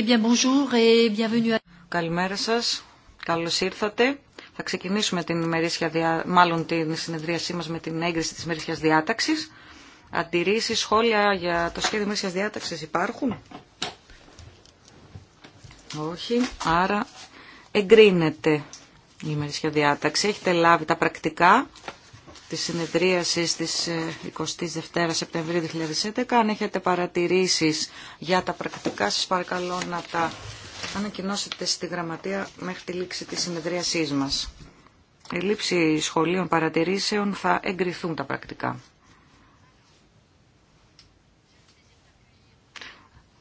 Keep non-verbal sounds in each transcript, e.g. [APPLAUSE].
Eh bien, bonjour et bienvenue. Καλημέρα σα, Καλώς ήρθατε. Θα ξεκινήσουμε την ημερήσια μάλλον την συνεδρίασή μας με την έγκριση της ημερήσιας διάταξης. Αντιρρήσει, σχόλια για το σχέδιο ημερήσιας διάταξης υπάρχουν. Όχι. Άρα εγκρίνεται η ημερήσια διάταξη. Έχετε λάβει τα πρακτικά της συνεδρίασης της 22 ε, Σεπτεμβρίου 2011. Αν έχετε παρατηρήσεις για τα πρακτικά, σας παρακαλώ να τα ανακοινώσετε στη γραμματεία μέχρι τη λήξη της συνεδρίασής μας. Η λήψη σχολείων παρατηρήσεων θα εγκριθούν τα πρακτικά.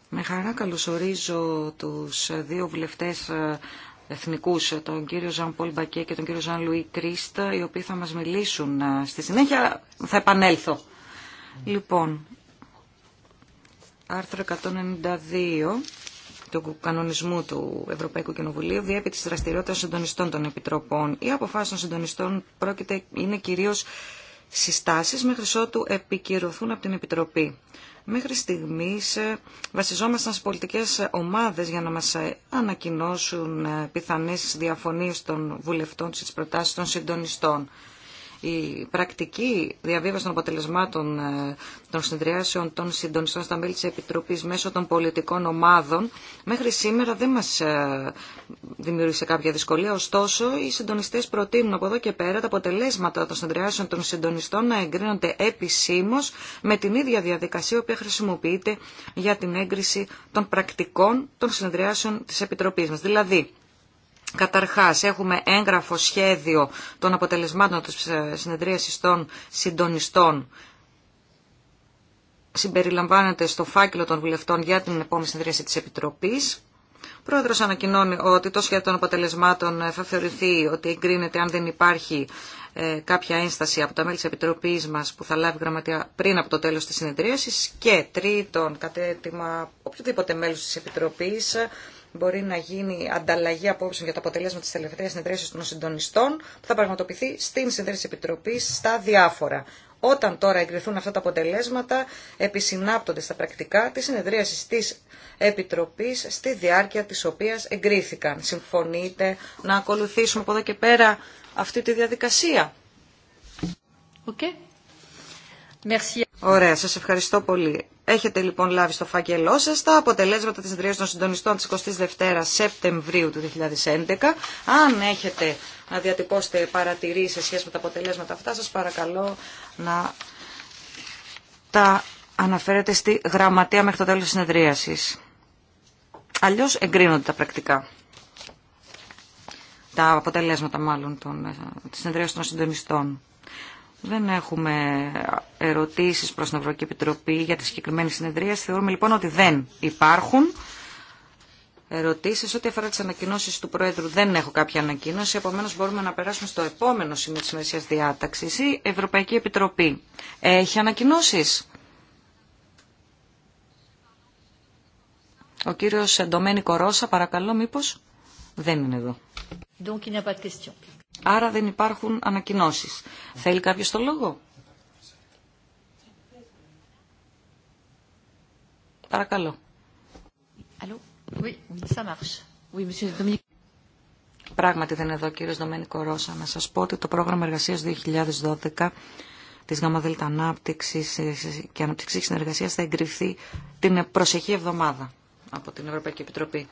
Με χαρά καλωσορίζω τους δύο βουλευτές ε, εθνικούς, τον κύριο Ζαν Πολ Μπακέ και τον κύριο Ζαν Λουί Κρίστα, οι οποίοι θα μας μιλήσουν ε, στη συνέχεια. Θα επανέλθω. Λοιπόν, άρθρο 192 του κανονισμού του Ευρωπαϊκού Κοινοβουλίου διέπει τις δραστηριότητες των συντονιστών των επιτροπών. Η αποφάση των συντονιστών πρόκειται, είναι κυρίως συστάσεις μέχρι ότου επικυρωθούν από την Επιτροπή. Μέχρι στιγμής ε, βασιζόμασταν στις πολιτικές ομάδες για να μας ε, ανακοινώσουν ε, πιθανές διαφωνίες των βουλευτών στις προτάσεις των συντονιστών η πρακτική διαβίβαση των αποτελεσμάτων ε, των συνδυάσεων των συντονιστών στα μέλη της Επιτροπής μέσω των πολιτικών ομάδων μέχρι σήμερα δεν μας ε, δημιούργησε κάποια δυσκολία. Ωστόσο, οι συντονιστέ προτείνουν από εδώ και πέρα τα αποτελέσματα των συνδυάσεων των συντονιστών να εγκρίνονται επισήμω με την ίδια διαδικασία που χρησιμοποιείται για την έγκριση των πρακτικών των συνδυάσεων τη επιτροπή μα. Δηλαδή, Καταρχάς, έχουμε έγγραφο σχέδιο των αποτελεσμάτων της ε, συνεδρίασης των συντονιστών συμπεριλαμβάνεται στο φάκελο των βουλευτών για την επόμενη συνεδρίαση της Επιτροπής. Ο Πρόεδρος ανακοινώνει ότι το σχέδιο των αποτελεσμάτων ε, θα θεωρηθεί ότι εγκρίνεται αν δεν υπάρχει ε, κάποια ένσταση από τα μέλη της Επιτροπής μας που θα λάβει γραμματεία πριν από το τέλος της συνεδρίασης και τρίτον κατέτοιμα οποιοδήποτε μέλος της Επιτροπής μπορεί να γίνει ανταλλαγή απόψεων για τα αποτελέσματα της τελευταία συνεδρίαση των συντονιστών που θα πραγματοποιηθεί στην συνδέση Επιτροπής στα διάφορα. Όταν τώρα εγκριθούν αυτά τα αποτελέσματα, επισυνάπτονται στα πρακτικά τη συνεδρίαση τη Επιτροπή, στη διάρκεια τη οποία εγκρίθηκαν. Συμφωνείτε να ακολουθήσουμε από εδώ και πέρα αυτή τη διαδικασία. Ωραία, σας ευχαριστώ πολύ. Έχετε λοιπόν λάβει στο φάκελό σα τα αποτελέσματα τη συνεδρία των συντονιστών τη 22η Σεπτεμβρίου του 2011. Αν έχετε να διατυπώσετε παρατηρήσει σε σχέση με τα αποτελέσματα αυτά, σα παρακαλώ να τα αναφέρετε στη γραμματεία μέχρι το τέλο τη συνεδρίαση. Αλλιώ εγκρίνονται τα πρακτικά. Τα αποτελέσματα μάλλον τη ε, της των συντονιστών. Δεν έχουμε ερωτήσεις προς την Ευρωπαϊκή Επιτροπή για τη συγκεκριμένη συνεδρία. Θεωρούμε λοιπόν ότι δεν υπάρχουν ερωτήσεις. Ό,τι αφορά τις ανακοινώσεις του Πρόεδρου δεν έχω κάποια ανακοίνωση. Επομένως μπορούμε να περάσουμε στο επόμενο σημείο της ημερησίας διάταξης. Η Ευρωπαϊκή Επιτροπή έχει ανακοινώσεις. Ο κύριος Ντομένικο Ρώσα, παρακαλώ, μήπως δεν είναι εδώ. Donc, il Άρα δεν υπάρχουν ανακοινώσει. Θέλει κάποιο το λόγο? Παρακαλώ. Πράγματι δεν είναι εδώ ο κύριος Νομένικο Ρώσα. Να σα πω ότι το πρόγραμμα εργασία 2012 της ΓΔ ε, και Αναπτυξής συνεργασία θα εγκριθεί την προσεχή εβδομάδα από την Ευρωπαϊκή Επιτροπή.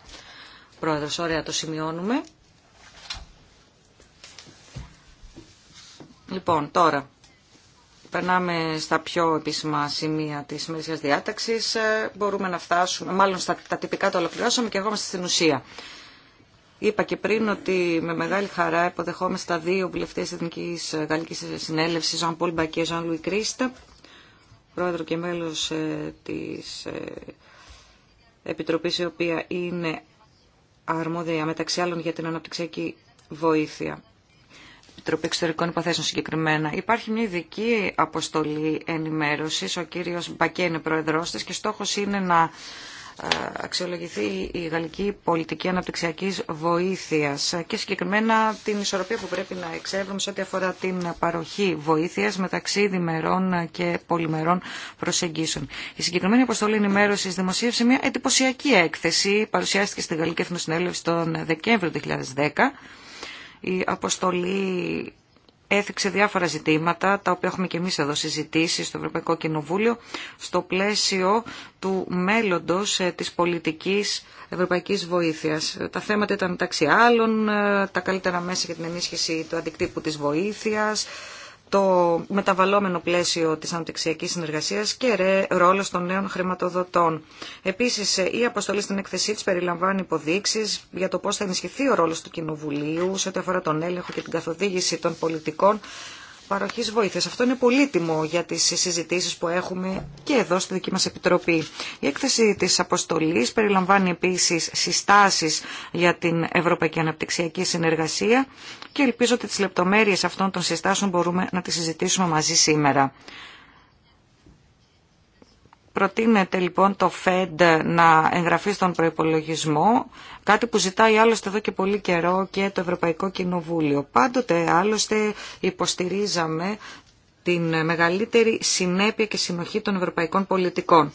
Πρόεδρος, ωραία, το σημειώνουμε. Λοιπόν, τώρα περνάμε στα πιο επίσημα σημεία της σημερινής διάταξης. Ε, μπορούμε να φτάσουμε, μάλλον στα τα τυπικά το ολοκληρώσαμε και είμαστε στην ουσία. Είπα και πριν ότι με μεγάλη χαρά υποδεχόμαστε τα δύο βουλευτέ τη Εθνική Γαλλική Συνέλευση, Ζαν Πολ και Ζαν Λουί Κρίστα, πρόεδρο και μέλο ε, τη ε, επιτροπή, η οποία είναι αρμόδια μεταξύ άλλων για την αναπτυξιακή βοήθεια. Επιτροπή Εξωτερικών Υποθέσεων συγκεκριμένα. Υπάρχει μια ειδική αποστολή ενημέρωση, ο κύριο Μπακέ είναι πρόεδρό τη και στόχο είναι να ε, αξιολογηθεί η γαλλική πολιτική αναπτυξιακή βοήθεια και συγκεκριμένα την ισορροπία που πρέπει να εξεύρουμε σε ό,τι αφορά την παροχή βοήθεια μεταξύ διμερών και πολυμερών προσεγγίσεων. Η συγκεκριμένη αποστολή ενημέρωση δημοσίευσε μια εντυπωσιακή έκθεση, παρουσιάστηκε στη Γαλλική Εθνοσυνέλευση τον Δεκέμβριο 2010 η αποστολή έθιξε διάφορα ζητήματα, τα οποία έχουμε και εμείς εδώ συζητήσει στο Ευρωπαϊκό Κοινοβούλιο, στο πλαίσιο του μέλλοντος ε, της πολιτικής ευρωπαϊκής βοήθειας. Τα θέματα ήταν μεταξύ άλλων, ε, τα καλύτερα μέσα για την ενίσχυση του αντικτύπου της βοήθειας, το μεταβαλλόμενο πλαίσιο της αναπτυξιακής συνεργασίας και ρε, ρόλος των νέων χρηματοδοτών. Επίσης, η αποστολή στην έκθεσή της περιλαμβάνει υποδείξεις για το πώς θα ενισχυθεί ο ρόλος του Κοινοβουλίου σε ό,τι αφορά τον έλεγχο και την καθοδήγηση των πολιτικών παροχής βοήθειας. Αυτό είναι πολύτιμο για τις συζητήσεις που έχουμε και εδώ στη δική μας Επιτροπή. Η έκθεση της αποστολής περιλαμβάνει επίσης συστάσεις για την Ευρωπαϊκή Αναπτυξιακή Συνεργασία και ελπίζω ότι τις λεπτομέρειες αυτών των συστάσεων μπορούμε να τις συζητήσουμε μαζί σήμερα. Προτείνεται λοιπόν το ΦΕΔ να εγγραφεί στον προϋπολογισμό, κάτι που ζητάει άλλωστε εδώ και πολύ καιρό και το Ευρωπαϊκό Κοινοβούλιο. Πάντοτε άλλωστε υποστηρίζαμε την μεγαλύτερη συνέπεια και συνοχή των ευρωπαϊκών πολιτικών.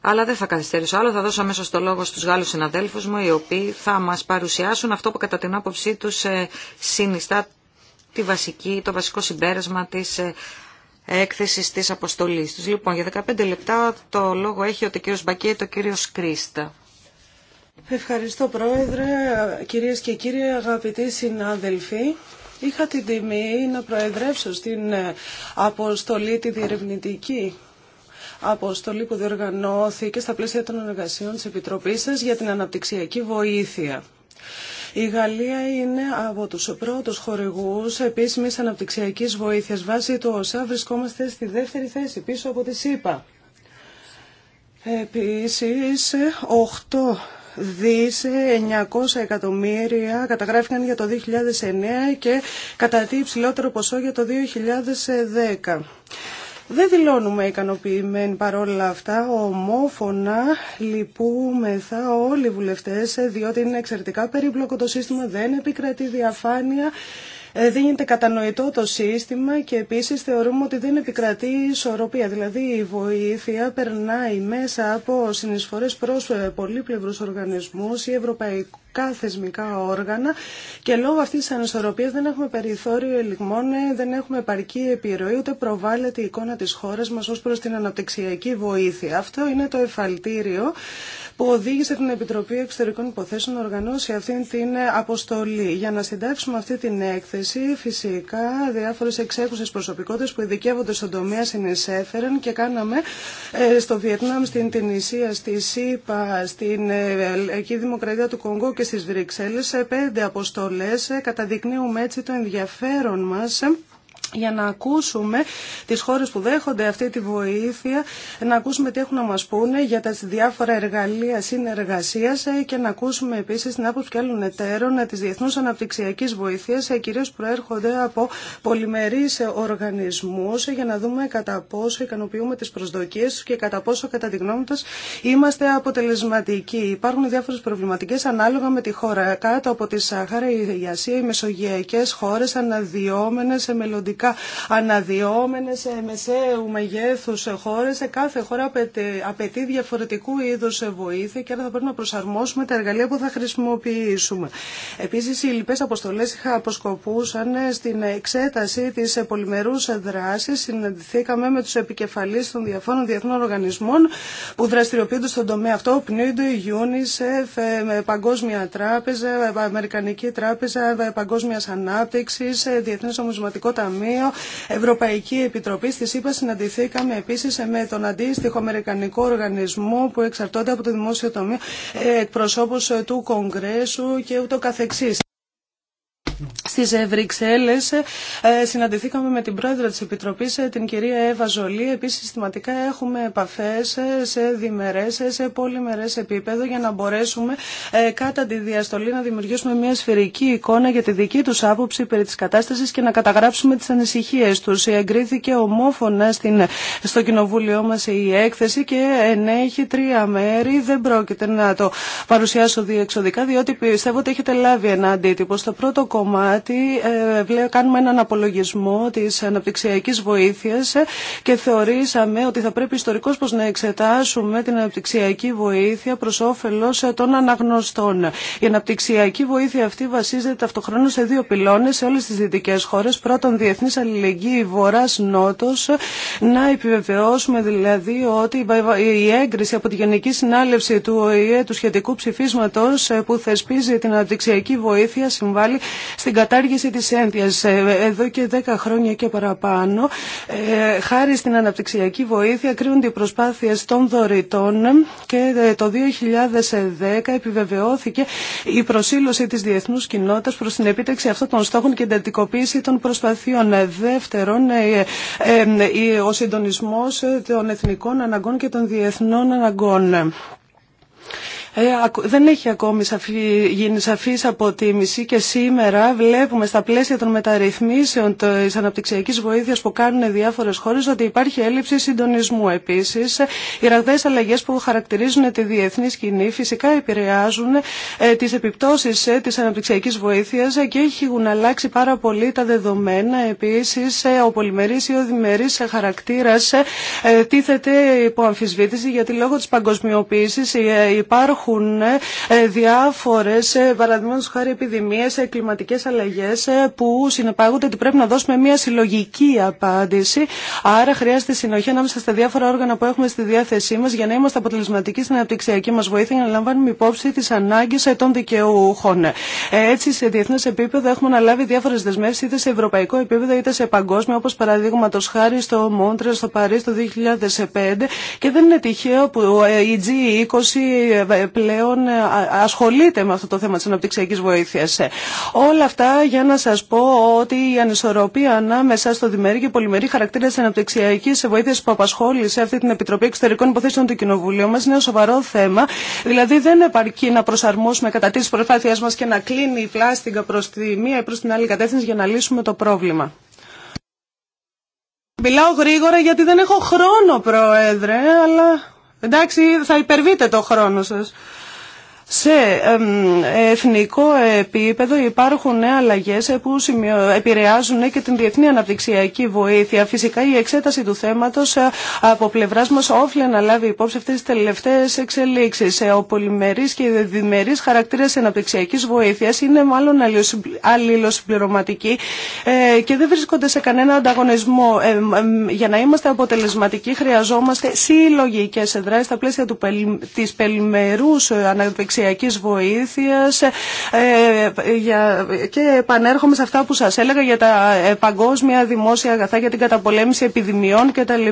Αλλά δεν θα καθυστερήσω άλλο, θα δώσω αμέσως το λόγο στους Γάλλους συναδέλφους μου, οι οποίοι θα μας παρουσιάσουν αυτό που κατά την άποψή τους ε, συνιστά τη βασική, το βασικό συμπέρασμα της ε, έκθεσης της αποστολής τους. Λοιπόν, για 15 λεπτά το λόγο έχει ο κύριος Μπακέ και ο κύριος Κρίστα. Ευχαριστώ Πρόεδρε, κυρίες και κύριοι αγαπητοί συνάδελφοι. Είχα την τιμή να προεδρεύσω στην ε, αποστολή τη διερευνητική αποστολή που διοργανώθηκε στα πλαίσια των εργασιών της Επιτροπής σας για την αναπτυξιακή βοήθεια. Η Γαλλία είναι από τους πρώτους χορηγούς επίσημης αναπτυξιακής βοήθειας. Βάσει του ΩΣΑ βρισκόμαστε στη δεύτερη θέση πίσω από τη ΣΥΠΑ. Επίσης, 8 δις 900 εκατομμύρια καταγράφηκαν για το 2009 και κατά τι υψηλότερο ποσό για το 2010. Δεν δηλώνουμε ικανοποιημένοι παρόλα αυτά, ομόφωνα λυπούμεθα όλοι οι βουλευτές, διότι είναι εξαιρετικά περίπλοκο το σύστημα, δεν επικρατεί διαφάνεια. Ε, δεν γίνεται κατανοητό το σύστημα και επίσης θεωρούμε ότι δεν επικρατεί ισορροπία. Δηλαδή η βοήθεια περνάει μέσα από συνεισφορές προς ε, πολύπλευρους οργανισμούς ή ευρωπαϊκά θεσμικά όργανα και λόγω αυτής της ανισορροπίας δεν έχουμε περιθώριο ελιγμών, ε, δεν έχουμε επαρκή επιρροή, ούτε προβάλλεται η εικόνα της χώρας μας ως προς την αναπτυξιακή βοήθεια. Αυτό είναι το εφαλτήριο που οδήγησε την Επιτροπή Εξωτερικών Υποθέσεων να οργανώσει αυτή την αποστολή. Για να συντάξουμε αυτή την έκθεση, φυσικά διάφορε εξέχουσε προσωπικότητε που ειδικεύονται στον τομέα συνεισέφεραν και κάναμε ε, στο Βιετνάμ, στην Τινησία, στη ΣΥΠΑ, στην Ελληνική Δημοκρατία του Κονγκό και στι Βρυξέλλε πέντε αποστολέ. Ε, καταδεικνύουμε έτσι το ενδιαφέρον μα ε, για να ακούσουμε τις χώρες που δέχονται αυτή τη βοήθεια, να ακούσουμε τι έχουν να μας πούνε για τα διάφορα εργαλεία συνεργασίας και να ακούσουμε επίσης την άποψη και άλλων εταίρων της Διεθνούς Αναπτυξιακής Βοήθειας, ε, κυρίως προέρχονται από πολυμερείς οργανισμούς ε, για να δούμε κατά πόσο ικανοποιούμε τις προσδοκίες και κατά πόσο κατά τη γνώμη τους είμαστε αποτελεσματικοί. Υπάρχουν διάφορες προβληματικές ανάλογα με τη χώρα. Κάτω από τη Σάχαρα, η Ασία, οι μεσογειακές χώρες αναδυόμενες σε μελλοντικά οικονομικά ε, σε μεσαίου μεγέθου ε, χώρε. Σε κάθε χώρα απαιτεί, διαφορετικού είδους ε, βοήθεια και άρα θα πρέπει να προσαρμόσουμε τα εργαλεία που θα χρησιμοποιήσουμε. Επίση, οι λοιπές αποστολές αποσκοπούσαν στην εξέταση τη πολυμερού δράση. Συναντηθήκαμε με του επικεφαλεί των διαφόρων διεθνών οργανισμών που δραστηριοποιούνται στον τομέα αυτό, Πνίδο, UNICEF, Παγκόσμια Τράπεζα, Αμερικανική Τράπεζα παγκόσμια ανάπτυξη, διεθνέ Ομοσματικό Ταμείο, Ευρωπαϊκή Επιτροπή. Στη ΣΥΠΑ συναντηθήκαμε επίση με τον αντίστοιχο Αμερικανικό Οργανισμό που εξαρτώνται από το δημόσιο τομείο εκπροσώπου του Κογκρέσου και ούτω καθεξής. Στι Βρυξέλλε. Ε, συναντηθήκαμε με την πρόεδρο τη Επιτροπή, ε, την κυρία Εύα Ζολή. Επίση, συστηματικά έχουμε επαφέ ε, σε διμερές, σε πολυμερέ επίπεδο για να μπορέσουμε κατά τη διαστολή να δημιουργήσουμε μια σφαιρική εικόνα για τη δική του άποψη περί τη κατάστασης και να καταγράψουμε τι ανησυχίε του. Εγκρίθηκε ομόφωνα στην, στο κοινοβούλιο μα η έκθεση και ενέχει τρία μέρη. Δεν πρόκειται να το παρουσιάσω διεξοδικά, διότι πιστεύω ότι έχετε λάβει ένα αντίτυπο. Στο πρώτο κομμάτι κομμάτι ε, κάνουμε έναν απολογισμό της αναπτυξιακής βοήθειας ε, και θεωρήσαμε ότι θα πρέπει ιστορικώς πως να εξετάσουμε την αναπτυξιακή βοήθεια προς όφελος ε, των αναγνωστών. Η αναπτυξιακή βοήθεια αυτή βασίζεται ταυτοχρόνως σε δύο πυλώνες σε όλες τις δυτικές χώρες. Πρώτον, διεθνής αλληλεγγύη βορράς-νότος, να επιβεβαιώσουμε δηλαδή ότι η έγκριση από τη Γενική Συνάλευση του ΟΗΕ του σχετικού ψηφίσματος που θεσπίζει την αναπτυξιακή βοήθεια συμβάλλει στην κατάργηση της ένδυας ε, εδώ και 10 χρόνια και παραπάνω. Ε, χάρη στην αναπτυξιακή βοήθεια κρύονται οι προσπάθειες των δωρητών και ε, το 2010 επιβεβαιώθηκε η προσήλωση της διεθνούς κοινότητας προς την επίτευξη αυτών των στόχων και εντατικοποίηση των προσπαθειών. Δεύτερον, ο συντονισμός των εθνικών αναγκών και των διεθνών αναγκών. Ε, δεν έχει ακόμη σαφή, γίνει σαφής αποτίμηση και σήμερα βλέπουμε στα πλαίσια των μεταρρυθμίσεων τη αναπτυξιακή βοήθεια που κάνουν διάφορε χώρε ότι υπάρχει έλλειψη συντονισμού. Επίση, οι ραγδαίε αλλαγέ που χαρακτηρίζουν τη διεθνή σκηνή φυσικά επηρεάζουν ε, τις επιπτώσεις ε, της αναπτυξιακής βοήθειας και έχουν αλλάξει πάρα πολύ τα δεδομένα. Επίσης, ο πολυμερή ή ο χαρακτήρα. χαρακτήρας τίθεται υπό αμφισβήτηση γιατί λόγω της παγκοσμιοποίησης υπάρχουν υπάρχουν ε, διάφορες, ε, παραδείγματος χάρη επιδημίες, ε, κλιματικές αλλαγές που συνεπάγονται ότι πρέπει να δώσουμε μια συλλογική απάντηση. Άρα χρειάζεται συνοχή ανάμεσα στα διάφορα όργανα που έχουμε στη διάθεσή μας για να είμαστε αποτελεσματικοί στην αναπτυξιακή μας βοήθεια και να λαμβάνουμε υπόψη τις ανάγκες των δικαιούχων. Έτσι σε διεθνές επίπεδο έχουμε αναλάβει διάφορες δεσμεύσεις είτε σε ευρωπαϊκό επίπεδο είτε σε παγκόσμιο όπω παραδείγματο χάρη στο Μόντρε, στο Παρίσι το 2005 και δεν είναι τυχαίο που η G20 πλέον ε, ασχολείται με αυτό το θέμα της αναπτυξιακής βοήθειας. Ε, όλα αυτά για να σας πω ότι η ανισορροπία ανάμεσα στο διμερή και πολυμερή χαρακτήρα της αναπτυξιακής βοήθειας που απασχόλησε αυτή την Επιτροπή Εξωτερικών Υποθέσεων του Κοινοβουλίου μας είναι ένα σοβαρό θέμα. Δηλαδή δεν επαρκεί να προσαρμόσουμε κατά τη προσπάθειά μας και να κλείνει η πλάστιγκα προς τη μία ή προς την άλλη κατεύθυνση για να λύσουμε το πρόβλημα. Μιλάω γρήγορα γιατί δεν έχω χρόνο, Πρόεδρε, αλλά Εντάξει, θα υπερβείτε το χρόνο σας. Σε εθνικό επίπεδο υπάρχουν αλλαγές που επηρεάζουν και την διεθνή αναπτυξιακή βοήθεια. Φυσικά η εξέταση του θέματος ε, από πλευράς μας όφιλε να λάβει υπόψη αυτές τις τελευταίες εξελίξεις. Ε, ο πολυμερής και διμερής χαρακτήρας αναπτυξιακής βοήθειας είναι μάλλον αλληλοσυμπληρωματικοί ε, και δεν βρίσκονται σε κανένα ανταγωνισμό. Για να είμαστε αποτελεσματικοί χρειαζόμαστε συλλογικές δράσεις στα πλαίσια της πελημερούς αναπτυξιακής βοήθειας ε, ε, και επανέρχομαι σε αυτά που σα έλεγα για τα ε, παγκόσμια δημόσια αγαθά για την καταπολέμηση επιδημιών κτλ.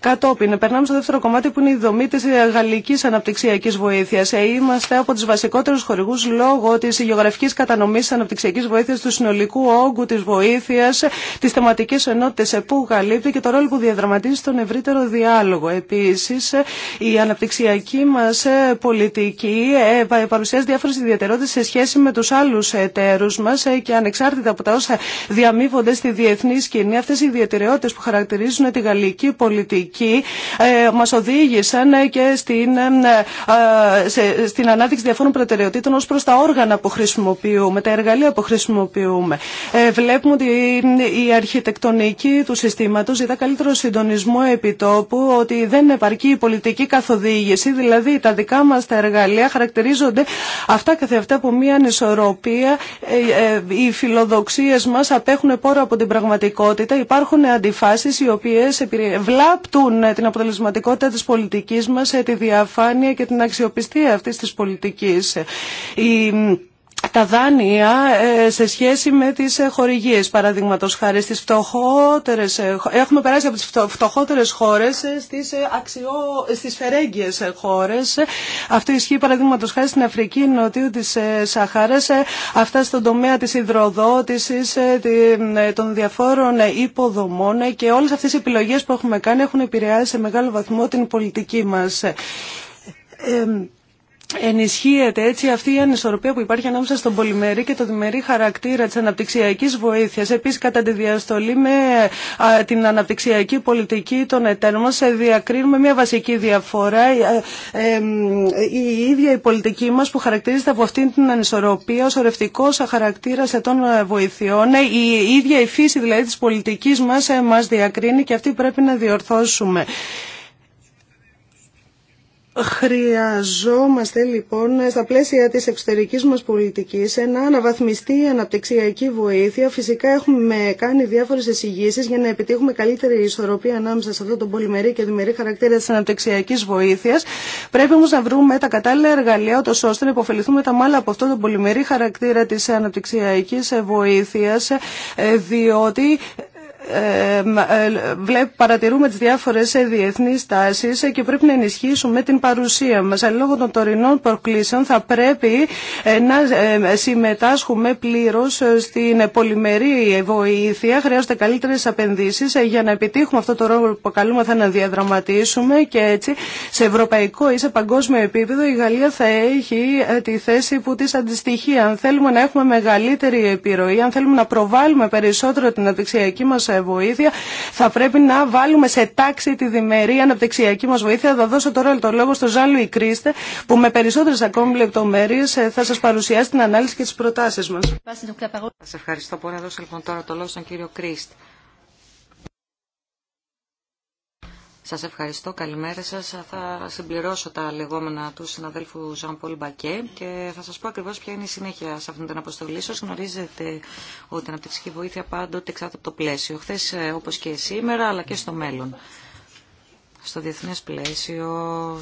Κατόπιν, περνάμε στο δεύτερο κομμάτι που είναι η δομή τη Γαλλική αναπτυξιακής Βοήθεια. Είμαστε από του βασικότερου χορηγού λόγω τη γεωγραφική κατανομής της αναπτυξιακής βοήθειας, του συνολικού όγκου τη βοήθεια, τη θεματική ενότητα που καλύπτει και το ρόλο που διαδραματίζει στον ευρύτερο διάλογο. Επίσης, η αναπτυξιακή μας πολιτική ε, παρουσιάζει διάφορε ιδιαιτερότητε σε σχέση με του άλλου εταίρου μα ε, και ανεξάρτητα από τα όσα διαμείβονται στη διεθνή σκηνή, αυτέ οι ιδιαιτερότητε που χαρακτηρίζουν τη γαλλική πολιτική ε, μα οδήγησαν και στην, στην ανάδειξη διαφόρων προτεραιοτήτων ω προ τα όργανα που χρησιμοποιούμε, τα εργαλεία που χρησιμοποιούμε. βλέπουμε ότι η αρχιτεκτονική του συστήματο ζητά καλύτερο συντονισμό επιτόπου, ότι δεν επαρκεί η πολιτική καθοδήγηση, δηλαδή τα δικά μα τα εργαλεία χαρακτηρίζουν αυτά καθεαυτά από μια ανισορροπία. Ε, ε, οι φιλοδοξίε μα απέχουν πόρο από την πραγματικότητα. Υπάρχουν αντιφάσεις οι οποίε βλάπτουν ε, την αποτελεσματικότητα της πολιτικής μας, τη διαφάνεια και την αξιοπιστία αυτή της πολιτική. Η τα δάνεια ε, σε σχέση με τις ε, χορηγίες, παραδείγματος χάρη στις φτωχότερες, ε, έχουμε περάσει από τις φτωχότερες χώρες στις, αξιό, στις φερέγγιες χώρες. Αυτό ισχύει παραδείγματος χάρη στην Αφρική νοτίου της Σαχάρας, αυτά στον τομέα της υδροδότησης, των διαφόρων υποδομών και όλες αυτές οι επιλογές που έχουμε κάνει έχουν επηρεάσει σε μεγάλο βαθμό την πολιτική μας ενισχύεται έτσι αυτή η ανισορροπία που υπάρχει ανάμεσα στον πολυμερή και το διμερή χαρακτήρα της αναπτυξιακής βοήθειας. Επίσης, κατά τη διαστολή με την αναπτυξιακή πολιτική των εταίρων μας, ε, διακρίνουμε μια βασική διαφορά. Ε, ε, η ίδια η πολιτική μας που χαρακτηρίζεται από αυτήν την ανισορροπία, ο χαρακτήρα χαρακτήρας των βοηθειών, η ίδια η φύση δηλαδή της πολιτικής μας μας διακρίνει και αυτή πρέπει να διορθώσουμε. Χρειαζόμαστε λοιπόν στα πλαίσια της εξωτερικής μας πολιτικής αναβαθμιστεί η αναπτυξιακή βοήθεια. Φυσικά έχουμε κάνει διάφορες εισηγήσεις για να επιτύχουμε καλύτερη ισορροπία ανάμεσα σε αυτό το πολυμερή και δημερή χαρακτήρα της αναπτυξιακής βοήθειας. Πρέπει όμως να βρούμε τα κατάλληλα εργαλεία ότως ώστε να υποφεληθούμε τα μάλλα από αυτό το πολυμερή χαρακτήρα της αναπτυξιακής βοήθειας διότι ε, παρατηρούμε τις διάφορες ε, διεθνείς τάσεις ε, και πρέπει να ενισχύσουμε την παρουσία μας. λόγω των τωρινών προκλήσεων θα πρέπει να συμμετάσχουμε πλήρως στην πολυμερή βοήθεια. Χρειάζονται καλύτερες απενδύσεις για να επιτύχουμε αυτό το ρόλο που καλούμε θα να διαδραματίσουμε και έτσι σε ευρωπαϊκό ή σε παγκόσμιο επίπεδο η Γαλλία θα έχει τη θέση που της αντιστοιχεί. Αν θέλουμε να έχουμε μεγαλύτερη επιρροή, αν θέλουμε να προβάλλουμε περισσότερο την αδειξιακή μας σε βοήθεια. Θα πρέπει να βάλουμε σε τάξη τη διμερή αναπτυξιακή μα βοήθεια. Θα δώσω τώρα το λόγο στον Ζαν Λουί Κρίστε, που με περισσότερε ακόμη λεπτομέρειε ε, θα σας παρουσιάσει την ανάλυση και τι προτάσει μας. Σα ευχαριστώ πολύ. Να δώσω λοιπόν τώρα το λόγο στον κύριο Κρίστε. Σας ευχαριστώ, καλημέρα σας. Θα συμπληρώσω τα λεγόμενα του συναδέλφου Ζαν Πολ Μπακέ και θα σας πω ακριβώς ποια είναι η συνέχεια σε αυτήν την αποστολή. Σας γνωρίζετε ότι η αναπτυξική βοήθεια πάντοτε εξάρτητα από το πλαίσιο, χθε ε, όπως και σήμερα αλλά και στο μέλλον στο διεθνές πλαίσιο,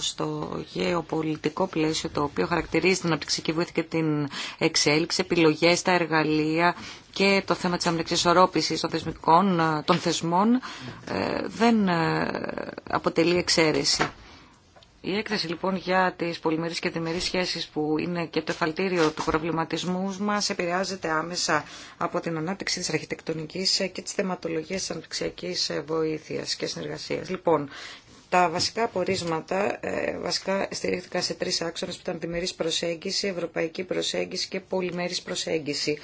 στο γεωπολιτικό πλαίσιο το οποίο χαρακτηρίζει την αναπτυξική βοήθεια και την εξέλιξη, επιλογέ τα εργαλεία, και το θέμα της αμνεξισορρόπησης των, θεσμικών, ε, των θεσμών ε, δεν ε, αποτελεί εξαίρεση. Η έκθεση λοιπόν για τις πολυμερείς και διμερείς σχέσεις που είναι και το εφαλτήριο του προβληματισμού μας επηρεάζεται άμεσα από την ανάπτυξη της αρχιτεκτονικής και της θεματολογίας της αναπτυξιακής βοήθειας και συνεργασίας. Λοιπόν, τα βασικά απορίσματα βασικά στηρίχθηκαν σε τρεις άξονες που ήταν διμερής προσέγγιση, ευρωπαϊκή προσέγγιση και πολυμερής προσέγγιση.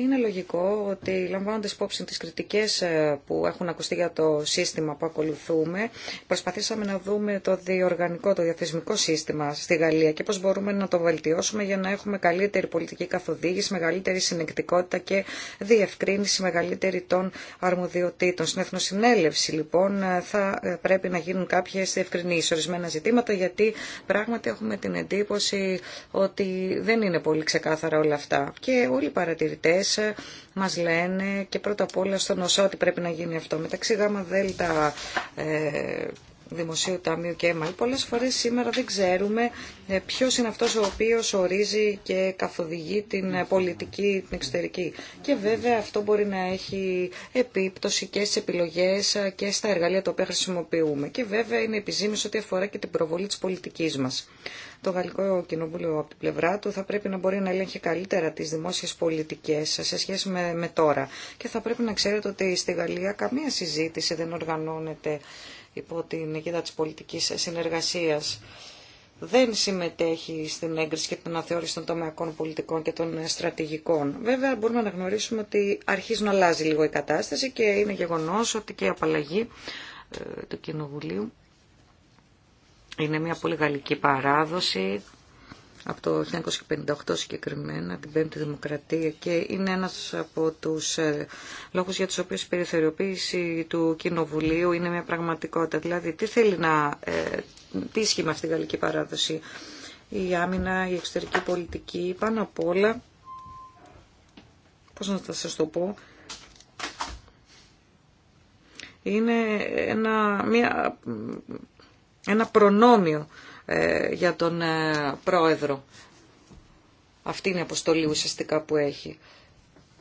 Είναι λογικό ότι λαμβάνοντας υπόψη τις κριτικές ε, που έχουν ακουστεί για το σύστημα που ακολουθούμε, προσπαθήσαμε να δούμε το διοργανικό, το διαθεσμικό σύστημα στη Γαλλία και πώς μπορούμε να το βελτιώσουμε για να έχουμε καλύτερη πολιτική καθοδήγηση, μεγαλύτερη συνεκτικότητα και διευκρίνηση μεγαλύτερη των αρμοδιοτήτων. Στην Εθνοσυνέλευση λοιπόν ε, θα ε, πρέπει να γίνουν κάποιες διευκρινήσεις ορισμένα ζητήματα γιατί πράγματι έχουμε την εντύπωση ότι δεν είναι πολύ ξεκάθαρα όλα αυτά. Και όλοι οι παρατηρητές Μα ε, μας λένε και πρώτα απ' όλα στον ΟΣΑ ότι πρέπει να γίνει αυτό. Μεταξύ γάμα δέλτα ε, Δημοσίου Ταμείου και ΕΜΑΛ. Πολλές φορές σήμερα δεν ξέρουμε ε, ποιος είναι αυτός ο οποίος ορίζει και καθοδηγεί την πολιτική, την εξωτερική. Και βέβαια αυτό μπορεί να έχει επίπτωση και στις επιλογές και στα εργαλεία τα οποία χρησιμοποιούμε. Και βέβαια είναι επιζήμιση ό,τι αφορά και την προβολή της πολιτικής μας. Το Γαλλικό Κοινοβούλιο από την πλευρά του θα πρέπει να μπορεί να ελέγχει καλύτερα τις δημόσιες πολιτικές σε σχέση με, με τώρα. Και θα πρέπει να ξέρετε ότι στη Γαλλία καμία συζήτηση δεν οργανώνεται υπό την αιγύδα της πολιτικής συνεργασίας δεν συμμετέχει στην έγκριση και την αναθεώρηση των τομεακών πολιτικών και των στρατηγικών. Βέβαια, μπορούμε να γνωρίσουμε ότι αρχίζει να αλλάζει λίγο η κατάσταση και είναι γεγονός ότι και η απαλλαγή ε, του Κοινοβουλίου είναι μια πολύ γαλλική παράδοση από το 1958 συγκεκριμένα, την Πέμπτη Δημοκρατία και είναι ένας από τους ε, λόγους για τους οποίους η περιθωριοποίηση του Κοινοβουλίου είναι μια πραγματικότητα. Δηλαδή, τι θέλει να... Ε, τι ισχύει με αυτή τη γαλλική παράδοση. Η άμυνα, η εξωτερική πολιτική, πάνω απ' όλα, πώς να σας το πω, είναι ένα, μια ένα προνόμιο ε, για τον ε, πρόεδρο. Αυτή είναι η αποστολή ουσιαστικά που έχει.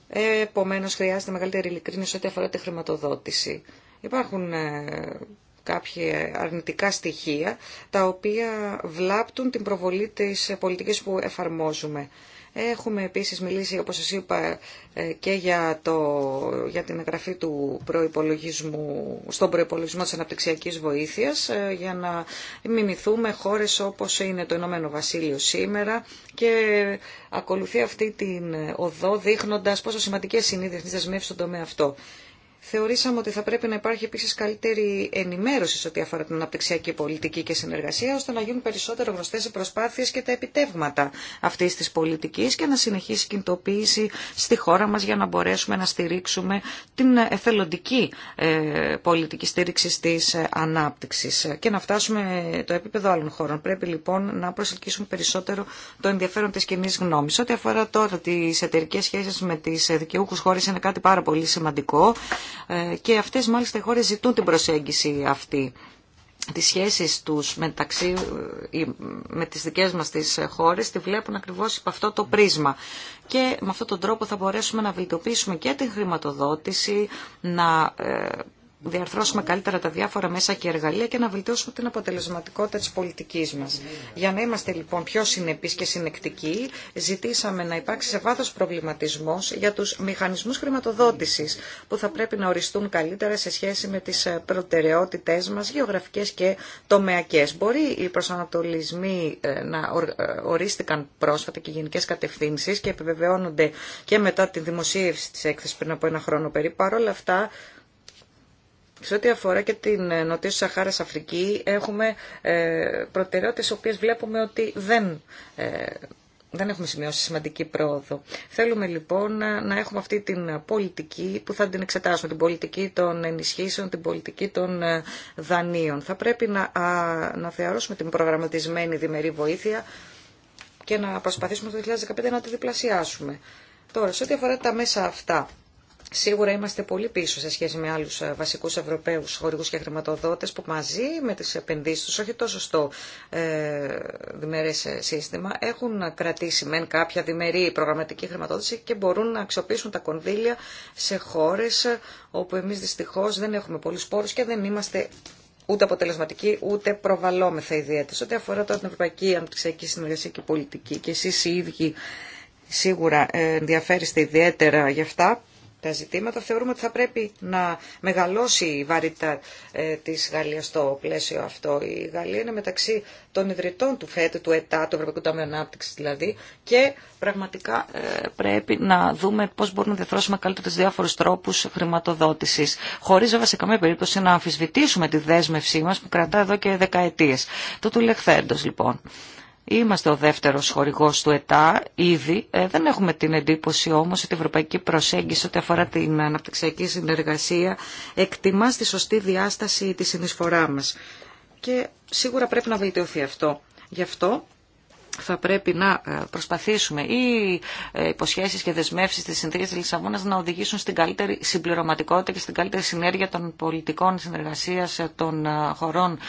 Ε, επομένως χρειάζεται μεγαλύτερη ειλικρίνηση σε ό,τι αφορά τη χρηματοδότηση. Υπάρχουν κάποια αρνητικά στοιχεία τα οποία βλάπτουν την προβολή της πολιτικής που εφαρμόζουμε. Έχουμε επίσης μιλήσει, όπως σας είπα, ε, και για, το, για την εγγραφή του προϋπολογισμού, στον προϋπολογισμό της αναπτυξιακής βοήθειας, ε, για να μιμηθούμε χώρες όπως είναι το Ηνωμένο Βασίλειο σήμερα και ακολουθεί αυτή την οδό δείχνοντας πόσο σημαντικές είναι οι διεθνείς δεσμεύσεις στον τομέα αυτό. Θεωρήσαμε ότι θα πρέπει να υπάρχει επίση καλύτερη ενημέρωση σε ό,τι αφορά την αναπτυξιακή πολιτική και συνεργασία, ώστε να γίνουν περισσότερο γνωστέ οι προσπάθειε και τα επιτεύγματα αυτή τη πολιτική και να συνεχίσει η κινητοποίηση στη χώρα μα για να μπορέσουμε να στηρίξουμε την εθελοντική ε, πολιτική στήριξη τη ε, ανάπτυξη και να φτάσουμε το επίπεδο άλλων χώρων. Πρέπει λοιπόν να προσελκύσουμε περισσότερο το ενδιαφέρον τη κοινή γνώμη. Ό,τι αφορά τώρα τι εταιρικέ σχέσει με τι δικαιούχου χώρε είναι κάτι πάρα πολύ σημαντικό ε, και αυτές μάλιστα οι χώρες ζητούν την προσέγγιση αυτή τις σχέσεις τους μεταξύ, ε, με τις δικές μας τις χώρες τη βλέπουν ακριβώς από αυτό το πρίσμα. Και με αυτόν τον τρόπο θα μπορέσουμε να βελτιωποιήσουμε και την χρηματοδότηση, να ε, διαρθρώσουμε καλύτερα τα διάφορα μέσα και εργαλεία και να βελτιώσουμε την αποτελεσματικότητα της πολιτικής μας. Για να είμαστε λοιπόν πιο συνεπείς και συνεκτικοί, ζητήσαμε να υπάρξει σε βάθος προβληματισμός για τους μηχανισμούς χρηματοδότησης που θα πρέπει να οριστούν καλύτερα σε σχέση με τις ε, προτεραιότητές μας, γεωγραφικές και τομεακές. Μπορεί οι προσανατολισμοί ε, να ε, ορίστηκαν πρόσφατα και γενικές κατευθύνσεις και επιβεβαιώνονται και μετά τη δημοσίευση της έκθεσης πριν από ένα χρόνο περίπου. Παρ' όλα αυτά, σε ό,τι αφορά και την ε, Νοτιό Σαχάρα Αφρική, έχουμε ε, οι οποίες βλέπουμε ότι δεν ε, δεν έχουμε σημειώσει σημαντική πρόοδο. Θέλουμε λοιπόν να έχουμε αυτή την πολιτική που θα την εξετάσουμε, την πολιτική των ενισχύσεων, την πολιτική των ε, δανείων. Θα πρέπει να, να θεωρώσουμε την προγραμματισμένη διμερή βοήθεια και να προσπαθήσουμε το 2015 να τη διπλασιάσουμε. Τώρα, σε ό,τι αφορά τα μέσα αυτά, Σίγουρα είμαστε πολύ πίσω σε σχέση με άλλους ε, βασικούς ευρωπαίους χορηγούς και χρηματοδότες που μαζί με τις επενδύσεις τους, όχι τόσο στο ε, διμερές ε, σύστημα, έχουν κρατήσει μεν κάποια διμερή προγραμματική χρηματοδότηση και μπορούν να αξιοποιήσουν τα κονδύλια σε χώρες ε, όπου εμείς δυστυχώς δεν έχουμε πολλούς πόρους και δεν είμαστε ούτε αποτελεσματική, ούτε προβαλόμεθα ιδιαίτερα. Ό,τι αφορά τώρα την Ευρωπαϊκή Αναπτυξιακή Συνεργασία και Πολιτική, και εσεί οι ίδιοι σίγουρα ενδιαφέρεστε ιδιαίτερα γι' αυτά, τα ζητήματα. Θεωρούμε ότι θα πρέπει να μεγαλώσει η βαρύτητα ε, της Γαλλίας στο πλαίσιο αυτό. Η Γαλλία είναι μεταξύ των ιδρυτών του ΦΕΤ, του ΕΤΑ, του Ευρωπαϊκού Ταμείου Ανάπτυξη δηλαδή, και πραγματικά ε, πρέπει να δούμε πώ μπορούμε να διαθρώσουμε καλύτερα του διάφορου τρόπου χρηματοδότηση, χωρί βέβαια σε καμία περίπτωση να αμφισβητήσουμε τη δέσμευσή μα που κρατά εδώ και δεκαετίε. Το του λοιπόν. Είμαστε ο δεύτερος χορηγός του ΕΤΑ ήδη. Ε, δεν έχουμε την εντύπωση όμως ότι η ευρωπαϊκή προσέγγιση ό,τι αφορά την αναπτυξιακή συνεργασία εκτιμά στη σωστή διάσταση τη συνεισφορά μας. Και σίγουρα πρέπει να βελτιωθεί αυτό. Γι' αυτό θα πρέπει να ε, προσπαθήσουμε οι ε, υποσχέσεις και δεσμεύσεις της συνθήκης της Λισαβόνας να οδηγήσουν στην καλύτερη συμπληρωματικότητα και στην καλύτερη συνέργεια των πολιτικών συνεργασίας ε, των χωρών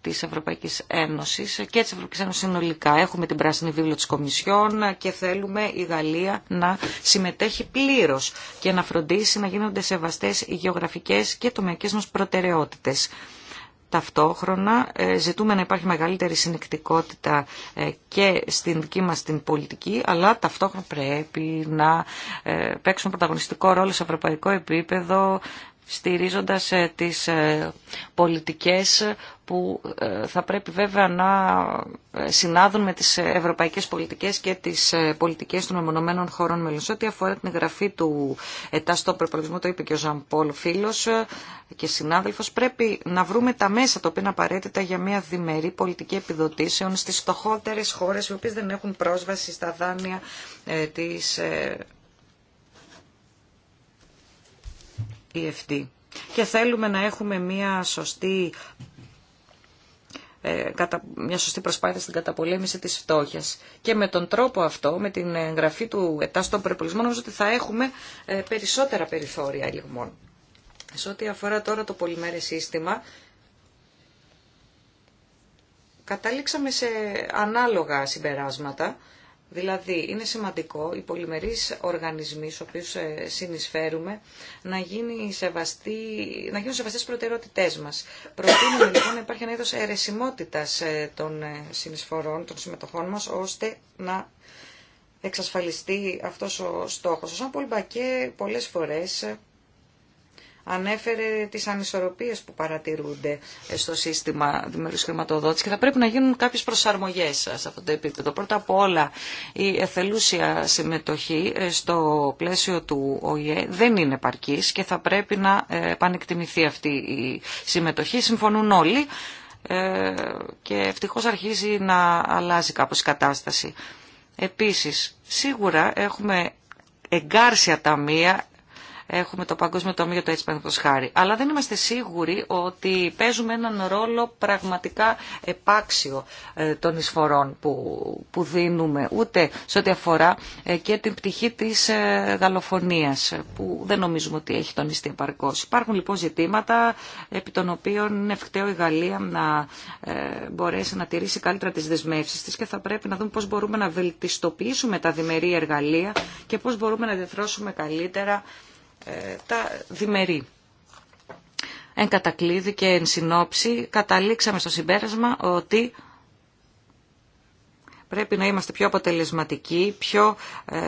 της Ευρωπαϊκής Ένωσης και της Ευρωπαϊκής Ένωσης συνολικά. Έχουμε την πράσινη βίβλο της Κομισιόν και θέλουμε η Γαλλία να συμμετέχει πλήρως και να φροντίσει να γίνονται σεβαστές οι γεωγραφικές και τομεακές μας προτεραιότητες. Ταυτόχρονα ε, ζητούμε να υπάρχει μεγαλύτερη συνεκτικότητα ε, και στην δική μας την πολιτική, αλλά ταυτόχρονα πρέπει να ε, παίξουν πρωταγωνιστικό ρόλο σε ευρωπαϊκό επίπεδο στηρίζοντας ε, τις ε, πολιτικές που ε, θα πρέπει βέβαια να συνάδουν με τις ευρωπαϊκές πολιτικές και τις πολιτικές των μεμονωμένων χωρών μέλων. ό,τι αφορά την εγγραφή του ΕΤΑ στο προπολογισμό, το είπε και ο Ζανπόλ φίλος και συνάδελφος, πρέπει να βρούμε τα μέσα τα οποία είναι απαραίτητα για μια διμερή πολιτική επιδοτήσεων στις στοχότερες χώρες οι οποίες δεν έχουν πρόσβαση στα δάνεια της E Και θέλουμε να έχουμε μια σωστή, ε, μια σωστή προσπάθεια στην καταπολέμηση της φτώχειας. Και με τον τρόπο αυτό, με την εγγραφή του ΕΤΑ στον νομίζω ότι θα έχουμε ε, περισσότερα περιθώρια ελιγμών. Σε ό,τι αφορά τώρα το πολυμέρες σύστημα, καταλήξαμε σε ανάλογα συμπεράσματα Δηλαδή, είναι σημαντικό οι πολυμερείς οργανισμοί στους οποίους ε, συνεισφέρουμε να, γίνει σεβαστή, να γίνουν σεβαστές προτεραιότητές μας. Προτείνουμε λοιπόν να υπάρχει ένα είδος αιρεσιμότητας ε, των ε, συνεισφορών, των συμμετοχών μας, ώστε να εξασφαλιστεί αυτός ο στόχος. Ο Σαν Πολμπακέ πολλές φορές ανέφερε τις ανισορροπίες που παρατηρούνται στο σύστημα δημιουργικής και θα πρέπει να γίνουν κάποιες προσαρμογές σε αυτό το επίπεδο. Πρώτα απ' όλα η εθελούσια συμμετοχή ε, στο πλαίσιο του ΟΗΕ δεν είναι επαρκής και θα πρέπει να ε, επανεκτιμηθεί αυτή η συμμετοχή. Συμφωνούν όλοι ε, και ευτυχώς αρχίζει να αλλάζει κάπως η κατάσταση. Επίσης, σίγουρα έχουμε εγκάρσια ταμεία Έχουμε το Παγκόσμιο Τόμιο για το Έτσι χάρη. Αλλά δεν είμαστε σίγουροι ότι παίζουμε έναν ρόλο πραγματικά επάξιο ε, των εισφορών που, που δίνουμε, ούτε σε ό,τι αφορά ε, και την πτυχή της ε, γαλοφωνίας, που δεν νομίζουμε ότι έχει τονιστεί επαρκώς. Υπάρχουν λοιπόν ζητήματα επί των οποίων είναι ευκταίο η Γαλλία να μπορέσει να τηρήσει καλύτερα τις δεσμεύσεις της και θα πρέπει να δούμε πώς μπορούμε να βελτιστοποιήσουμε τα διμερή εργαλεία και πώς μπορούμε να διαθρώσουμε καλύτερα ε, τα διμερεί. Εν κατακλείδη και εν συνόψη καταλήξαμε στο συμπέρασμα ότι πρέπει να είμαστε πιο αποτελεσματικοί πιο, ε,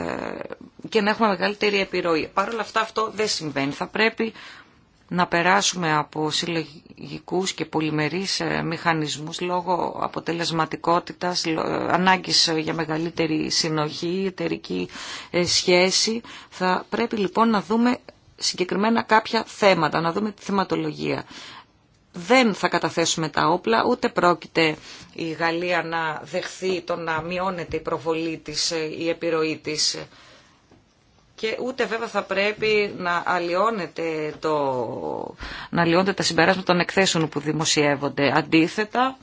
και να έχουμε μεγαλύτερη επιρροή. Παρ' όλα αυτά αυτό δεν συμβαίνει. Θα πρέπει να περάσουμε από συλλογικούς και πολυμερείς ε, μηχανισμούς λόγω αποτελεσματικότητας, ε, ανάγκης για μεγαλύτερη συνοχή, εταιρική ε, σχέση. Θα πρέπει λοιπόν να δούμε συγκεκριμένα κάποια θέματα, να δούμε τη θεματολογία. Δεν θα καταθέσουμε τα όπλα, ούτε πρόκειται η Γαλλία να δεχθεί το να μειώνεται η προβολή της, η επιρροή της και ούτε βέβαια θα πρέπει να αλλοιώνεται, το, να αλλοιώνεται τα συμπεράσματα των εκθέσεων που δημοσιεύονται. Αντίθετα,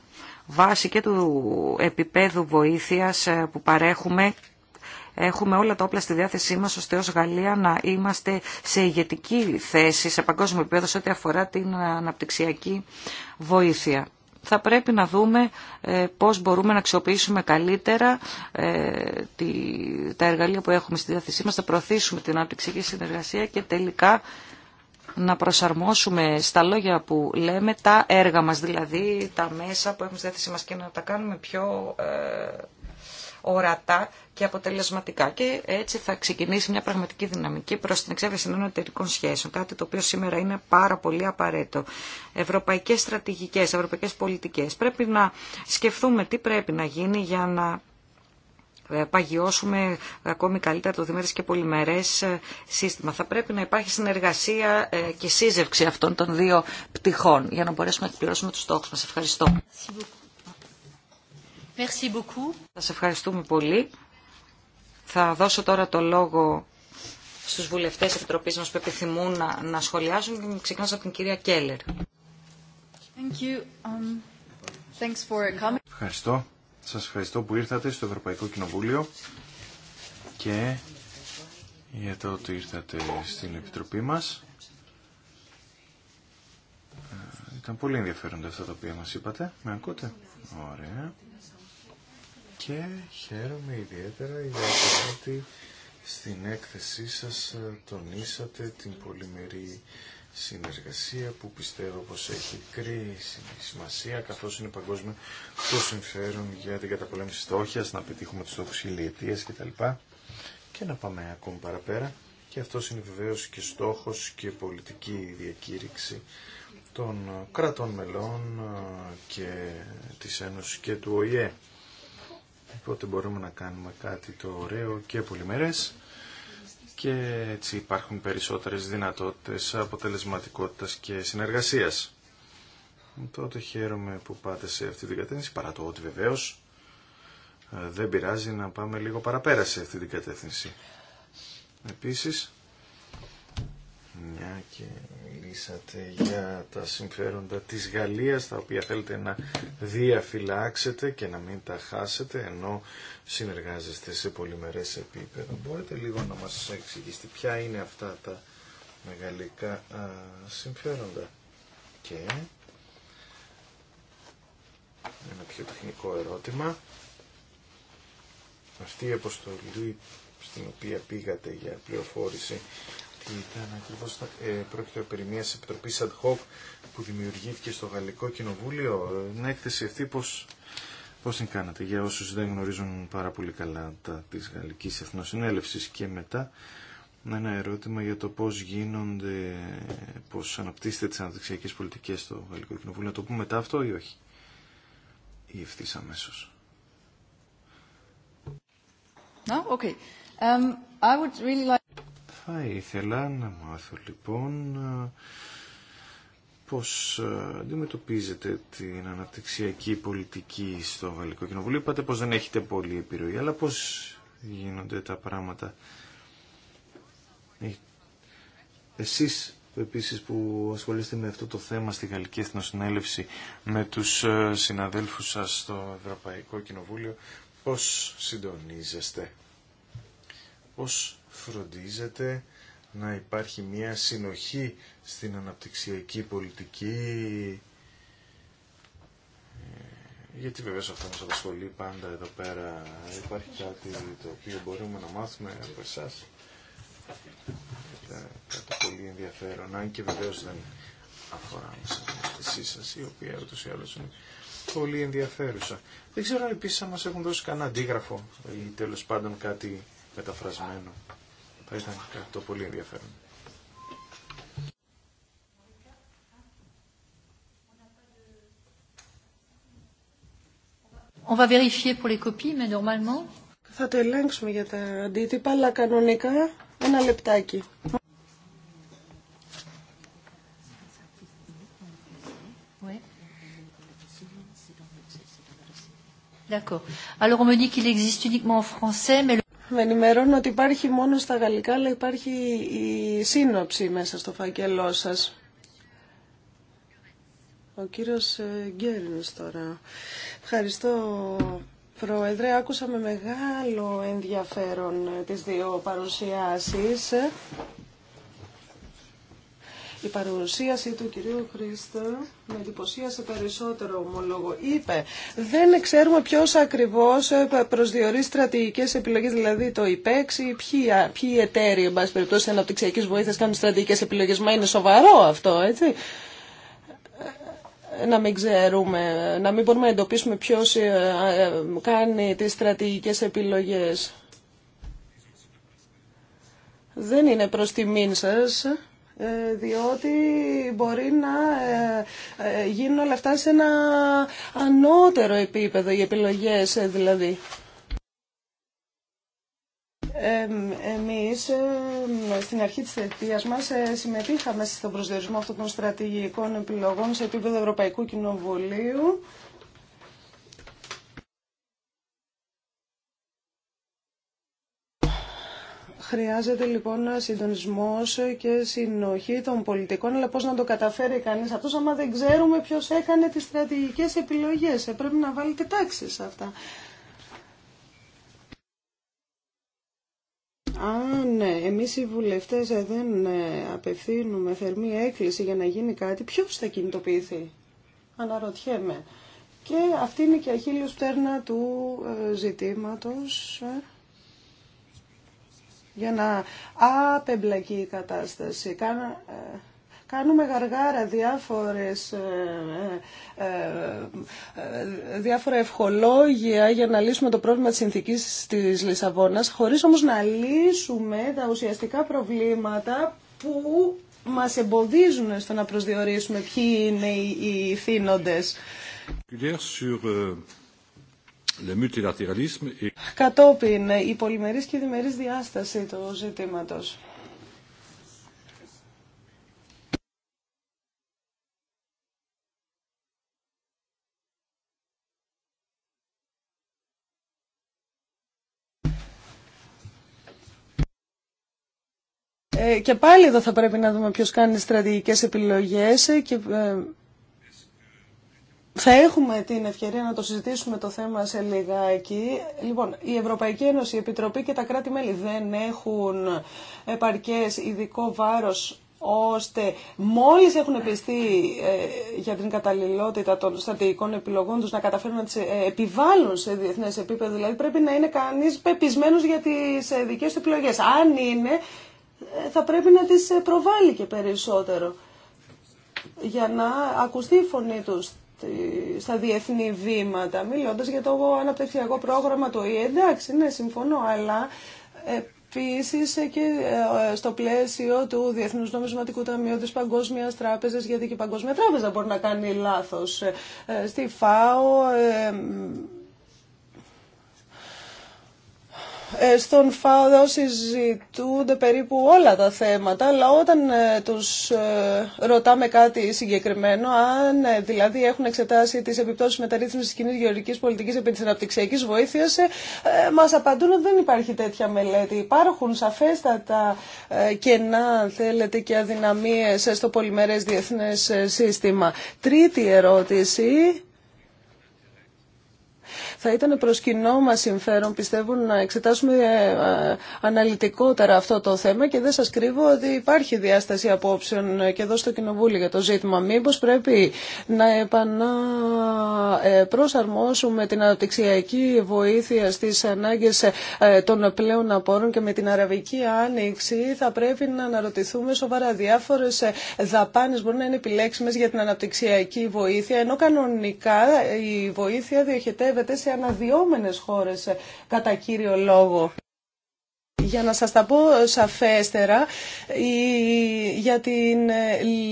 βάσει και του επίπεδου βοήθειας ε, που παρέχουμε, έχουμε όλα τα όπλα στη διάθεσή μας ώστε ως Γαλλία να είμαστε σε ηγετική θέση, σε παγκόσμιο επίπεδο, σε ό,τι αφορά την αναπτυξιακή βοήθεια θα πρέπει να δούμε ε, πώς μπορούμε να αξιοποιήσουμε καλύτερα ε, τα εργαλεία που έχουμε στη διάθεσή μας, να προωθήσουμε την και συνεργασία και τελικά να προσαρμόσουμε στα λόγια που λέμε τα έργα μας, δηλαδή τα μέσα που έχουμε στη διάθεσή μας και να τα κάνουμε πιο ε, ορατά και αποτελεσματικά. Και έτσι θα ξεκινήσει μια πραγματική δυναμική προ την εξέβρεση νέων εταιρικών σχέσεων. Κάτι το οποίο σήμερα είναι πάρα πολύ απαραίτητο. Ευρωπαϊκέ στρατηγικέ, ευρωπαϊκέ πολιτικέ. Πρέπει να σκεφτούμε τι πρέπει να γίνει για να ε, παγιώσουμε ακόμη καλύτερα το διμέρες και πολυμερές ε, σύστημα. Θα πρέπει να υπάρχει συνεργασία ε, και σύζευξη αυτών των δύο πτυχών για να μπορέσουμε να εκπληρώσουμε τους στόχους μας. Ευχαριστώ. Merci Σας ευχαριστούμε πολύ. Θα δώσω τώρα το λόγο στους βουλευτές Επιτροπής μας που επιθυμούν να, να σχολιάσουν. Ξεκινάς από την κυρία Κέλλερ. Um, ευχαριστώ. Σας ευχαριστώ που ήρθατε στο Ευρωπαϊκό Κοινοβούλιο και για το ότι ήρθατε στην Επιτροπή μας. Ε, ήταν πολύ ενδιαφέροντα αυτά τα οποία μας είπατε. Με ακούτε. Ωραία και χαίρομαι ιδιαίτερα για το ότι στην έκθεσή σας ε, τονίσατε την πολυμερή συνεργασία που πιστεύω πως έχει κρίση, σημασία καθώς είναι παγκόσμια το συμφέρον για την καταπολέμηση να πετύχουμε τους στόχους χιλιετίας κτλ. Και να πάμε ακόμη παραπέρα και αυτό είναι βεβαίω και στόχος και πολιτική διακήρυξη των ε, κρατών μελών ε, και της Ένωσης και του ΟΗΕ. Οπότε μπορούμε να κάνουμε κάτι το ωραίο και πολυμερές και έτσι υπάρχουν περισσότερες δυνατότητες αποτελεσματικότητας και συνεργασίας. Τότε χαίρομαι που πάτε σε αυτή την κατεύθυνση, παρά το ότι βεβαίως ε, δεν πειράζει να πάμε λίγο παραπέρα σε αυτή την κατεύθυνση. Επίσης, μια και μιλήσατε για τα συμφέροντα της Γαλλίας τα οποία θέλετε να διαφυλάξετε και να μην τα χάσετε ενώ συνεργάζεστε σε πολυμερές επίπεδο. Μπορείτε λίγο να μας εξηγήσετε ποια είναι αυτά τα μεγαλικά συμφέροντα. Και ένα πιο τεχνικό ερώτημα. Αυτή η αποστολή στην οποία πήγατε για πληροφόρηση τι ήταν ακριβώς. Ε, πρόκειται περί μια επιτροπής ad hoc που δημιουργήθηκε στο Γαλλικό Κοινοβούλιο. Να έκθεση αυτή πώς, πώς την κάνατε για όσου δεν γνωρίζουν πάρα πολύ καλά τα τη Γαλλική Εθνοσυνέλευση και μετά ένα ερώτημα για το πώ γίνονται, πώς αναπτύσσεται τι αναπτυξιακέ πολιτικέ στο Γαλλικό Κοινοβούλιο. Να το πούμε μετά αυτό ή όχι. Ή ευθύς αμέσως. No? Okay. Um, θα ήθελα να μάθω λοιπόν πώς αντιμετωπίζετε την αναπτυξιακή πολιτική στο Γαλλικό Κοινοβουλίο. Είπατε πως δεν έχετε πολλή επιρροή, αλλά πώς γίνονται τα πράγματα. Ε, εσείς επίσης που ασχολείστε με αυτό το θέμα στη Γαλλική Εθνοσυνέλευση με τους ε, συναδέλφους σας στο Ευρωπαϊκό Κοινοβούλιο, πώς συντονίζεστε, πώς φροντίζεται να υπάρχει μια συνοχή στην αναπτυξιακή πολιτική ε, γιατί βεβαίως αυτό μας απασχολεί πάντα εδώ πέρα υπάρχει κάτι το οποίο μπορούμε να μάθουμε από εσάς κάτι πολύ ενδιαφέρον αν και βεβαίως δεν αφορά εσείς σας η οποία ούτως ή άλλως είναι πολύ ενδιαφέρουσα δεν ξέρω επίσης αν μας έχουν δώσει κανένα αντίγραφο ή τέλος πάντων κάτι μεταφρασμένο Ευχαριστώ. Ευχαριστώ. αυτό πολύ ενδιαφέρον. On va vérifier pour les copies, mais normalement... Θα το ελέγξουμε για τα αντίτυπα, αλλά κανονικά ένα λεπτάκι. D'accord. Alors on me dit qu'il existe uniquement en français, mais le με ενημερώνω ότι υπάρχει μόνο στα γαλλικά, αλλά υπάρχει η σύνοψη μέσα στο φάκελό σας. Ο κύριος ε, Γκέρινς τώρα. Ευχαριστώ, Πρόεδρε. Άκουσα με μεγάλο ενδιαφέρον ε, τις δύο παρουσιάσεις. Η παρουσίαση του κυρίου Χρήστα με εντυπωσίασε περισσότερο, ομολόγο. Είπε, δεν ξέρουμε ποιο ακριβώ ε, προσδιορίζει στρατηγικέ επιλογέ, δηλαδή το ΙΠΕΞ ή ποιοι, ποιοι εταίροι, εν πάση περιπτώσει, αναπτυξιακή βοήθεια κάνουν στρατηγικέ επιλογέ. Μα είναι σοβαρό αυτό, έτσι ε, να μην ξέρουμε, να μην μπορούμε να εντοπίσουμε ποιο ε, κάνει τι στρατηγικέ επιλογέ. Δεν είναι προς τιμήν σας. Ε, διότι μπορεί να ε, ε, γίνουν όλα αυτά σε ένα ανώτερο επίπεδο, οι επιλογές δηλαδή. Εμείς στην αρχή της θετίας μας συμμετείχαμε στον προσδιορισμό αυτών των στρατηγικών επιλογών σε επίπεδο Ευρωπαϊκού Κοινοβουλίου. Χρειάζεται λοιπόν συντονισμό και συνοχή των πολιτικών, αλλά πώ να το καταφέρει κανεί αυτό, άμα δεν ξέρουμε ποιο έκανε τι στρατηγικέ επιλογέ. Ε, πρέπει να βάλετε τάξη σε αυτά. Αν ναι, εμείς οι βουλευτές ε, δεν ε, απευθύνουμε θερμή έκκληση για να γίνει κάτι, ποιος θα κινητοποιηθεί. Αναρωτιέμαι. Και αυτή είναι και η αχίλιος πτέρνα του ζητήματος για να απεμπλακεί η κατάσταση. Ε, κάνουμε γαργάρα διάφορες, ε, ε, διάφορα ευχολόγια για να λύσουμε το πρόβλημα της συνθήκης της Λισαβόνας, χωρίς όμως να λύσουμε τα ουσιαστικά προβλήματα που μας εμποδίζουν στο να προσδιορίσουμε ποιοι είναι οι θύνοντες. Euh, Κατόπιν, η πολυμερής και η διμερής διάσταση του ζητήματος. Ε, και πάλι εδώ θα πρέπει να δούμε ποιος κάνει στρατηγικές επιλογές και ε, θα έχουμε την ευκαιρία να το συζητήσουμε το θέμα σε λιγάκι. Λοιπόν, η Ευρωπαϊκή Ένωση, η Επιτροπή και τα κράτη-μέλη δεν έχουν επαρκές ειδικό βάρος ώστε μόλις έχουν πιστεί ε, για την καταλληλότητα των στρατηγικών επιλογών τους να καταφέρουν να τις ε, επιβάλλουν σε διεθνές επίπεδο. Δηλαδή πρέπει να είναι κανείς πεπισμένος για τις ε, δικές του επιλογές. Αν είναι, ε, θα πρέπει να τις προβάλλει και περισσότερο για να ακουστεί η φωνή τους στα διεθνή βήματα, μιλώντας για το αναπτυξιακό πρόγραμμα το ΙΕ. Εντάξει, ναι, συμφωνώ, αλλά Επίση και ε, στο πλαίσιο του Διεθνού Νομισματικού Ταμείου τη Παγκόσμια Τράπεζα, γιατί και η Παγκόσμια Τράπεζα μπορεί να κάνει λάθο. Ε, ε, στη ΦΑΟ Ε, στον Φάδο συζητούνται περίπου όλα τα θέματα, αλλά όταν ε, τους ε, ρωτάμε κάτι συγκεκριμένο, αν δηλαδή έχουν εξετάσει τις επιπτώσεις μεταρρύθμισης της κοινής γεωργικής πολιτικής επί της αναπτυξιακής βοήθειας, μας απαντούν ότι δεν υπάρχει τέτοια μελέτη. Υπάρχουν σαφέστατα κενά, αν θέλετε, και αδυναμίες στο πολυμερές διεθνές σύστημα. Τρίτη ερώτηση θα ήταν προς κοινό μας συμφέρον, πιστεύω, να εξετάσουμε ε, ε, αναλυτικότερα αυτό το θέμα και δεν σας κρύβω ότι υπάρχει διάσταση απόψεων ε, και εδώ στο Κοινοβούλιο για το ζήτημα. Μήπως πρέπει να επαναπροσαρμόσουμε την αναπτυξιακή βοήθεια στις ανάγκες των πλέον απόρων και με την Αραβική Άνοιξη θα πρέπει να αναρωτηθούμε σοβαρά διάφορες δαπάνες μπορεί να είναι επιλέξιμες για την αναπτυξιακή βοήθεια ενώ κανονικά η βοήθεια διοχετεύεται αναδυόμενες χώρες ε, κατά κύριο λόγο. Για να σας τα πω σαφέστερα, για την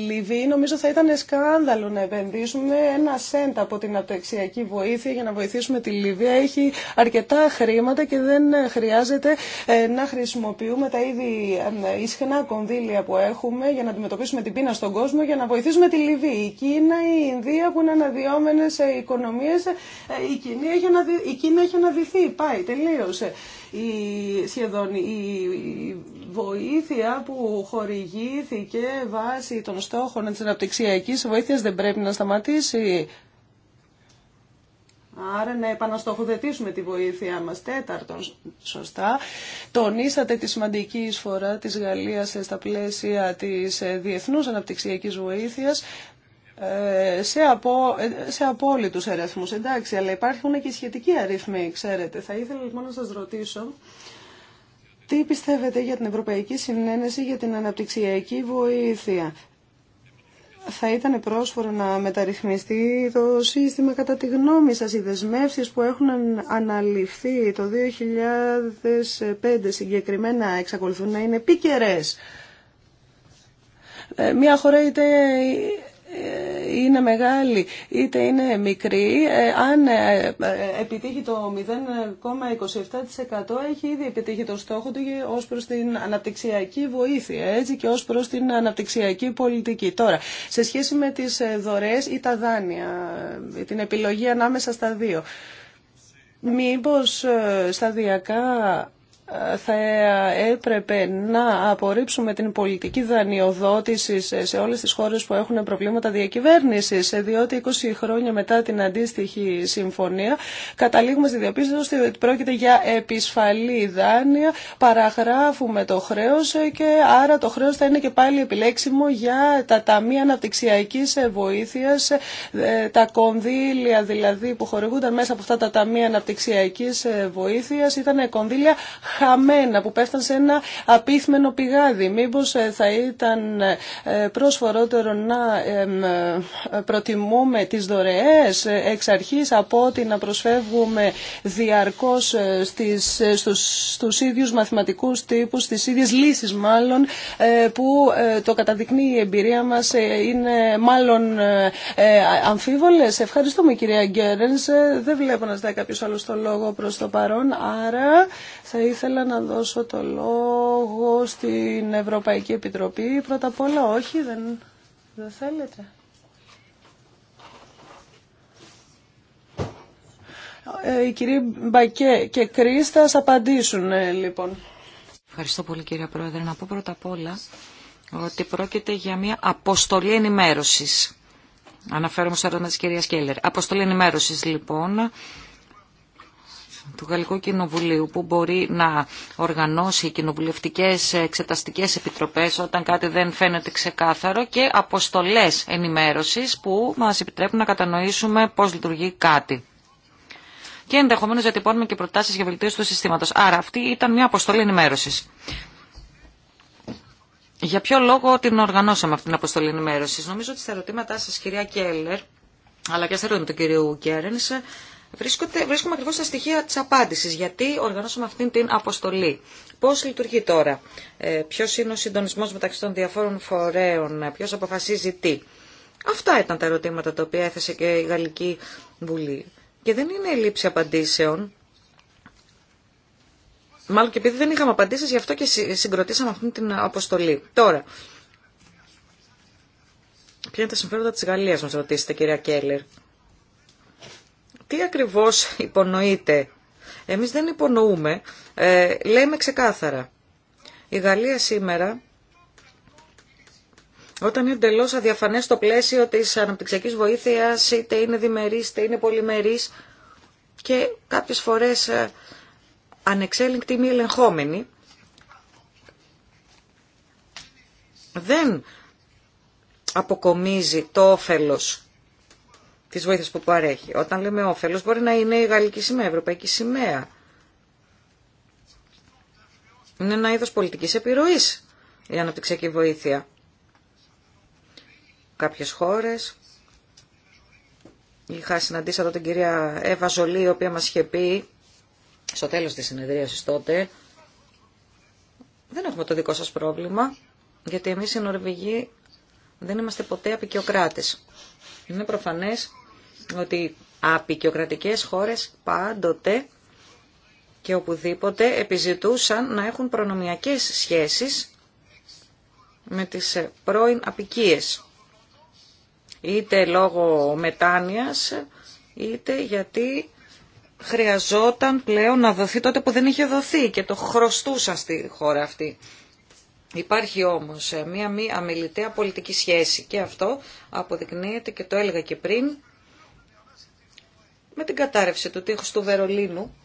Λιβύη νομίζω θα ήταν σκάνδαλο να επενδύσουμε ένα σέντ από την απτοεξιακή βοήθεια για να βοηθήσουμε τη Λιβύη. Έχει αρκετά χρήματα και δεν χρειάζεται ε, να χρησιμοποιούμε τα ήδη ε, ισχνά κονδύλια που έχουμε για να αντιμετωπίσουμε την πείνα στον κόσμο για να βοηθήσουμε τη Λιβύη. Η Κίνα, η Ινδία που είναι αναδυόμενες ε, οικονομίες, η Κίνα έχει αναδυθεί, πάει, τελείωσε η, η βοήθεια που χορηγήθηκε βάσει των στόχων της αναπτυξιακής βοήθειας δεν πρέπει να σταματήσει. Άρα να επαναστοχοδετήσουμε τη βοήθειά μας. Τέταρτον, σωστά, τονίσατε τη σημαντική εισφορά της Γαλλίας στα πλαίσια της ε, διεθνούς αναπτυξιακής βοήθειας. Ε, σε, απο, ε, σε απόλυτους αριθμούς, εντάξει, αλλά υπάρχουν και σχετικοί αριθμοί, ξέρετε. Θα ήθελα λοιπόν να σας ρωτήσω τι πιστεύετε για την Ευρωπαϊκή Συνένεση για την Αναπτυξιακή Βοήθεια. Θα ήταν πρόσφορο να μεταρρυθμιστεί το σύστημα κατά τη γνώμη σας, οι δεσμεύσει που έχουν αναλυφθεί το 2005 συγκεκριμένα εξακολουθούν να είναι επίκαιρε. Ε, μια χώρα είτε ε, είναι μεγάλη είτε είναι μικρή, ε, αν ε, επιτύχει το 0,27% έχει ήδη επιτύχει το στόχο του ως προς την αναπτυξιακή βοήθεια έτσι και ως προς την αναπτυξιακή πολιτική. Τώρα, σε σχέση με τις δωρεές ή τα δάνεια, την επιλογή ανάμεσα στα δύο, μήπως σταδιακά θα έπρεπε να απορρίψουμε την πολιτική δανειοδότηση σε όλες τις χώρες που έχουν προβλήματα διακυβέρνησης, διότι 20 χρόνια μετά την αντίστοιχη συμφωνία καταλήγουμε στη διαπίστωση ότι πρόκειται για επισφαλή δάνεια, παραγράφουμε το χρέος και άρα το χρέος θα είναι και πάλι επιλέξιμο για τα ταμεία αναπτυξιακής βοήθειας, ε, τα κονδύλια δηλαδή που χορηγούνταν μέσα από αυτά τα ταμεία αναπτυξιακής ε, βοήθειας ήταν κονδύλια χαμένα, που πέφταν σε ένα απίθμενο πηγάδι. Μήπως ε, θα ήταν ε, πρόσφορότερο να ε, προτιμούμε τις δωρεές εξ αρχής από ότι να προσφεύγουμε διαρκώς στις, στους, στους ίδιους μαθηματικούς τύπους, στις ίδιες λύσεις μάλλον, που το καταδεικνύει η εμπειρία μας είναι μάλλον αμφίβολες. Ευχαριστούμε κυρία Γκέρενς. Δεν βλέπω να ζητάει κάποιος άλλος το λόγο προς το παρόν, άρα... Θα ήθελα να δώσω το λόγο στην Ευρωπαϊκή Επιτροπή. Πρώτα απ' όλα, όχι, δεν, δεν θέλετε. οι ε, κυρία Μπακέ και Κρίστας απαντήσουν ε, λοιπόν. Ευχαριστώ πολύ κύριε Πρόεδρε. Να πω πρώτα απ' όλα ότι πρόκειται για μια αποστολή ενημέρωσης. Αναφέρομαι στο ερώτημα της κυρίας Κέλλερ. Αποστολή ενημέρωσης λοιπόν του Γαλλικού Κοινοβουλίου που μπορεί να οργανώσει κοινοβουλευτικέ εξεταστικές επιτροπές όταν κάτι δεν φαίνεται ξεκάθαρο και αποστολές ενημέρωσης που μας επιτρέπουν να κατανοήσουμε πώς λειτουργεί κάτι. Και ενδεχομένως διατυπώνουμε και προτάσεις για βελτίωση του συστήματος. Άρα αυτή ήταν μια αποστολή ενημέρωσης. Για ποιο λόγο την οργανώσαμε αυτή την αποστολή ενημέρωση. Νομίζω ότι στα ερωτήματά σα, κυρία Κέλλερ, αλλά και στα ερωτήματα του κυρίου Βρίσκονται, βρίσκουμε ακριβώς τα στοιχεία της απάντησης, γιατί οργανώσαμε αυτή την αποστολή. Πώς λειτουργεί τώρα, ε, ποιος είναι ο συντονισμός μεταξύ των διαφόρων φορέων, ε, ποιος αποφασίζει τι. Αυτά ήταν τα ερωτήματα τα οποία έθεσε και η Γαλλική Βουλή. Και δεν είναι λήψη απαντήσεων. Μάλλον και επειδή δεν είχαμε απαντήσεις, γι' αυτό και συγκροτήσαμε αυτή την αποστολή. Τώρα, ποια είναι τα συμφέροντα της Γαλλίας, μας ρωτήσετε κυρία Κέλλερ τι ακριβώς υπονοείται. Εμείς δεν υπονοούμε, ε, λέμε ξεκάθαρα. Η Γαλλία σήμερα, όταν είναι εντελώ αδιαφανές στο πλαίσιο της αναπτυξιακής βοήθειας, είτε είναι διμερής, είτε είναι πολυμερής, και κάποιες φορές ε, ανεξέλεγκτη μη ελεγχόμενη, δεν αποκομίζει το όφελος τις βοήθειες που παρέχει. Όταν λέμε όφελος μπορεί να είναι η γαλλική σημαία, η ευρωπαϊκή σημαία. Είναι ένα είδος πολιτικής επιρροής η αναπτυξιακή βοήθεια. Κάποιες χώρες, είχα συναντήσει εδώ την κυρία Εύα Ζολή, η οποία μας είχε πει στο τέλος της συνεδρίασης τότε, δεν έχουμε το δικό σας πρόβλημα, γιατί εμείς οι Νορβηγοί δεν είμαστε ποτέ απεικιοκράτες. Είναι προφανές ότι απεικιοκρατικές χώρες πάντοτε και οπουδήποτε επιζητούσαν να έχουν προνομιακές σχέσεις με τις πρώην απικίες. Είτε λόγω μετάνοιας, είτε γιατί χρειαζόταν πλέον να δοθεί τότε που δεν είχε δοθεί και το χρωστούσαν στη χώρα αυτή. Υπάρχει όμως ε, μία μη αμεληταία πολιτική σχέση και αυτό αποδεικνύεται και το έλεγα και πριν με την κατάρρευση του τείχους του Βερολίνου.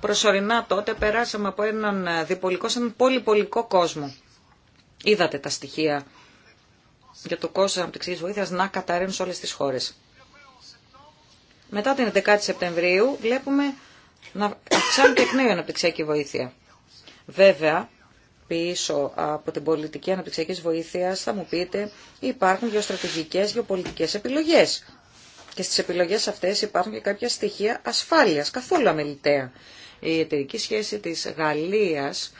Προσωρινά τότε περάσαμε από έναν ε, διπολικό σε έναν πολυπολικό κόσμο. Είδατε τα στοιχεία για το κόστος αναπτυξής βοήθειας να καταρρεύουν σε όλες τις χώρες. Μετά την 11η Σεπτεμβρίου βλέπουμε να αυξάνεται και εκ νέου η αναπτυξιακή βοήθεια. Βέβαια, πίσω από την πολιτική αναπτυξιακής βοήθειας, θα μου πείτε, υπάρχουν γεωστρατηγικές, γεωπολιτικές επιλογές. Και στις επιλογές αυτές υπάρχουν και κάποια στοιχεία ασφάλειας, καθόλου αμεληταία. Η εταιρική σχέση της Γαλλίας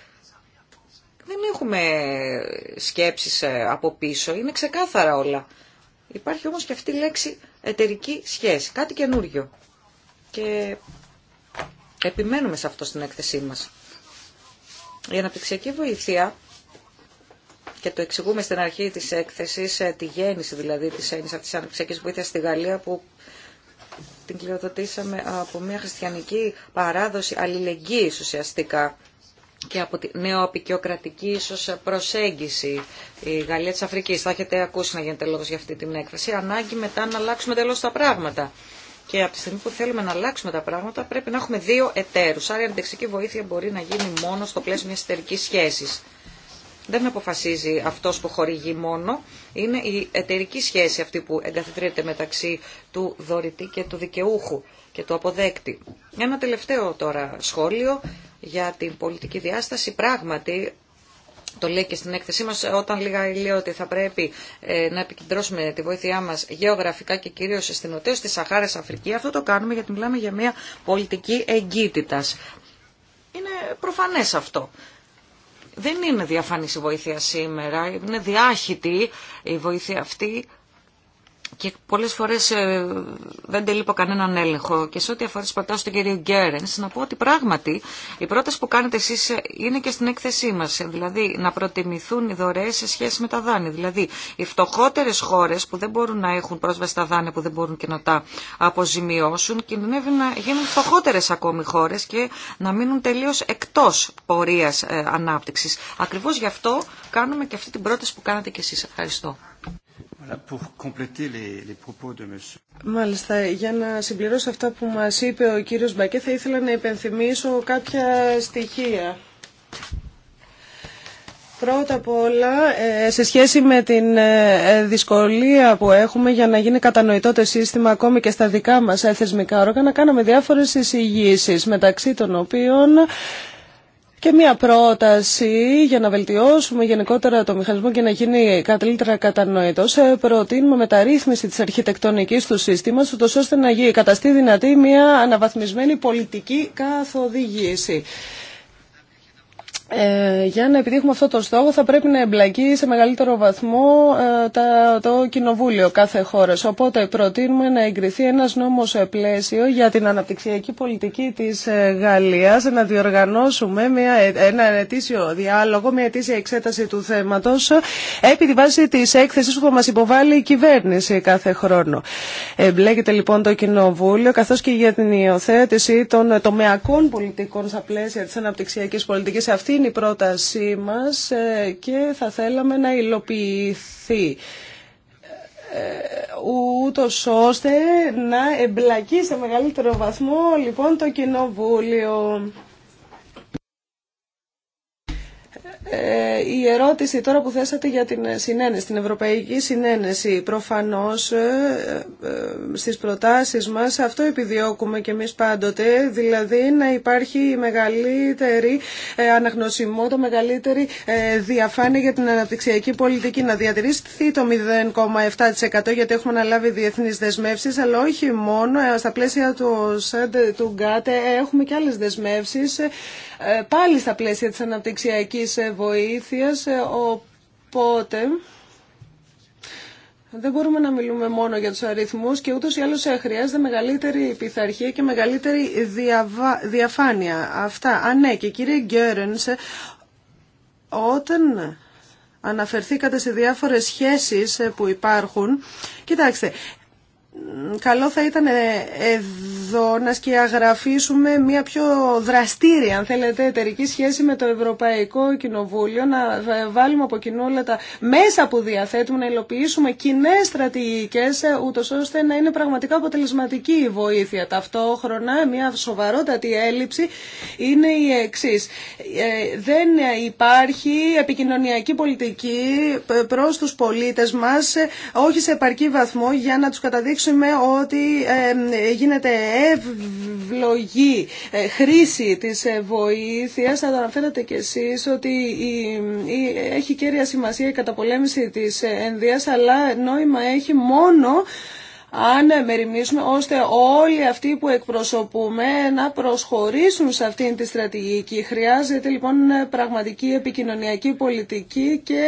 δεν έχουμε σκέψεις ε, από πίσω, είναι ξεκάθαρα όλα. Υπάρχει όμως και αυτή η λέξη εταιρική σχέση, κάτι καινούριο. Και επιμένουμε σε αυτό στην έκθεσή μας. Η αναπτυξιακή βοήθεια, και το εξηγούμε στην αρχή της έκθεσης, ε, τη γέννηση δηλαδή της έννοιας της αναπτυξιακής βοήθειας στη Γαλλία, που την κληροδοτήσαμε από μια χριστιανική παράδοση αλληλεγγύης ουσιαστικά και από τη νεοαπικιοκρατική ίσως προσέγγιση η Γαλλία της Αφρικής. Θα έχετε ακούσει να γίνεται λόγος για αυτή την έκθεση, Ανάγκη μετά να αλλάξουμε τελώς τα πράγματα. Και από τη στιγμή που θέλουμε να αλλάξουμε τα πράγματα πρέπει να έχουμε δύο εταίρου. Άρα η αντεξική βοήθεια μπορεί να γίνει μόνο στο πλαίσιο μια εταιρική σχέσης. Δεν αποφασίζει αυτός που χορηγεί μόνο. Είναι η εταιρική σχέση αυτή που εγκαθιδρύεται μεταξύ του δωρητή και του δικαιούχου και του αποδέκτη. Ένα τελευταίο τώρα σχόλιο για την πολιτική διάσταση. Πράγματι το λέει και στην έκθεσή μας, όταν λίγα λέει ότι θα πρέπει ε, να επικεντρώσουμε τη βοήθειά μας γεωγραφικά και κυρίως στην νοτέως της Σαχάρας Αφρική, αυτό το κάνουμε γιατί μιλάμε για μια πολιτική εγκύτητας. Είναι προφανές αυτό. Δεν είναι διαφανής η βοήθεια σήμερα, είναι διάχυτη η βοήθεια αυτή και πολλές φορές ε, δεν τελείπω κανέναν έλεγχο. Και σε ό,τι αφορά τις προτάσεις του κ. Γκέρενς, να πω ότι πράγματι η πρόταση που κάνετε εσείς ε, είναι και στην έκθεσή μας. Δηλαδή να προτιμηθούν οι δωρεές σε σχέση με τα δάνεια. Δηλαδή οι φτωχότερες χώρες που δεν μπορούν να έχουν πρόσβαση στα δάνεια, που δεν μπορούν και να τα αποζημιώσουν, κινδυνεύουν να γίνουν φτωχότερε ακόμη χώρες και να μείνουν τελείως εκτός πορείας ε, ανάπτυξης. Ακριβώς γι' αυτό κάνουμε και αυτή την πρόταση που κάνατε κι εσείς. Ευχαριστώ. Μάλιστα, για να συμπληρώσω αυτά που μας είπε ο κύριος Μπακέ, θα ήθελα να υπενθυμίσω κάποια στοιχεία. Πρώτα απ' όλα, ε, σε σχέση με την ε, δυσκολία που έχουμε για να γίνει κατανοητό το σύστημα ακόμη και στα δικά μας ε, θεσμικά όργανα, κάναμε διάφορες εισηγήσεις, μεταξύ των οποίων και μια πρόταση για να βελτιώσουμε γενικότερα το μηχανισμό και να γίνει καλύτερα κατανοητό. Προτείνουμε μεταρρύθμιση τη αρχιτεκτονική του σύστημα, ώστε να καταστεί δυνατή μια αναβαθμισμένη πολιτική καθοδήγηση. Ε, για να επιτύχουμε αυτό το στόχο θα πρέπει να εμπλακεί σε μεγαλύτερο βαθμό ε, τα, το κοινοβούλιο κάθε χώρα. Οπότε προτείνουμε να εγκριθεί ένας νόμος ε, πλαίσιο για την αναπτυξιακή πολιτική της ε, Γαλλίας, να διοργανώσουμε μια, ένα ετήσιο διάλογο, μια ετήσια εξέταση του θέματος επί τη βάση της έκθεσης που θα μας υποβάλει η κυβέρνηση κάθε χρόνο. Εμπλέκεται λοιπόν το κοινοβούλιο καθώς και για την υιοθέτηση των τομεακών πολιτικών στα πλαίσια της αναπτυξιακής πολιτικής είναι η πρότασή μας ε, και θα θέλαμε να υλοποιηθεί ε, ούτω ώστε να εμπλακεί σε μεγαλύτερο βαθμό λοιπόν το κοινοβούλιο. Ε, η ερώτηση τώρα που θέσατε για την συνένεση, την ευρωπαϊκή συνένεση, προφανώς ε, ε, στις προτάσεις μας αυτό επιδιώκουμε και εμείς πάντοτε, δηλαδή να υπάρχει μεγαλύτερη αναγνωσιμότητα, μεγαλύτερη διαφάνεια για την αναπτυξιακή πολιτική, να διατηρήσει το 0,7% γιατί έχουμε αναλάβει διεθνείς δεσμεύσεις, αλλά όχι μόνο, στα πλαίσια του, του ΓΚΑΤΕ έχουμε και άλλες δεσμεύσεις ε, πάλι στα πλαίσια της αναπτυξιακής ε, βοήθειας, ε, οπότε... Δεν μπορούμε να μιλούμε μόνο για τους αριθμούς και ούτως ή άλλως χρειάζεται μεγαλύτερη πειθαρχία και μεγαλύτερη διαφάνεια. Αυτά. Α, ναι, και κύριε Γκέρενς, όταν αναφερθήκατε σε διάφορες σχέσεις που υπάρχουν, κοιτάξτε, καλό θα ήταν εδώ να σκιαγραφίσουμε μια πιο δραστήρια, αν θέλετε, εταιρική σχέση με το Ευρωπαϊκό Κοινοβούλιο, να βάλουμε από κοινού όλα τα μέσα που διαθέτουμε, να υλοποιήσουμε κοινέ στρατηγικέ, ούτω ώστε να είναι πραγματικά αποτελεσματική η βοήθεια. Ταυτόχρονα, μια σοβαρότατη έλλειψη είναι η εξή. Ε, δεν υπάρχει επικοινωνιακή πολιτική ε, προ του πολίτε μα, ε, όχι σε επαρκή βαθμό για να του καταδείξουμε με ότι γίνεται ευλογή ε, χρήση της ε, βοήθειας. Θα αναφέρατε κι εσείς ότι έχει κέρια σημασία η καταπολέμηση της ε, ενδίας, αλλά νόημα έχει μόνο αν μεριμνήσουμε ώστε όλοι αυτοί που εκπροσωπούμε να προσχωρήσουν σε αυτήν τη στρατηγική. Χρειάζεται λοιπόν πραγματική επικοινωνιακή πολιτική και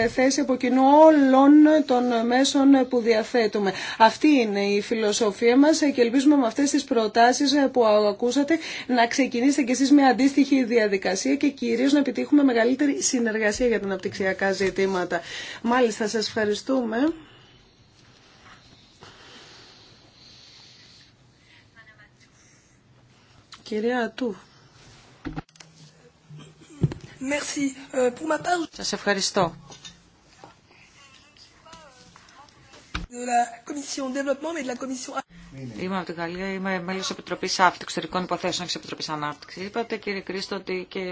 ε, θέση από κοινού όλων των μέσων που διαθέτουμε. Αυτή είναι η φιλοσοφία μας και ελπίζουμε με αυτές τις προτάσεις που ακούσατε να ξεκινήσετε κι εσείς μια αντίστοιχη διαδικασία και κυρίως να επιτύχουμε μεγαλύτερη συνεργασία για τα αναπτυξιακά ζητήματα. Μάλιστα, σας ευχαριστούμε. Κυρία Ατού. Euh, Σας ευχαριστώ. Είμαι από τη Γαλλία, είμαι μέλο τη Επιτροπή Εξωτερικών Υποθέσεων τη Επιτροπή Ανάπτυξη. Είπατε, κύριε Κρίστο, ότι και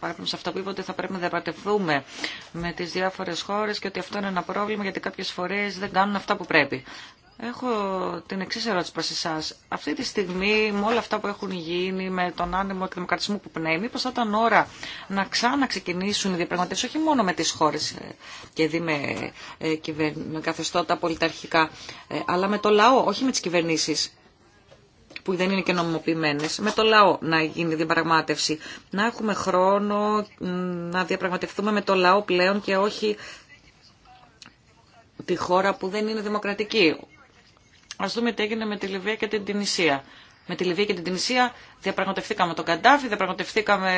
παράπονο σε αυτό που είπατε, θα πρέπει να διαπρατευτούμε με τι διάφορε χώρε και ότι αυτό είναι ένα πρόβλημα γιατί κάποιε φορέ δεν κάνουν αυτά που πρέπει. Έχω την εξή ερώτηση προ εσά. Αυτή τη στιγμή, με όλα αυτά που έχουν γίνει, με τον άνεμο εκδημοκρατισμού που πνέει, μήπω θα ήταν ώρα να ξαναξεκινήσουν οι διαπραγματεύσει όχι μόνο με τι χώρε ε, και δει με, ε, με καθεστώτα πολιταρχικά, ε, αλλά με το λαό, όχι με τι κυβερνήσει που δεν είναι και νομιμοποιημένε, με το λαό να γίνει διαπραγμάτευση. Να έχουμε χρόνο να διαπραγματευτούμε με το λαό πλέον και όχι τη χώρα που δεν είναι δημοκρατική. Ας δούμε τι έγινε με τη Λιβύα και την Τινησία. Με τη Λιβύα και την Τινησία διαπραγματευτήκαμε τον Καντάφη, διαπραγματευθήκαμε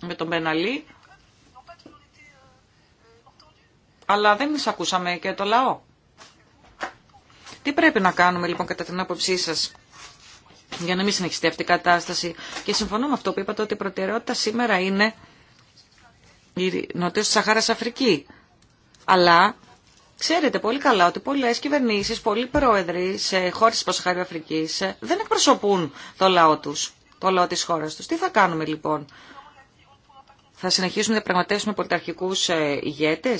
με τον Μπεναλή. Αλλά δεν ακούσαμε και το λαό. Τι πρέπει να κάνουμε λοιπόν κατά την άποψή σας για να μην συνεχιστεί αυτή η κατάσταση. Και συμφωνώ με αυτό που είπατε ότι η προτεραιότητα σήμερα είναι η νοτίος της Σαχάρας Αφρική. Αλλά Ξέρετε πολύ καλά ότι πολλέ κυβερνήσει, πολλοί πρόεδροι σε χώρε τη Ποσχάρη Αφρική ε, δεν εκπροσωπούν το λαό του, το λαό τη χώρα του. Τι θα κάνουμε λοιπόν, θα συνεχίσουμε να διαπραγματεύσουμε πολιταρχικού ε, ηγέτε.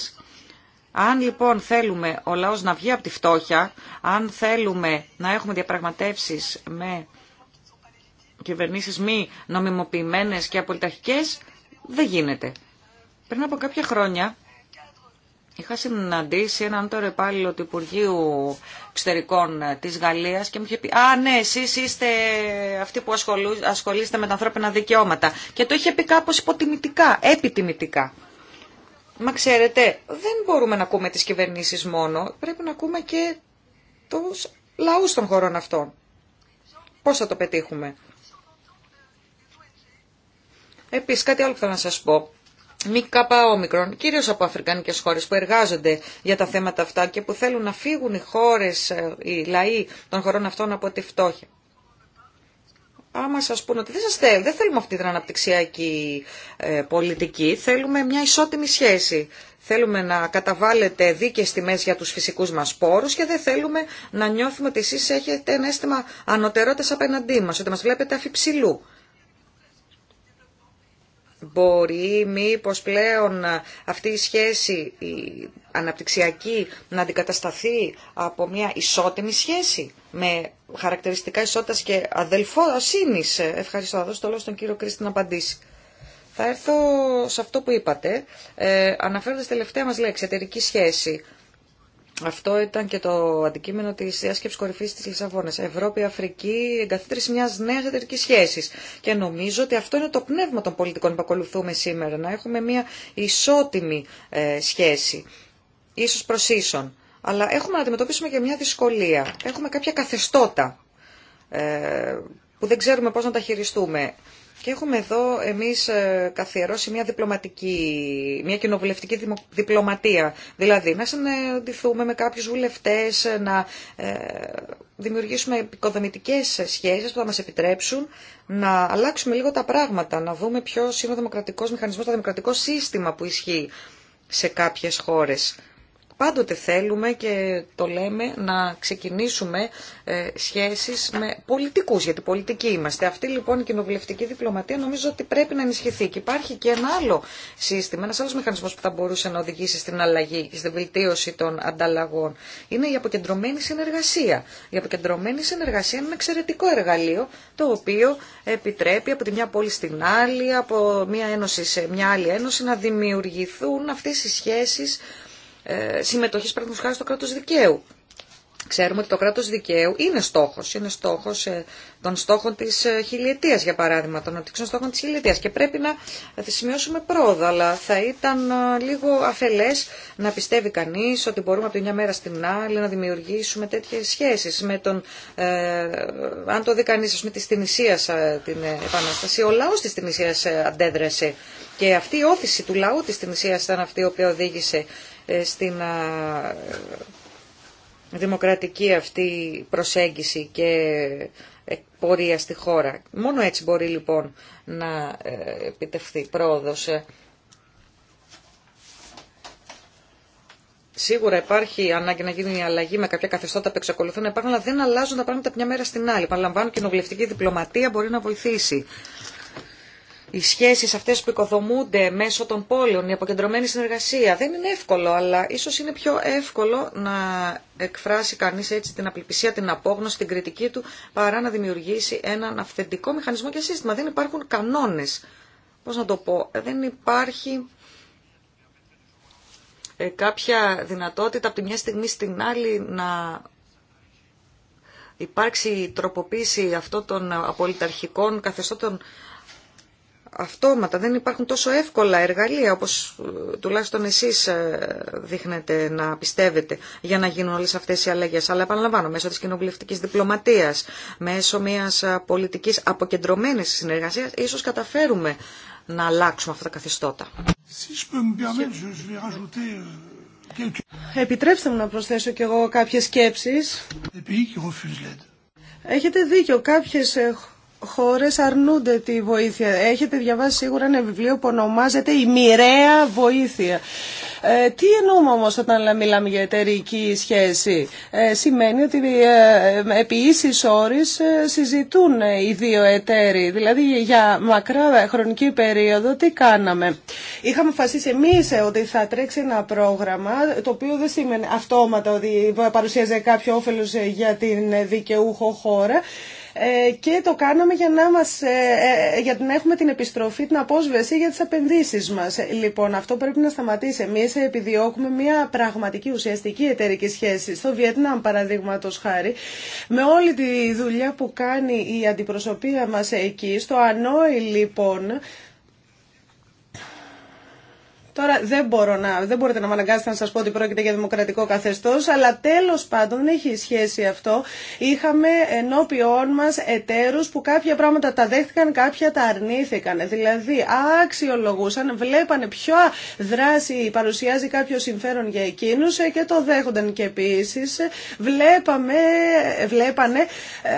Αν λοιπόν θέλουμε ο λαός να βγει από τη φτώχεια, αν θέλουμε να έχουμε διαπραγματεύσεις με κυβερνήσει μη νομιμοποιημένε και απολυταρχικέ, δεν γίνεται. Πριν από κάποια χρόνια Είχα συναντήσει έναν τώρα υπάλληλο του Υπουργείου Εξωτερικών ε, της Γαλλίας και μου είχε πει «Α, ναι, εσείς είστε αυτοί που ασχολείστε με τα ανθρώπινα δικαιώματα». Και το είχε πει κάπως υποτιμητικά, επιτιμητικά. Μα ξέρετε, δεν μπορούμε να ακούμε τις κυβερνήσεις μόνο, πρέπει να ακούμε και τους λαούς των χωρών αυτών. Πώς θα το πετύχουμε. Επίσης, κάτι άλλο που θέλω να σας πω όμικρον, κυρίω από αφρικανικέ χώρε που εργάζονται για τα θέματα αυτά και που θέλουν να φύγουν οι χώρε, ε, οι λαοί των χωρών αυτών από τη φτώχεια. Άμα σα πούνε ότι δεν σα θέλει, δεν θέλουμε αυτή την αναπτυξιακή ε, πολιτική, θέλουμε μια ισότιμη σχέση. Θέλουμε να καταβάλλετε δίκαιες τιμές για τους φυσικούς μας πόρους και δεν θέλουμε να νιώθουμε ότι εσείς έχετε ένα αίσθημα ανωτερότητας απέναντί μας, ότι μας βλέπετε αφιψηλού. Μπορεί μήπως πλέον αυτή η σχέση η αναπτυξιακή να αντικατασταθεί από μια ισότιμη σχέση με χαρακτηριστικά ισότητας και αδελφοσύνης. Ευχαριστώ. Θα δώσω το λόγο στον κύριο Κρίστη να απαντήσει. Θα έρθω σε αυτό που είπατε. Ε, αναφέροντας τελευταία μας λέξη, εταιρική σχέση. Αυτό ήταν και το αντικείμενο τη διάσκεψη κορυφή τη Λισαβόνα. Ευρώπη-Αφρική, εγκαθίδρυση μια νέα εταιρική σχέση. Και νομίζω ότι αυτό είναι το πνεύμα των πολιτικών που ακολουθούμε σήμερα. Να έχουμε μια ισότιμη ε, σχέση. Ίσως προ ίσον. Αλλά έχουμε να αντιμετωπίσουμε και μια δυσκολία. Έχουμε κάποια καθεστώτα ε, που δεν ξέρουμε πώς να τα χειριστούμε. Και έχουμε εδώ εμείς ε, καθιερώσει μια διπλωματική, μια κοινοβουλευτική διπλωματία. Δηλαδή να συναντηθούμε με κάποιους βουλευτές, ε, να ε, δημιουργήσουμε επικοδομητικές σχέσεις που θα μας επιτρέψουν να αλλάξουμε λίγο τα πράγματα, να δούμε ποιος είναι ο δημοκρατικός μηχανισμός, το δημοκρατικό σύστημα που ισχύει σε κάποιες χώρες. Πάντοτε θέλουμε και το λέμε να ξεκινήσουμε ε, σχέσεις με πολιτικούς, γιατί πολιτικοί είμαστε. Αυτή λοιπόν η κοινοβουλευτική διπλωματία νομίζω ότι πρέπει να ενισχυθεί. Και υπάρχει και ένα άλλο σύστημα, ένας άλλος μηχανισμός που θα μπορούσε να οδηγήσει στην αλλαγή και στην βελτίωση των ανταλλαγών. Είναι η αποκεντρωμένη συνεργασία. Η αποκεντρωμένη συνεργασία είναι ένα εξαιρετικό εργαλείο, το οποίο επιτρέπει από τη μια πόλη στην άλλη, από μια ένωση σε μια άλλη ένωση να δημιουργηθούν αυτές οι σχέσεις ε, Συμμετοχή παραδείγματο χάρη στο κράτο δικαίου. Ξέρουμε ότι το κράτο δικαίου είναι στόχο, είναι στόχος ε, των στόχων της ε, χιλιετίας, για παράδειγμα, των αναπτύξεων στόχων τη χιλιετίας και πρέπει να σημειώσουμε πρόοδο, αλλά θα ήταν λίγο αφελές να πιστεύει κανεί ότι μπορούμε από τη μια μέρα στην άλλη να δημιουργήσουμε τέτοιε σχέσει με τον, ε, αν το δει α με τη ε, την Επανάσταση, ο λαός τη ε, αντέδρασε. Και αυτή η όθηση του λαού τη Τινησία ήταν αυτή η οποία οδήγησε ε, στην δημοκρατική αυτή προσέγγιση και πορεία στη χώρα. Μόνο έτσι μπορεί λοιπόν να ε, επιτευχθεί πρόοδος. Ε, σίγουρα υπάρχει ανάγκη να γίνει η αλλαγή με κάποια καθεστώτα που εξακολουθούν να υπάρχουν, αλλά δεν αλλάζουν τα πράγματα από μια μέρα στην άλλη. Παραλαμβάνω, κοινοβουλευτική διπλωματία μπορεί να βοηθήσει οι σχέσεις αυτές που οικοδομούνται μέσω των πόλεων, η αποκεντρωμένη συνεργασία. Δεν είναι εύκολο, αλλά ίσως είναι πιο εύκολο να εκφράσει κανείς έτσι την απληπισία, την απόγνωση, την κριτική του, παρά να δημιουργήσει έναν αυθεντικό μηχανισμό και σύστημα. Δεν υπάρχουν κανόνες. Πώς να το πω, ε, δεν υπάρχει ε, κάποια δυνατότητα από τη μια στιγμή στην άλλη να υπάρξει τροποποίηση αυτών των απολυταρχικών καθεστώτων αυτόματα, δεν υπάρχουν τόσο εύκολα εργαλεία όπως ε, τουλάχιστον εσείς ε, δείχνετε να πιστεύετε για να γίνουν όλες αυτές οι αλλαγές. Αλλά επαναλαμβάνω, μέσω της κοινοβουλευτικής διπλωματίας, μέσω μιας ε, πολιτικής αποκεντρωμένης συνεργασίας, ίσως καταφέρουμε να αλλάξουμε αυτά τα καθεστώτα. Euh, Επιτρέψτε μου να προσθέσω κι εγώ κάποιες σκέψεις. Έχετε δίκιο, κάποιες χώρες αρνούνται τη βοήθεια. Έχετε διαβάσει σίγουρα ένα βιβλίο που ονομάζεται «Η μοιραία βοήθεια». Ε, τι εννοούμε όμω όταν μιλάμε για εταιρική σχέση. Ε, σημαίνει ότι ε, επί ίσης συζητούν οι δύο εταίροι. Δηλαδή για μακρά χρονική περίοδο τι κάναμε. Είχαμε αποφασίσει εμείς ότι θα τρέξει ένα πρόγραμμα το οποίο δεν σημαίνει αυτόματα ότι παρουσίαζε κάποιο όφελος για την δικαιούχο χώρα. Ε, και το κάναμε για να, μας, ε, ε, για έχουμε την επιστροφή, την απόσβεση για τις επενδύσεις μας. Λοιπόν, αυτό πρέπει να σταματήσει. Εμείς επιδιώκουμε μια πραγματική ουσιαστική εταιρική σχέση στο Βιετνάμ παραδείγματο χάρη με όλη τη δουλειά που κάνει η αντιπροσωπεία μας εκεί, στο Ανόη λοιπόν, Τώρα δεν, μπορώ δεν μπορείτε να με αναγκάσετε να σα πω ότι πρόκειται για δημοκρατικό καθεστώ, αλλά τέλο πάντων δεν έχει σχέση αυτό. Είχαμε ενώπιόν μα εταίρους που κάποια πράγματα τα δέχτηκαν, κάποια τα αρνήθηκαν. Δηλαδή αξιολογούσαν, βλέπανε ποια δράση παρουσιάζει κάποιο συμφέρον για εκείνους και το δέχονταν και επίση. Βλέπαμε, βλέπανε ε, ε,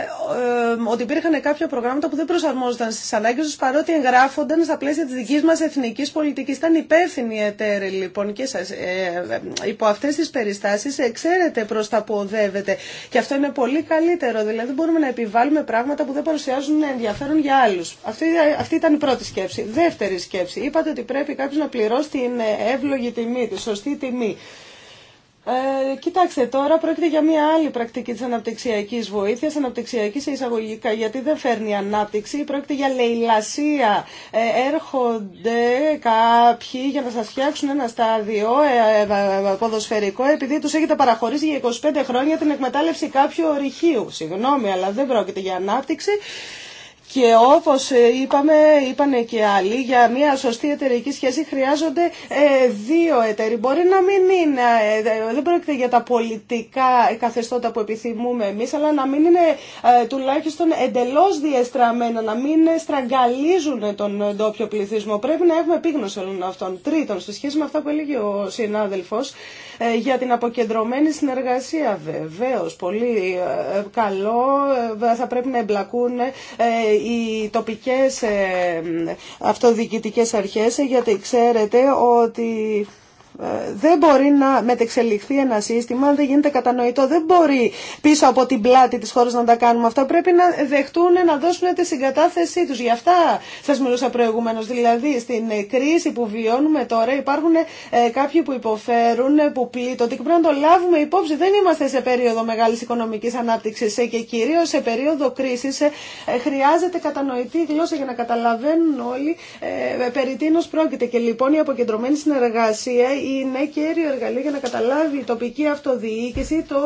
ότι υπήρχαν κάποια προγράμματα που δεν προσαρμόζονταν στι ανάγκε, του παρότι εγγράφονταν στα πλαίσια τη δική μα εθνική πολιτική. Ήταν υπεύθυνοι λοιπόν και σας, ε, ε, υπό αυτές τις περιστάσεις ε, ξέρετε προς τα που οδεύετε και αυτό είναι πολύ καλύτερο δηλαδή μπορούμε να επιβάλλουμε πράγματα που δεν παρουσιάζουν ενδιαφέρον για άλλους αυτή, ε, αυτή ήταν η πρώτη σκέψη δεύτερη σκέψη είπατε ότι πρέπει κάποιος να πληρώσει την εύλογη τιμή τη σωστή τιμή ε, κοιτάξτε, τώρα πρόκειται για μια άλλη πρακτική της αναπτυξιακής βοήθειας, αναπτυξιακής εισαγωγικά, γιατί δεν φέρνει ανάπτυξη, πρόκειται για λαιλασία. Ε, έρχονται κάποιοι για να σας φτιάξουν ένα στάδιο ε, ε, ε, ποδοσφαιρικό, επειδή τους έχετε παραχωρήσει για 25 χρόνια την εκμετάλλευση κάποιου ορυχείου. Συγγνώμη, αλλά δεν πρόκειται για ανάπτυξη. Και όπως ε, είπαμε, είπανε και άλλοι, για μια σωστή εταιρική σχέση χρειάζονται ε, δύο εταίροι. Μπορεί να μην είναι, ε, δεν πρόκειται για τα πολιτικά καθεστώτα που επιθυμούμε εμείς, αλλά να μην είναι τουλάχιστον εντελώς διεστραμμένα, να μην στραγγαλίζουν τον ντόπιο πληθυσμό. Πρέπει να έχουμε επίγνωση όλων αυτών. Τρίτον, σε σχέση με αυτά που έλεγε ο συνάδελφος, ε, για την αποκεντρωμένη συνεργασία. Βεβαίω, πολύ ε, καλό. Ε, θα πρέπει να εμπλακούν οι τοπικές αυτοδιοικητικές αρχές γιατί ξέρετε ότι δεν μπορεί να μετεξελιχθεί ένα σύστημα δεν γίνεται κατανοητό. Δεν μπορεί πίσω από την πλάτη της χώρας να τα κάνουμε αυτά. Πρέπει να δεχτούν να δώσουν τη συγκατάθεσή τους... Γι' αυτά σα μιλούσα προηγουμένως... Δηλαδή, στην κρίση που βιώνουμε τώρα υπάρχουν ε, κάποιοι που υποφέρουν, που πλήττονται και πρέπει να το λάβουμε υπόψη. Δεν είμαστε σε περίοδο μεγάλη οικονομική ανάπτυξη ε, και κυρίως σε περίοδο κρίση ε, χρειάζεται κατανοητή γλώσσα για να καταλαβαίνουν όλοι περί πρόκειται. Και λοιπόν η αποκεντρωμένη συνεργασία, είναι κέριο εργαλείο για να καταλάβει η τοπική αυτοδιοίκηση το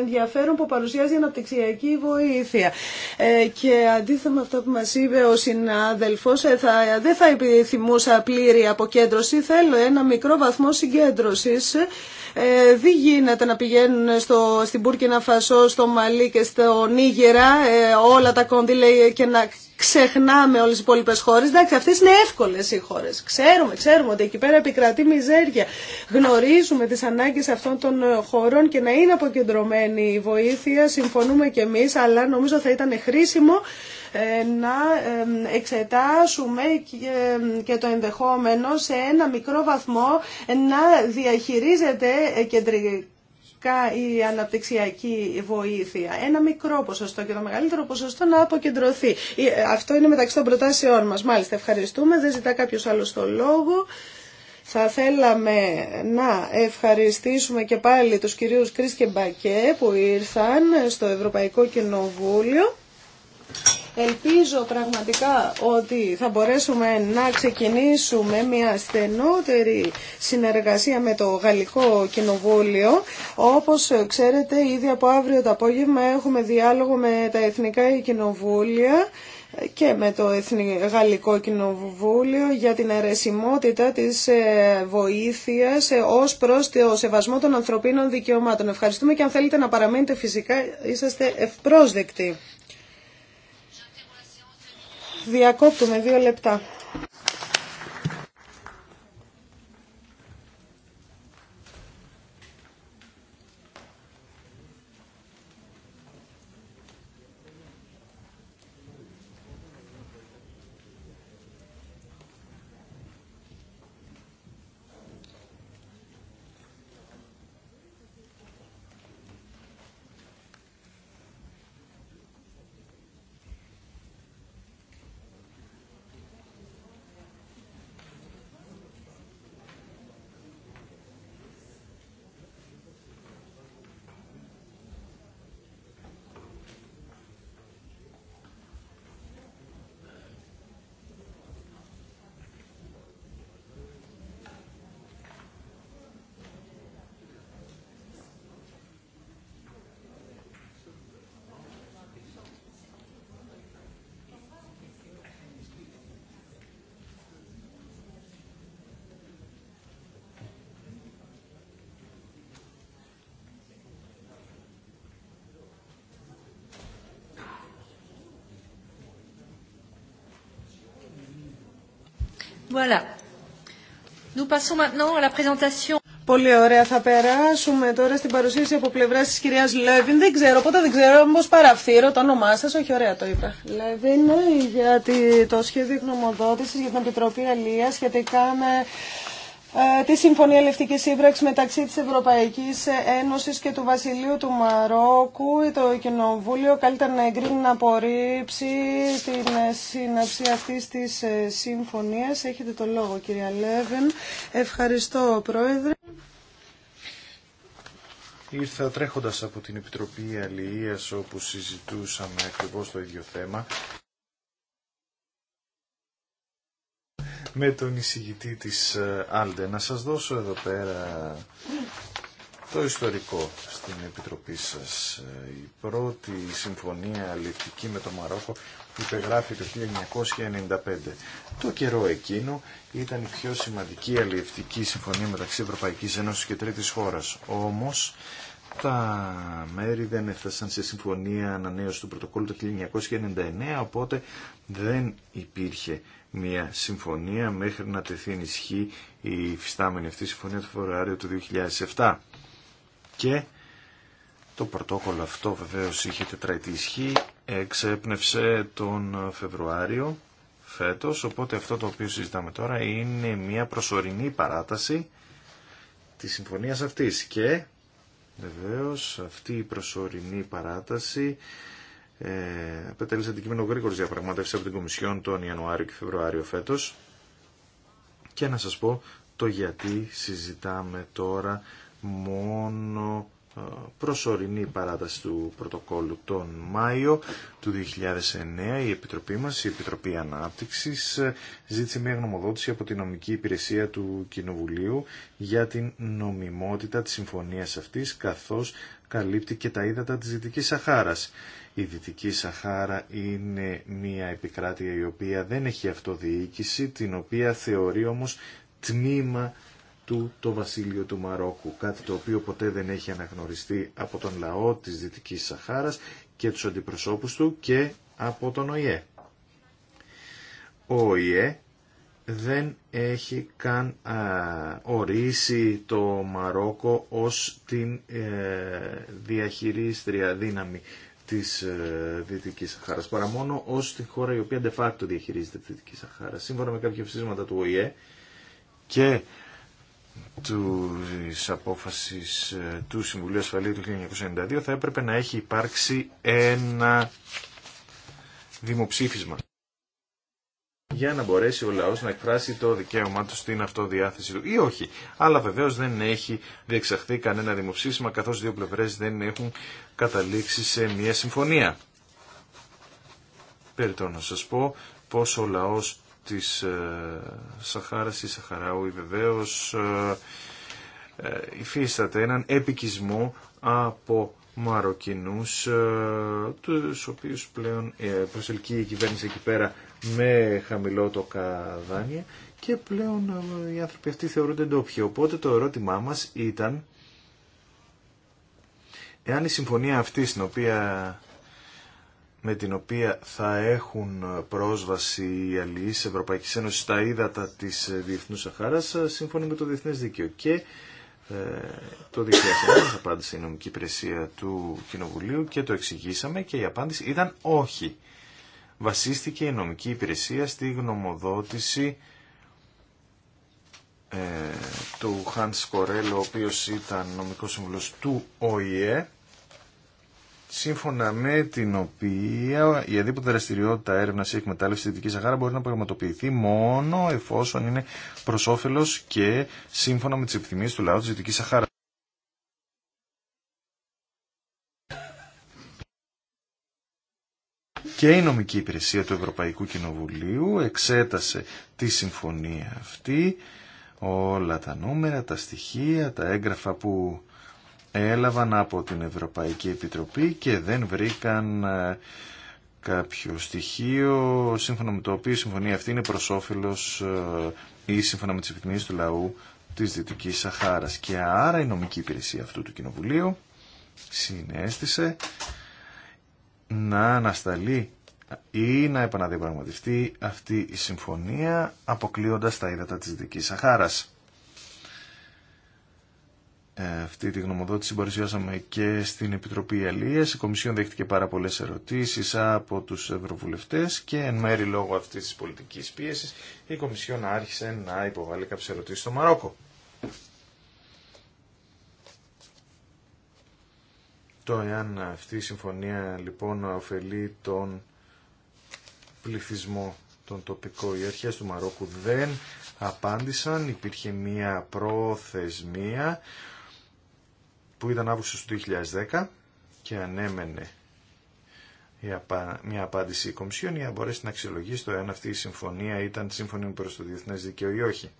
ενδιαφέρον που παρουσιάζει η αναπτυξιακή βοήθεια. Ε, και αντίθετα με αυτό που μας είπε ο συνάδελφος, ε, θα, δεν θα επιθυμούσα πλήρη αποκέντρωση, θέλω ένα μικρό βαθμό συγκέντρωσης. Ε, δεν γίνεται να πηγαίνουν στο, στην Πούρκινα Φασό, στο Μαλί και στο Νίγηρα ε, όλα τα λέει και να ξεχνάμε όλες οι υπόλοιπες χώρες. Εντάξει, αυτές είναι εύκολες οι χώρες. Ξέρουμε, ξέρουμε ότι εκεί πέρα επικρατεί μιζέρια. Γνωρίζουμε τις ανάγκες αυτών των ε, χωρών και να είναι αποκεντρωμένη η βοήθεια. Συμφωνούμε και εμείς, αλλά νομίζω θα ήταν χρήσιμο ε, να εξετάσουμε και το ενδεχόμενο σε ένα μικρό βαθμό να διαχειρίζεται ε, κεντρικά η αναπτυξιακή βοήθεια. Ένα μικρό ποσοστό και το μεγαλύτερο ποσοστό να αποκεντρωθεί. Ε, αυτό είναι μεταξύ των προτάσεών μας. Μάλιστα, ευχαριστούμε. Δεν ζητά κάποιο άλλο το λόγο. Θα θέλαμε να ευχαριστήσουμε και πάλι τους κυρίους Κρίς και Μπακέ που ήρθαν στο Ευρωπαϊκό Κοινοβούλιο. Ελπίζω πραγματικά ότι θα μπορέσουμε να ξεκινήσουμε μια στενότερη συνεργασία με το Γαλλικό Κοινοβούλιο. Όπως ξέρετε, ήδη από αύριο το απόγευμα έχουμε διάλογο με τα Εθνικά Κοινοβούλια και με το Γαλλικό Κοινοβούλιο για την αιρεσιμότητα της ε, βοήθειας ε, ως προς το σεβασμό των ανθρωπίνων δικαιωμάτων. Ευχαριστούμε και αν θέλετε να παραμείνετε φυσικά είσαστε ευπρόσδεκτοι. Διακόπτουμε δύο λεπτά. Πολύ ωραία. Θα περάσουμε τώρα στην παρουσίαση από πλευρά τη κυρία Λέβιν. Δεν ξέρω, πότε δεν ξέρω, πώ παραφθείρω το όνομά σα. Όχι, ωραία το είπα. Λέβιν, για το σχέδιο γνωμοδότηση για την Επιτροπή Αλία σχετικά με ε, τη Συμφωνία Λευτικής Σύμπραξη μεταξύ της Ευρωπαϊκής Ένωσης και του Βασιλείου του Μαρόκου. Το Κοινοβούλιο καλύτερα να εγκρίνει να απορρίψει την σύναψη αυτή της ε, συμφωνίας. Έχετε το λόγο κυρία Λέβεν. Ευχαριστώ Πρόεδρε. Ήρθα τρέχοντας από την Επιτροπή Αλληλείας όπου συζητούσαμε ακριβώς το ίδιο θέμα με τον εισηγητή της ε, Άλντε. Να σας δώσω εδώ πέρα το ιστορικό στην Επιτροπή σας. Η πρώτη συμφωνία αλληλευτική με το Μαρόκο υπεγράφει το 1995. Το καιρό εκείνο ήταν η πιο σημαντική αλληλευτική συμφωνία μεταξύ Ευρωπαϊκής Ένωσης και Τρίτης χώρας. Όμως τα μέρη δεν έφτασαν σε συμφωνία ανανέωση του πρωτοκόλλου το 1999, οπότε δεν υπήρχε μια συμφωνία μέχρι να τεθεί εν ισχύ η φυστάμενη αυτή συμφωνία του Φεβρουάριου του 2007. Και το πρωτόκολλο αυτό βεβαίως είχε τετραετή ισχύ, εξέπνευσε τον Φεβρουάριο φέτος, οπότε αυτό το οποίο συζητάμε τώρα είναι μια προσωρινή παράταση της συμφωνίας αυτής και βεβαίως αυτή η προσωρινή παράταση ε, αντικείμενο γρήγορη διαπραγμάτευση από την Κομισιόν τον Ιανουάριο και Φεβρουάριο φέτος και να σας πω το γιατί συζητάμε τώρα μόνο προσωρινή παράταση του πρωτοκόλλου τον Μάιο του 2009 η Επιτροπή μας, η Επιτροπή Ανάπτυξης ε, ζήτησε μια γνωμοδότηση από την νομική υπηρεσία του Κοινοβουλίου για την νομιμότητα της συμφωνίας αυτής καθώς καλύπτει και τα ύδατα της Δυτικής Σαχάρας. Η Δυτική Σαχάρα είναι μια επικράτεια η οποία δεν έχει αυτοδιοίκηση την οποία θεωρεί όμως τμήμα του το βασίλειο του Μαρόκου, κάτι το οποίο ποτέ δεν έχει αναγνωριστεί από τον λαό της Δυτικής Σαχάρας και τους αντιπροσώπους του και από τον ΟΗΕ. Ο ΟΗΕ δεν έχει καν ορίσει το Μαρόκο ως την ε, διαχειρίστρια δύναμη της ε, Δυτικής Σαχάρας, παρά μόνο ως την χώρα η οποία de facto διαχειρίζεται τη Δυτική Σαχάρα. Σύμφωνα με κάποια ψήματα του ΟΗΕ και της απόφαση ε, του Συμβουλίου Ασφαλείου του 1992 θα έπρεπε να έχει υπάρξει ένα δημοψήφισμα για να μπορέσει ο λαός να εκφράσει το δικαίωμά του στην αυτοδιάθεση του ή όχι. Αλλά βεβαίως δεν έχει διεξαχθεί κανένα δημοψήφισμα καθώς δύο πλευρές δεν έχουν καταλήξει σε μια συμφωνία. Περιτώ να σας πω πως ο λαός της ε, Σαχάρας ή Σαχαράουι βεβαίως ε, ε, υφίσταται έναν επικισμό από Μαροκινούς, τους οποίους πλέον προσελκύει η η εκεί πέρα με χαμηλό το καδάνια και πλέον οι άνθρωποι αυτοί θεωρούνται ντόπιοι. Οπότε το ερώτημά μας ήταν εάν η συμφωνία αυτή στην οποία με την οποία θα έχουν πρόσβαση οι αλληλείς Ευρωπαϊκής Ένωσης στα ύδατα της ε, Διεθνούς Σαχάρας ε, σύμφωνα με το Διεθνές Δίκαιο. Και ε, το 2001 απάντησε η νομική υπηρεσία του Κοινοβουλίου και το εξηγήσαμε και η απάντηση ήταν όχι. Βασίστηκε η νομική υπηρεσία στη γνωμοδότηση του Χάντ Κορέλο, ο οποίος ήταν νομικός συμβουλός του ΟΗΕ σύμφωνα με την οποία η αδίποτε δραστηριότητα έρευνα ή εκμετάλλευση της Δυτική Σαχάρα μπορεί να πραγματοποιηθεί μόνο εφόσον είναι προ όφελο και σύμφωνα με τις επιθυμίες του λαού της δυτική Σαχάρα. Και η νομική υπηρεσία του Ευρωπαϊκού Κοινοβουλίου εξέτασε τη συμφωνία αυτή, όλα τα νούμερα, τα στοιχεία, τα έγγραφα που έλαβαν από την Ευρωπαϊκή Επιτροπή και δεν βρήκαν ε, κάποιο στοιχείο σύμφωνα με το οποίο η συμφωνία αυτή είναι προς όφελος ε, ή σύμφωνα με τις επιθυμίες του λαού της Δυτικής Σαχάρας. Και άρα η νομική υπηρεσία αυτού του Κοινοβουλίου συνέστησε να ανασταλεί ή να επαναδιαπραγματευτεί αυτή η συμφωνία αποκλείοντας τα ύδατα της Δυτικής Σαχάρας αυτή τη γνωμοδότηση παρουσιάσαμε και στην Επιτροπή Αλίας. Η Κομισιόν δέχτηκε πάρα πολλές ερωτήσεις από τους ευρωβουλευτές και εν μέρη λόγω αυτής της πολιτικής πίεσης η Κομισιόν άρχισε να υποβάλει κάποιες ερωτήσεις στο Μαρόκο. Το εάν αυτή η συμφωνία λοιπόν ωφελεί τον πληθυσμό τον τοπικών Οι του Μαρόκου δεν απάντησαν, υπήρχε μία προθεσμία που ήταν Αύγουστος του 2010 και ανέμενε μια απάντηση η Κομισιόν για να μπορέσει να αξιολογήσει το εάν αυτή η συμφωνία ήταν σύμφωνη προς το Διεθνές δίκαιο ή όχι.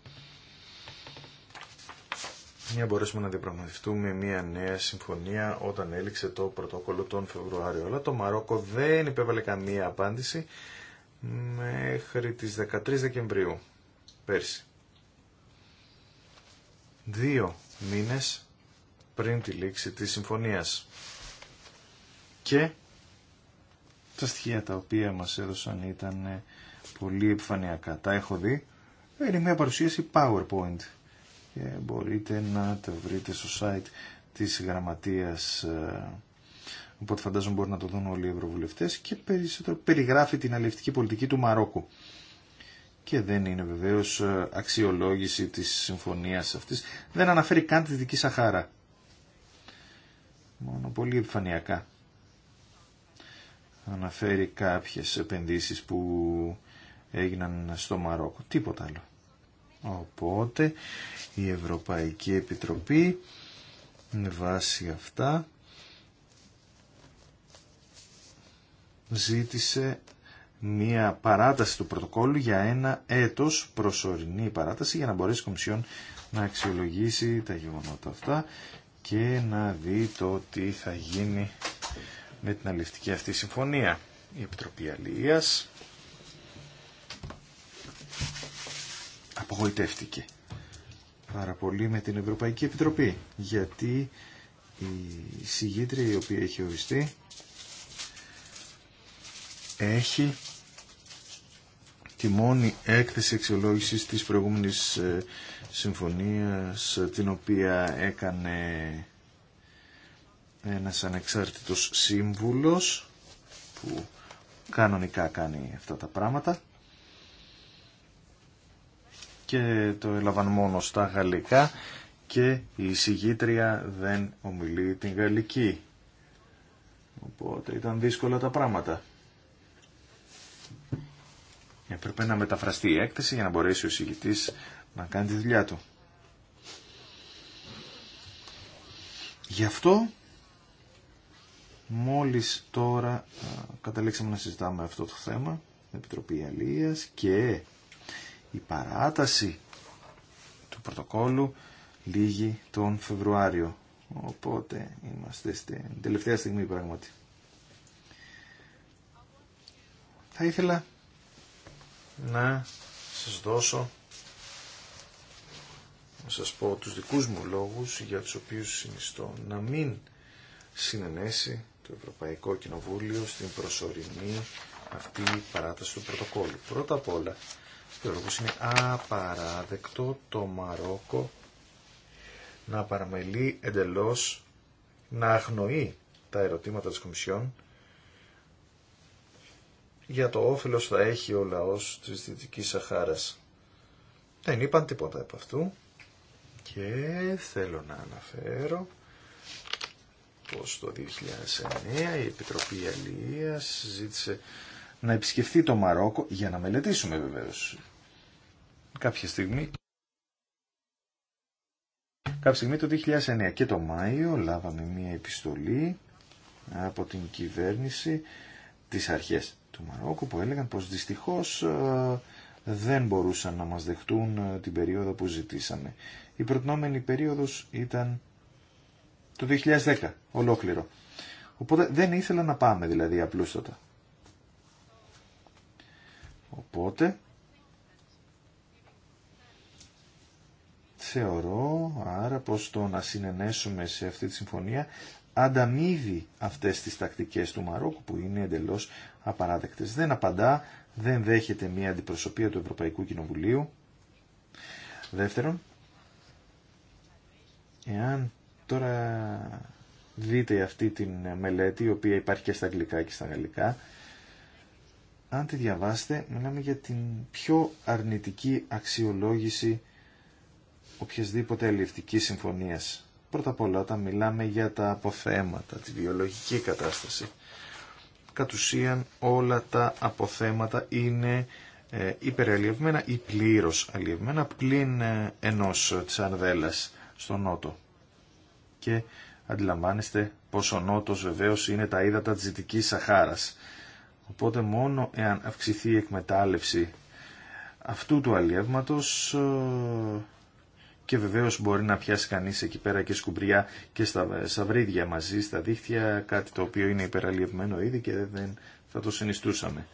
Για να μπορέσουμε να διαπραγματευτούμε μια νέα συμφωνία όταν έληξε το πρωτόκολλο τον Φεβρουάριο. Αλλά το Μαρόκο δεν υπέβαλε καμία απάντηση μέχρι τις 13 Δεκεμβρίου πέρσι. Δύο μήνες πριν τη λήξη της συμφωνίας. Και τα στοιχεία τα οποία μας έδωσαν ήταν πολύ επιφανειακά. Τα έχω δει. Είναι μια παρουσίαση PowerPoint και μπορείτε να τα βρείτε στο site της γραμματείας οπότε φαντάζομαι μπορεί να το δουν όλοι οι ευρωβουλευτές και περισσότερο περιγράφει την αλληλευτική πολιτική του Μαρόκου και δεν είναι βεβαίως αξιολόγηση της συμφωνίας αυτής δεν αναφέρει καν τη δική Σαχάρα μόνο πολύ επιφανειακά αναφέρει κάποιες επενδύσεις που έγιναν στο Μαρόκο. Τίποτα άλλο. Οπότε η Ευρωπαϊκή Επιτροπή με βάση αυτά ζήτησε μία παράταση του πρωτοκόλλου για ένα έτος προσωρινή παράταση για να μπορέσει η Κομισιόν να αξιολογήσει τα γεγονότα αυτά και να δει το τι θα γίνει με την αληφτική αυτή συμφωνία. Η Επιτροπή Αλληλείας απογοητεύτηκε πάρα πολύ με την Ευρωπαϊκή Επιτροπή γιατί η συγγήτρια η οποία έχει οριστεί έχει τη μόνη έκθεση αξιολόγηση της προηγούμενης ε, συμφωνίας ε, την οποία έκανε ένας ανεξάρτητος σύμβουλος που κανονικά κάνει αυτά τα πράγματα και το έλαβαν μόνο στα γαλλικά και η συγγήτρια δεν ομιλεί την γαλλική. Οπότε ήταν δύσκολα τα πράγματα. Έπρεπε να μεταφραστεί η έκθεση για να μπορέσει ο εισηγητής να κάνει τη δουλειά του. Γι' αυτό μόλις τώρα καταλήξαμε να συζητάμε αυτό το θέμα, την Επιτροπή Αλίας και η παράταση του πρωτοκόλου λίγη τον Φεβρουάριο. Οπότε είμαστε στην τελευταία στιγμή πράγματι. Θα ήθελα να σας δώσω να σας πω τους δικούς μου λόγους για τους οποίους συνιστώ να μην συνενέσει το Ευρωπαϊκό Κοινοβούλιο στην προσωρινή αυτή η παράταση του πρωτοκόλλου. Πρώτα απ' όλα, θεωρώ πως είναι απαράδεκτο το Μαρόκο να παραμελεί εντελώς, να αγνοεί τα ερωτήματα της Κομισιόν για το όφελος θα έχει ο λαός της Δυτικής Σαχάρας. Δεν είπαν τίποτα από αυτού και θέλω να αναφέρω πως το 2009 η Επιτροπή Αλίας ζήτησε να επισκεφθεί το Μαρόκο για να μελετήσουμε βεβαίως κάποια στιγμή κάποια στιγμή το 2009 και το Μάιο λάβαμε μια επιστολή από την κυβέρνηση της αρχές του Μαρόκου που έλεγαν πως δυστυχώς ε, δεν μπορούσαν να μας δεχτούν ε, την περίοδο που ζητήσαμε. Η προτινόμενη περίοδος ήταν το 2010 ολόκληρο. Οπότε δεν ήθελα να πάμε δηλαδή απλούστοτα. Οπότε θεωρώ άρα πως το να συνενέσουμε σε αυτή τη συμφωνία ανταμείβει αυτές τις τακτικές του Μαρόκου που είναι εντελώς απαράδεκτες. Δεν απαντά, δεν δέχεται μια αντιπροσωπεία του Ευρωπαϊκού Κοινοβουλίου. Δεύτερον, εάν τώρα δείτε αυτή την μελέτη, η οποία υπάρχει και στα αγγλικά και στα γαλλικά, αν τη διαβάσετε, μιλάμε για την πιο αρνητική αξιολόγηση οποιασδήποτε αλληλευτικής συμφωνίας Πρώτα απ' όλα όταν μιλάμε για τα αποθέματα, τη βιολογική κατάσταση. Κατ' ουσίαν όλα τα αποθέματα είναι ε, υπεραλλιευμένα ή πλήρως αλλιευμένα πλην ε, ενός τη Ανδέλας στον νότο. Και αντιλαμβάνεστε πως ο νότος βεβαίως είναι τα ύδατα της Δυτικής Σαχάρας. Οπότε μόνο εάν αυξηθεί η εκμετάλλευση αυτού του αλλιεύματος ε, και βεβαίως μπορεί να πιάσει κανείς εκεί πέρα και σκουμπριά και στα σαυρίδια μαζί, στα δίχτυα, κάτι το οποίο είναι υπεραλλιευμένο ήδη και δεν θα το συνιστούσαμε.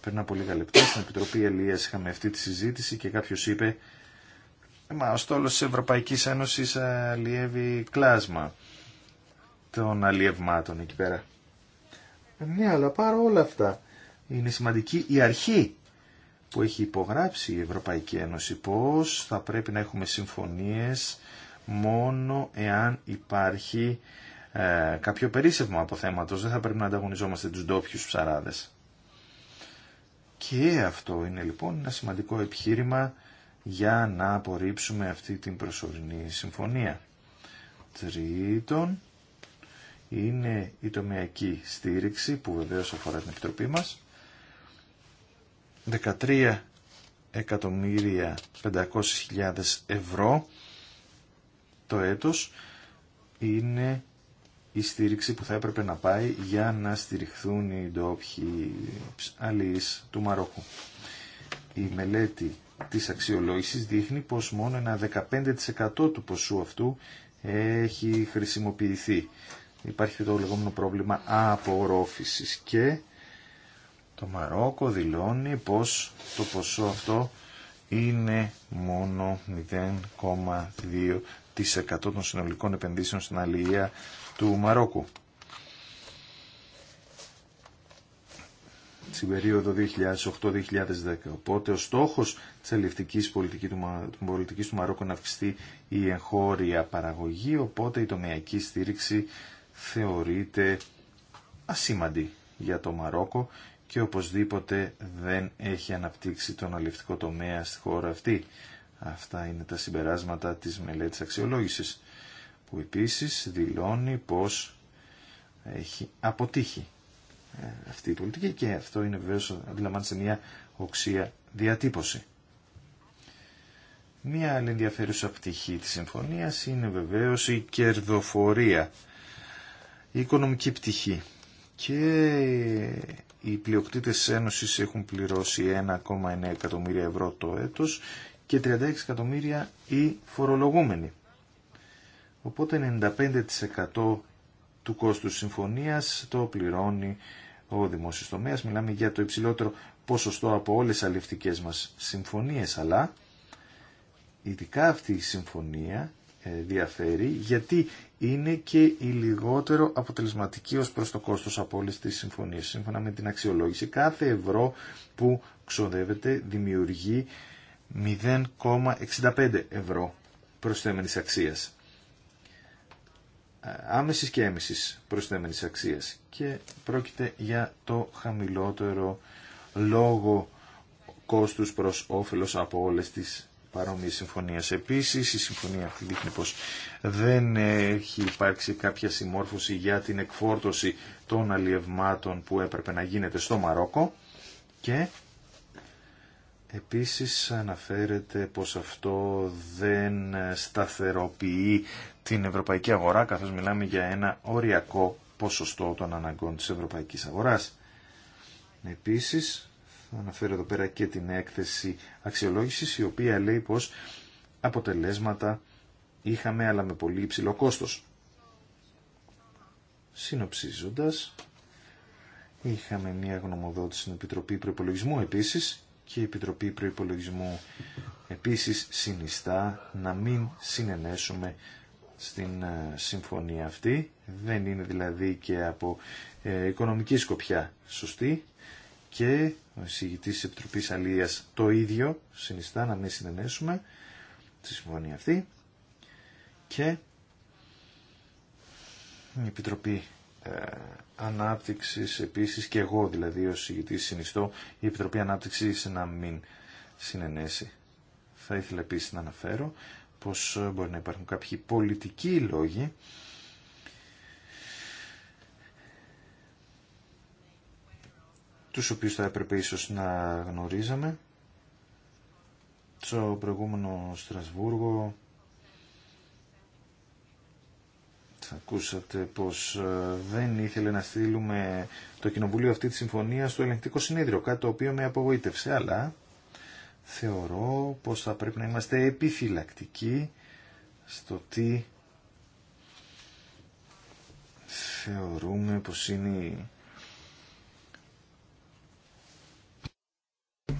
Πριν από λίγα λεπτά στην Επιτροπή Ελία είχαμε αυτή τη συζήτηση και κάποιο είπε «Μα ο στόλο τη Ευρωπαϊκής Ένωση αλλιεύει κλάσμα των αλλιευμάτων εκεί πέρα». Ε, ναι, αλλά παρόλα όλα αυτά. Είναι σημαντική η αρχή που έχει υπογράψει η Ευρωπαϊκή Ένωση πως θα πρέπει να έχουμε συμφωνίες μόνο εάν υπάρχει ε, κάποιο περίσσευμα από θέματος. Δεν θα πρέπει να ανταγωνιζόμαστε τους ντόπιου ψαράδες. Και αυτό είναι λοιπόν ένα σημαντικό επιχείρημα για να απορρίψουμε αυτή την προσωρινή συμφωνία. Τρίτον, είναι η τομεακή στήριξη που βεβαίως αφορά την Επιτροπή μας. 13 εκατομμύρια 500.000 ευρώ το έτος είναι η στήριξη που θα έπρεπε να πάει για να στηριχθούν οι ντόπιοι αλληλείς του Μαρόκου. Η μελέτη της αξιολόγησης δείχνει πως μόνο ένα 15% του ποσού αυτού έχει χρησιμοποιηθεί. Υπάρχει το λεγόμενο πρόβλημα απορρόφησης και το Μαρόκο δηλώνει πως το ποσό αυτό είναι μόνο 0,2% των συνολικών επενδύσεων στην αλληλεία του Μαρόκου. Στην περίοδο 2008-2010. Οπότε ο στόχος της αλληλευτικής πολιτικής του, πολιτικής του Μαρόκου να αυξηθεί η εγχώρια παραγωγή, οπότε η τομεακή στήριξη θεωρείται ασήμαντη για το Μαρόκο και οπωσδήποτε δεν έχει αναπτύξει τον αλληλευτικό τομέα στη χώρα αυτή. Αυτά είναι τα συμπεράσματα της μελέτης αξιολόγησης, που επίσης δηλώνει πως έχει αποτύχει ε, αυτή η πολιτική και αυτό είναι βεβαίως σε μια οξία διατύπωση. Μία άλλη ενδιαφέρουσα πτυχή της συμφωνίας είναι βεβαίως η κερδοφορία, η οικονομική πτυχή οι πλειοκτήτες της Ένωσης έχουν πληρώσει 1,9 εκατομμύρια ευρώ το έτος και 36 εκατομμύρια οι φορολογούμενοι. Οπότε 95% του κόστου συμφωνίας το πληρώνει ο δημόσιος τομέας. Μιλάμε για το υψηλότερο ποσοστό από όλες τις αλληλευτικές μας συμφωνίες, αλλά ειδικά αυτή η συμφωνία ε, διαφέρει γιατί είναι και η λιγότερο αποτελεσματική ως προς το κόστος από όλες τις συμφωνίες. Σύμφωνα με την αξιολόγηση, κάθε ευρώ που ξοδεύεται δημιουργεί 0,65 ευρώ προσθέμενης αξίας. Άμεσης και έμεσης προσθέμενης αξίας. Και πρόκειται για το χαμηλότερο λόγο κόστους προς όφελος από όλες τις παρόμοιες συμφωνίες. Επίσης, η συμφωνία αυτή δείχνει πως δεν έχει υπάρξει κάποια συμμόρφωση για την εκφόρτωση των αλλιευμάτων που έπρεπε να γίνεται στο Μαρόκο και επίσης αναφέρεται πως αυτό δεν σταθεροποιεί την ευρωπαϊκή αγορά καθώς μιλάμε για ένα οριακό ποσοστό των αναγκών της ευρωπαϊκής αγοράς. Επίσης, αναφέρω εδώ πέρα και την έκθεση αξιολόγησης, η οποία λέει πως αποτελέσματα είχαμε αλλά με πολύ υψηλό κόστος. Συνοψίζοντας, είχαμε μια γνωμοδότηση στην Επιτροπή Προϋπολογισμού επίσης και η Επιτροπή Προϋπολογισμού επίσης συνιστά να μην συνενέσουμε στην ε, συμφωνία αυτή. Δεν είναι δηλαδή και από ε, οικονομική σκοπιά σωστή και ο εισηγητής της Επιτροπής Αλίας το ίδιο συνιστά να μην συνενέσουμε τη συμφωνία αυτή και η Επιτροπή ε, Ανάπτυξης επίσης και εγώ δηλαδή ο εισηγητής συνιστώ η Επιτροπή Ανάπτυξης να μην συνενέσει. Θα ήθελα επίσης να αναφέρω πως ε, μπορεί να υπάρχουν κάποιοι πολιτικοί λόγοι τους οποίους θα έπρεπε ίσως να γνωρίζαμε. Στο προηγούμενο Στρασβούργο θα ακούσατε πως ε, δεν ήθελε να στείλουμε το Κοινοβουλίο αυτή τη συμφωνία στο ελεγκτικό συνέδριο, κάτι το οποίο με απογοήτευσε, αλλά θεωρώ πως θα πρέπει να είμαστε επιφυλακτικοί στο τι θεωρούμε πως είναι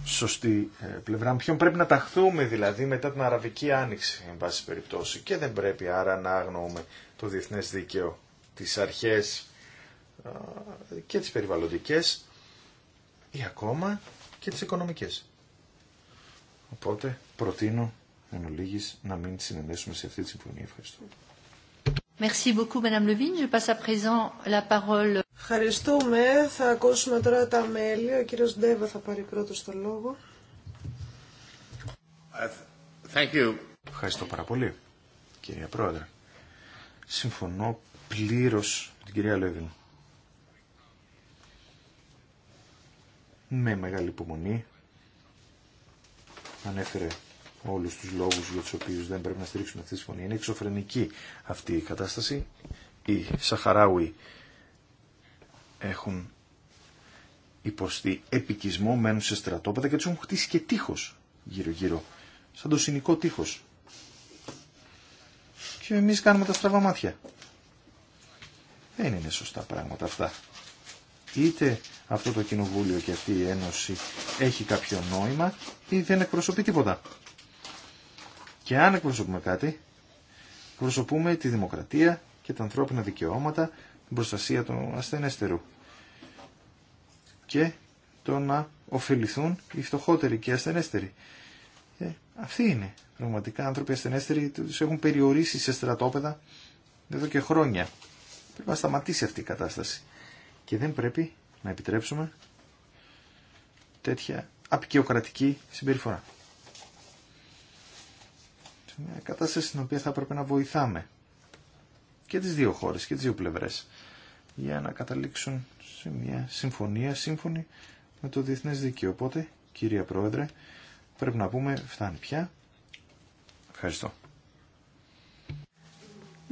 σωστή ε, πλευρά. Ποιον πρέπει να ταχθούμε δηλαδή μετά την Αραβική Άνοιξη, εν πάση περιπτώσει. Και δεν πρέπει άρα να αγνοούμε το διεθνές δίκαιο, τις αρχές και τις περιβαλλοντικές ή ακόμα και τις οικονομικές. Οπότε προτείνω εν ολίγης να μην συνενέσουμε σε αυτή τη συμφωνία. Ευχαριστώ. Merci beaucoup, Madame Je passe à présent la parole Ευχαριστούμε. Θα ακούσουμε τώρα τα μέλη. Ο κύριος Ντέβα θα πάρει πρώτος το λόγο. Ε, Ευχαριστώ πάρα πολύ, κυρία Πρόεδρε. Συμφωνώ πλήρως με την κυρία Λέβιν. Με μεγάλη υπομονή ανέφερε όλους τους λόγους για τους οποίους δεν πρέπει να στηρίξουμε αυτή τη συμφωνία. Είναι εξωφρενική αυτή η κατάσταση. Η Σαχαράουι έχουν υποστεί επικισμό, μένουν σε στρατόπεδα και τους έχουν χτίσει και τείχος γύρω-γύρω, σαν το συνικό τείχος. Και εμείς κάνουμε τα στραβά μάτια. Δεν είναι σωστά πράγματα αυτά. Είτε αυτό το κοινοβούλιο και αυτή η ένωση έχει κάποιο νόημα ή δεν εκπροσωπεί τίποτα. Και αν εκπροσωπούμε κάτι, εκπροσωπούμε τη δημοκρατία και τα ανθρώπινα δικαιώματα προστασία του ασθενέστερου και το να ωφεληθούν οι φτωχότεροι και οι ασθενέστεροι. Ε, αυτοί είναι πραγματικά άνθρωποι ασθενέστεροι, τους έχουν περιορίσει σε στρατόπεδα εδώ και χρόνια. Πρέπει να σταματήσει αυτή η κατάσταση και δεν πρέπει να επιτρέψουμε τέτοια απεικιοκρατική συμπεριφορά. Είναι μια κατάσταση στην οποία θα έπρεπε να βοηθάμε και τις δύο χώρες και τις δύο πλευρές για να καταλήξουν σε μια συμφωνία σύμφωνη με το διεθνές δίκαιο. Οπότε, κυρία Πρόεδρε, πρέπει να πούμε φτάνει πια. Ευχαριστώ.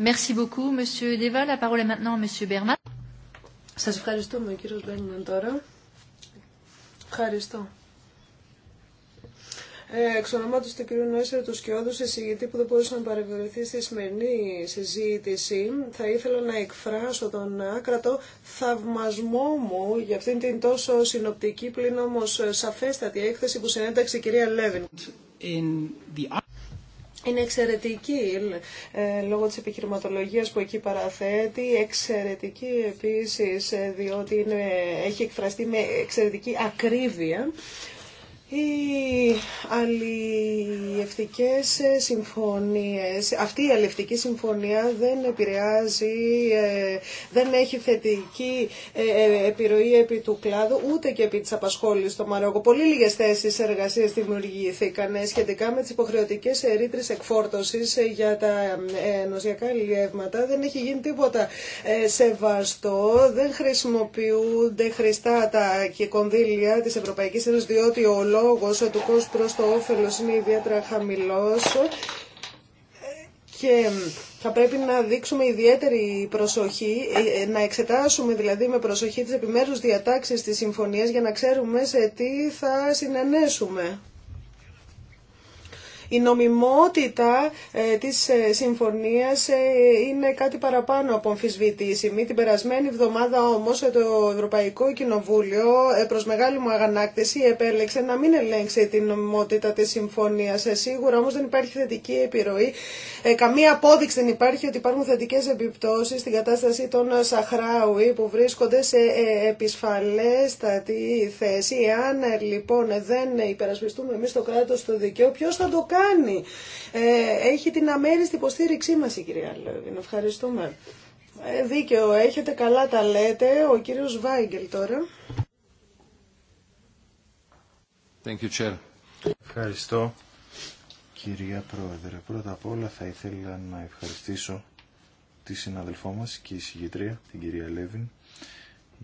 Merci beaucoup, Monsieur Deval. La parole est maintenant à Monsieur Berman. Σας ευχαριστούμε, κύριος Μπέρμαν τώρα. Ευχαριστώ. Ε, εξ ονόματος του κ. Νόησερ του Σκιώδου, εισηγητή που δεν μπορούσε να παρευρεθεί στη σημερινή συζήτηση, θα ήθελα να εκφράσω τον άκρατο θαυμασμό μου για αυτήν την τόσο συνοπτική πλην όμω σαφέστατη έκθεση που συνέταξε η κυρία Λέβιν. Είναι εξαιρετική ε, λόγω της επιχειρηματολογίας που εκεί παραθέτει, εξαιρετική επίσης ε, διότι έχει εκφραστεί με εξαιρετική ακρίβεια οι αλληλευτικές συμφωνίες, αυτή η αλληλευτική συμφωνία δεν επηρεάζει, ε, δεν έχει θετική ε, ε, επιρροή επί του κλάδου, ούτε και επί της απασχόλησης στο Μαρόκο. Πολύ λίγες θέσεις εργασίας δημιουργήθηκαν σχετικά με τις υποχρεωτικές ρήτρες εκφόρτωσης για τα νοσιακά αλληλεύματα. Δεν έχει γίνει τίποτα σεβαστό, δεν χρησιμοποιούνται χρηστά τα κονδύλια της Ευρωπαϊκής Ένωσης, διότι ο λόγος του προς το όφελος είναι ιδιαίτερα χαμηλός και θα πρέπει να δείξουμε ιδιαίτερη προσοχή, ε, να εξετάσουμε δηλαδή με προσοχή τις επιμέρους διατάξεις της συμφωνίας για να ξέρουμε σε τι θα συνενέσουμε. Η νομιμότητα ε, της ε, συμφωνίας ε, είναι κάτι παραπάνω από αμφισβητήσιμη. Την περασμένη εβδομάδα όμως το Ευρωπαϊκό Κοινοβούλιο προς μεγάλη μου αγανάκτηση επέλεξε να μην ελέγξει την νομιμότητα της συμφωνίας. Σίγουρα όμως δεν υπάρχει θετική επιρροή. Καμία απόδειξη δεν υπάρχει ότι υπάρχουν θετικές επιπτώσεις στην κατάσταση των Σαχράουι που βρίσκονται σε επισφαλέστατη θέση. Εάν λοιπόν δεν υπερασπιστούμε εμείς το κράτος το δικαίου, ποιος θα το κάνει κάνει. Ε, έχει την αμέριστη υποστήριξή μας η κυρία Λέβιν. Ευχαριστούμε. Ε, δίκαιο, έχετε καλά τα λέτε. Ο κύριος Βάιγκελ τώρα. Thank you, Chair. Ευχαριστώ κυρία Πρόεδρε. Πρώτα απ' όλα θα ήθελα να ευχαριστήσω τη συναδελφό μας και η συγγετρία, την κυρία Λέβιν,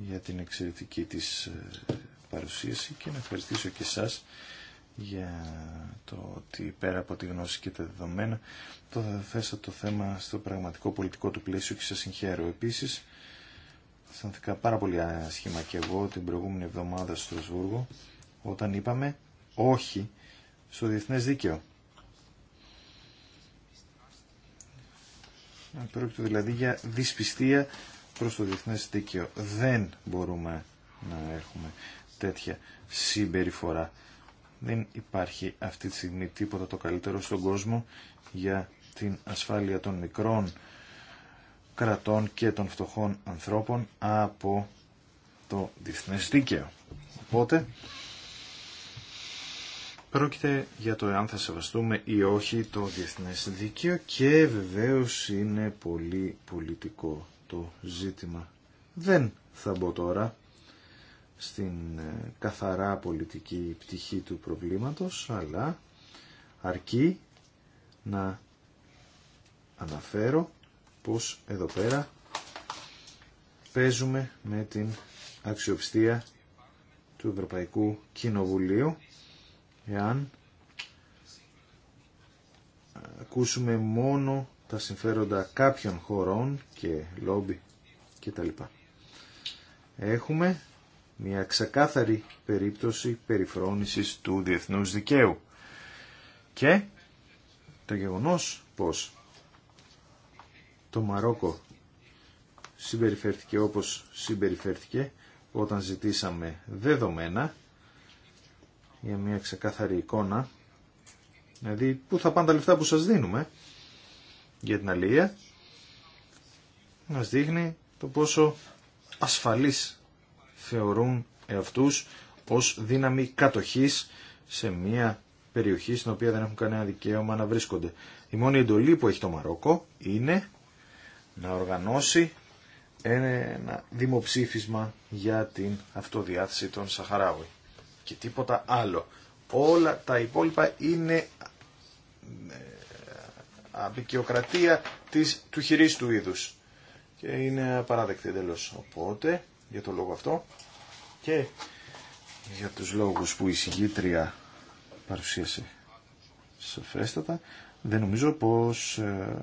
για την εξαιρετική της ε, παρουσίαση και να ευχαριστήσω και εσάς για το ότι πέρα από τη γνώση και τα δεδομένα το θέσατε το θέμα στο πραγματικό πολιτικό του πλαίσιο και σας συγχαίρω. Επίσης, αισθανθήκα πάρα πολύ άσχημα και εγώ την προηγούμενη εβδομάδα στο Στρασβούργο όταν είπαμε όχι στο διεθνές δίκαιο. Πρόκειται δηλαδή για δυσπιστία προς το διεθνές δίκαιο. Δεν μπορούμε να έχουμε τέτοια συμπεριφορά δεν υπάρχει αυτή τη στιγμή τίποτα το καλύτερο στον κόσμο για την ασφάλεια των μικρών κρατών και των φτωχών ανθρώπων από το διεθνές δίκαιο. Οπότε, πρόκειται για το εάν θα σεβαστούμε ή όχι το διεθνές δίκαιο και βεβαίως είναι πολύ πολιτικό το ζήτημα. Δεν θα μπω τώρα στην ε, καθαρά πολιτική πτυχή του προβλήματος, αλλά αρκεί να αναφέρω πως εδώ πέρα παίζουμε με την αξιοπιστία του Ευρωπαϊκού Κοινοβουλίου εάν ακούσουμε μόνο τα συμφέροντα κάποιων χωρών και λόμπι κτλ. Έχουμε μια ξεκάθαρη περίπτωση περιφρόνησης του διεθνούς δικαίου. Και το γεγονός πως το Μαρόκο συμπεριφέρθηκε όπως συμπεριφέρθηκε όταν ζητήσαμε δεδομένα για μια ξεκάθαρη εικόνα δηλαδή που θα πάνε τα λεφτά που σας δίνουμε για την αλληλεία μας δείχνει το πόσο ασφαλής θεωρούν εαυτούς ως δύναμη κατοχής σε μια περιοχή στην οποία δεν έχουν κανένα δικαίωμα να βρίσκονται. Η μόνη εντολή που έχει το Μαρόκο είναι να οργανώσει ένα δημοψήφισμα για την αυτοδιάθεση των Σαχαράουι και τίποτα άλλο. Όλα τα υπόλοιπα είναι ε, απεικιοκρατία της, του χειρίστου είδους και είναι απαράδεκτη εντελώ. Οπότε για το λόγο αυτό και για τους λόγους που η συγγήτρια παρουσίασε σαφέστατα. Δεν νομίζω πως ε,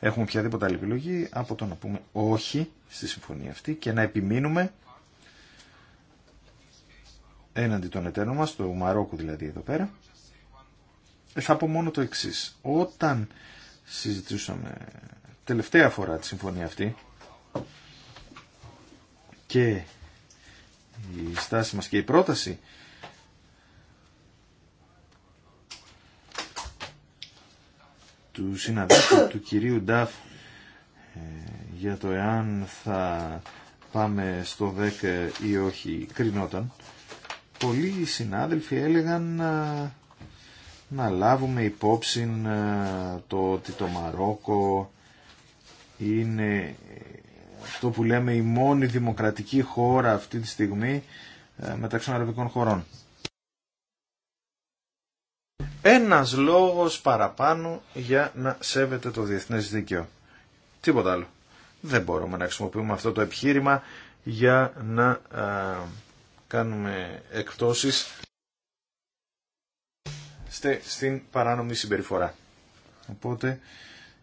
έχουμε οποιαδήποτε άλλη επιλογή από το να πούμε όχι στη συμφωνία αυτή και να επιμείνουμε έναντι των εταίρων μας, το Μαρόκου δηλαδή εδώ πέρα, ε, θα πω μόνο το εξής. Όταν συζητούσαμε τελευταία φορά τη συμφωνία αυτή, και η στάση μας και η πρόταση του συναδέλφου του κυρίου Νταφ ε, για το εάν θα πάμε στο 10 ή όχι κρινόταν πολλοί συνάδελφοι έλεγαν να, λάβουμε υπόψη ε, το ότι το Μαρόκο είναι αυτό που λέμε η μόνη δημοκρατική χώρα αυτή τη στιγμή ε, μεταξύ των αραβικών χωρών. Ένας λόγος παραπάνω για να σέβεται το διεθνές δίκαιο. Τίποτα άλλο. Δεν μπορούμε να χρησιμοποιούμε αυτό το επιχείρημα για να ε, κάνουμε εκπτώσεις στην παράνομη συμπεριφορά. Οπότε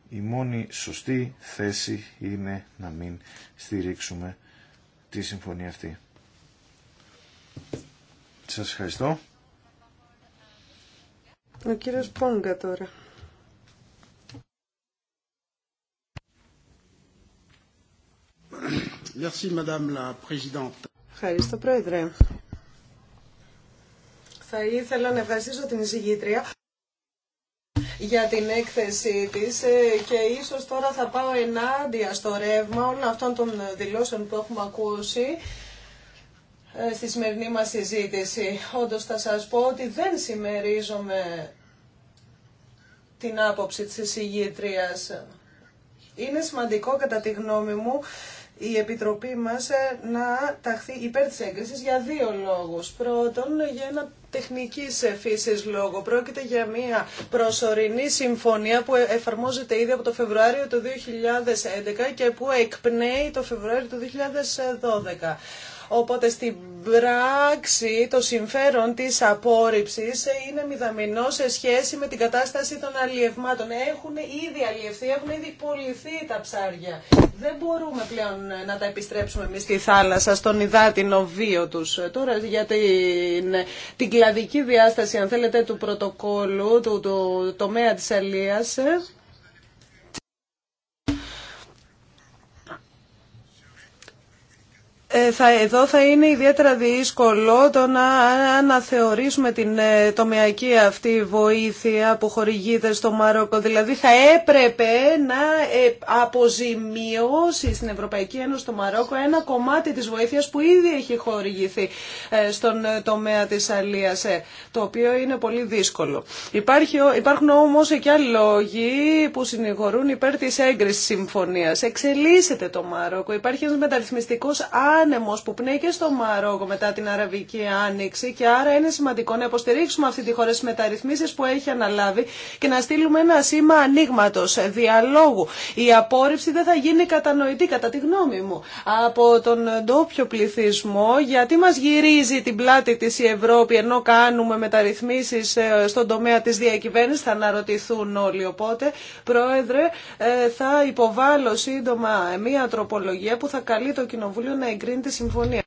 η μόνη σωστή θέση είναι να μην στηρίξουμε τη συμφωνία αυτή. Σας ευχαριστώ. Ο κύριος Πόγκα τώρα. Merci, Madame la Présidente. Ευχαριστώ, Πρόεδρε. Θα ήθελα να ευχαριστήσω την εισηγήτρια για την έκθεσή της ε, και ίσως τώρα θα πάω ενάντια στο ρεύμα όλων αυτών των δηλώσεων που έχουμε ακούσει ε, στη σημερινή μας συζήτηση. Όντως θα σας πω ότι δεν συμμερίζομαι την άποψη της εισηγήτριας. Είναι σημαντικό κατά τη γνώμη μου η Επιτροπή μας ε, να ταχθεί υπέρ της έγκρισης για δύο λόγους. Πρώτον, για ένα Τεχνική φύση λόγω. Πρόκειται για μια προσωρινή συμφωνία που εφαρμόζεται ήδη από το Φεβρουάριο του 2011 και που εκπνέει το Φεβρουάριο του 2012. Οπότε στην πράξη το συμφέρον της απόρριψης είναι μηδαμινό σε σχέση με την κατάσταση των αλλιευμάτων. Έχουν ήδη αλλιευθεί, έχουν ήδη πολυθεί τα ψάρια. Δεν μπορούμε πλέον να τα επιστρέψουμε εμείς στη θάλασσα, στον υδάτινο βίο τους. Τώρα για την, κλαδική διάσταση, αν θέλετε, του πρωτοκόλου, του, του τομέα της αλλίας, ε, Ε, θα, εδώ θα είναι ιδιαίτερα δύσκολο το να αναθεωρήσουμε την ε, τομεακή αυτή βοήθεια που χορηγείται στο Μαρόκο. Δηλαδή θα έπρεπε να ε, αποζημιώσει στην Ευρωπαϊκή Ένωση το Μαρόκο ένα κομμάτι της βοήθειας που ήδη έχει χορηγηθεί ε, στον τομέα της Αλίας, το οποίο είναι πολύ δύσκολο. Υπάρχει, υπάρχουν όμως και άλλοι λόγοι που συνηγορούν υπέρ της έγκρισης συμφωνίας. Εξελίσσεται το Μαρόκο, υπάρχει ένας μεταρρυθμιστικός που πνέει και στο Μαρόκο μετά την Αραβική Άνοιξη και άρα είναι σημαντικό να υποστηρίξουμε αυτή τη χώρα στι μεταρρυθμίσει που έχει αναλάβει και να στείλουμε ένα σήμα ανοίγματο, διαλόγου. Η απόρριψη δεν θα γίνει κατανοητή κατά τη γνώμη μου από τον ντόπιο πληθυσμό γιατί μα γυρίζει την πλάτη τη η Ευρώπη ενώ κάνουμε μεταρρυθμίσει ε, στον τομέα τη διακυβέρνηση, θα αναρωτηθούν όλοι οπότε Πρόεδρε ε, θα υποβάλω σύντομα μια τροπολογία που θα καλεί το Κοινοβούλιο να εγκρίνει τη συμφωνία.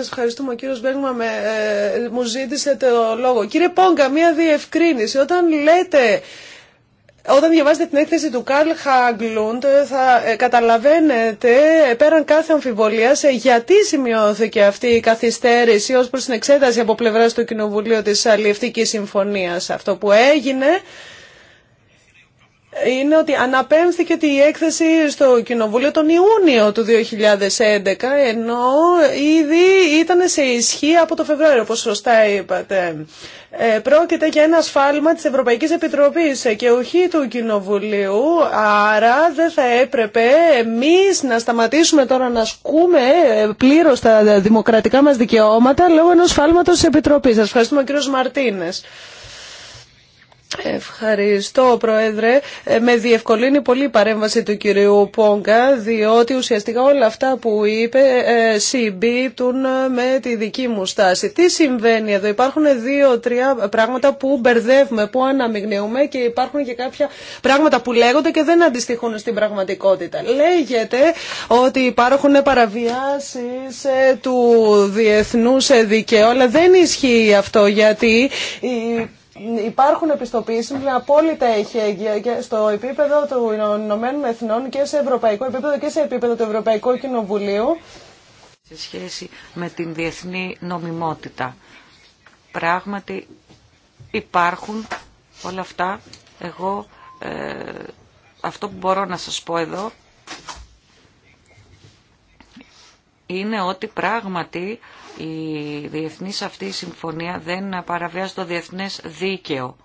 ευχαριστούμε. Ο κύριο Μπέγμα ε, μου ζήτησε το λόγο. Κύριε Πόγκα, μία διευκρίνηση. Όταν λέτε, όταν διαβάζετε την έκθεση του Καρλ Χάγκλουντ, θα ε, καταλαβαίνετε ε, πέραν κάθε αμφιβολία, σε γιατί σημειώθηκε αυτή η καθυστέρηση ως προς την εξέταση από πλευράς του Κοινοβουλίου της Αλληλευτικής Συμφωνίας. Αυτό που έγινε είναι ότι αναπέμφθηκε η έκθεση στο Κοινοβούλιο τον Ιούνιο του 2011, ενώ ήδη ήταν σε ισχύ από το Φεβρουάριο, όπως σωστά είπατε. Ε, πρόκειται για ένα σφάλμα της Ευρωπαϊκής Επιτροπής και ουχή του Κοινοβουλίου, άρα δεν θα έπρεπε εμείς να σταματήσουμε τώρα να ασκούμε ε, πλήρως τα δημοκρατικά μας δικαιώματα λόγω ενός σφάλματος της Επιτροπής. Σας ευχαριστούμε κύριος Μαρτίνες. Ευχαριστώ, Πρόεδρε. Ε, με διευκολύνει πολύ η παρέμβαση του κυρίου Πόγκα, διότι ουσιαστικά όλα αυτά που είπε ε, συμπίπτουν ε, με τη δική μου στάση. Τι συμβαίνει εδώ, υπάρχουν δύο-τρία πράγματα που μπερδεύουμε, που αναμειγνύουμε και υπάρχουν και κάποια πράγματα που λέγονται και δεν αντιστοιχούν στην πραγματικότητα. Λέγεται ότι υπάρχουν παραβιάσεις του διεθνούς δικαίου, αλλά δεν ισχύει αυτό γιατί Υπάρχουν επιστοποιήσεις με απόλυτα έχει και στο επίπεδο του Ηνωμένων Εθνών και σε ευρωπαϊκό επίπεδο και σε επίπεδο του Ευρωπαϊκού Κοινοβουλίου. Σε σχέση με την διεθνή νομιμότητα. Πράγματι υπάρχουν όλα αυτά. Εγώ ε, αυτό που μπορώ να σας πω εδώ είναι ότι πράγματι η διεθνής αυτή συμφωνία δεν παραβιάζει το διεθνές δίκαιο.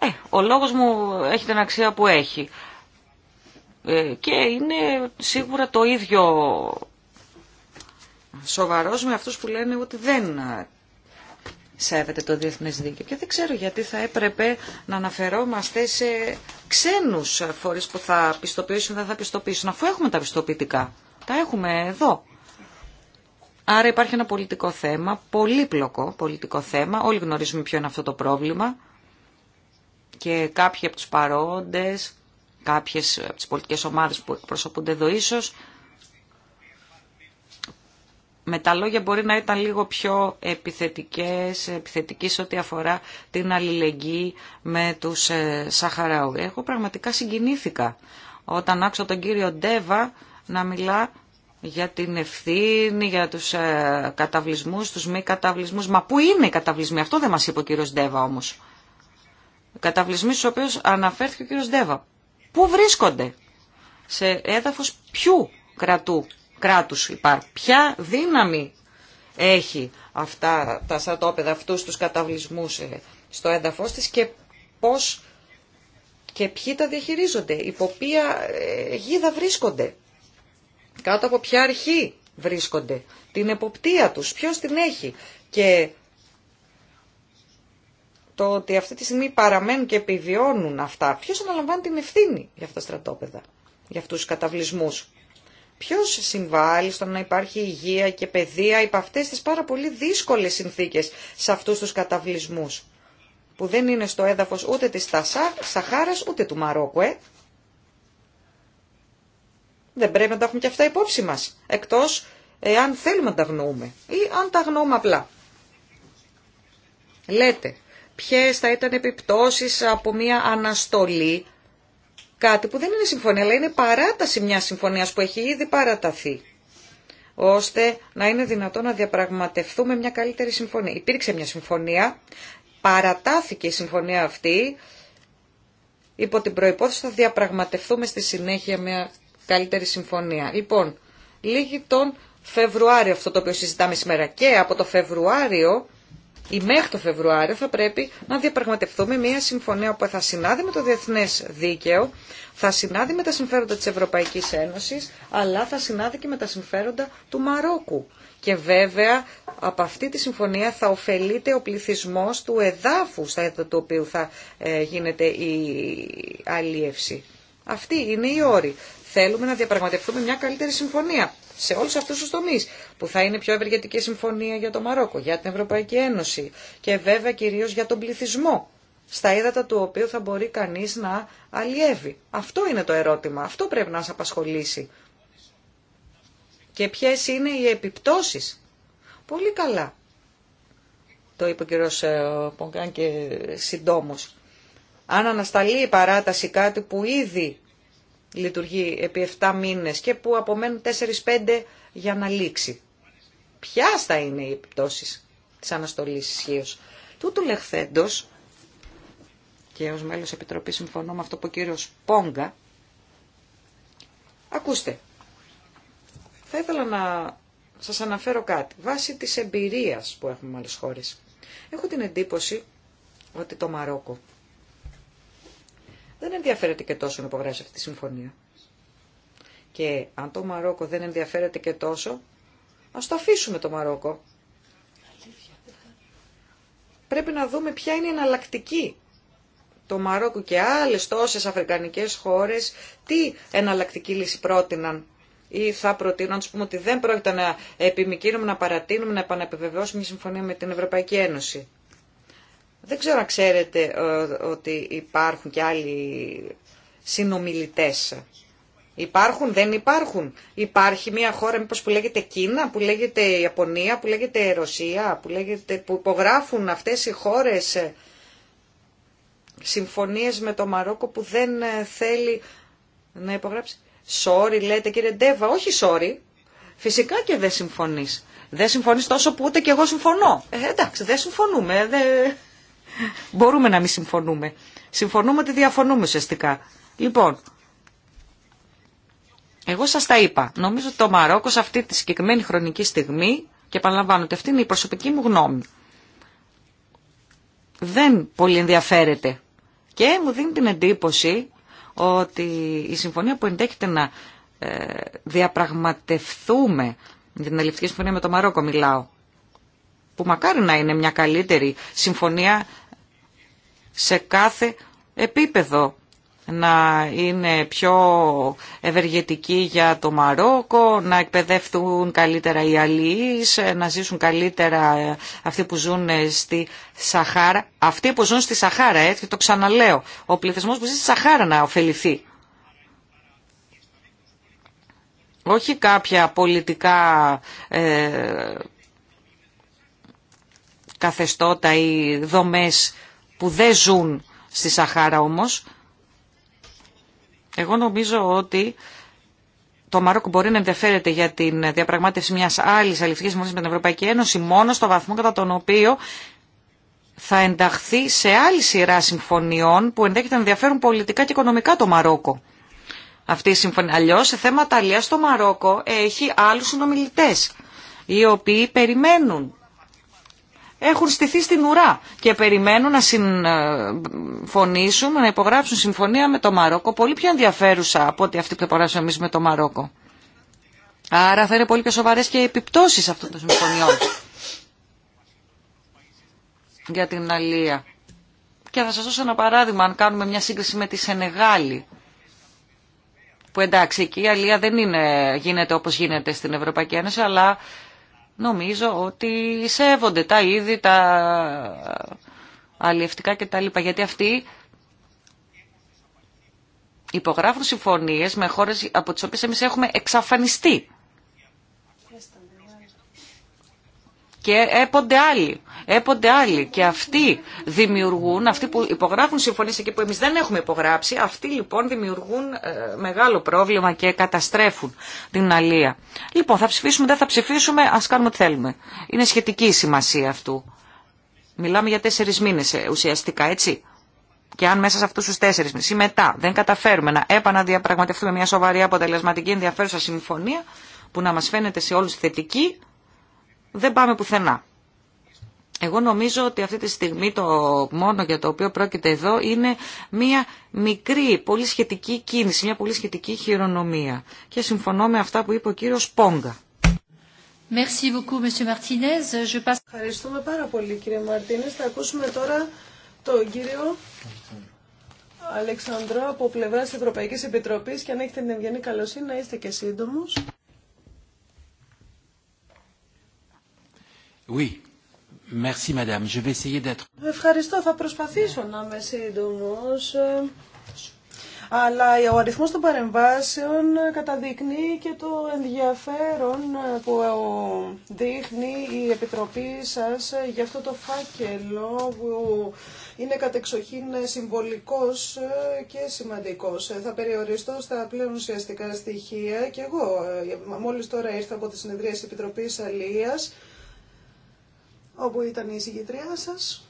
Ε, ο λόγος μου έχει την αξία που έχει. Ε, και είναι σίγουρα το ίδιο σοβαρός με αυτούς που λένε ότι δεν σέβεται το διεθνές δίκαιο. Και δεν ξέρω γιατί θα έπρεπε να αναφερόμαστε σε ξένους φορείς που θα πιστοποιήσουν δεν θα πιστοποιήσουν, αφού έχουμε τα πιστοποιητικά. Τα έχουμε εδώ. Άρα υπάρχει ένα πολιτικό θέμα, πολύπλοκο πολιτικό θέμα. Όλοι γνωρίζουμε ποιο είναι αυτό το πρόβλημα. Και κάποιοι από τους παρόντες, κάποιες από τις πολιτικές ομάδες που εκπροσωπούνται εδώ ίσως, με τα λόγια μπορεί να ήταν λίγο πιο επιθετικές, επιθετικής ό,τι αφορά την αλληλεγγύη με τους ε, Σαχαράου. Εγώ πραγματικά συγκινήθηκα όταν άκουσα τον κύριο Ντέβα να μιλά για την ευθύνη, για τους ε, καταβλισμούς, τους μη καταβλισμούς. Μα πού είναι οι καταβλισμοί, αυτό δεν μας είπε ο κύριος Ντέβα όμως. Οι καταβλισμοί στους οποίους αναφέρθηκε ο κύριος Ντέβα. Πού βρίσκονται, σε έδαφος ποιου κρατού, κράτους υπάρχει, ποια δύναμη έχει αυτά τα στρατόπεδα, αυτούς τους καταβλισμούς ε, στο έδαφος της και πώς και ποιοι τα διαχειρίζονται, υπό ποια ε, γίδα βρίσκονται κάτω από ποια αρχή βρίσκονται, την εποπτεία τους, ποιος την έχει και το ότι αυτή τη στιγμή παραμένουν και επιβιώνουν αυτά, ποιος αναλαμβάνει την ευθύνη για αυτά τα στρατόπεδα, για αυτούς τους καταβλισμούς. Ποιος συμβάλλει στο να υπάρχει υγεία και παιδεία υπ' αυτές τις πάρα πολύ δύσκολες συνθήκες σε αυτούς τους καταβλισμούς που δεν είναι στο έδαφος ούτε της Σαχάρας ούτε του Μαρόκου, ε. Δεν πρέπει να τα έχουμε και αυτά υπόψη μας, εκτός εάν θέλουμε να τα γνωρούμε ή αν τα γνωρούμε απλά. Λέτε, ποιες θα ήταν επιπτώσεις από μια αναστολή, κάτι που δεν είναι συμφωνία, αλλά είναι παράταση μια συμφωνίας που έχει ήδη παραταθεί, ώστε να είναι δυνατό να διαπραγματευτούμε μια καλύτερη συμφωνία. Υπήρξε μια συμφωνία, παρατάθηκε η συμφωνία αυτή, υπό την προϋπόθεση θα διαπραγματευτούμε στη συνέχεια μια καλύτερη συμφωνία. Λοιπόν, λίγη τον Φεβρουάριο αυτό το οποίο συζητάμε σήμερα και από το Φεβρουάριο ή μέχρι το Φεβρουάριο θα πρέπει να διαπραγματευτούμε μια συμφωνία που θα συνάδει με το διεθνές δίκαιο, θα συνάδει με τα συμφέροντα της Ευρωπαϊκής Ένωσης, αλλά θα συνάδει και με τα συμφέροντα του Μαρόκου. Και βέβαια από αυτή τη συμφωνία θα ωφελείται ο πληθυσμός του εδάφου στα έδω του οποίου θα ε, γίνεται η αλίευση. Αυτή είναι η όρη θέλουμε να διαπραγματευτούμε μια καλύτερη συμφωνία σε όλους αυτούς τους τομείς, που θα είναι πιο ευεργετική συμφωνία για το Μαρόκο, για την Ευρωπαϊκή Ένωση και βέβαια κυρίως για τον πληθυσμό, στα ύδατα του οποίου θα μπορεί κανείς να αλλιεύει. Αυτό είναι το ερώτημα, αυτό πρέπει να σας απασχολήσει. Και ποιες είναι οι επιπτώσεις. Πολύ καλά. Το είπε ο κ. Ε, Πογκάν και συντόμως. Αν ανασταλεί η παράταση κάτι που ήδη λειτουργεί επί 7 μήνες και που απομένουν 4-5 για να λήξει. Ποια θα είναι οι επιπτώσεις της αναστολής ισχύω. Τούτου λεχθέντος, και ως μέλος Επιτροπής συμφωνώ με αυτό που ο κύριος Πόγκα, ακούστε, θα ήθελα να σας αναφέρω κάτι, βάσει της εμπειρίας που έχουμε με άλλες χώρες. Έχω την εντύπωση ότι το Μαρόκο δεν ενδιαφέρεται και τόσο να υπογράψει αυτή τη συμφωνία. Και αν το Μαρόκο δεν ενδιαφέρεται και τόσο, ας το αφήσουμε το Μαρόκο. Πρέπει να δούμε ποια είναι η εναλλακτική. Το Μαρόκο και άλλες τόσες αφρικανικές χώρες, τι εναλλακτική λύση πρότειναν ή θα προτείνω να του πούμε ότι δεν πρόκειται να επιμηκύνουμε, να παρατείνουμε, να επαναπεβεβαιώσουμε μια συμφωνία με την Ευρωπαϊκή Ένωση. Δεν ξέρω αν ξέρετε ε, ότι υπάρχουν και άλλοι συνομιλητές. Υπάρχουν, δεν υπάρχουν. Υπάρχει μια χώρα μήπως που λέγεται Κίνα, που λέγεται Ιαπωνία, που λέγεται Ρωσία, που, λέγεται, που υπογράφουν αυτές οι χώρες ε, συμφωνίες με το Μαρόκο που δεν ε, θέλει να υπογράψει. Sorry λέτε κύριε Ντέβα, όχι sorry. Φυσικά και δεν συμφωνείς. Δεν συμφωνείς τόσο που ούτε και εγώ συμφωνώ. Ε, εντάξει, δεν συμφωνούμε. Δεν... Μπορούμε να μην συμφωνούμε. Συμφωνούμε ότι διαφωνούμε ουσιαστικά. Λοιπόν, εγώ σας τα είπα. Νομίζω ότι το Μαρόκο σε αυτή τη συγκεκριμένη χρονική στιγμή, και επαναλαμβάνω ότι αυτή είναι η προσωπική μου γνώμη, δεν πολύ ενδιαφέρεται. Και μου δίνει την εντύπωση ότι η συμφωνία που εντέχεται να ε, διαπραγματευτούμε, για την αλληλευτική συμφωνία με το Μαρόκο μιλάω, που μακάρι να είναι μια καλύτερη συμφωνία σε κάθε επίπεδο να είναι πιο ευεργετική για το Μαρόκο, να εκπαιδεύτούν καλύτερα οι αλληλείς, να ζήσουν καλύτερα αυτοί που ζουν στη Σαχάρα. Αυτοί που ζουν στη Σαχάρα, έτσι ε, το ξαναλέω, ο πληθυσμός που ζει στη Σαχάρα να ωφεληθεί. Όχι κάποια πολιτικά ε, καθεστώτα ή δομές που δεν ζουν στη Σαχάρα όμως. Εγώ νομίζω ότι το Μαρόκο μπορεί να ενδιαφέρεται για την διαπραγμάτευση μιας άλλης αληθικής συμφωνίας με την Ευρωπαϊκή Ένωση μόνο στο βαθμό κατά τον οποίο θα ενταχθεί σε άλλη σειρά συμφωνιών που ενδέχεται να ενδιαφέρουν πολιτικά και οικονομικά το Μαρόκο. Αυτή Αλλιώ σε θέματα αλλιώ το Μαρόκο έχει άλλου συνομιλητέ οι οποίοι περιμένουν έχουν στηθεί στην ουρά και περιμένουν να ε, συμφωνήσουν, να υπογράψουν συμφωνία με το Μαρόκο, πολύ πιο ενδιαφέρουσα από ό,τι αυτή που υπογράψαμε εμεί με το Μαρόκο. Άρα θα είναι πολύ πιο σοβαρές και οι επιπτώσεις αυτών των συμφωνιών για την Αλία. Και θα σας δώσω ένα παράδειγμα, αν κάνουμε μια σύγκριση με τη Σενεγάλη, που εντάξει εκεί η Αλία δεν είναι, γίνεται όπως γίνεται στην Ευρωπαϊκή Ένωση, αλλά νομίζω ότι σέβονται τα είδη, τα αλλιευτικά κτλ. Γιατί αυτοί υπογράφουν συμφωνίες με χώρες από τις οποίες εμείς έχουμε εξαφανιστεί. Και έπονται άλλοι έπονται άλλοι και αυτοί δημιουργούν, αυτοί που υπογράφουν συμφωνίες εκεί που εμείς δεν έχουμε υπογράψει, αυτοί λοιπόν δημιουργούν ε, μεγάλο πρόβλημα και καταστρέφουν την αλία. Λοιπόν, θα ψηφίσουμε, δεν θα ψηφίσουμε, ας κάνουμε ό,τι θέλουμε. Είναι σχετική η σημασία αυτού. Μιλάμε για τέσσερις μήνες ε, ουσιαστικά, έτσι. Και αν μέσα σε αυτού του τέσσερι μήνε ή μετά δεν καταφέρουμε να επαναδιαπραγματευτούμε μια σοβαρή αποτελεσματική ενδιαφέρουσα συμφωνία που να μα φαίνεται σε όλου θετική, δεν πάμε πουθενά. Εγώ νομίζω ότι αυτή τη στιγμή το μόνο για το οποίο πρόκειται εδώ είναι μια μικρή, πολύ σχετική κίνηση, μια πολύ σχετική χειρονομία. Και συμφωνώ με αυτά που είπε ο κύριος Πόγκα. Ευχαριστούμε πάρα πολύ κύριε Μαρτίνες. Θα ακούσουμε τώρα τον κύριο Αλεξανδρό από πλευράς Ευρωπαϊκής Επιτροπής και αν έχετε την ευγενή καλοσύνη να είστε και σύντομος. Oui. Merci, madame. Je vais essayer Ευχαριστώ. Θα προσπαθήσω να είμαι σύντομο. Αλλά ο αριθμός των παρεμβάσεων καταδεικνύει και το ενδιαφέρον που δείχνει η Επιτροπή σας για αυτό το φάκελο που είναι κατεξοχήν συμβολικός και σημαντικός. Θα περιοριστώ στα πλέον ουσιαστικά στοιχεία και εγώ μόλις τώρα ήρθα από τη συνεδρία της Επιτροπής Αλίας όπου ήταν η συγκεντριά σας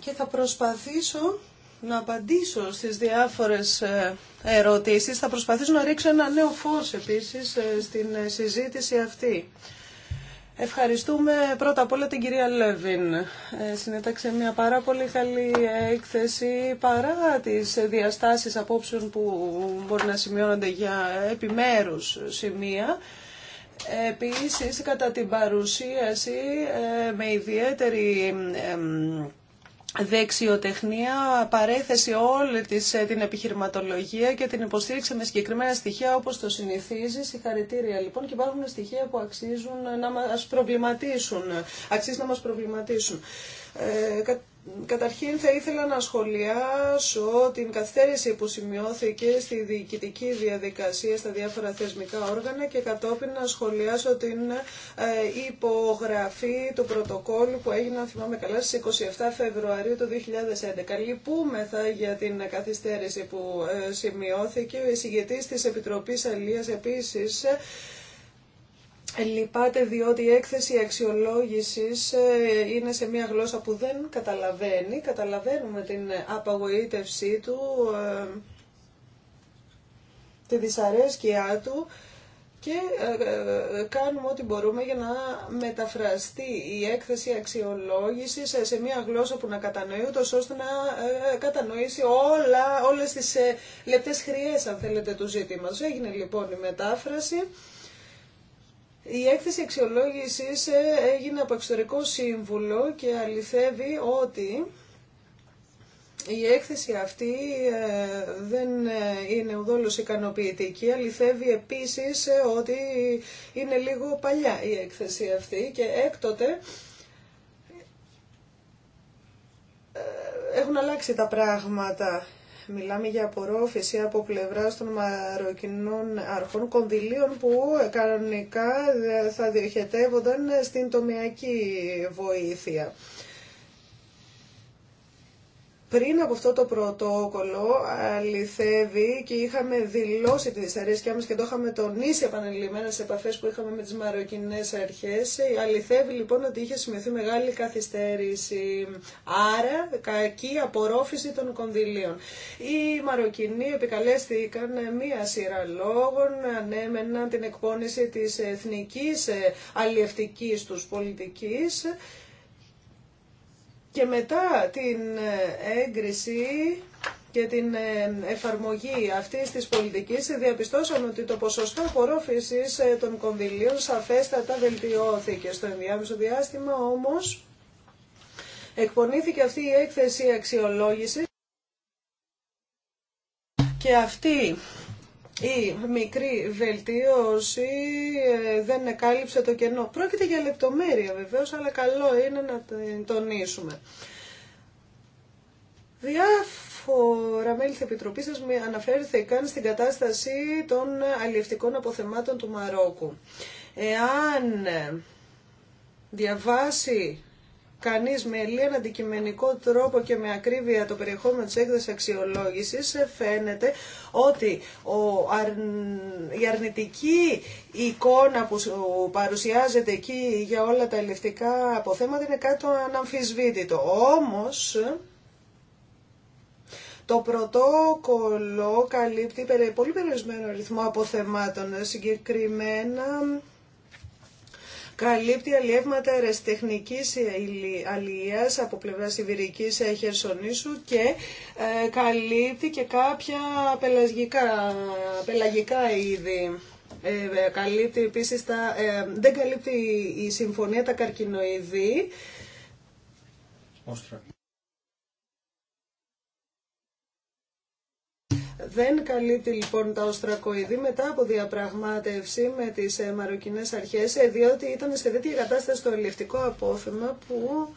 και θα προσπαθήσω να απαντήσω στις διάφορες ε, ερωτήσεις. Θα προσπαθήσω να ρίξω ένα νέο φως επίσης ε, στην ε, συζήτηση αυτή. Ευχαριστούμε πρώτα απ' όλα την κυρία Λέβιν. Συνέταξε μια πάρα πολύ καλή έκθεση παρά τις διαστάσεις απόψεων που μπορεί να σημειώνονται για επιμέρους σημεία. Επίσης, κατά την παρουσίαση, ε, με ιδιαίτερη δεξιοτεχνία, παρέθεσε όλη της, ε, την επιχειρηματολογία και την υποστήριξε με συγκεκριμένα στοιχεία όπως το συνηθίζει. Συγχαρητήρια λοιπόν και υπάρχουν στοιχεία που αξίζουν να μας προβληματίσουν. Ε, αξίζει να μας προβληματίσουν. Ε, Καταρχήν θα ήθελα να σχολιάσω την καθυστέρηση που σημειώθηκε στη διοικητική διαδικασία στα διάφορα θεσμικά όργανα και κατόπιν να σχολιάσω την ε, υπογραφή του πρωτοκόλλου που έγινε, αν θυμάμαι καλά, στις 27 Φεβρουαρίου του 2011. Λυπούμεθα για την καθυστέρηση που ε, σημειώθηκε. Ο εισηγητής της Επιτροπής Αλίας επίσης Λυπάται διότι η έκθεση αξιολόγηση ε, είναι σε μια γλώσσα που δεν καταλαβαίνει. Καταλαβαίνουμε την απαγοήτευσή του, ε, τη δυσαρέσκειά του και ε, κάνουμε ό,τι μπορούμε για να μεταφραστεί η έκθεση αξιολόγησης σε μια γλώσσα που να κατανοεί ούτως ώστε να κατανοήσει όλα, όλες τις λεπτές χρειές αν θέλετε του ζήτηματος. Έγινε λοιπόν η μετάφραση. Η έκθεση αξιολόγηση ε, έγινε από εξωτερικό σύμβουλο και αληθεύει ότι η έκθεση αυτή ε, δεν ε, είναι ουδόλως ικανοποιητική. Αληθεύει επίσης ότι είναι λίγο παλιά η έκθεση αυτή και έκτοτε έχουν αλλάξει τα πράγματα. Μιλάμε για απορρόφηση από πλευρά των μαροκινών αρχών κονδυλίων που κανονικά θα διοχετεύονταν στην τομιακή βοήθεια. Πριν από αυτό το πρωτόκολλο αληθεύει και είχαμε δηλώσει τη δυσαρέσκειά μας και το είχαμε τονίσει επανελειμμένα σε επαφές που είχαμε με τις μαροκινές αρχές. Αληθεύει λοιπόν ότι είχε σημειωθεί μεγάλη καθυστέρηση, άρα κακή απορρόφηση των κονδυλίων. Οι Μαροκινοί επικαλέστηκαν μία σειρά λόγων, ανέμεναν την εκπόνηση της εθνικής αλλιευτικής τους πολιτικής και μετά την ε, έγκριση και την ε, εφαρμογή αυτής της πολιτικής διαπιστώσαμε ότι το ποσοστό απορρόφηση ε, των κονδυλίων σαφέστατα βελτιώθηκε στο ενδιάμεσο διάστημα, όμως εκπονήθηκε αυτή η έκθεση αξιολόγηση και αυτή η μικρή βελτίωση ε, δεν εκάλυψε το κενό. Πρόκειται για λεπτομέρεια βεβαίως, αλλά καλό είναι να τονίσουμε. Διάφορα μέλη της Επιτροπής σας αναφέρθηκαν στην κατάσταση των αλληλευτικών αποθεμάτων του Μαρόκου. Εάν διαβάσει κανείς με λίγαν αντικειμενικό τρόπο και με ακρίβεια το περιεχόμενο της έκδοσης αξιολόγησης ε, φαίνεται ότι ο η αρνητική εικόνα που παρουσιάζεται εκεί για όλα τα ελευτικά αποθέματα είναι κάτι αναμφισβήτητο. Όμως το πρωτόκολλο καλύπτει πολύ περιορισμένο αριθμό αποθεμάτων συγκεκριμένα καλύπτει αλλιεύματα αεραστεχνικής αλληλείας από πλευρά Σιβηρικής ε, Χερσονήσου και ε, καλύπτει και κάποια πελαγικά, πελαγικά είδη. Ε, ε καλύπτει τα, δεν καλύπτει η συμφωνία τα καρκινοειδή. Δεν καλύπτει λοιπόν τα οστρακοειδή μετά από διαπραγμάτευση με τις ε, μαροκινές αρχές, ε, διότι ήταν σε τέτοια κατάσταση το ελευτικό απόθεμα που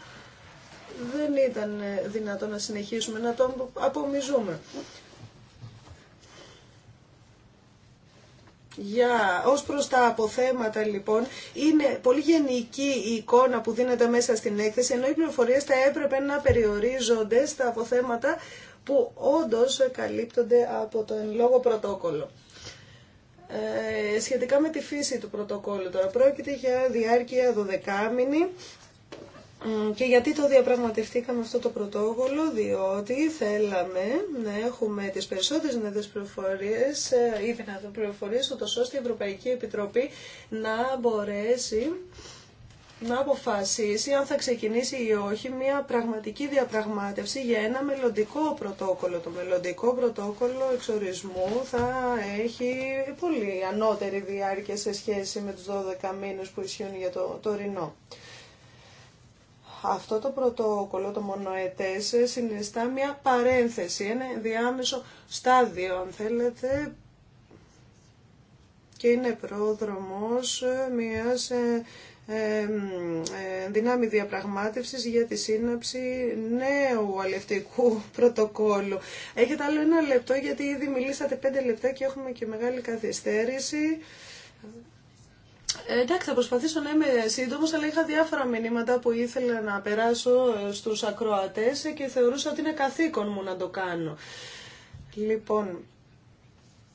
δεν ήταν ε, δυνατό να συνεχίσουμε να το απομιζούμε. Για, ως προς τα αποθέματα λοιπόν, είναι πολύ γενική η εικόνα που δίνεται μέσα στην έκθεση, ενώ οι πληροφορίες θα έπρεπε να περιορίζονται στα αποθέματα που όντως καλύπτονται από το εν λόγω πρωτόκολλο. Ε, σχετικά με τη φύση του πρωτοκόλλου τώρα, πρόκειται για διάρκεια 12 μήνη και γιατί το διαπραγματευτήκαμε αυτό το πρωτόκολλο, διότι θέλαμε να έχουμε τις περισσότερες νέες πληροφορίες ε, ή δυνατόν πληροφορίες, ούτως ώστε η Ευρωπαϊκή Επιτροπή να μπορέσει να αποφασίσει αν θα ξεκινήσει ή όχι μια πραγματική διαπραγμάτευση για ένα μελλοντικό πρωτόκολλο. Το μελλοντικό πρωτόκολλο εξορισμού θα έχει πολύ ανώτερη διάρκεια σε σχέση με τους 12 μήνες που ισχύουν για το τωρινό. Αυτό το πρωτόκολλο, το μονοετές, συνιστά μια παρένθεση, ένα διάμεσο στάδιο, αν θέλετε, και είναι πρόδρομος μιας ε, ε, δυνάμει διαπραγμάτευσης για τη σύναψη νέου αλευτικού πρωτοκόλλου. Έχετε άλλο ένα λεπτό γιατί ήδη μιλήσατε πέντε λεπτά και έχουμε και μεγάλη καθυστέρηση. Ε, εντάξει, θα προσπαθήσω να είμαι σύντομο, αλλά είχα διάφορα μηνύματα που ήθελα να περάσω ε, στους ακροατές και θεωρούσα ότι είναι καθήκον μου να το κάνω. Λοιπόν,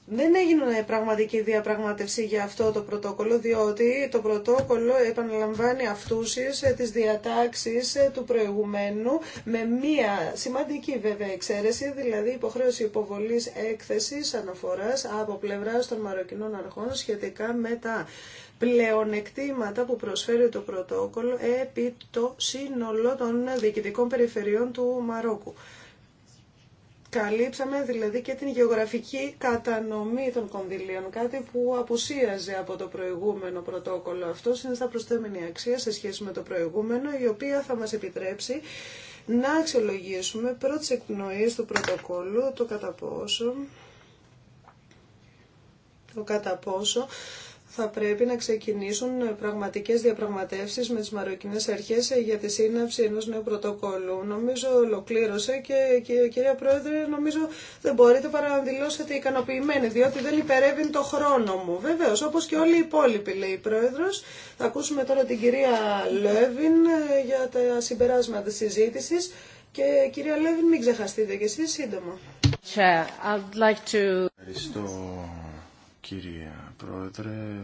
δεν έγινε πραγματική διαπραγμάτευση για αυτό το πρωτόκολλο, διότι το πρωτόκολλο επαναλαμβάνει αυτούσεις ε, τις διατάξεις ε, του προηγουμένου, με μία σημαντική βέβαια εξαίρεση, δηλαδή υποχρέωση υποβολής έκθεσης αναφοράς από πλευράς των Μαροκινών Αρχών σχετικά με τα πλεονεκτήματα που προσφέρει το πρωτόκολλο επί το σύνολο των διοικητικών περιφερειών του Μαρόκου. Καλύψαμε δηλαδή και την γεωγραφική κατανομή των κονδυλίων, κάτι που απουσίαζε από το προηγούμενο πρωτόκολλο. Αυτό είναι στα προσθέμενη αξία σε σχέση με το προηγούμενο, η οποία θα μας επιτρέψει να αξιολογήσουμε πρώτες εκπνοίες του πρωτοκόλλου, το κατά το κατά πόσο θα πρέπει να ξεκινήσουν πραγματικέ διαπραγματεύσει με τι μαροκινές αρχέ για τη σύναψη ενός νέου πρωτοκόλλου. Νομίζω ολοκλήρωσε και, και κυρία Πρόεδρε, νομίζω δεν μπορείτε παρά να δηλώσετε ικανοποιημένοι, διότι δεν υπερεύει το χρόνο μου. Βεβαίω, όπω και όλοι οι υπόλοιποι, λέει η Πρόεδρο, Θα ακούσουμε τώρα την κυρία Λέβιν ε, για τα συμπεράσματα τη συζήτηση Και κυρία Λέβιν, μην ξεχαστείτε και εσεί σύντομα. Κύριε Πρόεδρε.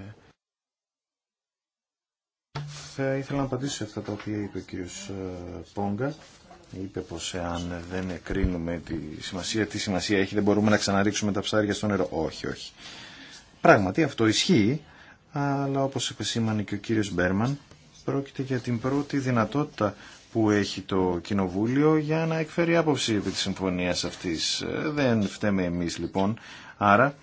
Θα ήθελα να απαντήσω σε αυτά τα οποία είπε ο κύριος ε, Πόγκα. Είπε πως εάν δεν εκρίνουμε τη σημασία, τι σημασία έχει, δεν μπορούμε να ξαναρίξουμε τα ψάρια στο νερό. Όχι, όχι. Πράγματι αυτό ισχύει, αλλά όπως επεσήμανε και ο κύριος Μπέρμαν, πρόκειται για την πρώτη δυνατότητα που έχει το Κοινοβούλιο για να εκφέρει άποψη επί της συμφωνίας αυτής. Ε, δεν φταίμε εμείς λοιπόν, άρα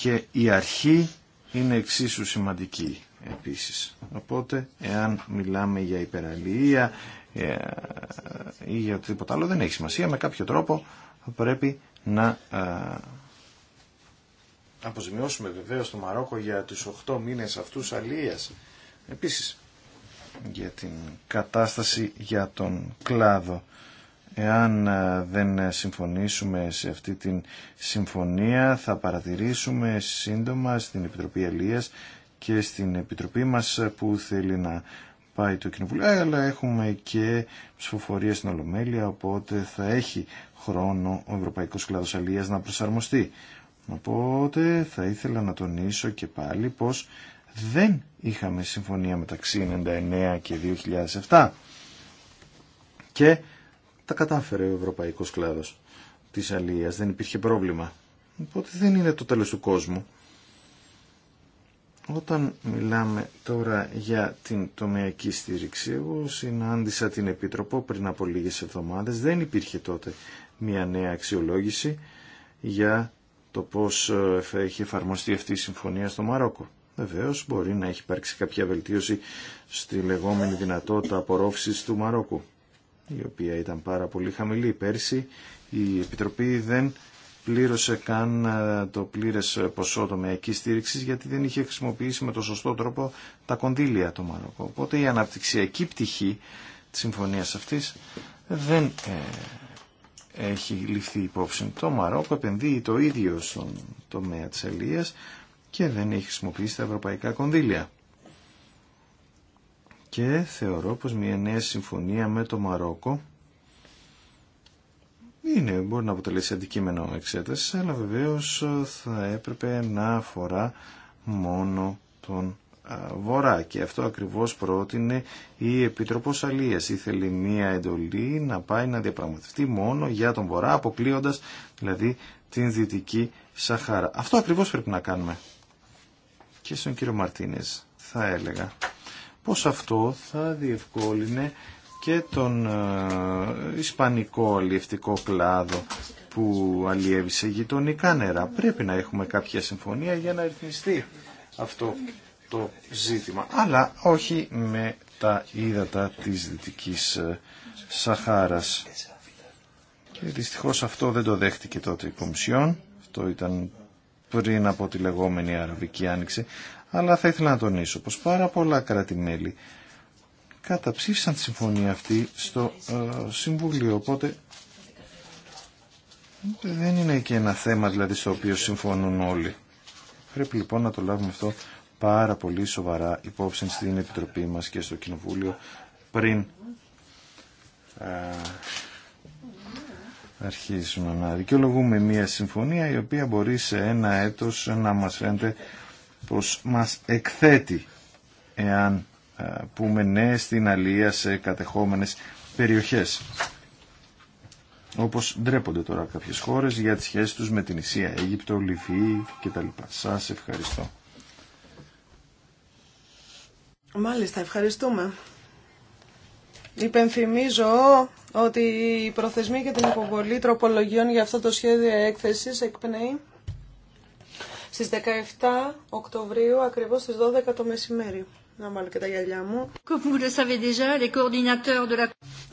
και η αρχή είναι εξίσου σημαντική επίσης. Οπότε, εάν μιλάμε για υπεραλληλία ε, ή για οτιδήποτε άλλο, δεν έχει σημασία. Με κάποιο τρόπο πρέπει να ε, αποζημιώσουμε βεβαίως το Μαρόκο για τους 8 μήνες αυτούς αλίας. Επίσης, για την κατάσταση για τον κλάδο Εάν ε, δεν συμφωνήσουμε σε αυτή την συμφωνία θα παρατηρήσουμε σύντομα στην Επιτροπή Ελίας και στην Επιτροπή μας που θέλει να πάει το Κοινοβουλίο ε, αλλά έχουμε και ψηφοφορία στην Ολομέλεια οπότε θα έχει χρόνο ο Ευρωπαϊκός Κλάδος Αλίας να προσαρμοστεί. Οπότε θα ήθελα να τονίσω και πάλι πως δεν είχαμε συμφωνία μεταξύ 99 και 2007 και τα κατάφερε ο ευρωπαϊκός κλάδος της αλίας, δεν υπήρχε πρόβλημα. Οπότε δεν είναι το τέλο του κόσμου. Όταν μιλάμε τώρα για την τομεακή στήριξη, εγώ συνάντησα την Επίτροπο πριν από λίγες εβδομάδες, δεν υπήρχε τότε μια νέα αξιολόγηση για το πώς ε, έχει εφαρμοστεί αυτή η συμφωνία στο Μαρόκο. Βεβαίω μπορεί να έχει υπάρξει κάποια βελτίωση στη λεγόμενη δυνατότητα απορρόφησης του Μαρόκου η οποία ήταν πάρα πολύ χαμηλή πέρσι. Η Επιτροπή δεν πλήρωσε καν ε, το πλήρες ποσό τομεακής στήριξης γιατί δεν είχε χρησιμοποιήσει με το σωστό τρόπο τα κονδύλια το Μαρόκο. Οπότε η αναπτυξιακή πτυχή της συμφωνίας αυτής δεν ε, έχει ληφθεί υπόψη. Το Μαρόκο επενδύει το ίδιο στον τομέα της Ελίας και δεν έχει χρησιμοποιήσει τα ευρωπαϊκά κονδύλια και θεωρώ πως μια νέα συμφωνία με το Μαρόκο είναι, μπορεί να αποτελέσει αντικείμενο εξέταση, αλλά βεβαίως θα έπρεπε να αφορά μόνο τον Βορρά και αυτό ακριβώς πρότεινε η Επιτροπός Αλίας. Ήθελε μία εντολή να πάει να διαπραγματευτεί μόνο για τον Βορρά, αποκλείοντας δηλαδή την Δυτική Σαχάρα. Αυτό ακριβώς πρέπει να κάνουμε. Και στον κύριο Μαρτίνες θα έλεγα πως αυτό θα διευκόλυνε και τον ε, ισπανικό αλλιευτικό κλάδο που αλλιεύει σε γειτονικά νερά. Πρέπει να έχουμε κάποια συμφωνία για να ρυθμιστεί αυτό το ζήτημα, αλλά όχι με τα ύδατα της Δυτικής ε, Σαχάρας. Και δυστυχώς αυτό δεν το δέχτηκε τότε η Κομισιόν, αυτό ήταν πριν από τη λεγόμενη Αραβική Άνοιξη, αλλά θα ήθελα να τονίσω πως πάρα πολλά κράτη-μέλη καταψήφισαν τη συμφωνία αυτή στο ε, Συμβούλιο, οπότε δεν είναι και ένα θέμα δηλαδή στο οποίο συμφωνούν όλοι. Πρέπει λοιπόν να το λάβουμε αυτό πάρα πολύ σοβαρά υπόψη στην Επιτροπή μας και στο Κοινοβούλιο πριν ε, αρχίσουμε να δικαιολογούμε μια συμφωνία η οποία μπορεί σε ένα έτος να μας φαίνεται πως μας εκθέτει εάν ε, πούμε ναι στην αλία σε κατεχόμενες περιοχές. Όπως ντρέπονται τώρα κάποιες χώρες για τις σχέσεις τους με την Ισία, Αίγυπτο, Λιβύη κτλ. Σας ευχαριστώ. Μάλιστα, ευχαριστούμε. Υπενθυμίζω ότι η προθεσμία για την υποβολή τροπολογιών για αυτό το σχέδιο έκθεσης εκπνέει στις 17 Οκτωβρίου ακριβώς στις 12 το μεσημέρι να βάλω και τα γυαλιά μου.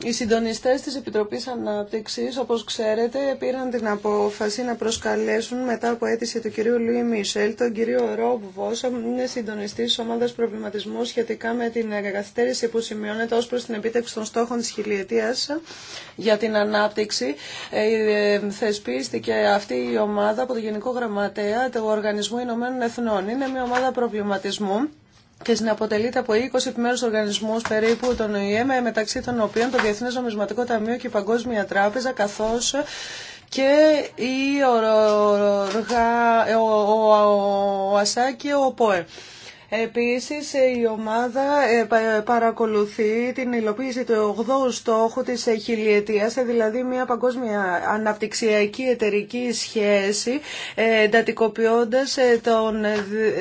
Οι συντονιστέ τη Επιτροπή Ανάπτυξη, όπω ξέρετε, πήραν την απόφαση να προσκαλέσουν μετά από αίτηση του κυρίου Λουί Μισελ, τον κύριο Ρόμπ Βόσα, είναι συντονιστή τη ομάδα προβληματισμού σχετικά με την καθυστέρηση που σημειώνεται ω προ την επίτευξη των στόχων τη χιλιετία για την ανάπτυξη. Ε, ε, θεσπίστηκε αυτή η ομάδα από το Γενικό Γραμματέα του Οργανισμού Ηνωμένων Εθνών. Είναι μια ομάδα προβληματισμού και συναποτελείται από 20 επιμέρους οργανισμούς περίπου των ΟΗΕ, μεταξύ των οποίων το Διεθνές Νομισματικό Ταμείο και η Παγκόσμια Τράπεζα, καθώς και η ο, ο, ο, ο ΑΣΑ και ο Επίσης η ομάδα ε, παρακολουθεί την υλοποίηση του 8ου στόχου της ε, χιλιετίας, ε, δηλαδή μια παγκόσμια αναπτυξιακή εταιρική σχέση, εντατικοποιώντας τον,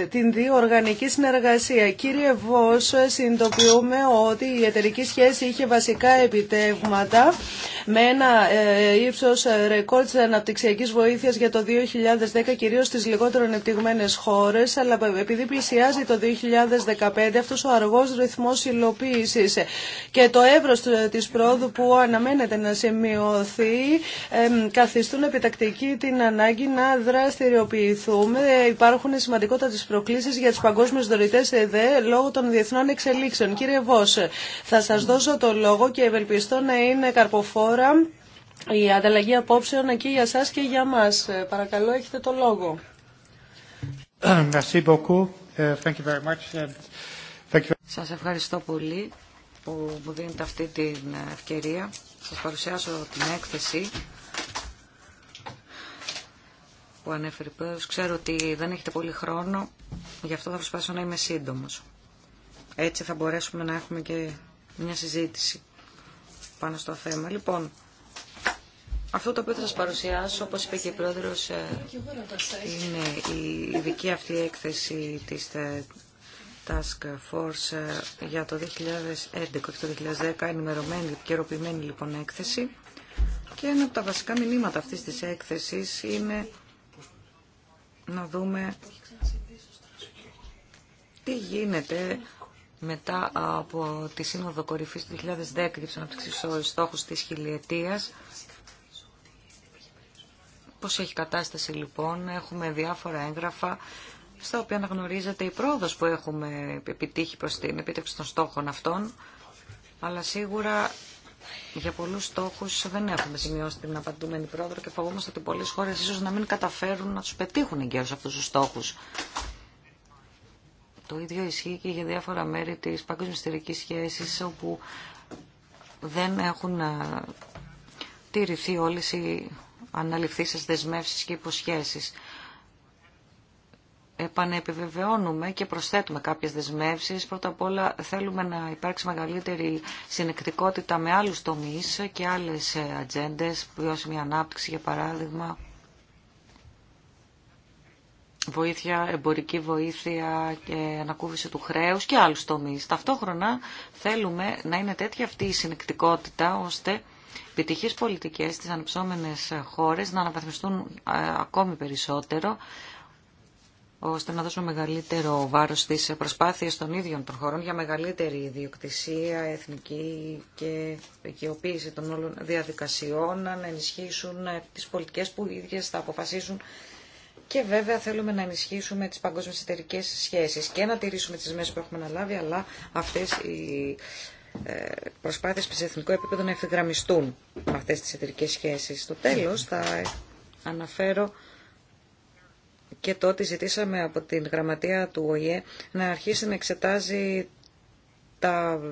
την οργανική συνεργασία. Κύριε Βός, συνειδητοποιούμε ότι η εταιρική σχέση είχε βασικά επιτεύγματα με ένα ύψος ρεκόρ της αναπτυξιακής βοήθειας για το 2010, κυρίως στις λιγότερο ανεπτυγμένες χώρες, αλλά επειδή πλησιάζει το 2015 αυτός ο αργός ρυθμός υλοποίησης και το εύρος της πρόοδου που αναμένεται να σημειωθεί καθιστούν επιτακτική την ανάγκη να δραστηριοποιηθούμε. Υπάρχουν σημαντικότατες προκλήσεις για τις παγκόσμιες δωρητές ΕΔΕ λόγω των διεθνών εξελίξεων. Κύριε Βός, θα σας δώσω το λόγο και ευελπιστώ να είναι καρποφόρα η ανταλλαγή απόψεων εκεί για σας και για μας. Παρακαλώ, έχετε το λόγο. Ε, thank Σας ευχαριστώ πολύ που μου δίνετε αυτή την ευκαιρία. Σας παρουσιάσω την έκθεση που ανέφερε πέρας. Ξέρω ότι δεν έχετε πολύ χρόνο, γι' αυτό θα προσπάσω να είμαι σύντομος. Έτσι θα μπορέσουμε να έχουμε και μια συζήτηση πάνω στο θέμα. Λοιπόν, αυτό το οποίο θα σας παρουσιάσω, όπως είπε και η Πρόεδρος, ε, είναι η ειδική αυτή έκθεση της ε, Task Force ε, για το 2011 και το 2010, ενημερωμένη, επικαιροποιημένη λοιπόν έκθεση. Και ένα από τα βασικά μηνύματα αυτής της έκθεσης είναι να δούμε τι γίνεται μετά από τη Σύνοδο Κορυφής του 2010 για τους αναπτυξιακούς στόχους της χιλιετίας Πώς έχει κατάσταση λοιπόν, έχουμε διάφορα έγγραφα στα οποία αναγνωρίζεται η πρόοδος που έχουμε επιτύχει προς την επίτευξη των στόχων αυτών, αλλά σίγουρα για πολλούς στόχους δεν έχουμε σημειώσει την απαντούμενη πρόοδο και φοβόμαστε ότι πολλές χώρες ίσως να μην καταφέρουν να τους πετύχουν εγκαίρως αυτούς τους στόχους. Το ίδιο ισχύει και για διάφορα μέρη της παγκόσμιας εταιρικής σχέσης, όπου δεν έχουν ε, τηρηθεί όλες οι αναλυφθεί σε δεσμεύσεις και υποσχέσεις. Επανεπιβεβαιώνουμε και προσθέτουμε κάποιες δεσμεύσεις. Πρώτα απ' όλα θέλουμε να υπάρξει μεγαλύτερη συνεκτικότητα με άλλους τομείς και άλλες ατζέντε, βιώσιμη ανάπτυξη για παράδειγμα, βοήθεια, εμπορική βοήθεια και ανακούφιση του χρέους και άλλους τομείς. Ταυτόχρονα θέλουμε να είναι τέτοια αυτή η συνεκτικότητα ώστε επιτυχείς πολιτικές στις ανεψόμενες χώρες να αναβαθμιστούν ε, ακόμη περισσότερο ώστε να δώσουν μεγαλύτερο βάρος στις προσπάθειες των ίδιων των χωρών για μεγαλύτερη ιδιοκτησία, εθνική και οικειοποίηση των όλων διαδικασιών, να ενισχύσουν ε, τις πολιτικές που οι ίδιες θα αποφασίσουν και βέβαια θέλουμε να ενισχύσουμε τις παγκόσμιες εταιρικέ σχέσεις και να τηρήσουμε τις μέσες που έχουμε αναλάβει, αλλά αυτές οι ε, προσπάθειες σε εθνικό επίπεδο να ευθυγραμμιστούν με αυτές τις εταιρικές σχέσεις. Στο τέλος θα αναφέρω και το ότι ζητήσαμε από την γραμματεία του ΟΗΕ να αρχίσει να εξετάζει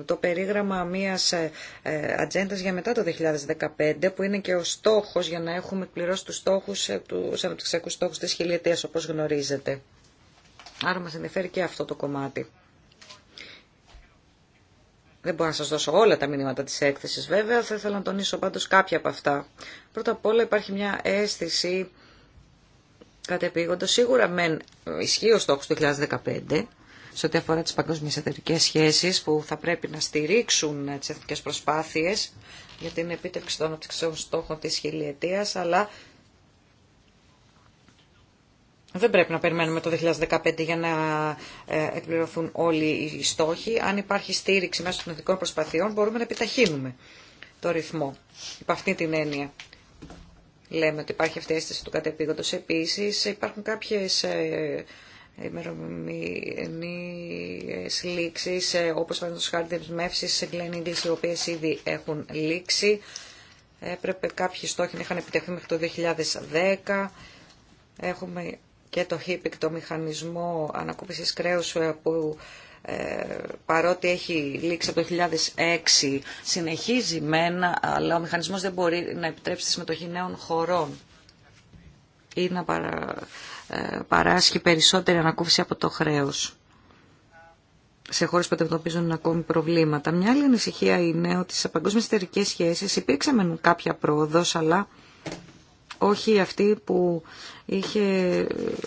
το περίγραμμα μιας ε, ε, ατζέντας για μετά το 2015 που είναι και ο στόχος για να έχουμε πληρώσει τους στόχους, τους αναπτυξιακούς στόχους της χιλιετίας όπως γνωρίζετε. Άρα μας ενδιαφέρει και αυτό το κομμάτι. Δεν μπορώ να σας δώσω όλα τα μηνύματα της έκθεσης βέβαια, θα ήθελα να τονίσω πάντως κάποια από αυτά. Πρώτα απ' όλα υπάρχει μια αίσθηση κατεπήγοντο. σίγουρα μεν ισχύει ο στόχος του 2015, σε ό,τι αφορά τις παγκόσμιες εταιρικές σχέσεις που θα πρέπει να στηρίξουν ε, τις εθνικές προσπάθειες για την επίτευξη των στόχων της χιλιετίας, αλλά δεν πρέπει να περιμένουμε το 2015 για να ε, εκπληρωθούν όλοι οι στόχοι. Αν υπάρχει στήριξη μέσω των εθνικών προσπαθειών μπορούμε να επιταχύνουμε το ρυθμό. Υπ' αυτή την έννοια λέμε ότι υπάρχει αυτή η αίσθηση του κατεπήγοντος. Επίσης υπάρχουν κάποιες ε, ημερομηνίες λήξεις ε, όπως παραδείγματο χάρη δεσμεύσεις σε Glen οι οποίες ήδη έχουν λήξει. Έπρεπε κάποιοι στόχοι να είχαν επιτευχθεί μέχρι το 2010. Έχουμε και το HIPIC, το μηχανισμό ανακούπησης κρέου ε, που ε, παρότι έχει λήξει από το 2006 συνεχίζει μεν, αλλά ο μηχανισμός δεν μπορεί να επιτρέψει τη συμμετοχή νέων χωρών ή να ε, παράσχει περισσότερη ανακούφιση από το χρέος σε χώρε που αντιμετωπίζουν ακόμη προβλήματα. Μια άλλη ανησυχία είναι ότι σε παγκόσμιε εταιρικέ σχέσει υπήρξε κάποια πρόοδο, αλλά όχι αυτοί που είχε,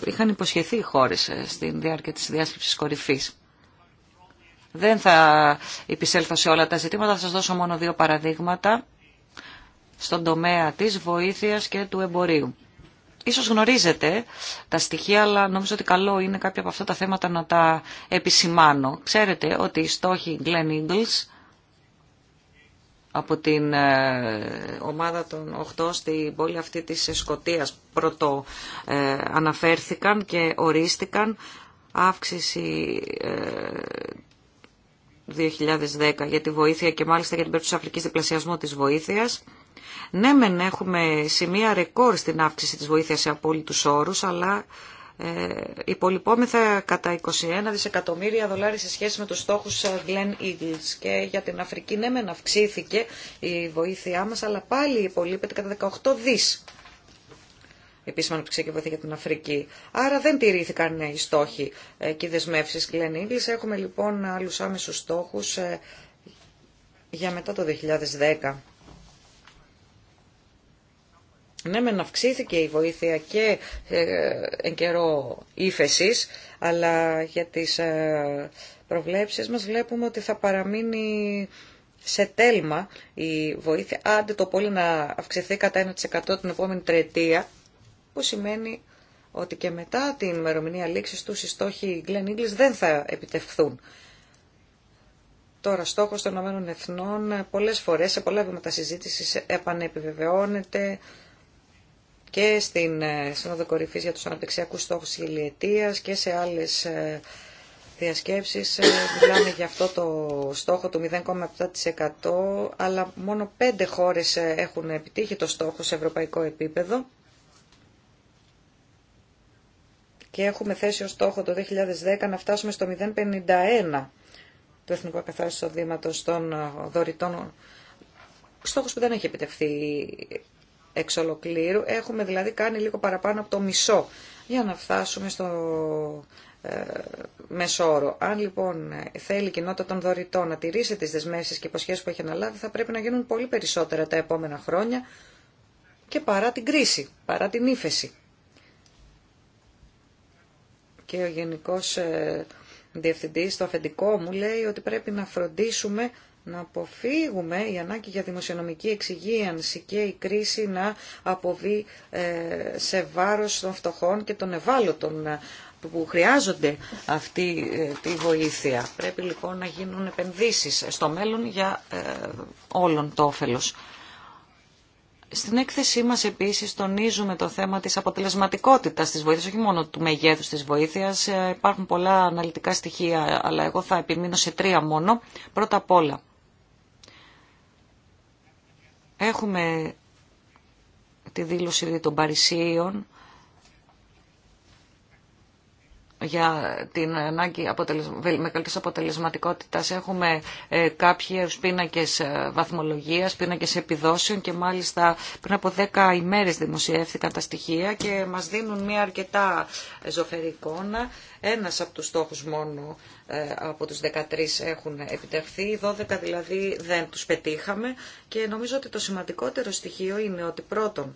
είχαν υποσχεθεί οι χώρες ε, στην διάρκεια της διάσκεψης κορυφής. Δεν θα επισέλθω σε όλα τα ζητήματα, θα σας δώσω μόνο δύο παραδείγματα στον τομέα της βοήθειας και του εμπορίου. Ίσως γνωρίζετε τα στοιχεία, αλλά νομίζω ότι καλό είναι κάποια από αυτά τα θέματα να τα επισημάνω. Ξέρετε ότι οι στόχοι Glen Eagles από την ε, ομάδα των 8 στην πόλη αυτή της Σκοτίας πρώτο ε, αναφέρθηκαν και ορίστηκαν αύξηση 2010 ε, για τη βοήθεια και μάλιστα για την περίπτωση Αφρικής διπλασιασμού της βοήθειας. Ναι, μεν έχουμε σημεία ρεκόρ στην αύξηση της βοήθειας σε απόλυτους όρους, αλλά ε, υπολοιπόμεθα κατά 21 δισεκατομμύρια δολάρια σε σχέση με τους στόχους Glen Eagles και για την Αφρική ναι μεν αυξήθηκε η βοήθειά μας αλλά πάλι υπολείπεται κατά 18 δις επίσημα και βοήθεια για την Αφρική. Άρα δεν τηρήθηκαν οι στόχοι ε, και οι δεσμεύσεις Glen Eagles. Έχουμε λοιπόν άλλους άμεσους στόχους ε, για μετά το 2010 ναι, μεν αυξήθηκε η βοήθεια και ε, εν καιρό ύφεση, αλλά για τις ε, προβλέψεις μας βλέπουμε ότι θα παραμείνει σε τέλμα η βοήθεια, άντε το πολύ να αυξηθεί κατά 1% την επόμενη τριετία, που σημαίνει ότι και μετά την ημερομηνία λήξη του οι στόχοι Glenn English δεν θα επιτευχθούν. Τώρα, στόχο των Ηνωμένων Εθνών ε, πολλέ φορέ σε πολλά βήματα συζήτηση επανεπιβεβαιώνεται και στην ε, Σύνοδο Κορυφή για τους Αναπτυξιακούς στόχου Ηλιετία και σε άλλες ε, διασκέψεις ε, μιλάμε για αυτό το στόχο του 0,7% αλλά μόνο πέντε χώρες έχουν επιτύχει το στόχο σε ευρωπαϊκό επίπεδο και έχουμε θέσει ως στόχο το 2010 να φτάσουμε στο 0,51% του Εθνικού Ακαθάριστου Εισοδήματος των Δωρητών στόχος που δεν έχει επιτευχθεί εξ ολοκλήρου. Έχουμε δηλαδή κάνει λίγο παραπάνω από το μισό για να φτάσουμε στο ε, μεσόρο. Αν λοιπόν θέλει η κοινότητα των δωρητών να τηρήσει τις δεσμεύσεις και υποσχέσεις που έχει αναλάβει, θα πρέπει να γίνουν πολύ περισσότερα τα επόμενα χρόνια και παρά την κρίση, παρά την ύφεση. Και ο Γενικός ε, Διευθυντής, το αφεντικό μου, λέει ότι πρέπει να φροντίσουμε να αποφύγουμε η ανάγκη για δημοσιονομική εξυγίανση και η κρίση να αποβεί ε, σε βάρος των φτωχών και των ευάλωτων ε, που χρειάζονται αυτή ε, τη βοήθεια. Πρέπει λοιπόν να γίνουν επενδύσεις στο μέλλον για όλον το όφελος. Στην έκθεσή μας επίσης τονίζουμε το θέμα της αποτελεσματικότητας της βοήθειας, όχι μόνο του μεγέθους της βοήθειας. Υπάρχουν πολλά αναλυτικά στοιχεία, αλλά εγώ θα επιμείνω σε τρία μόνο. Πρώτα απ' όλα, Έχουμε τη δήλωση των Παρισίων για την ανάγκη αποτελεσμα... μεγαλύτερης αποτελεσματικότητας έχουμε ε, πίνακε πίνακες ε, βαθμολογίας, πίνακες επιδόσεων και μάλιστα πριν από 10 ημέρες δημοσιεύθηκαν τα στοιχεία και μας δίνουν μια αρκετά ε, ζωφερή εικόνα. Ένας από τους στόχους μόνο ε, από τους 13 έχουν επιτευχθεί, 12 δηλαδή δεν τους πετύχαμε και νομίζω ότι το σημαντικότερο στοιχείο είναι ότι πρώτον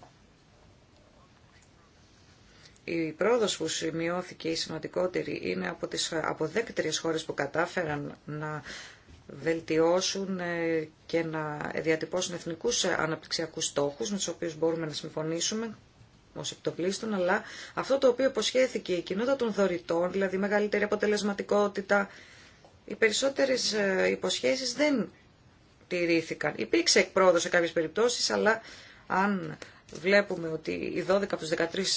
η πρόοδος που σημειώθηκε η σημαντικότερη είναι από τις αποδέκτριες χώρες που κατάφεραν να βελτιώσουν ε, και να διατυπώσουν εθνικούς αναπτυξιακούς στόχους με τους οποίους μπορούμε να συμφωνήσουμε ως επιτοπλίστων, αλλά αυτό το οποίο υποσχέθηκε η κοινότητα των δωρητών, δηλαδή μεγαλύτερη αποτελεσματικότητα, οι περισσότερες ε, υποσχέσεις δεν τηρήθηκαν. Υπήρξε εκπρόοδος σε κάποιες περιπτώσεις, αλλά αν βλέπουμε ότι οι 12 από τους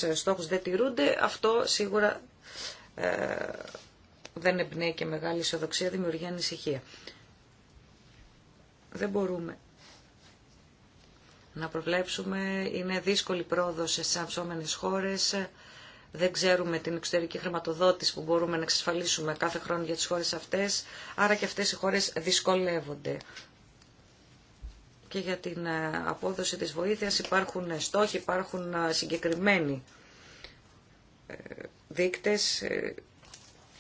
13 στόχους δεν τηρούνται, αυτό σίγουρα ε, δεν εμπνέει και μεγάλη ισοδοξία, δημιουργεί ανησυχία. Δεν μπορούμε να προβλέψουμε, είναι δύσκολη πρόοδος σε αμψόμενες χώρες, δεν ξέρουμε την εξωτερική χρηματοδότηση που μπορούμε να εξασφαλίσουμε κάθε χρόνο για τις χώρες αυτές, άρα και αυτές οι χώρες δυσκολεύονται και για την ε, απόδοση της βοήθειας υπάρχουν ε, στόχοι, υπάρχουν ε, συγκεκριμένοι δείκτες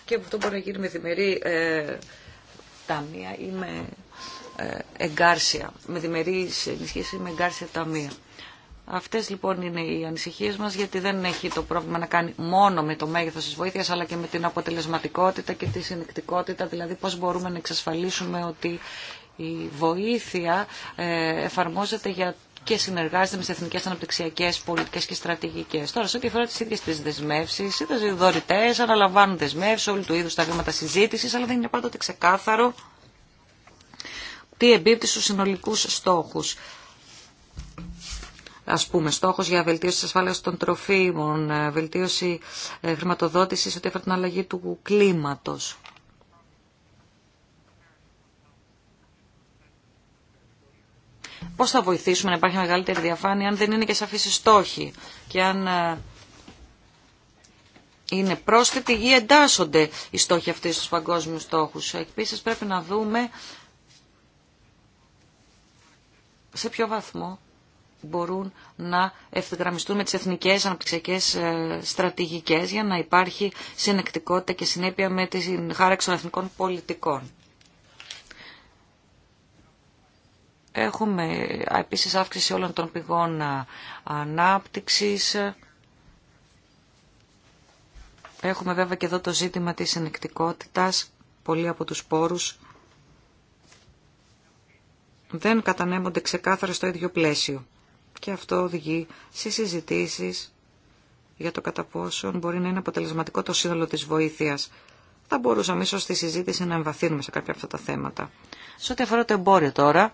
και αυτό μπορεί να γίνει με διμερή ταμεία ή με εγκάρσια, με διμερή ενισχύση ή με εγκάρσια ταμεία. Αυτές λοιπόν είναι οι ανησυχίες μας γιατί δεν έχει το πρόβλημα να κάνει μόνο με το μέγεθος της βοήθειας αλλά και με την αποτελεσματικότητα και τη συνεκτικότητα δηλαδή πώς μπορούμε να εξασφαλίσουμε ότι η βοήθεια ε, εφαρμόζεται για και συνεργάζεται με τι εθνικέ αναπτυξιακέ πολιτικέ και στρατηγικέ. Τώρα, σε ό,τι αφορά τι ίδιε τι δεσμεύσει, οι δωρητέ αναλαμβάνουν δεσμεύσει, όλου του είδου τα βήματα συζήτηση, αλλά δεν είναι πάντοτε ξεκάθαρο τι εμπίπτει στου συνολικού στόχου. Α πούμε, στόχο για βελτίωση τη ασφάλεια των τροφίμων, ε, βελτίωση ε, χρηματοδότηση ό,τι αφορά την αλλαγή του κλίματο. Πώς θα βοηθήσουμε να υπάρχει μεγαλύτερη διαφάνεια αν δεν είναι και σαφείς οι στόχοι και αν ε, είναι πρόσθετοι ή εντάσσονται οι στόχοι αυτοί στους παγκόσμιου στόχου. Επίση πρέπει να δούμε σε ποιο βαθμό μπορούν να ευθυγραμμιστούν με τις εθνικές αναπτυξιακές ε, στρατηγικές για να υπάρχει συνεκτικότητα και συνέπεια με τη χάραξη των εθνικών πολιτικών. Έχουμε επίσης αύξηση όλων των πηγών ανάπτυξης. Έχουμε βέβαια και εδώ το ζήτημα της ενεκτικότητας. Πολλοί από τους πόρους δεν κατανέμονται ξεκάθαρα στο ίδιο πλαίσιο. Και αυτό οδηγεί σε συζητήσεις για το κατά πόσον μπορεί να είναι αποτελεσματικό το σύνολο της βοήθειας. Θα μπορούσαμε ίσως στη συζήτηση να εμβαθύνουμε σε κάποια από αυτά τα θέματα. Σε ό,τι αφορά το εμπόριο τώρα,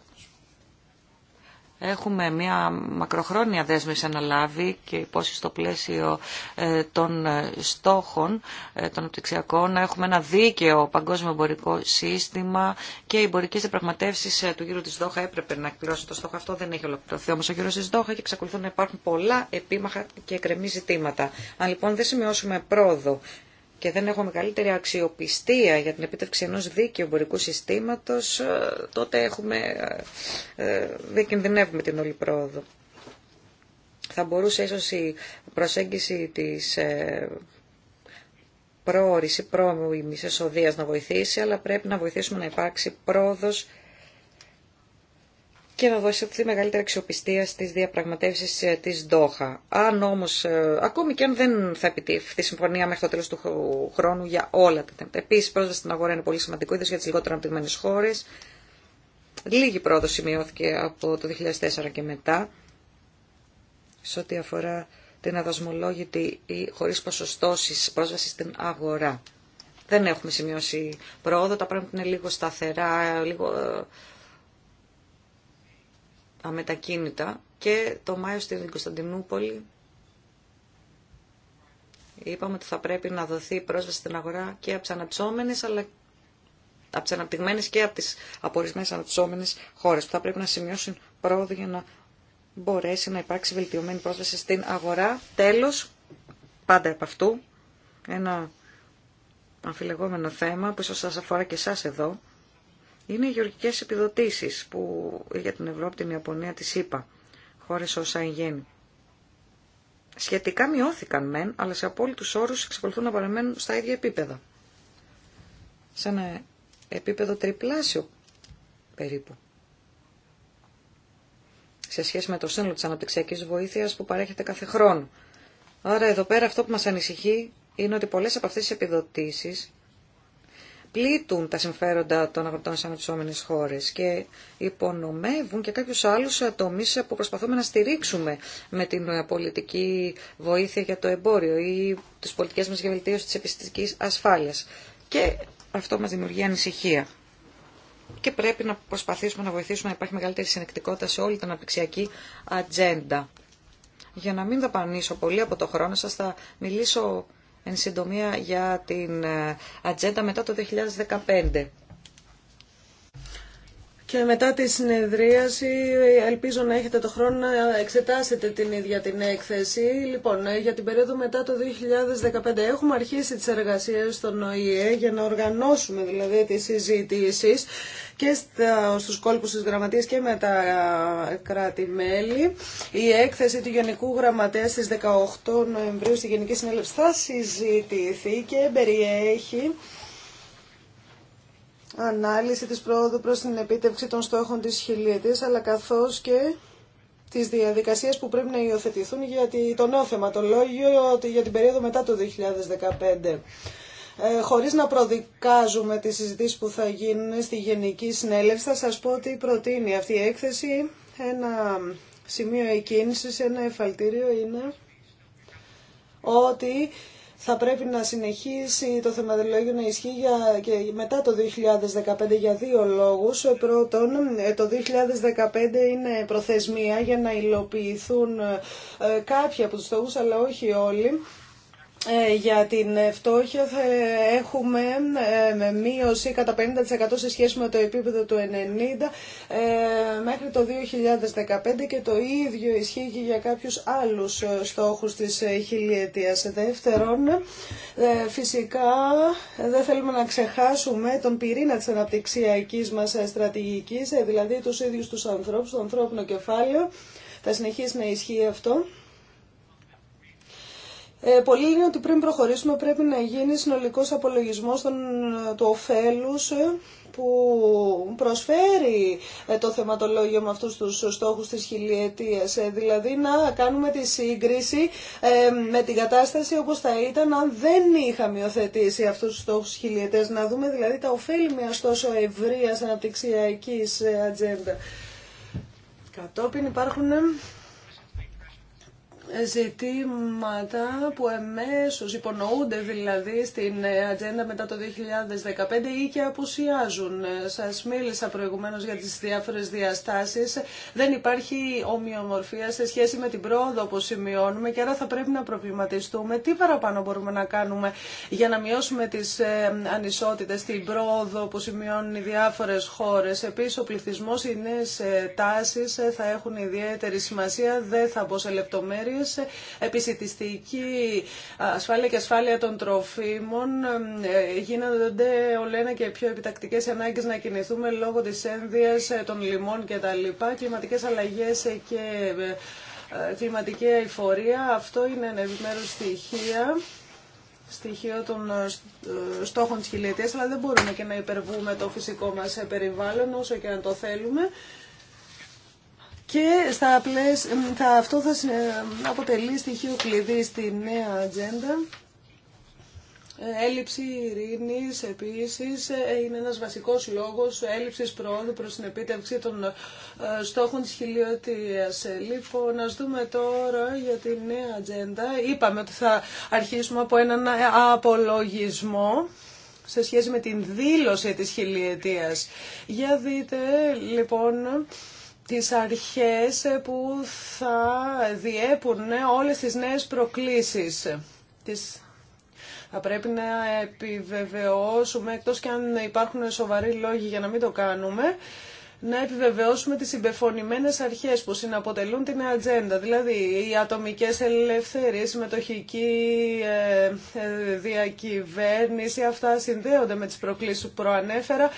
Έχουμε μια μακροχρόνια δέσμευση αναλάβει και υπόσχεση στο πλαίσιο ε, των ε, στόχων ε, των οπτυξιακών να έχουμε ένα δίκαιο παγκόσμιο εμπορικό σύστημα και οι εμπορικέ διαπραγματεύσει του γύρου τη Δόχα έπρεπε να εκπληρώσουν το στόχο αυτό. Δεν έχει ολοκληρωθεί όμω ο γύρο τη Δόχα και εξακολουθούν να υπάρχουν πολλά επίμαχα και εκκρεμή ζητήματα. Αν λοιπόν δεν σημειώσουμε πρόοδο και δεν έχουμε καλύτερη αξιοπιστία για την επίτευξη ενός δίκαιου εμπορικού συστήματος, ε, τότε έχουμε, ε, ε, δεν κινδυνεύουμε την όλη πρόοδο. Θα μπορούσε ίσως η προσέγγιση της πρόορης ή πρόμοιμης να βοηθήσει, αλλά πρέπει να βοηθήσουμε να υπάρξει πρόοδος και να δώσει τη μεγαλύτερη αξιοπιστία στις διαπραγματεύσεις ε, της Ντόχα. Αν όμως, ε, ακόμη και αν δεν θα επιτύχει συμφωνία μέχρι το τέλος του χρόνου για όλα τα θέματα. Επίσης, πρόσβαση στην αγορά είναι πολύ σημαντικό, είδος για τις λιγότερο αναπτυγμένες χώρες. Λίγη πρόοδο σημειώθηκε από το 2004 και μετά, σε ό,τι αφορά την αδοσμολόγητη ή χωρίς ποσοστώσεις πρόσβαση στην αγορά. Δεν έχουμε σημειώσει πρόοδο, τα πράγματα είναι λίγο σταθερά, λίγο ε, αμετακίνητα και το Μάιο στην Κωνσταντινούπολη είπαμε ότι θα πρέπει να δοθεί πρόσβαση στην αγορά και από τι αναψώμενες αλλά από τι αναπτυγμένε και από τις απορρισμένες αναψώμενες χώρες που θα πρέπει να σημειώσουν πρόοδο για να μπορέσει να υπάρξει βελτιωμένη πρόσβαση στην αγορά. Τέλος, πάντα από αυτού, ένα αμφιλεγόμενο θέμα που ίσως σας αφορά και εσάς εδώ, είναι οι γεωργικές επιδοτήσεις που για την Ευρώπη, την Ιαπωνία, τη ΣΥΠΑ, χώρες όσα εγγένει. Σχετικά μειώθηκαν μεν, αλλά σε απόλυτους όρους εξακολουθούν να παραμένουν στα ίδια επίπεδα. Σε ένα επίπεδο τριπλάσιο περίπου. Σε σχέση με το σύνολο της αναπτυξιακής βοήθειας που παρέχεται κάθε χρόνο. Άρα εδώ πέρα αυτό που μας ανησυχεί είναι ότι πολλές από αυτές τις επιδοτήσεις πλήττουν τα συμφέροντα των αγροτών σε αναπτυσσόμενες χώρες και υπονομεύουν και κάποιους άλλους τομείς που προσπαθούμε να στηρίξουμε με την πολιτική βοήθεια για το εμπόριο ή τις πολιτικές μας για βελτίωση της επιστημικής ασφάλειας. Και αυτό μας δημιουργεί ανησυχία. Και πρέπει να προσπαθήσουμε να βοηθήσουμε να υπάρχει μεγαλύτερη συνεκτικότητα σε όλη την αναπτυξιακή ατζέντα. Για να μην δαπανίσω πολύ από το χρόνο σας θα μιλήσω εν συντομία για την ε, ατζέντα μετά το 2015. Και μετά τη συνεδρίαση ελπίζω να έχετε το χρόνο να εξετάσετε την ίδια την έκθεση. Λοιπόν, ε, για την περίοδο μετά το 2015 έχουμε αρχίσει τις εργασίες στον ΟΗΕ για να οργανώσουμε δηλαδή τις συζητήσεις και στους κόλπους της γραμματείας και με τα ε, κράτη-μέλη. Η έκθεση του Γενικού Γραμματέα στις 18 Νοεμβρίου στη Γενική Συνέλευση θα συζητηθεί και περιέχει ανάλυση της πρόοδου προς την επίτευξη των στόχων της χιλιετής αλλά καθώς και τις διαδικασίες που πρέπει να υιοθετηθούν για το νέο θεματολόγιο για την περίοδο μετά το 2015. Ε, χωρίς να προδικάζουμε τις συζητήσεις που θα γίνουν στη Γενική Συνέλευση, θα σας πω ότι προτείνει αυτή η έκθεση ένα σημείο εκκίνησης, ένα εφαλτήριο είναι ότι θα πρέπει να συνεχίσει το θεματολόγιο να ισχύει για, και μετά το 2015 για δύο λόγους. Πρώτον, ε, το 2015 είναι προθεσμία για να υλοποιηθούν ε, κάποιοι από τους στόχους, αλλά όχι όλοι. Ε, για την φτώχεια θα έχουμε με μείωση κατά 50% σε σχέση με το επίπεδο του 90 ε, μέχρι το 2015 και το ίδιο ισχύει και για κάποιους άλλους ε, στόχους της χιλιετίας. Δεύτερον, φυσικά δεν θέλουμε να ξεχάσουμε τον πυρήνα της αναπτυξιακής μας στρατηγικής, δηλαδή τους ίδιους τους ανθρώπους, το ανθρώπινο κεφάλαιο. Θα συνεχίσει να ισχύει αυτό. Ε, πολλοί λένε ότι πριν προχωρήσουμε πρέπει να γίνει συνολικός απολογισμός των, του ωφέλους ε, που προσφέρει ε, το θεματολόγιο με αυτούς τους στόχους της χιλιετίας. Ε, δηλαδή να κάνουμε τη σύγκριση με την κατάσταση όπως θα ήταν αν δεν είχαμε υιοθετήσει αυτούς τους στόχους χιλιετές. Να δούμε δηλαδή τα ωφέλη μιας τόσο ευρεία αναπτυξιακής ατζέντα. Κατόπιν υπάρχουν ζητήματα που εμέσως υπονοούνται δηλαδή στην ατζέντα μετά το 2015 ή και απουσιάζουν. Σας μίλησα προηγουμένως για τις διάφορες διαστάσεις. Δεν υπάρχει ομοιομορφία σε σχέση με την πρόοδο που σημειώνουμε και άρα θα πρέπει να προβληματιστούμε τι παραπάνω μπορούμε να κάνουμε για να μειώσουμε τις ε, ανισότητες, την πρόοδο που σημειώνουν οι διάφορες χώρες. Επίσης ο πληθυσμός, οι νέες ε, τάσεις ε, θα έχουν ιδιαίτερη σημασία, δεν θα μπω σε λεπτομέρειε επισητιστική ασφάλεια και ασφάλεια των τροφίμων ε, γίνονται ολένα και πιο επιτακτικές ανάγκες να κινηθούμε λόγω της ένδυας ε, των λιμών κτλ. Κλιματικές αλλαγές ε, και κλιματική αηφορία. Αυτό είναι ένα επιμέρους στοιχεία στοιχείο των στόχων της χιλιετίας, αλλά δεν μπορούμε και να υπερβούμε το φυσικό μας περιβάλλον όσο και αν το θέλουμε και στα θα, αυτό θα ε, αποτελεί στοιχείο κλειδί στη νέα ατζέντα. Ε, έλλειψη ειρήνης επίσης ε, είναι ένας βασικός λόγος έλλειψης προόδου προς την επίτευξη των στόχων της χιλιοτίας. Λοιπόν, να δούμε τώρα για τη νέα ατζέντα. Είπαμε ότι θα αρχίσουμε από έναν απολογισμό σε σχέση με την δήλωση της χιλιετίας. Για δείτε λοιπόν τις αρχές που θα διέπουν όλες τις νέες προκλήσεις. Τις... Θα πρέπει να επιβεβαιώσουμε, εκτός και αν υπάρχουν σοβαροί λόγοι για να μην το κάνουμε, να επιβεβαιώσουμε τις συμπεφωνημένες αρχές που συναποτελούν την ατζέντα, δηλαδή οι ατομικές ελευθερίες, η συμμετοχική ε, ε, διακυβέρνηση, αυτά συνδέονται με τις προκλήσεις που προανέφερα,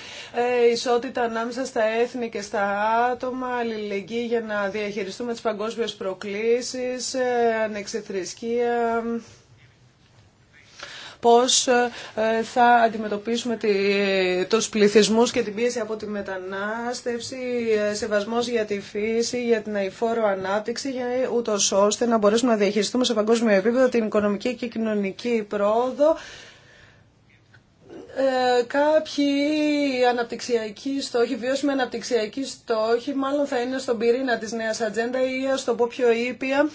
ε, ισότητα ανάμεσα στα έθνη και στα άτομα, αλληλεγγύη για να διαχειριστούμε τις παγκόσμιες προκλήσεις, ανεξιθρησκεία, πώς ε, θα αντιμετωπίσουμε τους πληθυσμούς και την πίεση από τη μετανάστευση, ε, σεβασμός για τη φύση, για την αηφόρο ανάπτυξη, για ούτως ώστε να μπορέσουμε να διαχειριστούμε σε παγκόσμιο επίπεδο την οικονομική και κοινωνική πρόοδο ε, κάποιοι αναπτυξιακοί στόχοι, βιώσιμοι αναπτυξιακοί στόχοι, μάλλον θα είναι στον πυρήνα της νέας ατζέντα ή ας το πω πιο ήπια,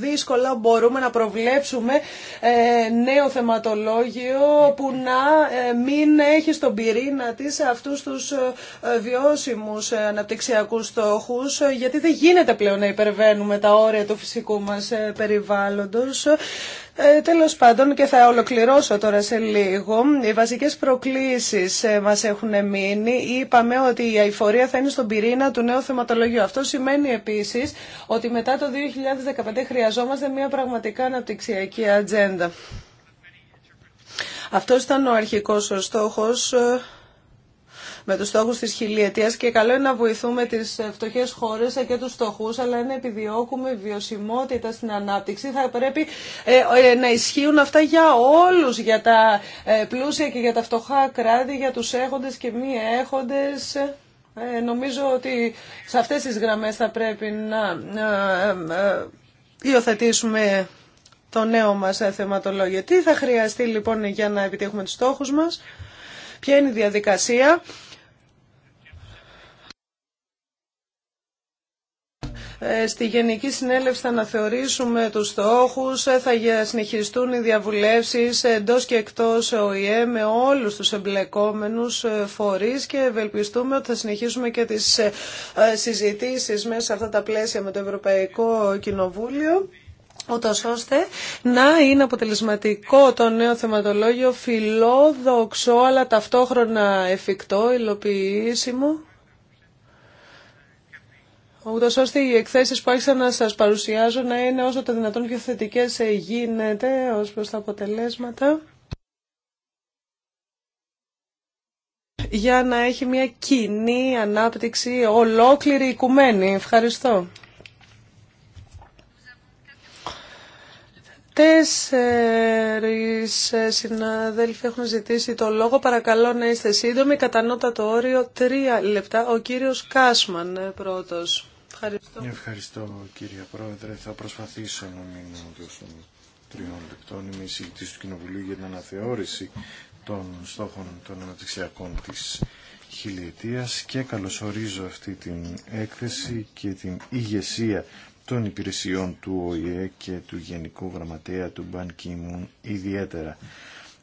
δύσκολα μπορούμε να προβλέψουμε ε, νέο θεματολόγιο που να ε, μην έχει στον πυρήνα της αυτούς τους ε, βιώσιμους αναπτυξιακούς στόχους, ε, γιατί δεν γίνεται πλέον να υπερβαίνουμε τα όρια του φυσικού μας περιβάλλοντος. Ε, τέλος πάντων και θα ολοκληρώσω τώρα σε λίγο. Οι βασικές προκλήσεις ε, μας έχουν μείνει. Είπαμε ότι η αηφορία θα είναι στον πυρήνα του νέου θεματολογίου. Αυτό σημαίνει επίσης ότι μετά το 2015 χρειαζόμαστε μια πραγματικά αναπτυξιακή ατζέντα. Αυτός ήταν ο αρχικός στόχο. στόχος ε, με τους στόχους της χιλιετίας και καλό είναι να βοηθούμε τις φτωχές χώρες και τους στόχους, αλλά να επιδιώκουμε βιωσιμότητα στην ανάπτυξη θα πρέπει ε, ε, να ισχύουν αυτά για όλους, για τα ε, πλούσια και για τα φτωχά κράτη, για τους έχοντες και μη έχοντες. Νομίζω ότι σε αυτές τις γραμμές θα πρέπει να υιοθετήσουμε το νέο μας θεματολόγιο. Τι θα χρειαστεί λοιπόν για να επιτύχουμε τους στόχους μας, ποια είναι η διαδικασία. Ε, στη Γενική Συνέλευση θα αναθεωρήσουμε τους στόχους, ε, θα συνεχιστούν οι διαβουλεύσεις ε, εντός και εκτός ΟΗΕ με όλους τους εμπλεκόμενους φορείς και ευελπιστούμε ότι θα συνεχίσουμε και τις συζητήσεις μέσα σε αυτά τα πλαίσια με το Ευρωπαϊκό Κοινοβούλιο ούτως ώστε να είναι αποτελεσματικό το νέο θεματολόγιο φιλόδοξο αλλά ταυτόχρονα εφικτό, υλοποιήσιμο ούτως ώστε οι εκθέσεις που άρχισα να σας παρουσιάζω να είναι όσο το δυνατόν πιο θετικές ε, γίνεται ως προς τα αποτελέσματα. για να έχει μια κοινή ανάπτυξη ολόκληρη οικουμένη. Ευχαριστώ. Τέσσερις ε, συναδέλφοι έχουν ζητήσει το λόγο. Παρακαλώ να είστε σύντομοι. το όριο τρία λεπτά. Ο κύριος Κάσμαν ε, πρώτος. Ευχαριστώ. Ευχαριστώ κύριε Πρόεδρε. Θα προσπαθήσω να μην δώσω τριών λεπτών. Είμαι του Κοινοβουλίου για την αναθεώρηση των στόχων των αναπτυξιακών της χιλιετία. και καλωσορίζω αυτή την έκθεση και την ηγεσία των υπηρεσιών του ΟΗΕ και του Γενικού Γραμματέα του Μπαν Κιμούν ιδιαίτερα.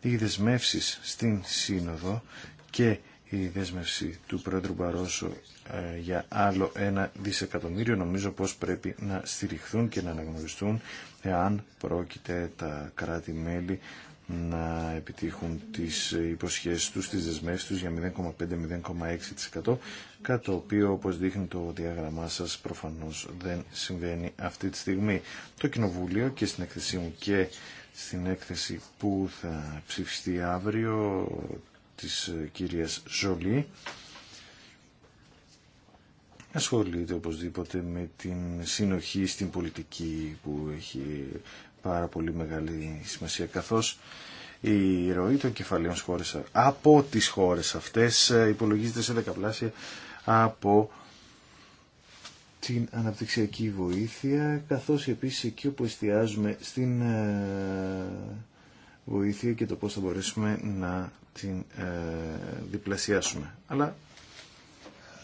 Οι δεσμεύσει στην Σύνοδο και η δέσμευση του Πρόεδρου Μπαρόσο ε, για άλλο ένα δισεκατομμύριο νομίζω πως πρέπει να στηριχθούν και να αναγνωριστούν εάν πρόκειται τα κράτη-μέλη να επιτύχουν τις υποσχέσεις τους, τις δεσμεύσεις τους για 0,5-0,6% κάτι το οποίο όπως δείχνει το διάγραμμά σας προφανώς δεν συμβαίνει αυτή τη στιγμή. Το Κοινοβούλιο και στην έκθεσή μου και στην έκθεση που θα ψηφιστεί αύριο της ε, κυρίας Ζολή ασχολείται οπωσδήποτε με την συνοχή στην πολιτική που έχει πάρα πολύ μεγάλη σημασία καθώς η ροή των κεφαλαίων από τις χώρες αυτές ε, υπολογίζεται σε δεκαπλάσια από την αναπτυξιακή βοήθεια καθώς επίσης εκεί όπου εστιάζουμε στην ε, βοήθεια και το πώς θα μπορέσουμε να την ε, διπλασιάσουμε. Αλλά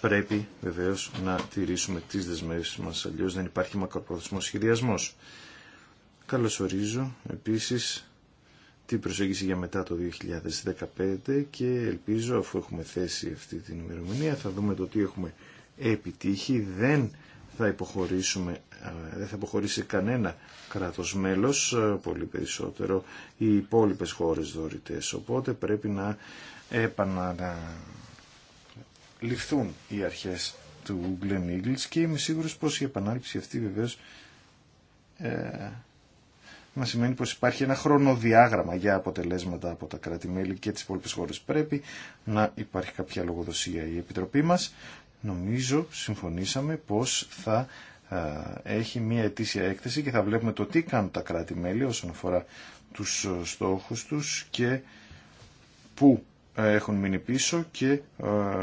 πρέπει βεβαίως να τηρήσουμε τις δεσμεύσεις μας, αλλιώς δεν υπάρχει μακροπρόθεσμος σχεδιασμός. ορίζω επίσης την προσέγγιση για μετά το 2015 και ελπίζω αφού έχουμε θέσει αυτή την ημερομηνία θα δούμε το τι έχουμε επιτύχει. Δεν θα υποχωρήσουμε, ε, δεν θα υποχωρήσει κανένα κράτος μέλος, ε, πολύ περισσότερο οι υπόλοιπε χώρες δωρητές. Οπότε πρέπει να επαναληφθούν οι αρχές του Glenn Eagles και είμαι σίγουρος πως η επανάληψη αυτή βεβαίως ε, μας σημαίνει πως υπάρχει ένα χρονοδιάγραμμα για αποτελέσματα από τα κράτη-μέλη και τις υπόλοιπες χώρες. Πρέπει να υπάρχει κάποια λογοδοσία. Η Επιτροπή μας νομίζω συμφωνήσαμε πως θα ε, έχει μία ετήσια έκθεση και θα βλέπουμε το τι κάνουν τα κράτη-μέλη όσον αφορά τους ε, στόχους τους και πού ε, έχουν μείνει πίσω και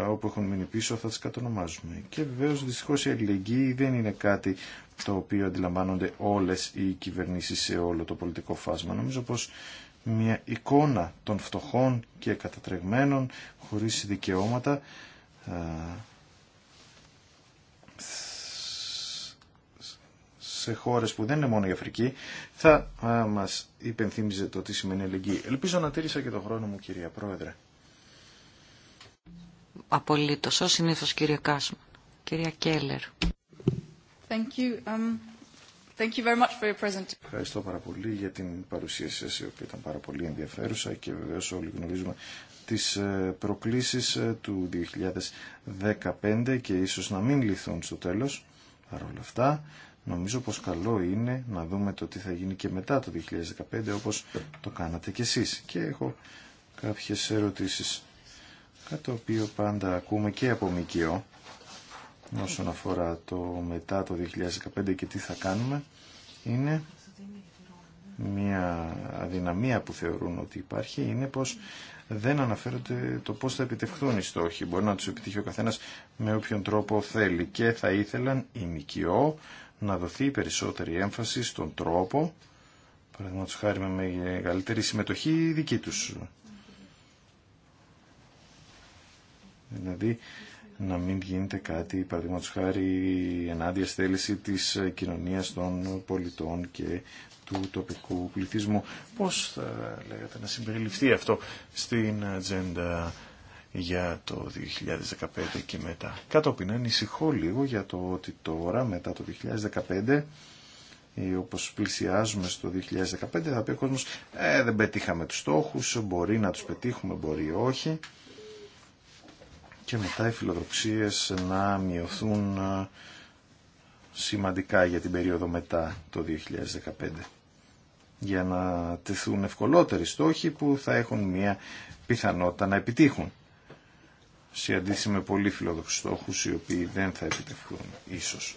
όπου έχουν μείνει πίσω θα τις κατονομάζουμε. Και βεβαίως δυστυχώς η αλληλεγγύη δεν είναι κάτι το οποίο αντιλαμβάνονται όλες οι κυβερνήσεις σε όλο το πολιτικό φάσμα. Νομίζω πως μια εικόνα των φτωχών και κατατρεγμένων χωρίς δικαιώματα σε χώρες που δεν είναι μόνο η Αφρική, θα α, μας υπενθύμιζε το τι σημαίνει ελεγγύη. Ελπίζω να τήρησα και τον χρόνο μου, κυρία Πρόεδρε. Απολύτως, ως συνήθως, κύριε Κάσμαν. Κυρία Κέλλερ. Thank you. Um, thank you very much for your Ευχαριστώ πάρα πολύ για την παρουσία σας, η οποία ήταν πάρα πολύ ενδιαφέρουσα και βεβαίω όλοι γνωρίζουμε τις ε, προκλήσεις ε, του 2015 και ίσως να μην λυθούν στο τέλος. Παρ' αυτά, Νομίζω πως καλό είναι να δούμε το τι θα γίνει και μετά το 2015 όπως το κάνατε κι εσείς. Και έχω κάποιες ερωτήσεις. Κάτι το οποίο πάντα ακούμε και από ΜΚΟ όσον αφορά το μετά το 2015 και τι θα κάνουμε είναι μια αδυναμία που θεωρούν ότι υπάρχει είναι πως δεν αναφέρονται το πώς θα επιτευχθούν οι στόχοι. Μπορεί να τους επιτύχει ο καθένας με όποιον τρόπο θέλει και θα ήθελαν οι ΜΚΟ να δοθεί περισσότερη έμφαση στον τρόπο, παραδείγματος χάρη με μεγαλύτερη συμμετοχή δική τους. Δηλαδή, να μην γίνεται κάτι, παραδείγματος χάρη, ενάντια στέλεση της κοινωνίας των πολιτών και του τοπικού πληθυσμού. Πώς θα λέγατε να συμπεριληφθεί αυτό στην ατζέντα για το 2015 και μετά. Κατόπιν ανησυχώ λίγο για το ότι τώρα μετά το 2015 ή όπως πλησιάζουμε στο 2015 θα πει ο κόσμος ε, δεν πετύχαμε τους στόχους, μπορεί να τους πετύχουμε, μπορεί όχι και μετά οι φιλοδοξίες να μειωθούν ε, σημαντικά για την περίοδο μετά το 2015 για να τεθούν ευκολότεροι στόχοι που θα έχουν μια πιθανότητα να επιτύχουν σε αντίθεση με πολύ φιλοδοξού στόχου οι οποίοι δεν θα επιτευχθούν ίσως.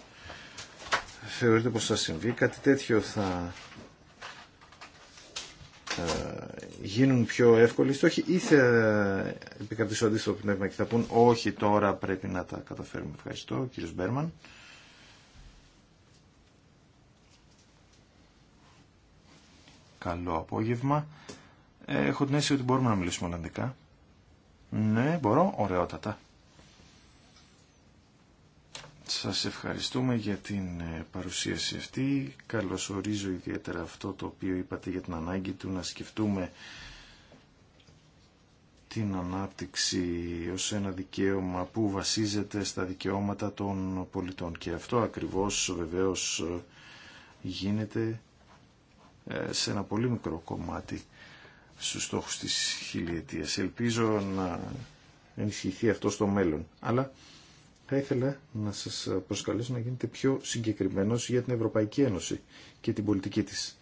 Θεωρείτε πω θα συμβεί. Κάτι τέτοιο θα γίνουν πιο εύκολοι στόχοι ή θα επικρατήσουν αντίστοιχο πνεύμα και θα πούν όχι τώρα πρέπει να τα καταφέρουμε. Ευχαριστώ κύριος Μπέρμαν. Καλό απόγευμα. Ε, έχω την αίσθηση ότι μπορούμε να μιλήσουμε Ολλανδικά. Ναι, μπορώ. Ωραιότατα. Σας ευχαριστούμε για την ε, παρουσίαση αυτή. Καλωσορίζω ιδιαίτερα αυτό το οποίο είπατε για την ανάγκη του να σκεφτούμε την ανάπτυξη ως ένα δικαίωμα που βασίζεται στα δικαιώματα των πολιτών. Και αυτό ακριβώς βεβαίως ε, γίνεται ε, σε ένα πολύ μικρό κομμάτι στους στόχους της χιλιετίας. Ελπίζω να ενισχυθεί αυτό στο μέλλον. Αλλά θα ήθελα να σας προσκαλέσω να γίνετε πιο συγκεκριμένος για την Ευρωπαϊκή Ένωση και την πολιτική της.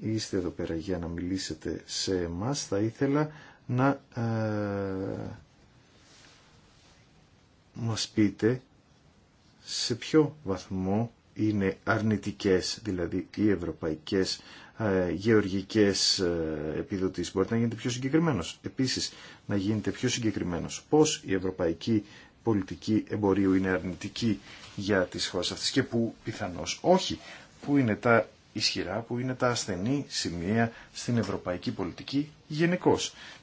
Είστε εδώ πέρα για να μιλήσετε σε εμάς. Θα ήθελα να ε, μας πείτε σε ποιο βαθμό είναι αρνητικές, δηλαδή οι ευρωπαϊκές ε, γεωργικές ε, επιδοτήσεις. Μπορείτε να γίνετε πιο συγκεκριμένος. Επίσης, να γίνετε πιο συγκεκριμένος πώς η ευρωπαϊκή πολιτική εμπορίου είναι αρνητική για τις χώρες αυτές και που πιθανώς όχι, που είναι τα ισχυρά, που είναι τα ασθενή σημεία στην ευρωπαϊκή πολιτική γενικώ.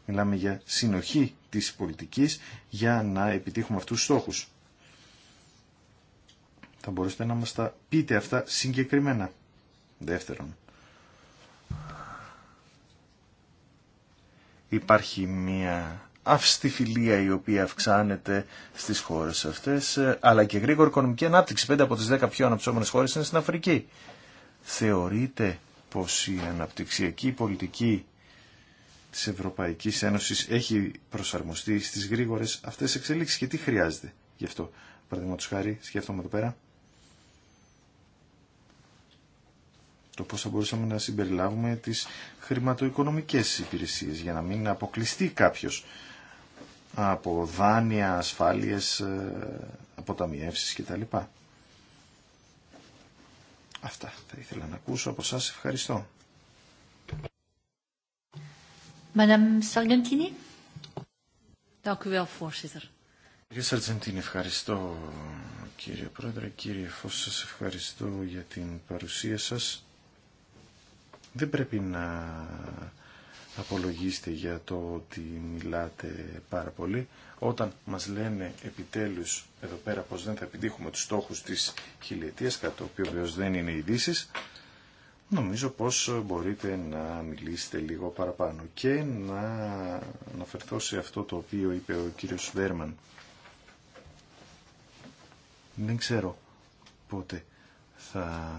Μιλάμε για συνοχή της πολιτικής για να επιτύχουμε αυτούς τους στόχους. Θα μπορούσατε να μας τα πείτε αυτά συγκεκριμένα. Δεύτερον, υπάρχει μια φιλία η οποία αυξάνεται στις χώρες αυτές, ε, αλλά και γρήγορη οικονομική ανάπτυξη. Πέντε από τις δέκα πιο αναπτυσσόμενες χώρες είναι στην Αφρική. Θεωρείτε πως η αναπτυξιακή πολιτική της Ευρωπαϊκής Ένωσης έχει προσαρμοστεί στις γρήγορες αυτές εξελίξεις και τι χρειάζεται γι' αυτό. Παραδείγματος χάρη, σκέφτομαι εδώ πέρα το πώς θα μπορούσαμε να συμπεριλάβουμε τις χρηματοοικονομικές υπηρεσίες για να μην αποκλειστεί κάποιος από δάνεια, ασφάλειες, ε, αποταμιεύσεις κτλ. Αυτά θα ήθελα να ακούσω από σας. Ευχαριστώ. Madame Sargentini. Dank u voorzitter. Κύριε ευχαριστώ κύριε Πρόεδρε, κύριε Φώσσα, σας ευχαριστώ για την παρουσία σας δεν πρέπει να απολογίστε για το ότι μιλάτε πάρα πολύ. Όταν μας λένε επιτέλους εδώ πέρα πως δεν θα επιτύχουμε τους στόχους της χιλιετίας, κατά το οποίο δεν είναι ειδήσει, νομίζω πως μπορείτε να μιλήσετε λίγο παραπάνω και να αναφερθώ σε αυτό το οποίο είπε ο κύριος Βέρμαν. Δεν ξέρω πότε θα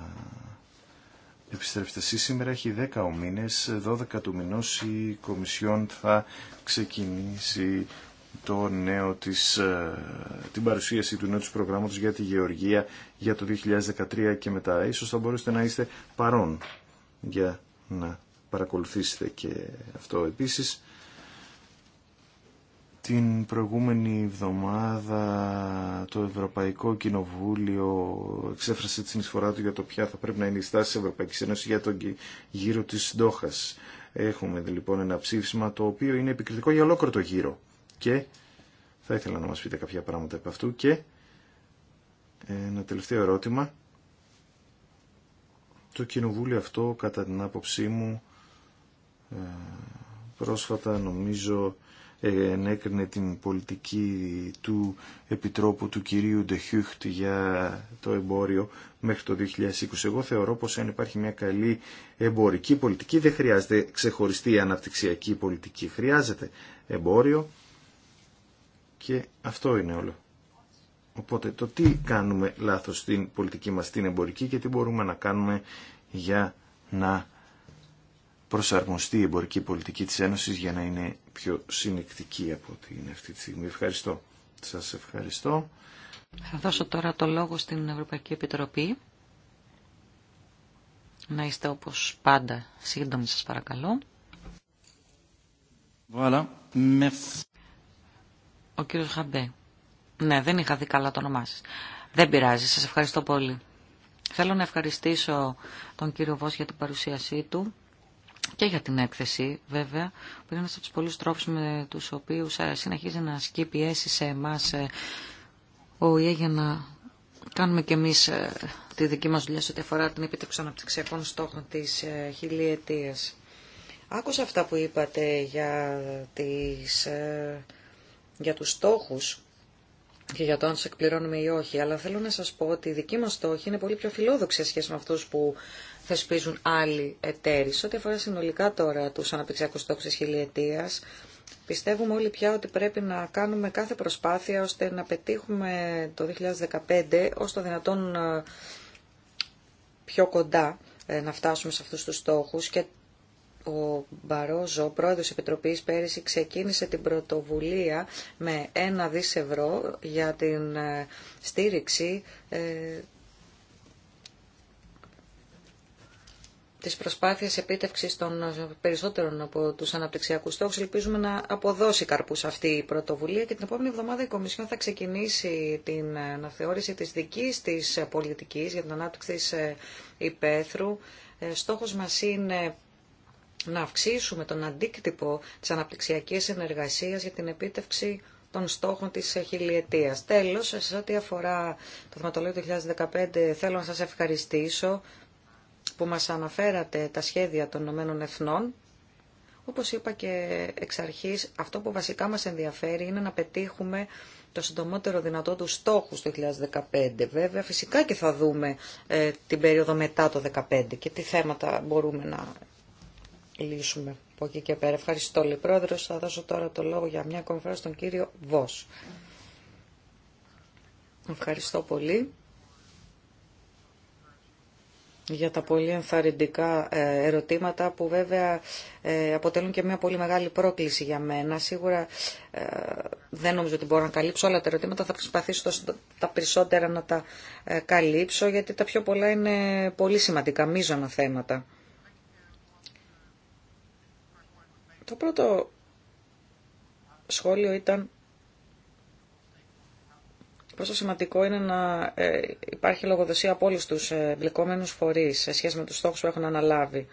επιστρέψτε Σήμερα έχει 10 μήνες, 12 του μηνός η Κομισιόν θα ξεκινήσει το νέο της, ε, την παρουσίαση του νέου της προγράμματος για τη Γεωργία για το 2013 και μετά. Ίσως θα μπορέσετε να είστε παρόν για να παρακολουθήσετε και αυτό επίσης την προηγούμενη εβδομάδα το Ευρωπαϊκό Κοινοβούλιο εξέφρασε τη συνεισφορά του για το ποια θα πρέπει να είναι η στάση της Ευρωπαϊκής Ένωσης για τον γύρο της Ντόχας. Έχουμε λοιπόν ένα ψήφισμα το οποίο είναι επικριτικό για ολόκληρο το γύρο και θα ήθελα να μας πείτε κάποια πράγματα από αυτού και ένα τελευταίο ερώτημα. Το Κοινοβούλιο αυτό κατά την άποψή μου ε, πρόσφατα νομίζω ενέκρινε την πολιτική του Επιτρόπου του κυρίου Ντεχιούχτ για το εμπόριο μέχρι το 2020. Εγώ θεωρώ πως αν υπάρχει μια καλή εμπορική πολιτική δεν χρειάζεται ξεχωριστή αναπτυξιακή πολιτική. Χρειάζεται εμπόριο και αυτό είναι όλο. Οπότε το τι κάνουμε λάθος στην πολιτική μας, την εμπορική και τι μπορούμε να κάνουμε για να προσαρμοστεί η εμπορική πολιτική της Ένωσης για να είναι πιο συνεκτική από ό,τι είναι αυτή τη στιγμή. Ευχαριστώ. Σας ευχαριστώ. Θα δώσω τώρα το λόγο στην Ευρωπαϊκή Επιτροπή. Να είστε όπως πάντα σύντομοι σας παρακαλώ. Voilà. Ο κύριος Χαμπέ. Ναι, δεν είχα δει καλά το όνομά σας. Δεν πειράζει, σας ευχαριστώ πολύ. Θέλω να ευχαριστήσω τον κύριο Βος για την παρουσίασή του και για την έκθεση βέβαια, που είναι ένας από τους πολλούς τρόπους με τους οποίους ε, συνεχίζει να ασκεί πιέση σε εμάς ε, ο ΙΕ για να κάνουμε κι εμείς ε, τη δική μας δουλειά σε ό,τι αφορά την επίτευξη αναπτυξιακών στόχων της χιλιετίας. Άκουσα αυτά που είπατε για, τις, για τους στόχους και για το αν τους εκπληρώνουμε ή όχι, αλλά θέλω να σας πω ότι οι δική μας στόχη είναι πολύ πιο φιλόδοξη σχέση με αυτούς που θεσπίζουν άλλοι εταίροι. Σε ό,τι αφορά συνολικά τώρα τους αναπτυξιακούς στόχους της χιλιετίας, πιστεύουμε όλοι πια ότι πρέπει να κάνουμε κάθε προσπάθεια ώστε να πετύχουμε το 2015 ως το δυνατόν ε, πιο κοντά ε, να φτάσουμε σε αυτούς τους στόχους και ο Μπαρόζο, ο πρόεδρος της Επιτροπής πέρυσι, ξεκίνησε την πρωτοβουλία με ένα δις ευρώ για την ε, στήριξη ε, της προσπάθειας επίτευξης των περισσότερων από τους αναπτυξιακούς στόχους. Ελπίζουμε να αποδώσει καρπούς αυτή η πρωτοβουλία και την επόμενη εβδομάδα η Κομισιόν θα ξεκινήσει την αναθεώρηση της δικής της πολιτικής για την ανάπτυξη ε, υπαίθρου. Στόχος μας είναι να αυξήσουμε τον αντίκτυπο της αναπτυξιακής συνεργασίας για την επίτευξη των στόχων της χιλιετίας. Τέλος, σε ό,τι αφορά το θεματολόγιο του 2015, θέλω να σας ευχαριστήσω που μας αναφέρατε τα σχέδια των Ηνωμένων Εθνών. Όπως είπα και εξ αρχής, αυτό που βασικά μας ενδιαφέρει είναι να πετύχουμε το συντομότερο δυνατό του στόχου του 2015. Βέβαια, φυσικά και θα δούμε ε, την περίοδο μετά το 2015 και τι θέματα μπορούμε να λύσουμε από εκεί και πέρα. Ευχαριστώ, λέει πρόεδρος. Θα δώσω τώρα το λόγο για μια ακόμη φορά στον κύριο Βος. Ευχαριστώ πολύ για τα πολύ ενθαρρυντικά ε, ερωτήματα που βέβαια ε, αποτελούν και μια πολύ μεγάλη πρόκληση για μένα. Σίγουρα ε, δεν νομίζω ότι μπορώ να καλύψω όλα τα ερωτήματα, θα προσπαθήσω τα περισσότερα να τα καλύψω γιατί τα πιο πολλά είναι πολύ σημαντικά, μείζωνα θέματα. Το πρώτο σχόλιο ήταν πόσο σημαντικό είναι να ε, υπάρχει λογοδοσία από όλους τους ε, εμπλεκόμενους φορείς σε σχέση με τους στόχους που έχουν αναλάβει.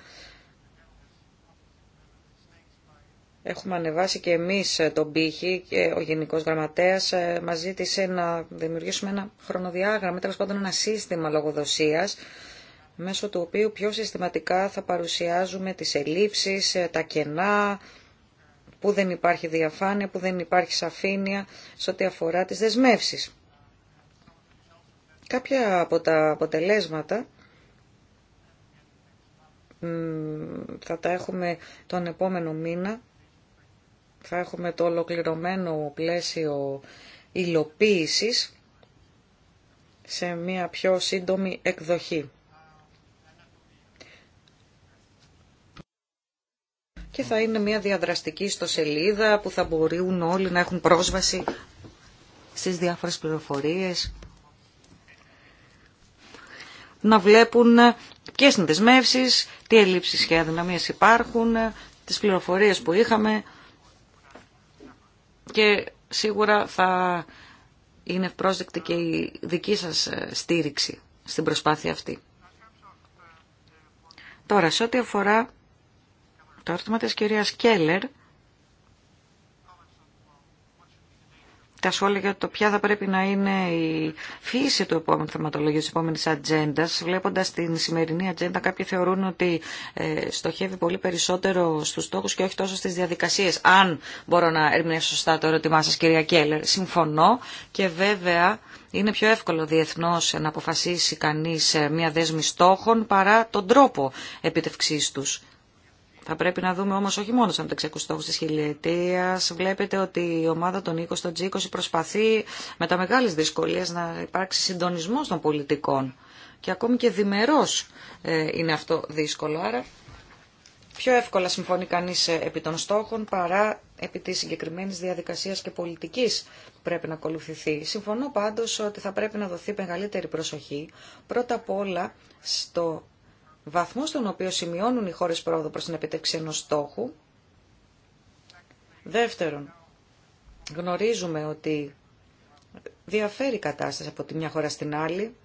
Έχουμε ανεβάσει και εμείς ε, τον πύχη και ο Γενικός Γραμματέας μας ζήτησε να δημιουργήσουμε ένα χρονοδιάγραμμα, τέλος πάντων ένα σύστημα λογοδοσίας μέσω του οποίου πιο συστηματικά θα παρουσιάζουμε τις ελλείψεις, ε, τα κενά, που δεν υπάρχει διαφάνεια, που δεν υπάρχει σαφήνεια σε ό,τι αφορά τις δεσμεύσεις. Κάποια από τα αποτελέσματα θα τα έχουμε τον επόμενο μήνα. Θα έχουμε το ολοκληρωμένο πλαίσιο υλοποίησης σε μια πιο σύντομη εκδοχή. και θα είναι μια διαδραστική ιστοσελίδα που θα μπορούν όλοι να έχουν πρόσβαση στις διάφορες πληροφορίες, να βλέπουν ποιες είναι τι ελλείψεις και αδυναμίες υπάρχουν, τις πληροφορίες που είχαμε και σίγουρα θα είναι ευπρόσδεκτη και η δική σας στήριξη στην προσπάθεια αυτή. Τώρα, σε ό,τι αφορά το ερώτημα της κυρίας Κέλλερ τα σχόλια για το ποια θα πρέπει να είναι η φύση του επόμενου θεματολογίου, της επόμενης ατζέντα. Βλέποντας την σημερινή ατζέντα κάποιοι θεωρούν ότι ε, στοχεύει πολύ περισσότερο στους στόχους και όχι τόσο στις διαδικασίες. Αν μπορώ να ερμηνεύσω σωστά το ερώτημά σας κυρία Κέλλερ, συμφωνώ και βέβαια είναι πιο εύκολο διεθνώς να αποφασίσει κανείς ε, μια δέσμη στόχων παρά τον τρόπο επιτευξής τους. Θα πρέπει να δούμε όμως όχι μόνο σαν το στόχους της χιλιετίας. Βλέπετε ότι η ομάδα των 20 των G20 προσπαθεί με τα μεγάλες δυσκολίες να υπάρξει συντονισμός των πολιτικών. Και ακόμη και διμερός ε, είναι αυτό δύσκολο. Άρα πιο εύκολα συμφωνεί κανείς ε, επί των στόχων παρά επί της συγκεκριμένης διαδικασίας και πολιτικής που πρέπει να ακολουθηθεί. Συμφωνώ πάντως ότι θα πρέπει να δοθεί μεγαλύτερη προσοχή πρώτα απ' όλα στο βαθμό στον οποίο σημειώνουν οι χώρε πρόοδο προς την επιτεύξη ενό στόχου. Δεύτερον, γνωρίζουμε ότι διαφέρει η κατάσταση από τη μια χώρα στην άλλη.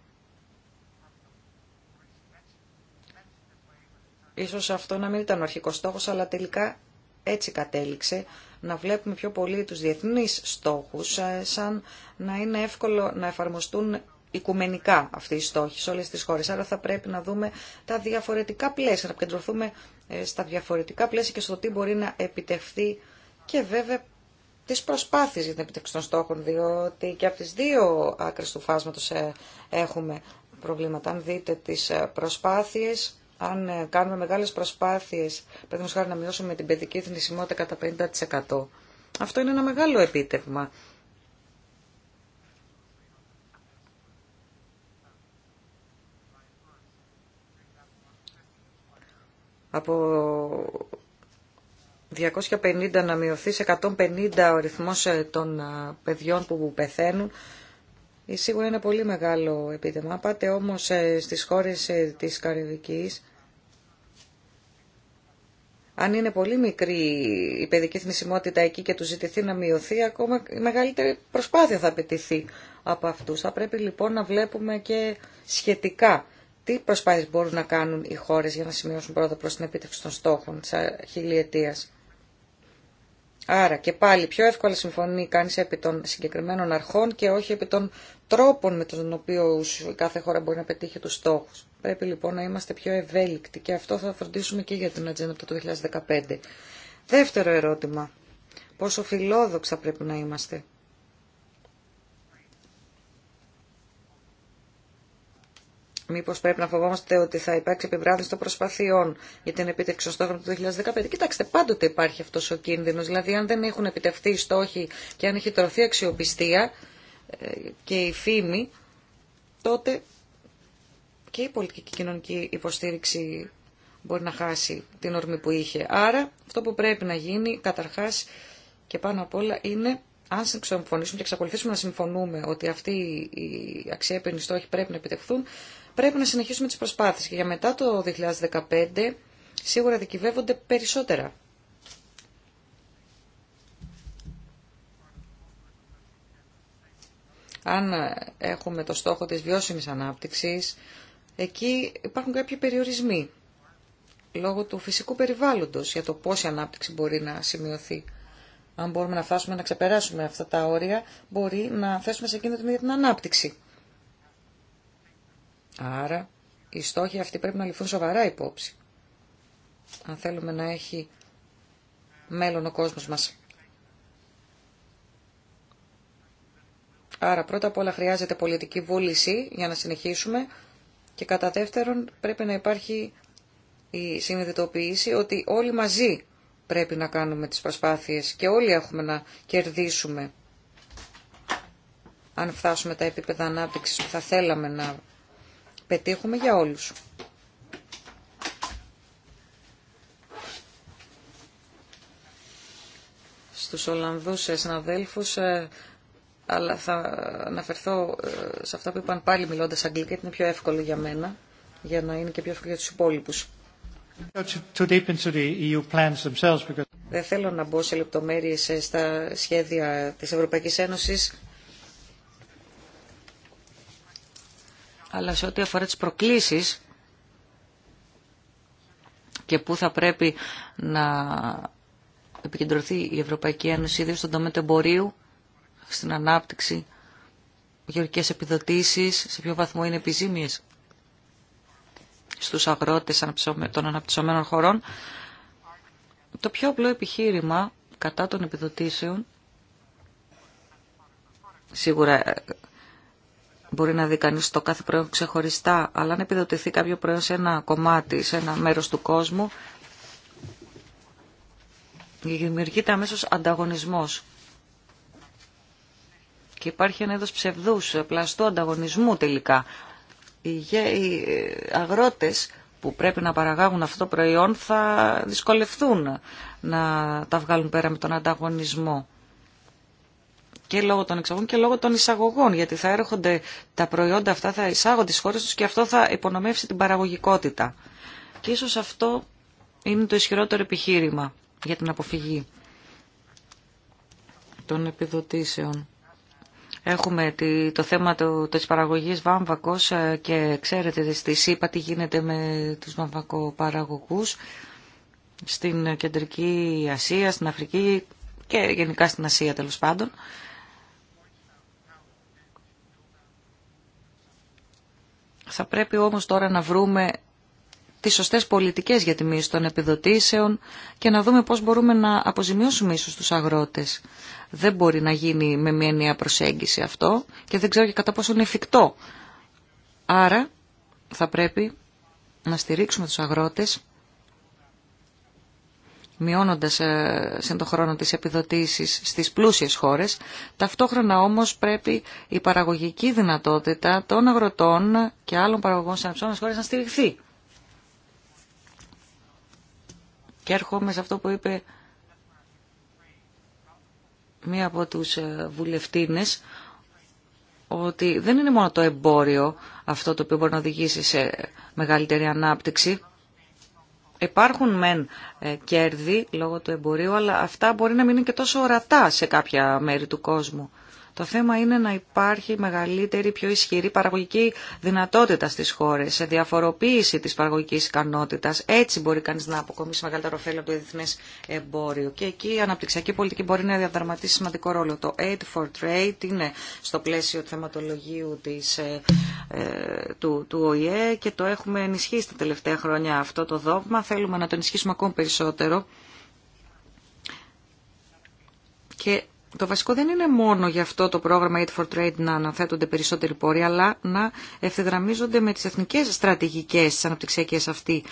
Ίσως αυτό να μην ήταν ο αρχικός στόχος, αλλά τελικά έτσι κατέληξε να βλέπουμε πιο πολύ τους διεθνείς στόχους ε, σαν να είναι εύκολο να εφαρμοστούν οικουμενικά αυτή η στόχη σε όλες τις χώρες. Άρα θα πρέπει να δούμε τα διαφορετικά πλαίσια, να επικεντρωθούμε ε, στα διαφορετικά πλαίσια και στο τι μπορεί να επιτευχθεί και βέβαια τις προσπάθειες για την επιτευχή των στόχων, διότι και από τις δύο άκρες του φάσματος ε, έχουμε προβλήματα. Αν δείτε τις ε, προσπάθειες, αν κάνουμε μεγάλες προσπάθειες, πρέπει χάρη να μειώσουμε την παιδική θνησιμότητα κατά 50%. Αυτό είναι ένα μεγάλο επίτευγμα από 250 να μειωθεί σε 150 ο ρυθμός ε, των ε, παιδιών που πεθαίνουν ή ε, σίγουρα είναι πολύ μεγάλο επίδεμα. Πάτε όμως στις χώρες της Καραϊβικής, αν είναι πολύ μικρή παιδική στις χωρες της Καρυβικής. αν ειναι εκεί και του ζητηθεί να μειωθεί, ακόμα η μεγαλύτερη προσπάθεια θα απαιτηθεί από αυτούς. Θα πρέπει λοιπόν να βλέπουμε και σχετικά τι προσπάθειες μπορούν να κάνουν οι χώρες για να σημειώσουν πρόοδο προς την επίτευξη των στόχων της χιλιετίας. Άρα και πάλι πιο εύκολα συμφωνεί κανείς επί των συγκεκριμένων αρχών και όχι επί των τρόπων με τον οποίο κάθε χώρα μπορεί να πετύχει τους στόχους. Πρέπει λοιπόν να είμαστε πιο ευέλικτοι και αυτό θα φροντίσουμε και για την ατζέντα του 2015. Δεύτερο ερώτημα. Πόσο φιλόδοξα πρέπει να είμαστε. Μήπω πρέπει να φοβόμαστε ότι θα υπάρξει επιβράδυνση των προσπαθειών για την επίτευξη των στόχων του 2015. Κοιτάξτε, πάντοτε υπάρχει αυτό ο κίνδυνο, Δηλαδή, αν δεν έχουν επιτευχθεί οι στόχοι και αν έχει τρωθεί αξιοπιστία ε, και η φήμη, τότε και η πολιτική και η κοινωνική υποστήριξη μπορεί να χάσει την ορμή που είχε. Άρα, αυτό που πρέπει να γίνει, καταρχά και πάνω απ' όλα, είναι αν συμφωνήσουμε και εξακολουθήσουμε να συμφωνούμε ότι αυτοί οι αξιέπαινοι στόχοι πρέπει να επιτευχθούν, Πρέπει να συνεχίσουμε τις προσπάθειες και για μετά το 2015 σίγουρα δικηβεύονται περισσότερα. Αν έχουμε το στόχο της βιώσιμης ανάπτυξης, εκεί υπάρχουν κάποιοι περιορισμοί λόγω του φυσικού περιβάλλοντος για το πώς η ανάπτυξη μπορεί να σημειωθεί. Αν μπορούμε να φτάσουμε να ξεπεράσουμε αυτά τα όρια, μπορεί να θέσουμε σε κίνδυνο την ανάπτυξη. Άρα οι στόχοι αυτοί πρέπει να ληφθούν σοβαρά υπόψη. Αν θέλουμε να έχει μέλλον ο κόσμος μας. Άρα πρώτα απ' όλα χρειάζεται πολιτική βούληση για να συνεχίσουμε και κατά δεύτερον πρέπει να υπάρχει η συνειδητοποίηση ότι όλοι μαζί πρέπει να κάνουμε τις προσπάθειες και όλοι έχουμε να κερδίσουμε αν φτάσουμε τα επίπεδα ανάπτυξης που θα θέλαμε να πετύχουμε για όλους. Στους Ολλανδούς συναδέλφους, ε, αλλά θα αναφερθώ ε, σε αυτά που είπαν πάλι μιλώντας αγγλικά, γιατί είναι πιο εύκολο για μένα, για να είναι και πιο εύκολο για τους υπόλοιπους. E Δεν θέλω να μπω σε λεπτομέρειες ε, στα σχέδια της Ευρωπαϊκής Ένωσης, αλλά σε ό,τι αφορά τις προκλήσεις και πού θα πρέπει να επικεντρωθεί η Ευρωπαϊκή Ένωση, ιδίως στον τομέα του εμπορίου, στην ανάπτυξη, γεωργικές επιδοτήσεις, σε ποιο βαθμό είναι επιζήμιες στους αγρότες των αναπτυσσομένων χωρών. Το πιο απλό επιχείρημα κατά των επιδοτήσεων, σίγουρα ε, Μπορεί να δει κανείς το κάθε προϊόν ξεχωριστά, αλλά αν επιδοτηθεί κάποιο προϊόν σε ένα κομμάτι, σε ένα μέρος του κόσμου, δημιουργείται αμέσως ανταγωνισμός. Και υπάρχει ένα είδος ψευδούς, πλαστού ανταγωνισμού τελικά. Οι ε, αγρότες που πρέπει να παραγάγουν αυτό το προϊόν θα δυσκολευτούν να τα βγάλουν πέρα με τον ανταγωνισμό και λόγω των εξαγωγών και λόγω των εισαγωγών, γιατί θα έρχονται τα προϊόντα αυτά, θα εισάγονται στι χώρε του και αυτό θα υπονομεύσει την παραγωγικότητα. Και ίσως αυτό είναι το ισχυρότερο επιχείρημα για την αποφυγή των επιδοτήσεων. Έχουμε το θέμα τη της παραγωγής βάμβακος ε, και ξέρετε στη ΣΥΠΑ τι γίνεται με τους βαμβακοπαραγωγούς στην Κεντρική Ασία, στην Αφρική και γενικά στην Ασία τέλος πάντων. Θα πρέπει όμως τώρα να βρούμε τις σωστές πολιτικές για τη μείωση των επιδοτήσεων και να δούμε πώς μπορούμε να αποζημιώσουμε ίσως τους αγρότες. Δεν μπορεί να γίνει με μια νέα προσέγγιση αυτό και δεν ξέρω και κατά πόσο είναι εφικτό. Άρα θα πρέπει να στηρίξουμε τους αγρότες μειώνοντας ε, σε τον χρόνο της επιδοτήσεις στις πλούσιες χώρες. Ταυτόχρονα όμως πρέπει η παραγωγική δυνατότητα των αγροτών και άλλων παραγωγών σε αναψώνες χώρες να στηριχθεί. Και έρχομαι σε αυτό που είπε μία από τους ε, βουλευτίνες, ότι δεν είναι μόνο το εμπόριο αυτό το οποίο μπορεί να οδηγήσει σε μεγαλύτερη ανάπτυξη, Υπάρχουν μεν ε, κέρδη λόγω του εμπορίου, αλλά αυτά μπορεί να μην είναι και τόσο ορατά σε κάποια μέρη του κόσμου. Το θέμα είναι να υπάρχει μεγαλύτερη, πιο ισχυρή παραγωγική δυνατότητα στις χώρες, σε διαφοροποίηση της παραγωγικής ικανότητας. Έτσι μπορεί κανείς να αποκομίσει μεγαλύτερο ωφέλη από το διεθνές εμπόριο. Και εκεί η αναπτυξιακή πολιτική μπορεί να διαδραματίσει σημαντικό ρόλο. Το Aid for Trade είναι στο πλαίσιο του θεματολογίου της, ε, ε, του, του ΟΗΕ και το έχουμε ενισχύσει τα τελευταία χρόνια αυτό το δόγμα. Θέλουμε να το ενισχύσουμε ακόμη περισσότερο. Το βασικό δεν είναι μόνο για αυτό το πρόγραμμα Aid for Trade να αναθέτονται περισσότεροι πόροι, αλλά να ευθυγραμμίζονται με τις εθνικές στρατηγικές τι αναπτυξιακές αυτοί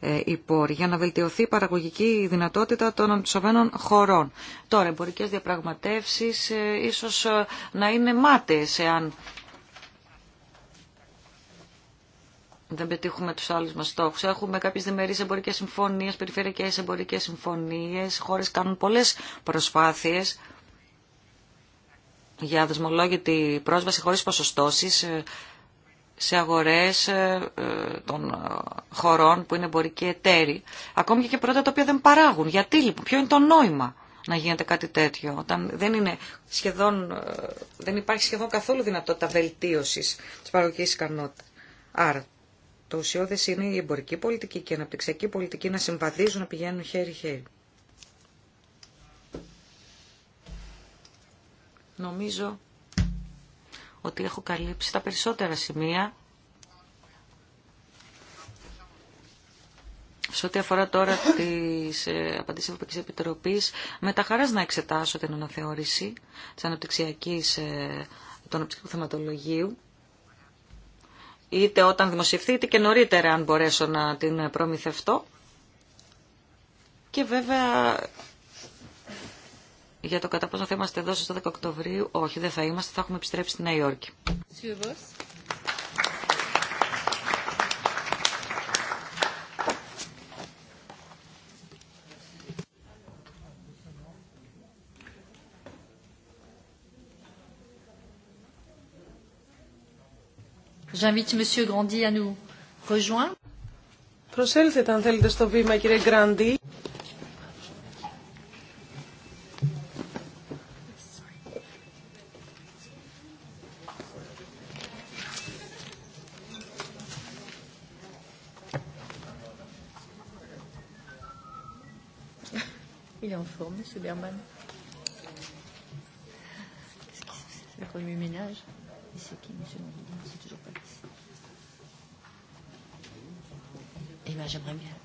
ε, οι πόροι, για να βελτιωθεί η παραγωγική δυνατότητα των αντισωμένων χωρών. Τώρα, εμπορικέ διαπραγματεύσεις ε, ίσως ε, να είναι μάταιες, εάν δεν πετύχουμε τους άλλους μας στόχους. Έχουμε κάποιες διμερείς εμπορικές συμφωνίες, περιφερειακές εμπορικές συμφωνίες, χώρες κάνουν πολλέ προσπάθειε για δεσμολόγητη πρόσβαση χωρίς ποσοστώσεις ε, σε αγορές ε, ε, των χωρών που είναι εμπορικοί εταίροι, ακόμη και, πρώτα τα οποία δεν παράγουν. Γιατί λοιπόν, ποιο είναι το νόημα να γίνεται κάτι τέτοιο, όταν δεν, είναι σχεδόν, δεν υπάρχει σχεδόν καθόλου δυνατότητα βελτίωσης της παραγωγικής ικανότητας. Άρα, το ουσιώδες είναι η εμπορική πολιτική και η αναπτυξιακή πολιτική να συμβαδίζουν, να πηγαίνουν χέρι-χέρι. Νομίζω ότι έχω καλύψει τα περισσότερα σημεία. Σε ό,τι αφορά τώρα τις ε, απαντήσεις της Επιτροπής, με τα χαράς να εξετάσω την αναθεώρηση της αναπτυξιακής, ε, του αναπτυξιακού θεματολογίου, είτε όταν δημοσιευθεί, είτε και νωρίτερα αν μπορέσω να την προμηθευτώ. Και βέβαια για το κατά πόσο θα είμαστε εδώ στο 10 Οκτωβρίου. Όχι, δεν θα είμαστε, θα έχουμε επιστρέψει στη Νέα Υόρκη. J'invite Grandi à nous rejoindre. Προσέλθετε αν θέλετε στο βήμα κύριε Γκράντι. Il est en forme, M. Berman. Le premier ménage. Et c'est qui, M. Mandino C'est toujours pas ici. Eh bien, j'aimerais bien.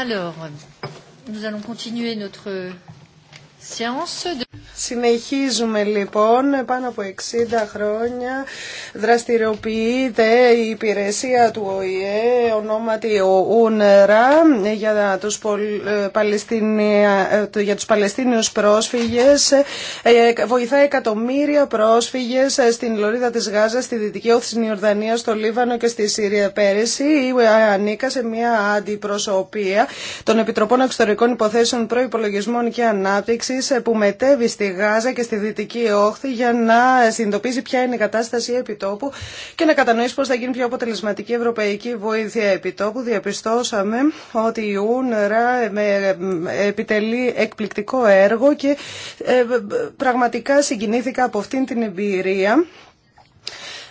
Alors, nous allons continuer notre séance. De... Συνεχίζουμε λοιπόν πάνω από 60 χρόνια δραστηριοποιείται η υπηρεσία του ΟΗΕ ονόματι ο για τους, ε, Παλαιστινια... Ε, για τους Παλαιστίνιους πρόσφυγες. Ε, βοηθάει εκατομμύρια πρόσφυγες στην Λωρίδα της Γάζας, στη Δυτική Όχθη, στην Ιορδανία, στο Λίβανο και στη Συρία πέρυσι. Ανήκα σε μια αντιπροσωπεία των Επιτροπών Εξωτερικών Υποθέσεων Προϋπολογισμών και Ανάπτυξης που μετέβει στη Γάζα και στη Δυτική Όχθη για να συνειδητοποιήσει ποια είναι η κατάσταση επί επιτόπου και να κατανοήσει πώ θα γίνει πιο αποτελεσματική ευρωπαϊκή βοήθεια επιτόπου. Διαπιστώσαμε ότι η Ούνρα ε, ε, επιτελεί εκπληκτικό έργο και ε, πραγματικά συγκινήθηκα από αυτήν την εμπειρία.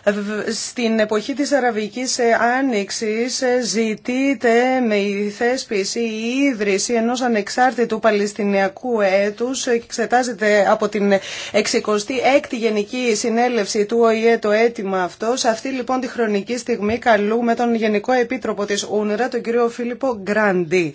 Ε, στην εποχή της Αραβικής ε, Άνοιξης ε, ζητείται με η θέσπιση η ίδρυση ενός ανεξάρτητου Παλαιστινιακού έτους και εξετάζεται από την 66η Γενική Συνέλευση του ΟΗΕ το αίτημα αυτό. Σε αυτή λοιπόν τη χρονική στιγμή καλούμε τον Γενικό Επίτροπο της Ούνερα, τον κύριο Φίλιππο Γκράντι.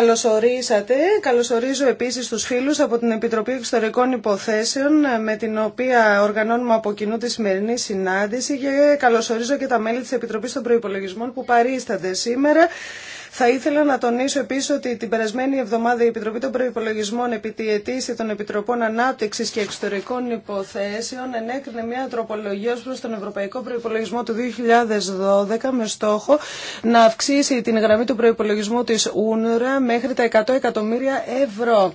Καλωσορίσατε. Καλωσορίζω επίσης τους φίλους από την Επιτροπή Εξωτερικών Υποθέσεων με την οποία οργανώνουμε από κοινού τη σημερινή συνάντηση και καλωσορίζω και τα μέλη της Επιτροπής των Προϋπολογισμών που παρίστανται σήμερα. Θα ήθελα να τονίσω επίση ότι την περασμένη εβδομάδα η Επιτροπή των Προπολογισμών επί τη αιτήση των Επιτροπών Ανάπτυξη και Εξωτερικών Υποθέσεων ενέκρινε μια τροπολογία ω προ τον Ευρωπαϊκό Προπολογισμό του 2012 με στόχο να αυξήσει την γραμμή του προπολογισμού τη UNRWA μέχρι τα 100 εκατομμύρια ευρώ.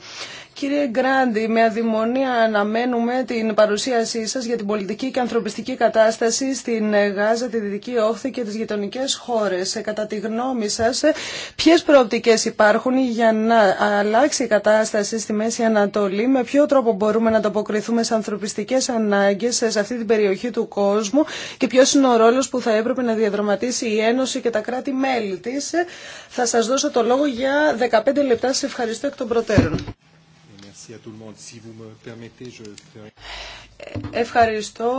Κύριε Γκράντι, με αδημονία αναμένουμε την παρουσίασή σας για την πολιτική και ανθρωπιστική κατάσταση στην Γάζα, τη Δυτική Όχθη και τις γειτονικές χώρες. Ε, κατά τη γνώμη σας, ε, ποιες προοπτικές υπάρχουν για να αλλάξει η κατάσταση στη Μέση Ανατολή, με ποιο τρόπο μπορούμε να ανταποκριθούμε σε ανθρωπιστικές ανάγκες ε, σε αυτή την περιοχή του κόσμου και ποιος είναι ο ρόλος που θα έπρεπε να διαδραματίσει η Ένωση και τα κράτη-μέλη της. Θα σας δώσω το λόγο για 15 λεπτά. σε ευχαριστώ εκ των προτέρων. Ευχαριστώ.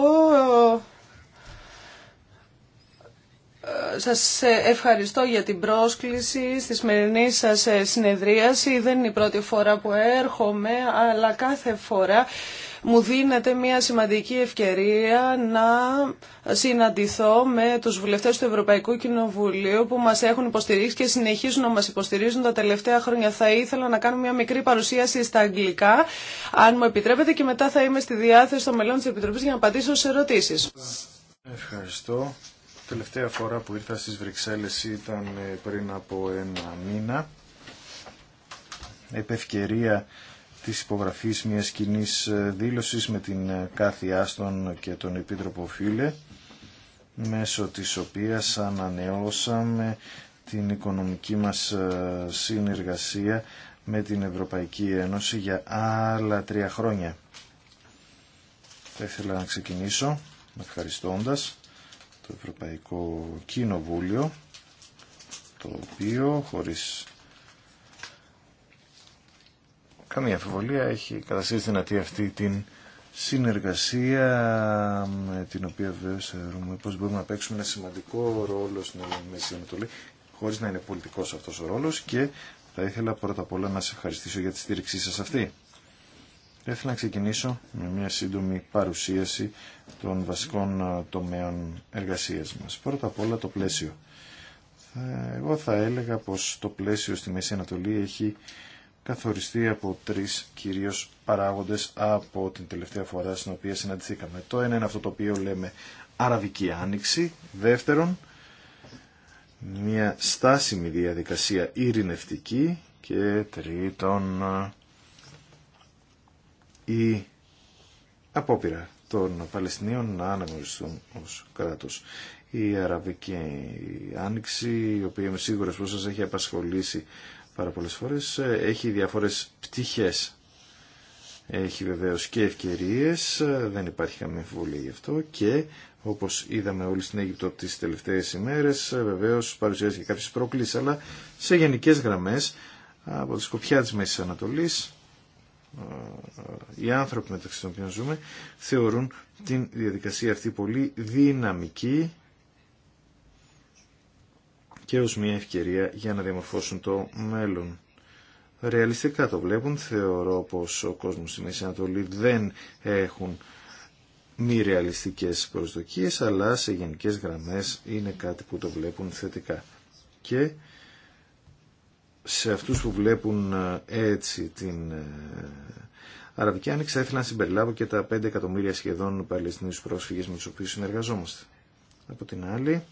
Ε, σας ε, ευχαριστώ για την πρόσκληση στη σημερινή σας ε, συνεδρίαση. Δεν είναι η πρώτη φορά που έρχομαι, αλλά κάθε φορά μου δίνεται μια σημαντική ευκαιρία να συναντηθώ με τους βουλευτές του Ευρωπαϊκού Κοινοβουλίου που μας έχουν υποστηρίξει και συνεχίζουν να μας υποστηρίζουν τα τελευταία χρόνια. Θα ήθελα να κάνω μια μικρή παρουσίαση στα αγγλικά, αν μου επιτρέπετε και μετά θα είμαι στη διάθεση των μελών της Επιτροπής για να απαντήσω σε ερωτήσεις. Ευχαριστώ. Τελευταία φορά που ήρθα στις Βρυξέλλες ήταν ε, πριν από ένα μήνα. Επευκαιρία της υπογραφής μιας κοινή ε, δήλωσης με την ε, Κάθη Άστον και τον Επίτροπο Φίλε μέσω της οποίας ανανεώσαμε την οικονομική μας ε, συνεργασία με την Ευρωπαϊκή Ένωση για άλλα τρία χρόνια. Θα ήθελα να ξεκινήσω ευχαριστώντα το Ευρωπαϊκό Κοινοβούλιο το οποίο χωρίς καμία αφιβολία έχει καταστήσει δυνατή αυτή την συνεργασία με την οποία βέβαια θεωρούμε πως μπορούμε να παίξουμε ένα σημαντικό ρόλο στην Μέση Ανατολή χωρίς να είναι πολιτικός αυτός ο ρόλος και θα ήθελα πρώτα απ' όλα να σε ευχαριστήσω για τη στήριξή σας αυτή. Θα ήθελα να ξεκινήσω με μια σύντομη παρουσίαση των βασικών τομέων εργασίας μας. Πρώτα απ' όλα το πλαίσιο. Ε, εγώ θα έλεγα πως το πλαίσιο στη Μέση Ανατολή έχει καθοριστεί από τρεις κυρίως παράγοντες από την τελευταία φορά στην οποία συναντηθήκαμε. Το ένα είναι αυτό το οποίο λέμε Αραβική Άνοιξη. Δεύτερον, μια στάσιμη διαδικασία ειρηνευτική και τρίτον η απόπειρα των Παλαιστινίων να αναγνωριστούν ως κράτος. Η Αραβική Άνοιξη, η οποία είμαι σίγουρος πως σας έχει απασχολήσει πάρα πολλές φορές. Ε, έχει διαφορές πτυχές. Έχει βεβαίως και ευκαιρίες, ε, δεν υπάρχει καμία αμφιβολία γι' αυτό και όπως είδαμε όλοι στην Αίγυπτο τις τελευταίες ημέρες ε, βεβαίως παρουσιάζει και κάποιες προκλήσεις αλλά σε γενικές γραμμές από τη σκοπιά της Μέσης Ανατολής οι άνθρωποι μεταξύ των οποίων ζούμε θεωρούν την διαδικασία αυτή πολύ δυναμική και ως μια ευκαιρία για να διαμορφώσουν το μέλλον. Ρεαλιστικά το βλέπουν, θεωρώ πως ο κόσμος στη Μέση Ανατολή δεν έχουν μη ρεαλιστικές προσδοκίες, αλλά σε γενικές γραμμές είναι κάτι που το βλέπουν θετικά. Και σε αυτούς που βλέπουν ε, έτσι την ε, Αραβική Άνοιξη θα ήθελα να συμπεριλάβω και τα 5 εκατομμύρια σχεδόν Παλαιστινίους πρόσφυγες με τους οποίους συνεργαζόμαστε. Από την άλλη,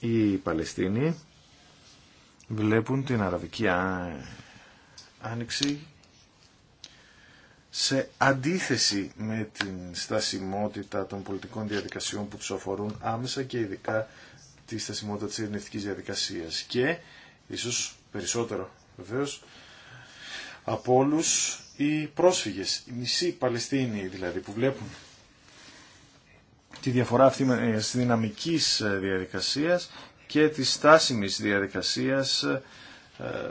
οι Παλαιστίνοι βλέπουν την Αραβική Άνοιξη σε αντίθεση με την στασιμότητα των πολιτικών διαδικασιών που τους αφορούν άμεσα και ειδικά τη στασιμότητα της ειρηνευτικής διαδικασίας και ίσως περισσότερο βεβαίως από όλου οι πρόσφυγες, οι μισοί Παλαιστίνοι δηλαδή που βλέπουν τη διαφορά αυτή ε, της δυναμικής ε, διαδικασίας και της στάσιμης διαδικασίας ε,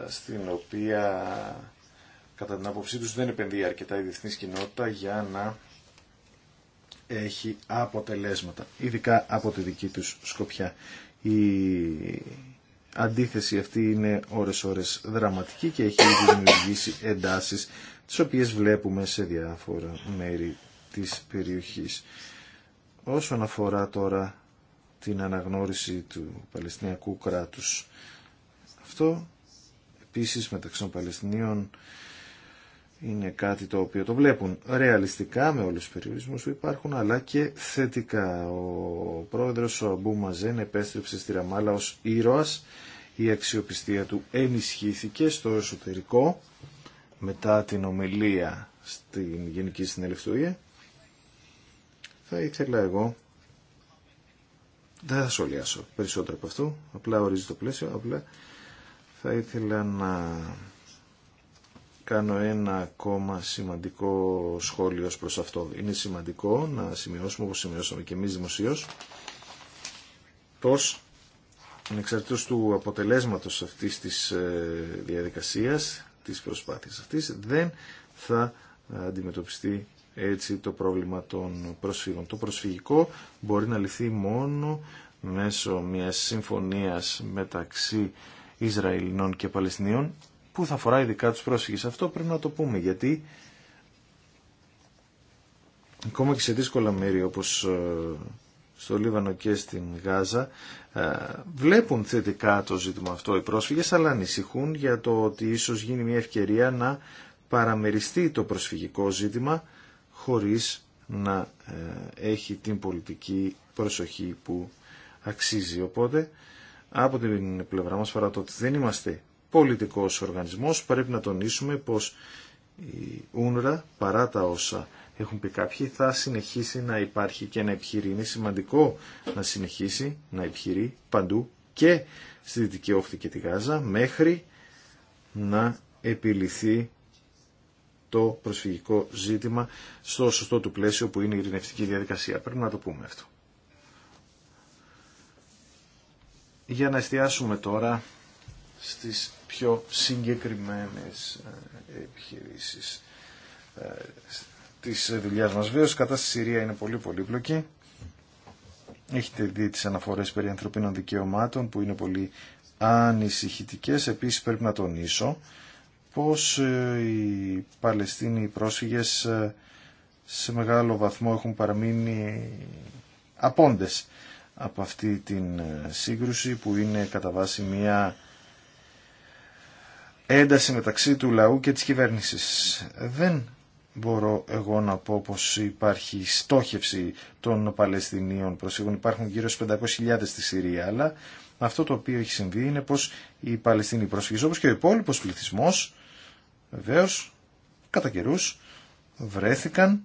στην οποία κατά την άποψή τους δεν επενδύει αρκετά η διεθνής κοινότητα για να έχει αποτελέσματα, ειδικά από τη δική τους σκοπιά. Η αντίθεση αυτή είναι ώρες-ώρες δραματική και έχει δημιουργήσει εντάσεις τις οποίες βλέπουμε σε διάφορα μέρη της περιοχής. Όσον αφορά τώρα την αναγνώριση του Παλαιστινιακού κράτους, αυτό επίσης μεταξύ των Παλαιστινίων είναι κάτι το οποίο το βλέπουν ρεαλιστικά με όλους τους περιορισμούς που υπάρχουν αλλά και θετικά. Ο πρόεδρος ο Αμπού Μαζέν επέστρεψε στη Ραμάλα ως ήρωας. Η αξιοπιστία του ενισχύθηκε στο εσωτερικό μετά την ομιλία στην Γενική Συνελευθερία θα ήθελα εγώ δεν θα σχολιάσω περισσότερο από αυτό, απλά ορίζει το πλαίσιο, απλά θα ήθελα να κάνω ένα ακόμα σημαντικό σχόλιο προς αυτό. Είναι σημαντικό να σημειώσουμε, όπως σημειώσαμε και εμείς δημοσίως, πως ανεξαρτήτως του αποτελέσματος αυτής της ε, διαδικασίας, της προσπάθειας αυτής, δεν θα αντιμετωπιστεί έτσι το πρόβλημα των προσφύγων. Το προσφυγικό μπορεί να λυθεί μόνο μέσω μιας συμφωνίας μεταξύ Ισραηλινών και Παλαιστινίων που θα αφορά ειδικά τους πρόσφυγες. Αυτό πρέπει να το πούμε γιατί ακόμα και σε δύσκολα μέρη όπως ε, στο Λίβανο και στην Γάζα ε, βλέπουν θετικά το ζήτημα αυτό οι πρόσφυγες αλλά ανησυχούν για το ότι ίσως γίνει μια ευκαιρία να παραμεριστεί το προσφυγικό ζήτημα χωρίς να ε, έχει την πολιτική προσοχή που αξίζει. Οπότε, από την πλευρά μας, παρά το ότι δεν είμαστε πολιτικός οργανισμός, πρέπει να τονίσουμε πως η Ούνρα, παρά τα όσα έχουν πει κάποιοι, θα συνεχίσει να υπάρχει και να επιχειρεί. Είναι σημαντικό να συνεχίσει να επιχειρεί παντού και στη Δυτική Όχθη και τη Γάζα, μέχρι να επιληθεί το προσφυγικό ζήτημα στο σωστό του πλαίσιο που είναι η ειρηνευτική διαδικασία. Πρέπει να το πούμε αυτό. Για να εστιάσουμε τώρα στις πιο συγκεκριμένες ε, επιχειρήσεις ε, της δουλειάς μας. Βέβαια, η κατάσταση στη Συρία είναι πολύ πολύπλοκη. Έχετε δει τις αναφορές περί ανθρωπίνων δικαιωμάτων που είναι πολύ ανησυχητικές. Επίσης πρέπει να τονίσω πως ε, οι Παλαιστίνοι πρόσφυγες ε, σε μεγάλο βαθμό έχουν παραμείνει απόντες από αυτή την ε, σύγκρουση που είναι κατά βάση μια ένταση μεταξύ του λαού και της κυβέρνησης. Δεν μπορώ εγώ να πω πως υπάρχει στόχευση των Παλαιστινίων προσφύγων. Υπάρχουν γύρω στις 500.000 στη Συρία, αλλά αυτό το οποίο έχει συμβεί είναι πως οι Παλαιστινοί πρόσφυγες όπως και ο υπόλοιπο πληθυσμός Βεβαίω, κατά καιρού βρέθηκαν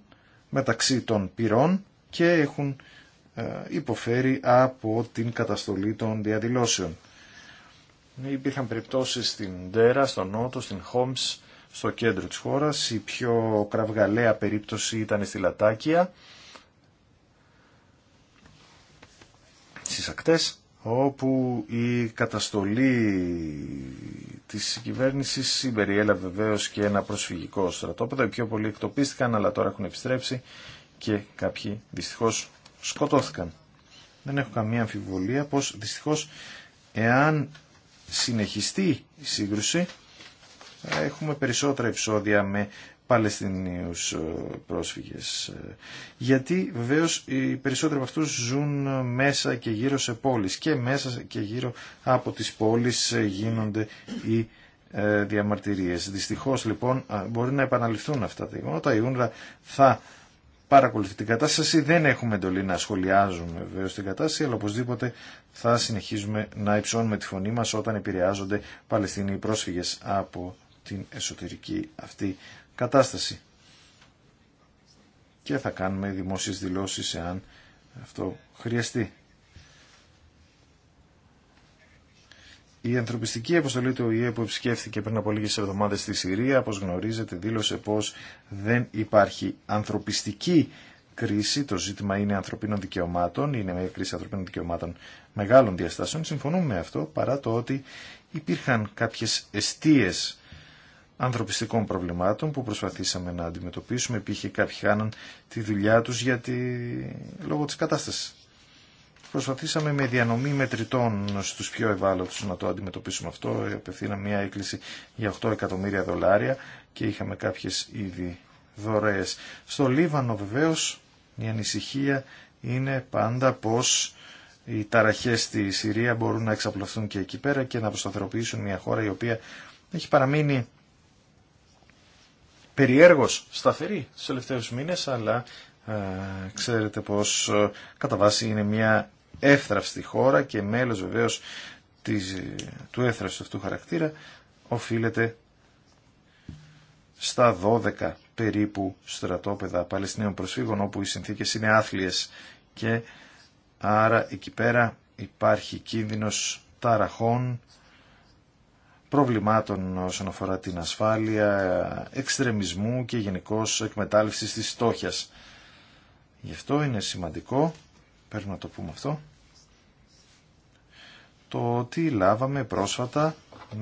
μεταξύ των πυρών και έχουν ε, υποφέρει από την καταστολή των διαδηλώσεων. Υπήρχαν περιπτώσεις στην Ντέρα, στον Νότο, στην χόμ στο κέντρο της χώρας. Η πιο κραυγαλαία περίπτωση ήταν στη Λατάκια, στις ακτές όπου η καταστολή της κυβέρνησης συμπεριέλαβε βεβαίω και ένα προσφυγικό στρατόπεδο. Οι πιο πολλοί εκτοπίστηκαν, αλλά τώρα έχουν επιστρέψει και κάποιοι δυστυχώς σκοτώθηκαν. Δεν έχω καμία αμφιβολία πως δυστυχώς εάν συνεχιστεί η σύγκρουση έχουμε περισσότερα επεισόδια με Παλαιστινίους ε, πρόσφυγες. Ε, γιατί βεβαίως οι περισσότεροι από αυτούς ζουν ε, μέσα και γύρω σε πόλεις και μέσα και γύρω από τις πόλεις γίνονται οι διαμαρτυρίες. Δυστυχώς λοιπόν μπορεί να επαναληφθούν αυτά τα γεγονότα. Η Ούνρα θα παρακολουθεί την κατάσταση. Δεν έχουμε εντολή να σχολιάζουμε βεβαίω την κατάσταση, αλλά οπωσδήποτε θα συνεχίζουμε να υψώνουμε τη φωνή μας όταν επηρεάζονται Παλαιστινοί πρόσφυγες από την εσωτερική αυτή κατάσταση. Και θα κάνουμε δημόσιες δηλώσεις εάν αυτό χρειαστεί. Η ανθρωπιστική αποστολή του ΟΗΕ που επισκέφθηκε πριν από λίγες εβδομάδες στη Συρία, όπως γνωρίζετε, δήλωσε πως δεν υπάρχει ανθρωπιστική κρίση. Το ζήτημα είναι ανθρωπίνων δικαιωμάτων, είναι μια κρίση ανθρωπίνων δικαιωμάτων μεγάλων διαστάσεων. Συμφωνούμε με αυτό, παρά το ότι υπήρχαν κάποιες εστίες ανθρωπιστικών προβλημάτων που προσπαθήσαμε να αντιμετωπίσουμε. Υπήρχε κάποιοι χάναν τη δουλειά τους γιατί... λόγω της κατάστασης. Προσπαθήσαμε με διανομή μετρητών στους πιο ευάλωτους να το αντιμετωπίσουμε αυτό. Επευθύναμε μια έκκληση για 8 εκατομμύρια δολάρια και είχαμε κάποιες ήδη δωρεές. Στο Λίβανο βεβαίως η ανησυχία είναι πάντα πως οι ταραχές στη Συρία μπορούν να εξαπλωθούν και εκεί πέρα και να προσταθεροποιήσουν μια χώρα η οποία έχει παραμείνει περιέργως σταθερή στους τελευταίους μήνες, αλλά ε, ξέρετε πως ε, κατά βάση είναι μια εύθραυστη χώρα και μέλος βεβαίως της, ε, του εύθραυστου αυτού χαρακτήρα οφείλεται στα 12 περίπου στρατόπεδα Παλαιστινίων προσφύγων όπου οι συνθήκες είναι άθλιες και άρα εκεί πέρα υπάρχει κίνδυνος ταραχών προβλημάτων όσον αφορά την ασφάλεια, εξτρεμισμού και γενικώ εκμετάλλευσης της στόχιας. Γι' αυτό είναι σημαντικό, πρέπει το πούμε αυτό, το ότι λάβαμε πρόσφατα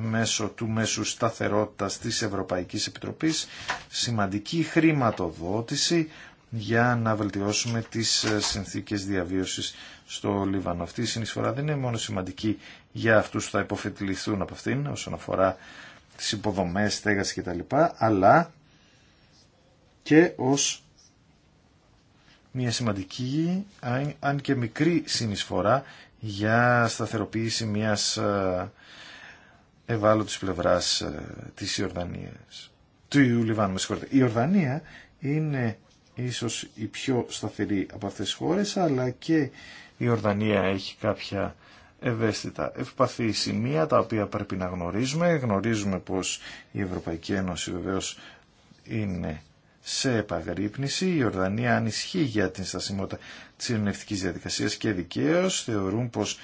μέσω του μέσου σταθερότητας της Ευρωπαϊκής Επιτροπής σημαντική χρηματοδότηση για να βελτιώσουμε τις ε, συνθήκες διαβίωσης στο Λίβανο. Αυτή η συνεισφορά δεν είναι μόνο σημαντική για αυτούς που θα υποφετληθούν από αυτήν όσον αφορά τις υποδομές, στέγαση κτλ. αλλά και ως μια σημαντική, αν και μικρή συνεισφορά για σταθεροποίηση μιας ε, ευάλωτης πλευράς ε, της Ιορδανίας. Του Λιβάνου, με Η Ιορδανία είναι ίσως η πιο σταθερή από αυτές τις χώρες, αλλά και η Ορδανία έχει κάποια ευαίσθητα ευπαθή σημεία τα οποία πρέπει να γνωρίζουμε. Γνωρίζουμε πως η Ευρωπαϊκή Ένωση βεβαίως είναι σε επαγρύπνηση. Η Ορδανία ανισχύει για την στασιμότητα της ειρηνευτικής διαδικασίας και δικαίω θεωρούν πως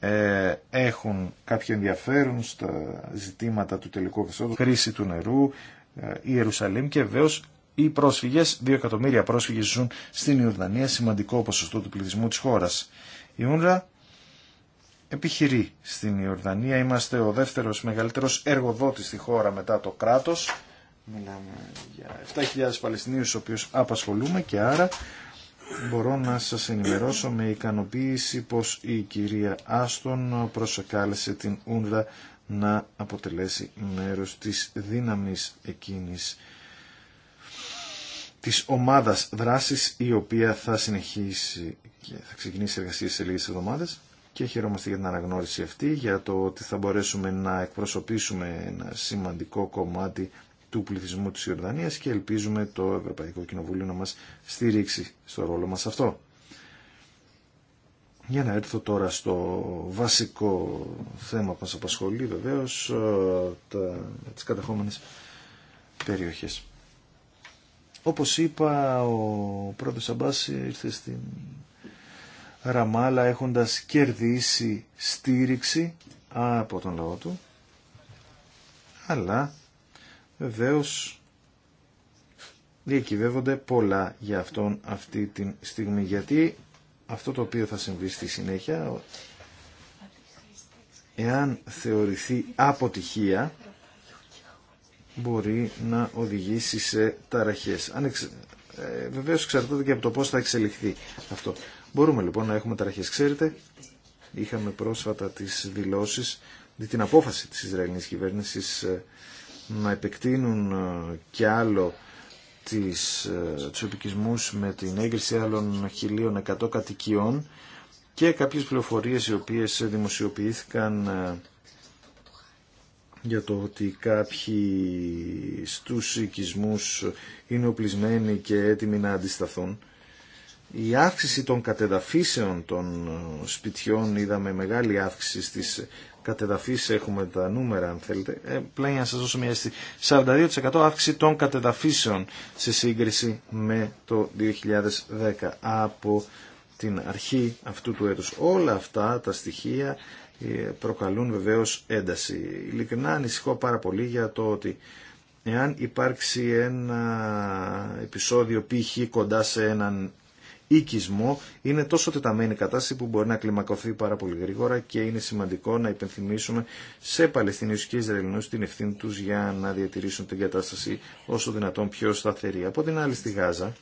ε, έχουν κάποιο ενδιαφέρον στα ζητήματα του τελικού καθόλου, χρήση του νερού, η ε, Ιερουσαλήμ και βεβαίω οι πρόσφυγες, 2 εκατομμύρια πρόσφυγες ζουν στην Ιορδανία, σημαντικό ποσοστό του πληθυσμού της χώρας. Η UNRWA επιχειρεί στην Ιορδανία, είμαστε ο δεύτερος μεγαλύτερος εργοδότης στη χώρα μετά το κράτος. Μιλάμε για 7.000 Παλαιστινίους στους οποίους απασχολούμε και άρα μπορώ να σας ενημερώσω με ικανοποίηση πως η κυρία Άστον προσεκάλεσε την UNRWA να αποτελέσει μέρος της δύναμης εκείνης της ομάδας δράσης η οποία θα συνεχίσει και θα ξεκινήσει εργασία σε λίγες εβδομάδες και χαιρόμαστε για την αναγνώριση αυτή, για το ότι θα μπορέσουμε να εκπροσωπήσουμε ένα σημαντικό κομμάτι του πληθυσμού της Ιορδανίας και ελπίζουμε το Ευρωπαϊκό Κοινοβούλιο να μας στηρίξει στο ρόλο μας αυτό. Για να έρθω τώρα στο βασικό θέμα που μας απασχολεί βεβαίως ε, τα, τις καταχώμενες περιοχές. Όπως είπα, ο πρόεδρος Αμπάς ήρθε στην Ραμάλα έχοντας κερδίσει στήριξη από τον λαό του, αλλά βεβαίως διακυβεύονται πολλά για αυτόν αυτή τη στιγμή, γιατί αυτό το οποίο θα συμβεί στη συνέχεια, εάν θεωρηθεί αποτυχία, μπορεί να οδηγήσει σε ταραχές. Αν ε, βεβαίως εξαρτάται και από το πώς θα εξελιχθεί αυτό. Μπορούμε λοιπόν να έχουμε ταραχές. Ξέρετε, είχαμε πρόσφατα τις δηλώσεις, την απόφαση της Ισραηλινής κυβέρνησης ε, να επεκτείνουν ε, και άλλο τις, ε, τους επικισμούς με την έγκριση άλλων 1.100 κατοικιών και κάποιες πληροφορίες οι οποίες δημοσιοποιήθηκαν για το ότι κάποιοι στους οικισμούς είναι οπλισμένοι και έτοιμοι να αντισταθούν. Η αύξηση των κατεδαφίσεων των σπιτιών, είδαμε μεγάλη αύξηση στις κατεδαφίσεις, έχουμε τα νούμερα αν θέλετε, ε, πλέον να σας δώσω μια αίσθηση, 42% αύξηση των κατεδαφίσεων σε σύγκριση με το 2010 από την αρχή αυτού του έτους. Όλα αυτά τα στοιχεία ε, προκαλούν βεβαίως ένταση. Ειλικρινά ανησυχώ πάρα πολύ για το ότι εάν υπάρξει ένα επεισόδιο π.χ. κοντά σε έναν οικισμό, είναι τόσο τεταμένη η κατάσταση που μπορεί να κλιμακωθεί πάρα πολύ γρήγορα και είναι σημαντικό να υπενθυμίσουμε σε Παλαιστινίους και Ισραηλινούς την ευθύνη τους για να διατηρήσουν την κατάσταση όσο δυνατόν πιο σταθερή. Από την άλλη στη Γάζα,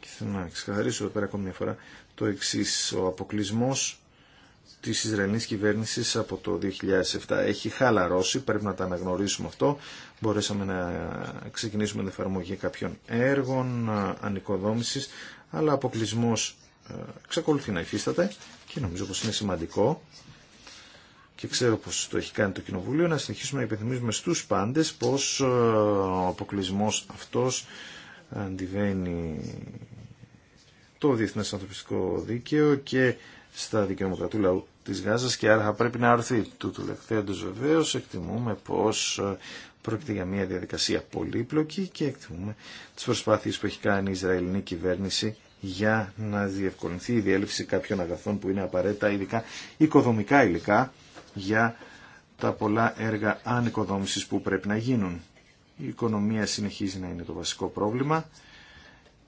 και θέλω να ξεκαθαρίσω εδώ πέρα ακόμη μια φορά, το εξή ο αποκλεισμό της Ισραηλινής κυβέρνησης από το 2007 έχει χαλαρώσει, πρέπει να τα αναγνωρίσουμε αυτό. Μπορέσαμε να ξεκινήσουμε την εφαρμογή κάποιων έργων ανοικοδόμησης, αλλά αποκλεισμό εξακολουθεί να υφίσταται και νομίζω πως είναι σημαντικό και ξέρω πως το έχει κάνει το Κοινοβούλιο να συνεχίσουμε να υπενθυμίζουμε στους πάντες πως ο αποκλεισμό αυτός αντιβαίνει το Διεθνές Ανθρωπιστικό Δίκαιο και στα δικαιώματα του λαού της Γάζας και άρα θα πρέπει να αρθεί τούτου λεκθέντος βεβαίως εκτιμούμε πως ε, πρόκειται για μια διαδικασία πολύπλοκη και εκτιμούμε τις προσπάθειες που έχει κάνει η Ισραηλινή κυβέρνηση για να διευκολυνθεί η διέλευση κάποιων αγαθών που είναι απαραίτητα ειδικά οικοδομικά υλικά για τα πολλά έργα ανοικοδόμησης που πρέπει να γίνουν. Η οικονομία συνεχίζει να είναι το βασικό πρόβλημα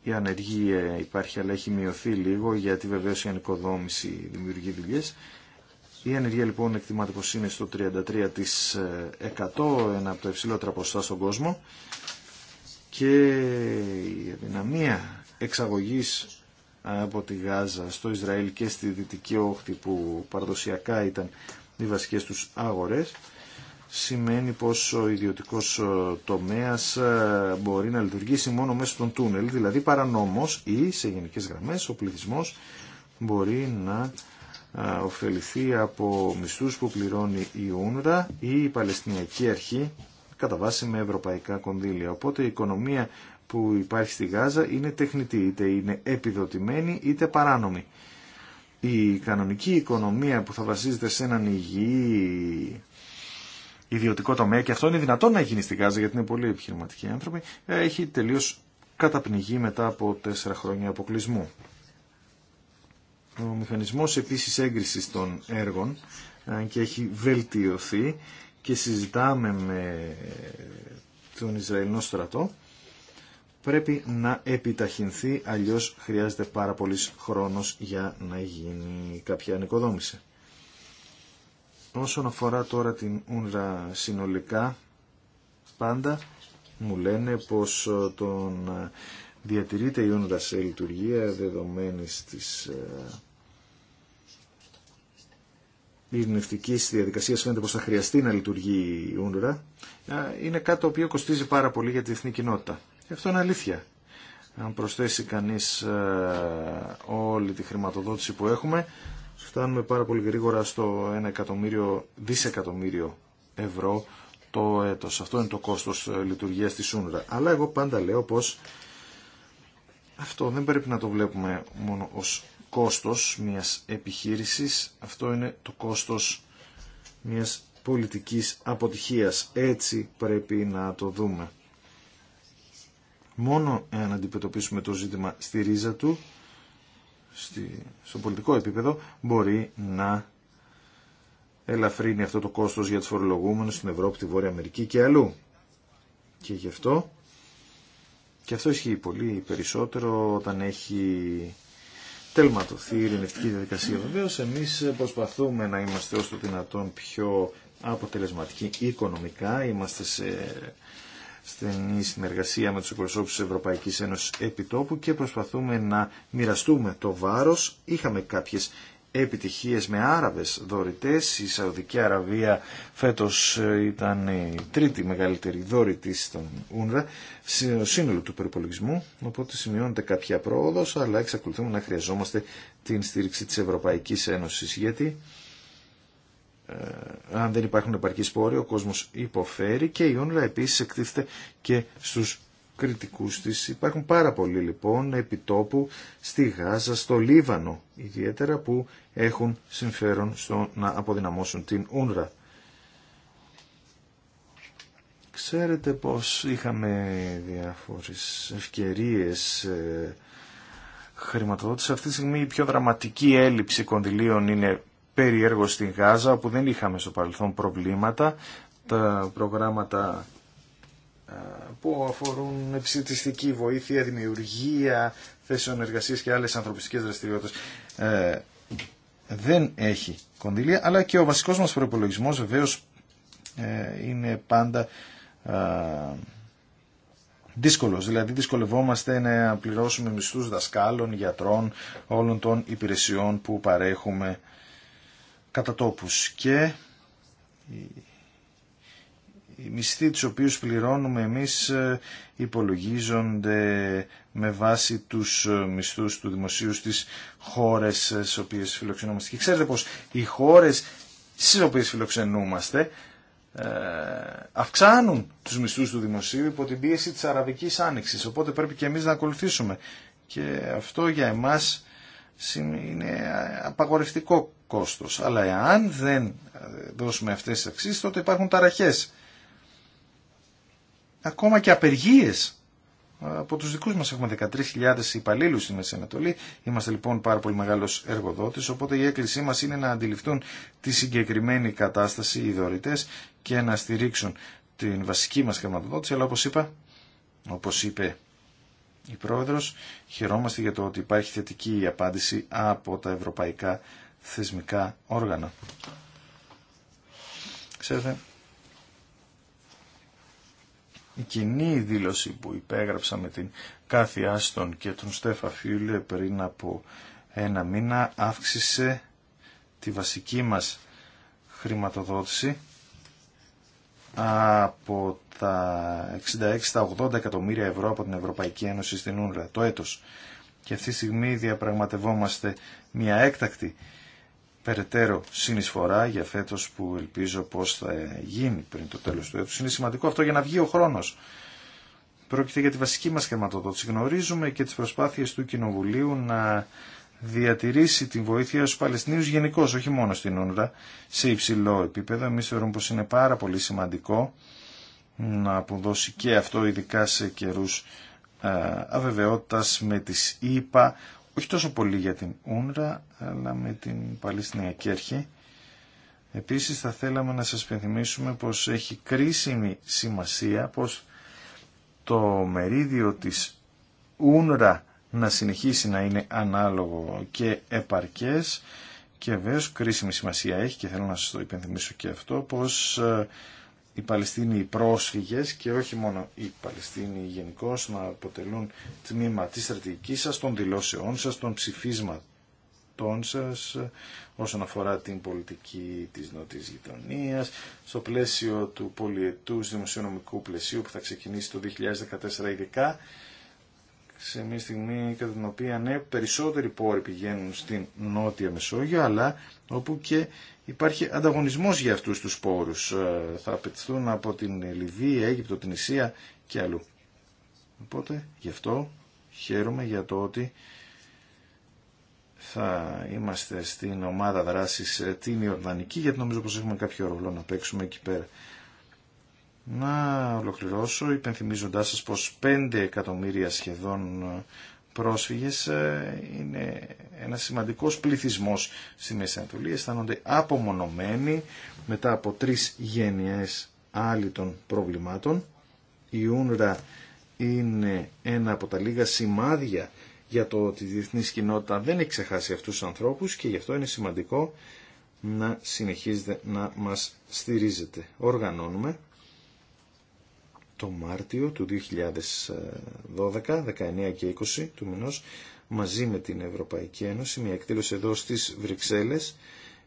η ανεργία υπάρχει αλλά έχει μειωθεί λίγο γιατί βεβαίως η ανοικοδόμηση δημιουργεί δουλειέ. Η ανεργία λοιπόν εκτιμάται πως είναι στο 33% ένα από τα υψηλότερα ποσοστά στον κόσμο και η δυναμία εξαγωγής από τη Γάζα στο Ισραήλ και στη Δυτική Όχθη που παραδοσιακά ήταν οι βασικές τους άγορες σημαίνει πως ο ιδιωτικός ε, τομέας ε, μπορεί να λειτουργήσει μόνο μέσω των τούνελ, δηλαδή παρανόμως ή σε γενικές γραμμές ο πληθυσμός μπορεί να ε, ωφεληθεί από μισθούς που πληρώνει η Ούνρα ή η Παλαιστινιακή Αρχή κατά βάση με ευρωπαϊκά κονδύλια. Οπότε η οικονομία που υπάρχει στη Γάζα είναι τεχνητή, είτε είναι επιδοτημένη είτε παράνομη. Η κανονική οικονομία που θα βασίζεται σε έναν υγιή ιδιωτικό τομέα και αυτό είναι δυνατόν να γίνει στην Γάζα γιατί είναι πολύ επιχειρηματικοί άνθρωποι, έχει τελείως καταπνιγεί μετά από τέσσερα χρόνια αποκλεισμού. Ο μηχανισμός επίσης έγκρισης των έργων ε, και έχει βελτιωθεί και συζητάμε με τον Ισραηλινό στρατό πρέπει να επιταχυνθεί αλλιώς χρειάζεται πάρα πολύς χρόνος για να γίνει κάποια ανοικοδόμηση. Όσον αφορά τώρα την ούνρα συνολικά, πάντα μου λένε πως ε, τον ε, διατηρείται η ούνρα σε λειτουργία δεδομένης της ε, ειρηνευτική διαδικασία φαίνεται πως θα χρειαστεί να λειτουργεί η ούνρα είναι κάτι το οποίο κοστίζει πάρα πολύ για τη διεθνή κοινότητα. αυτό είναι αλήθεια. Αν προσθέσει κανείς όλη τη χρηματοδότηση που έχουμε φτάνουμε πάρα πολύ γρήγορα στο 1 εκατομμύριο, δισεκατομμύριο ευρώ το έτος. Αυτό είναι το κόστος ε, λειτουργίας της Ούνρα. Αλλά εγώ πάντα λέω πως αυτό δεν πρέπει να το βλέπουμε μόνο ως κόστος μιας επιχείρησης, αυτό είναι το κόστος μιας πολιτικής αποτυχίας. Έτσι πρέπει να το δούμε. Μόνο εάν αντιμετωπίσουμε το ζήτημα στη ρίζα του, στη, στο πολιτικό επίπεδο μπορεί να ελαφρύνει αυτό το κόστος για τους φορολογούμενους στην Ευρώπη, τη Βόρεια Αμερική και αλλού. Και γι' αυτό και αυτό ισχύει πολύ περισσότερο όταν έχει τελματωθεί η ειρηνευτική διαδικασία. Βεβαίω, εμείς προσπαθούμε να είμαστε όσο το δυνατόν πιο αποτελεσματικοί οικονομικά. Είμαστε στενή συνεργασία με τους εκπροσώπους της Ευρωπαϊκής Ένωσης επιτόπου και προσπαθούμε να μοιραστούμε το βάρος. Είχαμε κάποιες επιτυχίες με Άραβες δωρητές. Η Σαουδική Αραβία φέτος ε, ήταν η τρίτη μεγαλύτερη δωρητή στον ΟΝΡΑ, σύνολο του περιπολογισμού, οπότε σημειώνεται κάποια πρόοδος, αλλά εξακολουθούμε να χρειαζόμαστε την στήριξη της Ευρωπαϊκής Ένωσης, γιατί ε, αν δεν υπάρχουν επαρκή σπόροι, ο κόσμος υποφέρει και η ούνρα επίσης εκτίθεται και στους κριτικούς της. Υπάρχουν πάρα πολλοί λοιπόν επιτόπου στη Γάζα, στο Λίβανο ιδιαίτερα που έχουν συμφέρον στο να αποδυναμώσουν την Ούνρα. Ξέρετε πως είχαμε διάφορες ευκαιρίες ε, χρηματοδότηση. Αυτή τη στιγμή η πιο δραματική έλλειψη κονδυλίων είναι Περιέργως στην Γάζα, όπου δεν είχαμε στο παρελθόν προβλήματα. Τα προγράμματα ε, που αφορούν ψητιστική βοήθεια, δημιουργία, θέσεων εργασίας και άλλες ανθρωπιστικές δραστηριότητες ε, δεν έχει κονδύλια, αλλά και ο βασικός μας προπολογισμό βεβαίως ε, είναι πάντα δύσκολος. Δηλαδή δυσκολευόμαστε να πληρώσουμε μισθούς δασκάλων, γιατρών, όλων των υπηρεσιών που παρέχουμε κατά και οι μισθοί τους οποίους πληρώνουμε εμείς ε, υπολογίζονται με βάση τους ε, μισθούς του δημοσίου στις χώρες στις οποίες φιλοξενούμαστε. Και ξέρετε πως οι χώρες στις οποίες φιλοξενούμαστε ε, αυξάνουν τους μισθούς του δημοσίου υπό την πίεση της Αραβικής Άνοιξης. Οπότε πρέπει και εμείς να ακολουθήσουμε. Και αυτό για εμάς είναι απαγορευτικό κόστος. Αλλά εάν δεν ε, δώσουμε αυτές τις αξίες τότε υπάρχουν ταραχές. Ακόμα και απεργίες. Ε, από τους δικούς μας έχουμε 13.000 υπαλλήλου στη Μέση Ανατολή. Είμαστε λοιπόν πάρα πολύ μεγάλος εργοδότης, οπότε η έκκλησή μας είναι να αντιληφθούν τη συγκεκριμένη κατάσταση οι δωρητές και να στηρίξουν την βασική μας χρηματοδότηση, αλλά όπως είπα, όπως είπε η Πρόεδρος, χαιρόμαστε για το ότι υπάρχει θετική απάντηση από τα ευρωπαϊκά θεσμικά όργανα. Ξέρετε, η κοινή δήλωση που υπέγραψα με την Κάθη Άστον και τον Στέφα Φιούλε πριν από ένα μήνα αύξησε τη βασική μας χρηματοδότηση από τα 66 στα 80 εκατομμύρια ευρώ από την Ευρωπαϊκή Ένωση στην Ούνρα το έτος. Και αυτή τη στιγμή διαπραγματευόμαστε μια έκτακτη περαιτέρω συνεισφορά για φέτος που ελπίζω πως θα γίνει πριν το τέλος του έτους. Είναι σημαντικό αυτό για να βγει ο χρόνος. Πρόκειται για τη βασική μας χρηματοδότηση. Γνωρίζουμε και τις προσπάθειες του Κοινοβουλίου να διατηρήσει την βοήθεια στους Παλαιστινίους γενικώ, όχι μόνο στην ΟΝΡΑ, σε υψηλό επίπεδο. Εμείς θεωρούμε πως είναι πάρα πολύ σημαντικό να αποδώσει και αυτό ειδικά σε καιρούς ε, αβεβαιότητας με τις ΗΠΑ όχι τόσο πολύ για την Ούνρα, αλλά με την Παλαιστινιακή Αρχή. Επίσης θα θέλαμε να σας πενθυμίσουμε πως έχει κρίσιμη σημασία πως το μερίδιο της Ούνρα να συνεχίσει να είναι ανάλογο και επαρκές και βέβαια κρίσιμη σημασία έχει και θέλω να σας το υπενθυμίσω και αυτό πως ε, οι Παλαιστίνοι οι πρόσφυγες και όχι μόνο οι Παλαιστίνοι γενικώ να αποτελούν τμήμα της στρατηγικής σας, των δηλώσεών σας, των ψηφίσματων σας όσον αφορά την πολιτική της νότιας γειτονίας στο πλαίσιο του πολιετούς δημοσιονομικού πλαισίου που θα ξεκινήσει το 2014 ειδικά σε μια στιγμή κατά την οποία ναι περισσότεροι πόροι πηγαίνουν στην Νότια Μεσόγειο αλλά όπου και υπάρχει ανταγωνισμός για αυτούς τους πόρους. Ε, θα απαιτηθούν από την Λιβύη, Αίγυπτο, την Ισία και αλλού. Οπότε γι' αυτό χαίρομαι για το ότι θα είμαστε στην ομάδα δράσης ε, την Ιορδανική γιατί νομίζω πως έχουμε κάποιο ρόλο να παίξουμε εκεί πέρα. Να ολοκληρώσω υπενθυμίζοντάς σας πως 5 εκατομμύρια σχεδόν ε, πρόσφυγες ε, είναι ένα σημαντικός πληθυσμός στη Μέση Ανατολή. Αισθάνονται απομονωμένοι μετά από τρεις γενιές άλυτων προβλημάτων. Η Ούνρα είναι ένα από τα λίγα σημάδια για το ότι η διεθνή κοινότητα δεν έχει ξεχάσει αυτούς τους ανθρώπους και γι' αυτό είναι σημαντικό να συνεχίζετε να μας στηρίζετε. Οργανώνουμε το Μάρτιο του 2012, 19 και 20 του μηνός, μαζί με την Ευρωπαϊκή Ένωση, μια εκδήλωση εδώ στις Βρυξέλλες,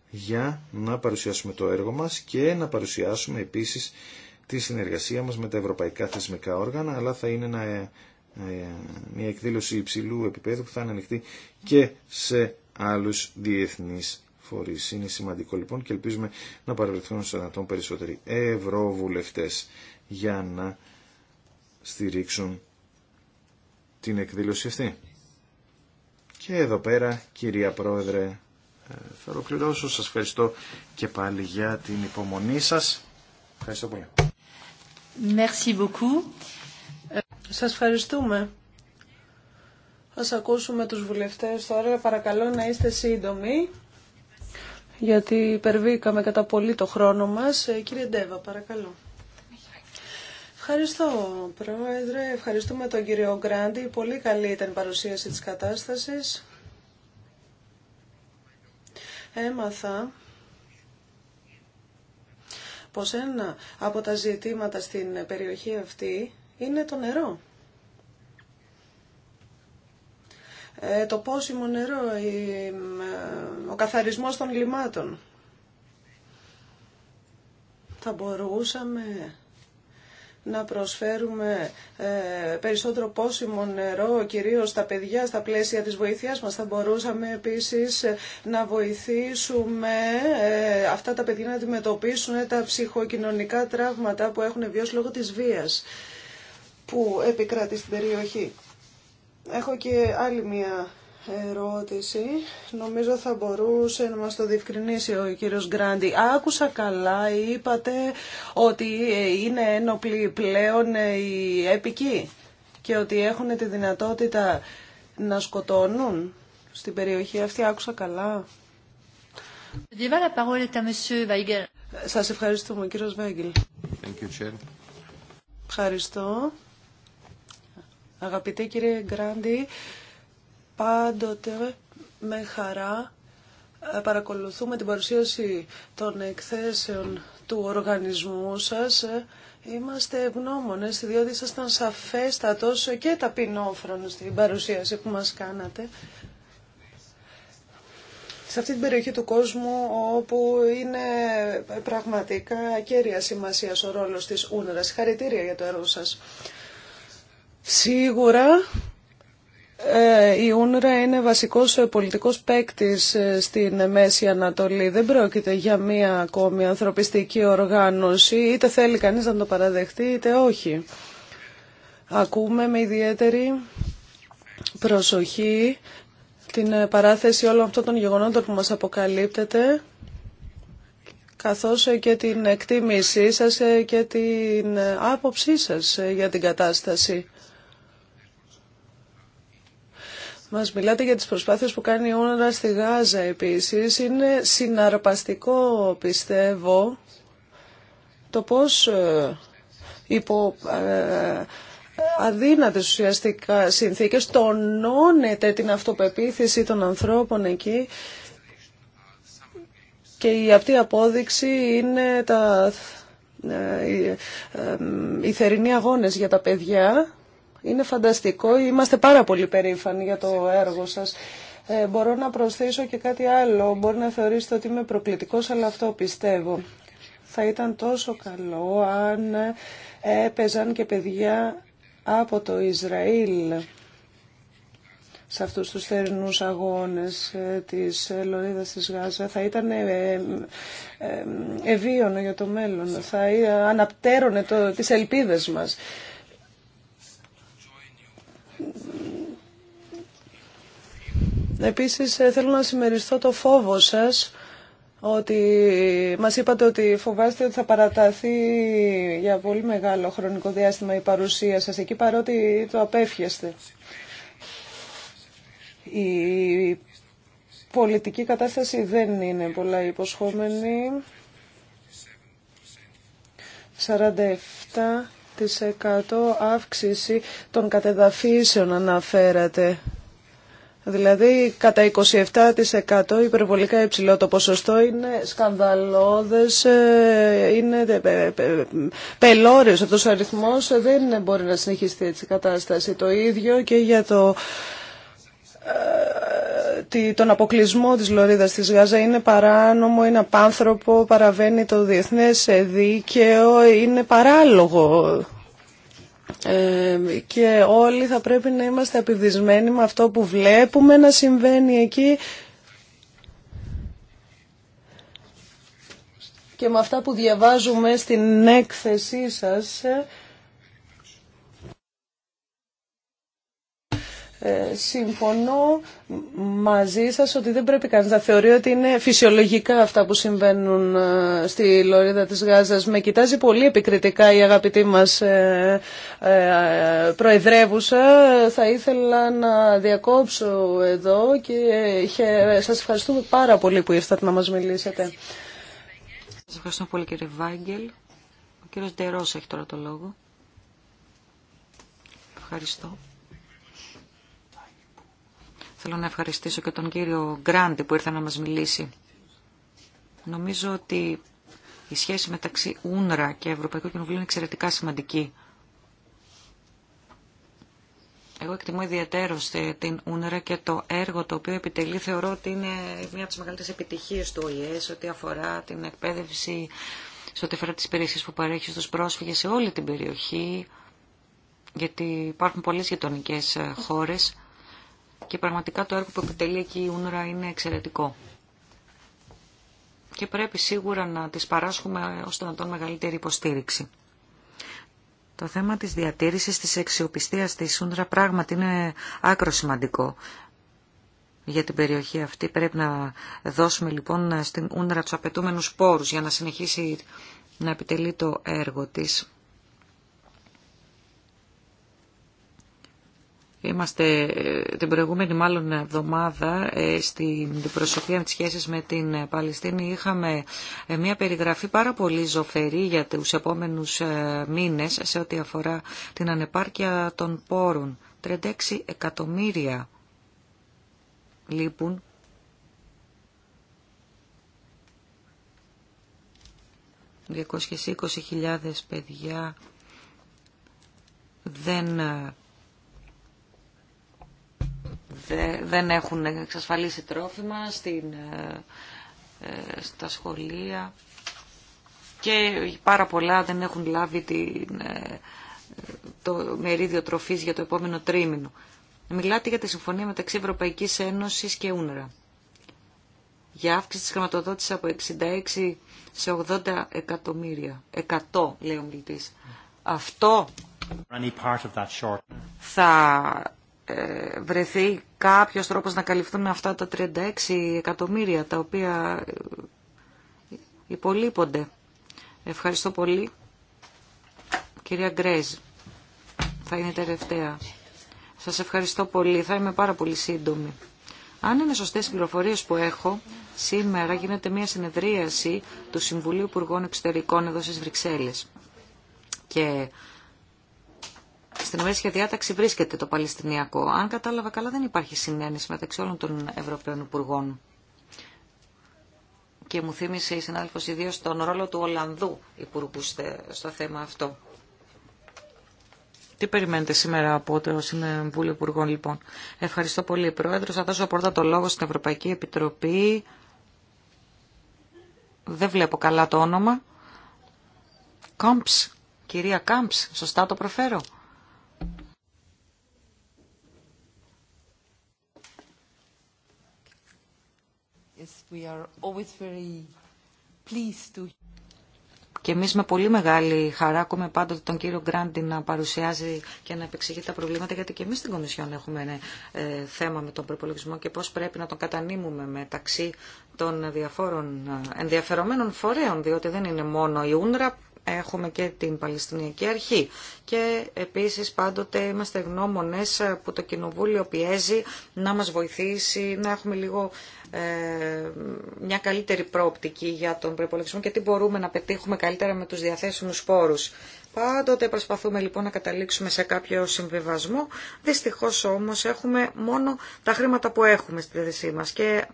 για να παρουσιάσουμε το έργο μας και να παρουσιάσουμε επίσης τη συνεργασία μας με τα ευρωπαϊκά θεσμικά όργανα, αλλά θα είναι ε, ε, μια εκδήλωση υψηλού επίπεδου που θα είναι και σε άλλους διεθνείς φορείς. Είναι σημαντικό λοιπόν και ελπίζουμε να παρευρεθούν σε δυνατόν περισσότεροι ευρωβουλευτές για να στηρίξουν την εκδήλωση αυτή. Και εδώ πέρα, κυρία Πρόεδρε, ε, θα ολοκληρώσω. Σας ευχαριστώ και πάλι για την υπομονή σας. Ευχαριστώ πολύ. Merci beaucoup. Σας ευχαριστούμε. Ας ακούσουμε τους βουλευτές τώρα. Παρακαλώ να είστε σύντομοι, γιατί υπερβήκαμε κατά πολύ το χρόνο μας. Ε, κύριε Ντέβα, παρακαλώ. Ευχαριστώ, Πρόεδρε. Ευχαριστούμε τον κύριο Γκράντι. Πολύ καλή ήταν η παρουσίαση της κατάστασης. Έμαθα πως ένα από τα ζητήματα στην περιοχή αυτή είναι το νερό. Ε, το πόσιμο νερό, ε, ο καθαρισμός των λιμάτων. Θα μπορούσαμε να προσφέρουμε ε, περισσότερο πόσιμο νερό, κυρίως στα παιδιά, στα πλαίσια της βοήθειάς μας. Θα μπορούσαμε επίσης ε, να βοηθήσουμε ε, αυτά τα παιδιά να αντιμετωπίσουν τα ψυχοκοινωνικά τραύματα που έχουν βιώσει λόγω της βίας που επικράτει στην περιοχή. Έχω και άλλη μία ερώτηση. Νομίζω θα μπορούσε να μας το διευκρινίσει ο κύριος Γκράντι. Άκουσα καλά, είπατε ότι είναι ένοπλοι πλέον οι έπικοι και ότι έχουν τη δυνατότητα να σκοτώνουν στην περιοχή αυτή. Άκουσα καλά. Σας ευχαριστούμε, κύριος Βέγγελ. Ευχαριστώ. Αγαπητέ κύριε Γκράντι, πάντοτε με χαρά ε, παρακολουθούμε την παρουσίαση των εκθέσεων του οργανισμού σας. Ε, είμαστε ευγνώμονες, διότι ήσασταν σαφέστατος και ταπεινόφρονος στην παρουσίαση που μας κάνατε. Σε αυτή την περιοχή του κόσμου όπου είναι πραγματικά κέρια σημασία ο ρόλος της ούνερας. Χαρητήρια για το έργο σας. Σίγουρα ε, η Ούνρα είναι βασικός ε, πολιτικός παίκτη ε, στην Μέση Ανατολή. Δεν πρόκειται για μία ακόμη ανθρωπιστική οργάνωση. Είτε θέλει κανείς να το παραδεχτεί, είτε όχι. Ακούμε με ιδιαίτερη προσοχή την παράθεση όλων αυτών των γεγονότων που μας αποκαλύπτεται καθώς και την εκτίμησή σας και την άποψή σας για την κατάσταση. Μα μιλάτε για τις προσπάθειες που κάνει η όνορα στη Γάζα επίσης. Είναι συναρπαστικό πιστεύω το πώς υπό αδύνατες ουσιαστικά συνθήκε. τονώνεται την αυτοπεποίθηση των ανθρώπων εκεί και η αυτή απόδειξη είναι τα, οι θερινοί αγώνες για τα παιδιά είναι φανταστικό, είμαστε πάρα πολύ περήφανοι για το έργο σας. Ε, μπορώ να προσθέσω και κάτι άλλο. Μπορεί να θεωρήσετε ότι είμαι προκλητικός, αλλά αυτό πιστεύω. Θα ήταν τόσο καλό αν έπαιζαν και παιδιά από το Ισραήλ σε αυτούς τους θερινούς αγώνες ε, της ε, Λωρίδας της Γάζα θα ήταν ευίωνο για το μέλλον, θα αναπτέρωνε το, τις ελπίδες μας. Επίσης ε, θέλω να συμμεριστώ το φόβο σας ότι μας είπατε ότι φοβάστε ότι θα παραταθεί για πολύ μεγάλο χρονικό διάστημα η παρουσία σας εκεί παρότι το απέφιαστε. Η πολιτική κατάσταση δεν είναι πολλά υποσχόμενη. 47 10% αύξηση των κατεδαφίσεων αναφέρατε. Δηλαδή κατά 27% υπερβολικά υψηλό το ποσοστό είναι σκανδαλώδες, ε, είναι ε, ε, πελώριος αυτός ο αριθμός, δεν μπορεί να συνεχιστεί έτσι η κατάσταση. Το ίδιο και για το τον αποκλεισμό της Λωρίδας της Γάζα είναι παράνομο, είναι απάνθρωπο, παραβαίνει το διεθνές δίκαιο, είναι παράλογο. Ε, και όλοι θα πρέπει να είμαστε απειδισμένοι με αυτό που βλέπουμε να συμβαίνει εκεί και με αυτά που διαβάζουμε στην έκθεσή σας Ε, συμφωνώ μαζί σας ότι δεν πρέπει κανείς να θεωρεί ότι είναι φυσιολογικά αυτά που συμβαίνουν ε, στη Λωρίδα της Γάζας. Με κοιτάζει πολύ επικριτικά η αγαπητή μας ε, ε, προεδρεύουσα. Θα ήθελα να διακόψω εδώ και σας ευχαριστούμε πάρα πολύ που ήρθατε να μας μιλήσετε. Σας ευχαριστώ πολύ κύριε Βάγγελ. Ο κύριος Ντερός έχει τώρα το λόγο. Ευχαριστώ. Θέλω να ευχαριστήσω και τον κύριο Γκράντι που ήρθε να μας μιλήσει. Νομίζω ότι η σχέση μεταξύ Ούνρα και Ευρωπαϊκού Κοινοβουλίου είναι εξαιρετικά σημαντική. Εγώ εκτιμώ ιδιαίτερο την Ούνρα και το έργο το οποίο επιτελεί θεωρώ ότι είναι μια από τι μεγαλύτερε επιτυχίε του ΟΗΕ σε ό,τι αφορά την εκπαίδευση, σε ό,τι αφορά τι υπηρεσίε που παρέχει στου πρόσφυγε σε όλη την περιοχή. Γιατί υπάρχουν πολλέ γειτονικέ ε, χώρε και πραγματικά το έργο που επιτελεί εκεί η Ούνδρα είναι εξαιρετικό. Και πρέπει σίγουρα να τις παράσχουμε ώστε να τον μεγαλύτερη υποστήριξη. Το θέμα της διατήρησης της αξιοπιστία της Ούνρα πράγματι είναι άκρο σημαντικό για την περιοχή αυτή. Πρέπει να δώσουμε λοιπόν στην Ούνρα τους απαιτούμενους πόρους για να συνεχίσει να επιτελεί το έργο της. Είμαστε ε, την προηγούμενη μάλλον εβδομάδα ε, στην προσωπία της σχέσης με την ε, Παλαιστίνη είχαμε μια περιγραφή πάρα πολύ ζωφερή για τους επόμενους μήνες σε ό,τι αφορά την ανεπάρκεια των πόρων. 36 εκατομμύρια λείπουν ...220.000 παιδιά δεν δεν έχουν εξασφαλίσει τρόφιμα στην, ε, ε, στα σχολεία και πάρα πολλά δεν έχουν λάβει την, ε, το μερίδιο τροφής για το επόμενο τρίμηνο. Μιλάτε για τη συμφωνία μεταξύ Ευρωπαϊκής Ένωσης και Ούνερα. Για αύξηση της χρηματοδότησης από 66 σε 80 εκατομμύρια. 100 λέει ο μιλητής. Αυτό θα ε, βρεθεί κάποιος τρόπος να καλυφθούν αυτά τα 36 εκατομμύρια τα οποία ε, υπολείπονται. Ευχαριστώ πολύ. Κυρία Γκρέζ, θα είναι τελευταία. Σας ευχαριστώ πολύ. Θα είμαι πάρα πολύ σύντομη. Αν είναι σωστές οι πληροφορίες που έχω, σήμερα γίνεται μια συνεδρίαση του Συμβουλίου Υπουργών Εξωτερικών εδώ στις Βρυξέλλες. Και στην για διάταξη βρίσκεται το Παλαιστινιακό. Αν κατάλαβα καλά δεν υπάρχει συνένεση μεταξύ όλων των Ευρωπαίων Υπουργών. Και μου θύμισε η συνάδελφος ιδίω τον ρόλο του Ολλανδού Υπουργού στο θέμα αυτό. Τι περιμένετε σήμερα από το Συμβούλιο Υπουργών, λοιπόν. Ευχαριστώ πολύ, Πρόεδρο. Θα δώσω πρώτα το λόγο στην Ευρωπαϊκή Επιτροπή. Δεν βλέπω καλά το όνομα. Κόμψ, κυρία Κάμψ, σωστά το προφέρω. Και εμείς με πολύ μεγάλη χαρά ακούμε πάντοτε τον κύριο Γκράντι να παρουσιάζει και να επεξηγεί τα προβλήματα γιατί και εμείς στην Κομισιόν έχουμε ε, θέμα με τον προπολογισμό και πώς πρέπει να τον κατανείμουμε μεταξύ των διαφόρων ε, ενδιαφερομένων φορέων διότι δεν είναι μόνο η UNRAP έχουμε και την Παλαιστινιακή Αρχή. Και επίσης πάντοτε είμαστε γνώμονες που το Κοινοβούλιο πιέζει να μας βοηθήσει, να έχουμε λίγο ε, μια καλύτερη πρόπτικη για τον προϋπολογισμό και τι μπορούμε να πετύχουμε καλύτερα με τους διαθέσιμους πόρους. Πάντοτε προσπαθούμε λοιπόν να καταλήξουμε σε κάποιο συμβιβασμό. Δυστυχώς όμως έχουμε μόνο τα χρήματα που έχουμε στη θέση μας και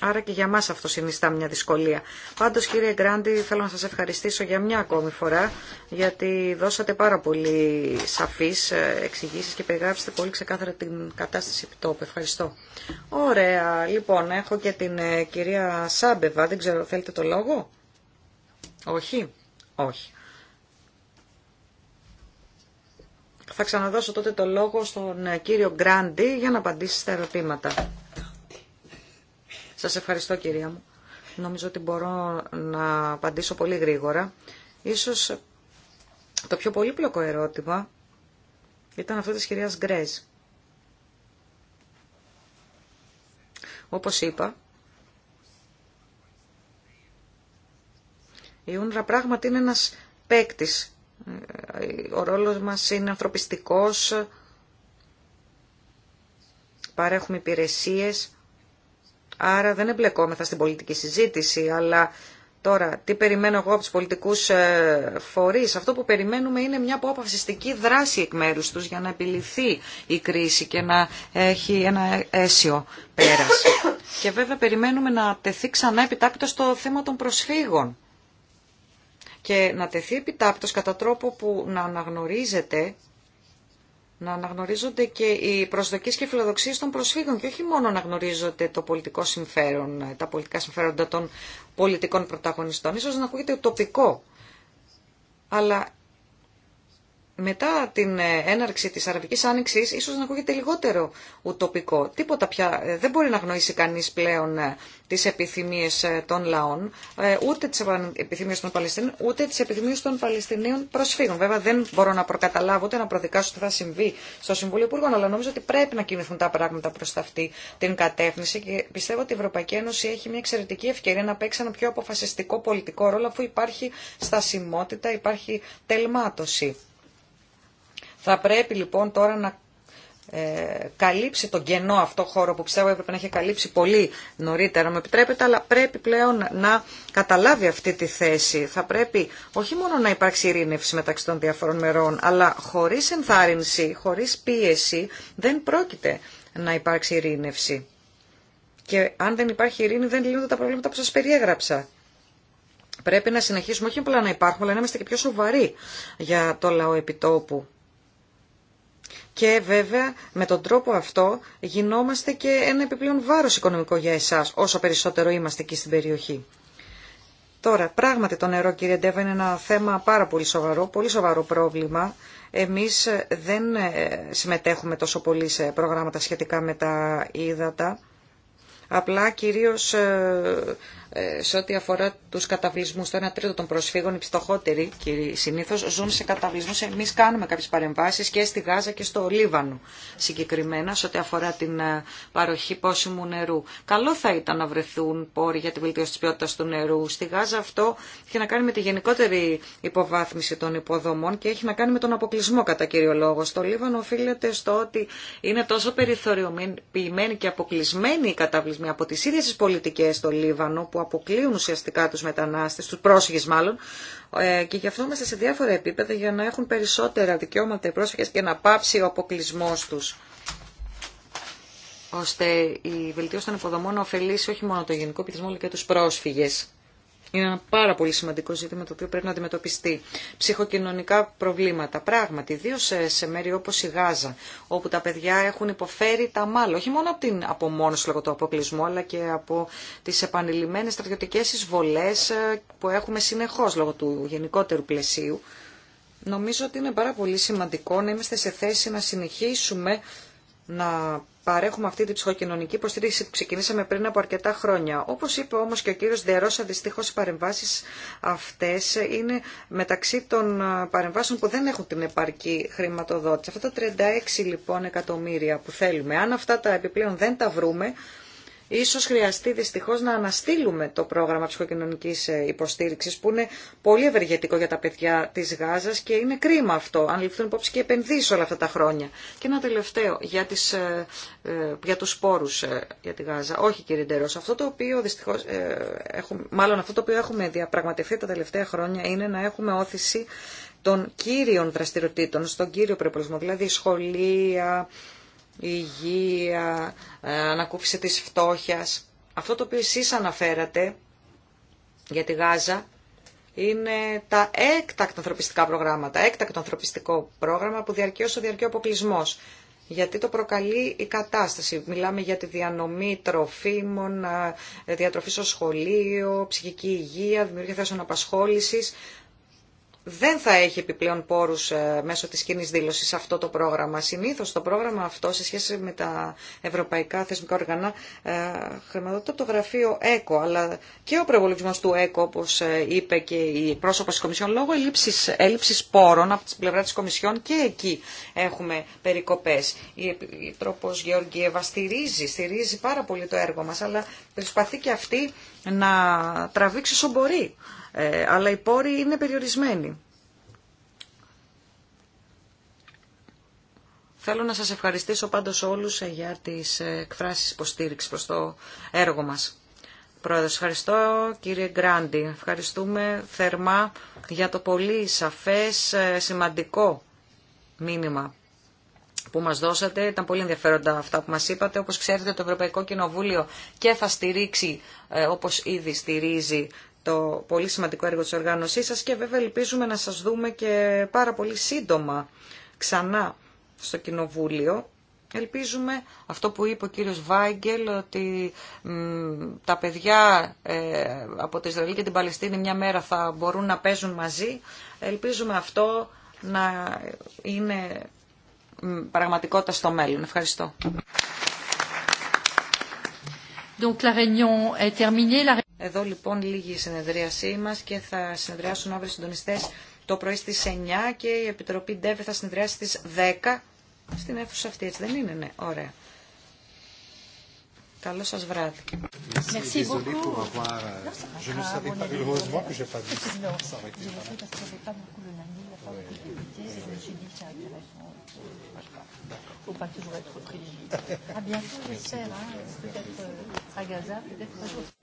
Άρα και για μας αυτό συνιστά μια δυσκολία. Πάντως κύριε Γκράντι θέλω να σας ευχαριστήσω για μια ακόμη φορά γιατί δώσατε πάρα πολύ σαφείς ε, εξηγήσεις και περιγράψετε πολύ ξεκάθαρα την κατάσταση επιτόπου. Ευχαριστώ. Ωραία. Λοιπόν, έχω και την ε, κυρία Σάμπεβα. Δεν ξέρω, θέλετε το λόγο? Όχι. Όχι. Θα ξαναδώσω τότε το λόγο στον ε, κύριο Γκράντι για να απαντήσει στα ερωτήματα. Σας ευχαριστώ κυρία μου. Νομίζω ότι μπορώ να απαντήσω πολύ γρήγορα. Ίσως το πιο πολύπλοκο ερώτημα ήταν αυτό της κυρίας Γκρέζ. Όπως είπα, η Ούνρα πράγματι είναι ένας παίκτη. Ο ρόλος μας είναι ανθρωπιστικός, παρέχουμε υπηρεσίες Άρα δεν εμπλεκόμεθα στην πολιτική συζήτηση, αλλά τώρα τι περιμένω εγώ από τους πολιτικούς ε, φορείς. Αυτό που περιμένουμε είναι μια αποφασιστική δράση εκ μέρους τους για να επιληθεί η κρίση και να έχει ένα αίσιο πέρας. [COUGHS] και βέβαια περιμένουμε να τεθεί ξανά επιτάπητο στο θέμα των προσφύγων και να τεθεί επιτάπτως κατά τρόπο που να αναγνωρίζεται να αναγνωρίζονται και οι προσδοκίες και οι φιλοδοξίες των προσφύγων και όχι μόνο να γνωρίζονται το πολιτικό συμφέρον, τα πολιτικά συμφέροντα των πολιτικών πρωταγωνιστών. σω να ακούγεται τοπικό, αλλά μετά την ε, έναρξη της Αραβικής Άνοιξης ίσως να ακούγεται λιγότερο ουτοπικό. Τίποτα πια ε, δεν μπορεί να γνωρίσει κανείς πλέον ε, τις επιθυμίες των λαών, ούτε τις επιθυμίες των Παλαιστινίων, ούτε τις επιθυμίες των Παλαιστινίων προσφύγων. Βέβαια δεν μπορώ να προκαταλάβω ούτε να προδικάσω τι θα συμβεί στο Συμβούλιο Υπουργών, αλλά νομίζω ότι πρέπει να κινηθούν τα πράγματα προς αυτή την κατεύθυνση και πιστεύω ότι η Ευρωπαϊκή Ένωση έχει μια εξαιρετική ευκαιρία να παίξει ένα πιο αποφασιστικό πολιτικό ρόλο αφού υπάρχει στασιμότητα, υπάρχει τελμάτωση. Θα πρέπει λοιπόν τώρα να ε, καλύψει τον κενό αυτό χώρο που πιστεύω έπρεπε να είχε καλύψει πολύ νωρίτερα, με επιτρέπετε, αλλά πρέπει πλέον να καταλάβει αυτή τη θέση. Θα πρέπει όχι μόνο να υπάρξει ειρήνευση μεταξύ των διαφορών μερών, αλλά χωρίς ενθάρρυνση, χωρίς πίεση δεν πρόκειται να υπάρξει ειρήνευση. Και αν δεν υπάρχει ειρήνη δεν λύνονται τα προβλήματα που σας περιέγραψα. Πρέπει να συνεχίσουμε όχι απλά να υπάρχουν, αλλά να είμαστε και πιο σοβαροί για το λαό επιτόπου και βέβαια με τον τρόπο αυτό γινόμαστε και ένα επιπλέον βάρος οικονομικό για εσάς όσο περισσότερο είμαστε εκεί στην περιοχή. Τώρα, πράγματι το νερό κύριε Ντέβα είναι ένα θέμα πάρα πολύ σοβαρό, πολύ σοβαρό πρόβλημα. Εμείς δεν ε, συμμετέχουμε τόσο πολύ σε προγράμματα σχετικά με τα ύδατα. Απλά κυρίως ε, ε, σε ό,τι αφορά τους καταβλισμούς, το 1 τρίτο των προσφύγων, οι πιστοχότεροι κύριοι, συνήθως ζουν σε καταβλισμούς. Εμείς κάνουμε κάποιες παρεμβάσεις και στη Γάζα και στο Λίβανο συγκεκριμένα σε ό,τι αφορά την ε, παροχή πόσιμου νερού. Καλό θα ήταν να βρεθούν πόροι για την βελτίωση της ποιότητας του νερού. Στη Γάζα αυτό έχει να κάνει με τη γενικότερη υποβάθμιση των υποδομών και έχει να κάνει με τον αποκλεισμό κατά κύριο λόγο. Στο Λίβανο οφείλεται στο ότι είναι τόσο περιθωριοποιημένοι και αποκλεισμένη η μια από τις ίδιες τις πολιτικές στο Λίβανο που αποκλείουν ουσιαστικά τους μετανάστες, τους πρόσφυγες μάλλον ε, και γι' αυτό είμαστε σε διάφορα επίπεδα για να έχουν περισσότερα δικαιώματα οι πρόσφυγες και να πάψει ο αποκλεισμό τους ώστε η βελτίωση των υποδομών να ωφελήσει όχι μόνο το γενικό πληθυσμό αλλά και τους πρόσφυγες. Είναι ένα πάρα πολύ σημαντικό ζήτημα το οποίο πρέπει να αντιμετωπιστεί. Ψυχοκοινωνικά προβλήματα. Πράγματι, ιδίω σε, μέρη όπω η Γάζα, όπου τα παιδιά έχουν υποφέρει τα μάλλα, όχι μόνο από την απομόνωση λόγω του αποκλεισμού, αλλά και από τι επανειλημμένε στρατιωτικέ εισβολέ ε, που έχουμε συνεχώ λόγω του γενικότερου πλαισίου. Νομίζω ότι είναι πάρα πολύ σημαντικό να είμαστε σε θέση να συνεχίσουμε να παρέχουμε αυτή την ψυχοκοινωνική υποστήριξη που ξεκινήσαμε πριν από αρκετά χρόνια. Όπως είπε όμως και ο κύριος Δερόσα δυστυχώς οι παρεμβάσεις αυτές είναι μεταξύ των παρεμβάσεων που δεν έχουν την επαρκή χρηματοδότηση. Αυτά τα 36 λοιπόν εκατομμύρια που θέλουμε, αν αυτά τα επιπλέον δεν τα βρούμε, Ίσως χρειαστεί δυστυχώς να αναστείλουμε το πρόγραμμα ψυχοκοινωνικής ε, υποστήριξης που είναι πολύ ευεργετικό για τα παιδιά της Γάζας και είναι κρίμα αυτό αν ληφθούν υπόψη και επενδύσει όλα αυτά τα χρόνια. Και ένα τελευταίο για, τις, ε, ε, για τους σπόρους για τη Γάζα. Όχι κύριε Ντερός, αυτό το οποίο δυστυχώς, έχουμε, μάλλον αυτό το οποίο έχουμε διαπραγματευτεί τα τελευταία χρόνια είναι να έχουμε όθηση των κύριων δραστηριοτήτων στον κύριο προπολογισμό, δηλαδή σχολεία, υγεία, ε, ανακούφιση της φτώχειας. Αυτό το οποίο εσείς αναφέρατε για τη Γάζα είναι τα έκτακτα ανθρωπιστικά προγράμματα. Έκτακτο ανθρωπιστικό πρόγραμμα που διαρκεί όσο διαρκεί ο αποκλεισμό. Γιατί το προκαλεί η κατάσταση. Μιλάμε για τη διανομή τροφίμων, ε, διατροφή στο σχολείο, ψυχική υγεία, δημιουργία θέσεων απασχόληση δεν θα έχει επιπλέον πόρους ε, μέσω της κοινή δήλωσης αυτό το πρόγραμμα. Συνήθως το πρόγραμμα αυτό σε σχέση με τα ευρωπαϊκά θεσμικά οργανά ε, χρηματοδοτείται από το γραφείο ΕΚΟ, αλλά και ο προπολογισμό του ΕΚΟ, όπως ε, είπε και η πρόσωπα της Κομισιόν, λόγω έλλειψης, πόρων από την πλευρά της Κομισιόν και εκεί έχουμε περικοπές. Η Επιτρόπος Γεωργίευα στηρίζει, στηρίζει πάρα πολύ το έργο μας, αλλά προσπαθεί και αυτή να τραβήξει όσο μπορεί ε, αλλά οι πόροι είναι περιορισμένοι. Θέλω να σας ευχαριστήσω πάντως όλους ε, για τις ε, εκφράσεις υποστήριξη προς το έργο μας. Πρόεδρος, ευχαριστώ κύριε Γκράντι. Ευχαριστούμε θερμά για το πολύ σαφές, σημαντικό μήνυμα που μας δώσατε. Ήταν πολύ ενδιαφέροντα αυτά που μας είπατε. Όπως ξέρετε το Ευρωπαϊκό Κοινοβούλιο και θα στηρίξει, όπως ήδη στηρίζει, το πολύ σημαντικό έργο της οργάνωσής σας και βέβαια ελπίζουμε να σας δούμε και πάρα πολύ σύντομα ξανά στο Κοινοβούλιο. Ελπίζουμε αυτό που είπε ο κύριος Βάγκελ ότι τα παιδιά ε, από το Ισραήλ και την Παλαιστίνη μια μέρα θα μπορούν να παίζουν μαζί. Ελπίζουμε αυτό να είναι πραγματικότητα στο μέλλον. Ευχαριστώ. la réunion est terminée. Εδώ λοιπόν λίγη η συνεδρίασή μας και θα συνεδριάσουν αύριο συντονιστές το πρωί στις 9 και η Επιτροπή ΝΤΕΒΕ θα συνεδριάσει στις 10 στην αίθουσα αυτή, έτσι δεν είναι, ναι, ωραία. Καλό σας βράδυ. Merci faut pas À bientôt, hein, peut-être euh, peut-être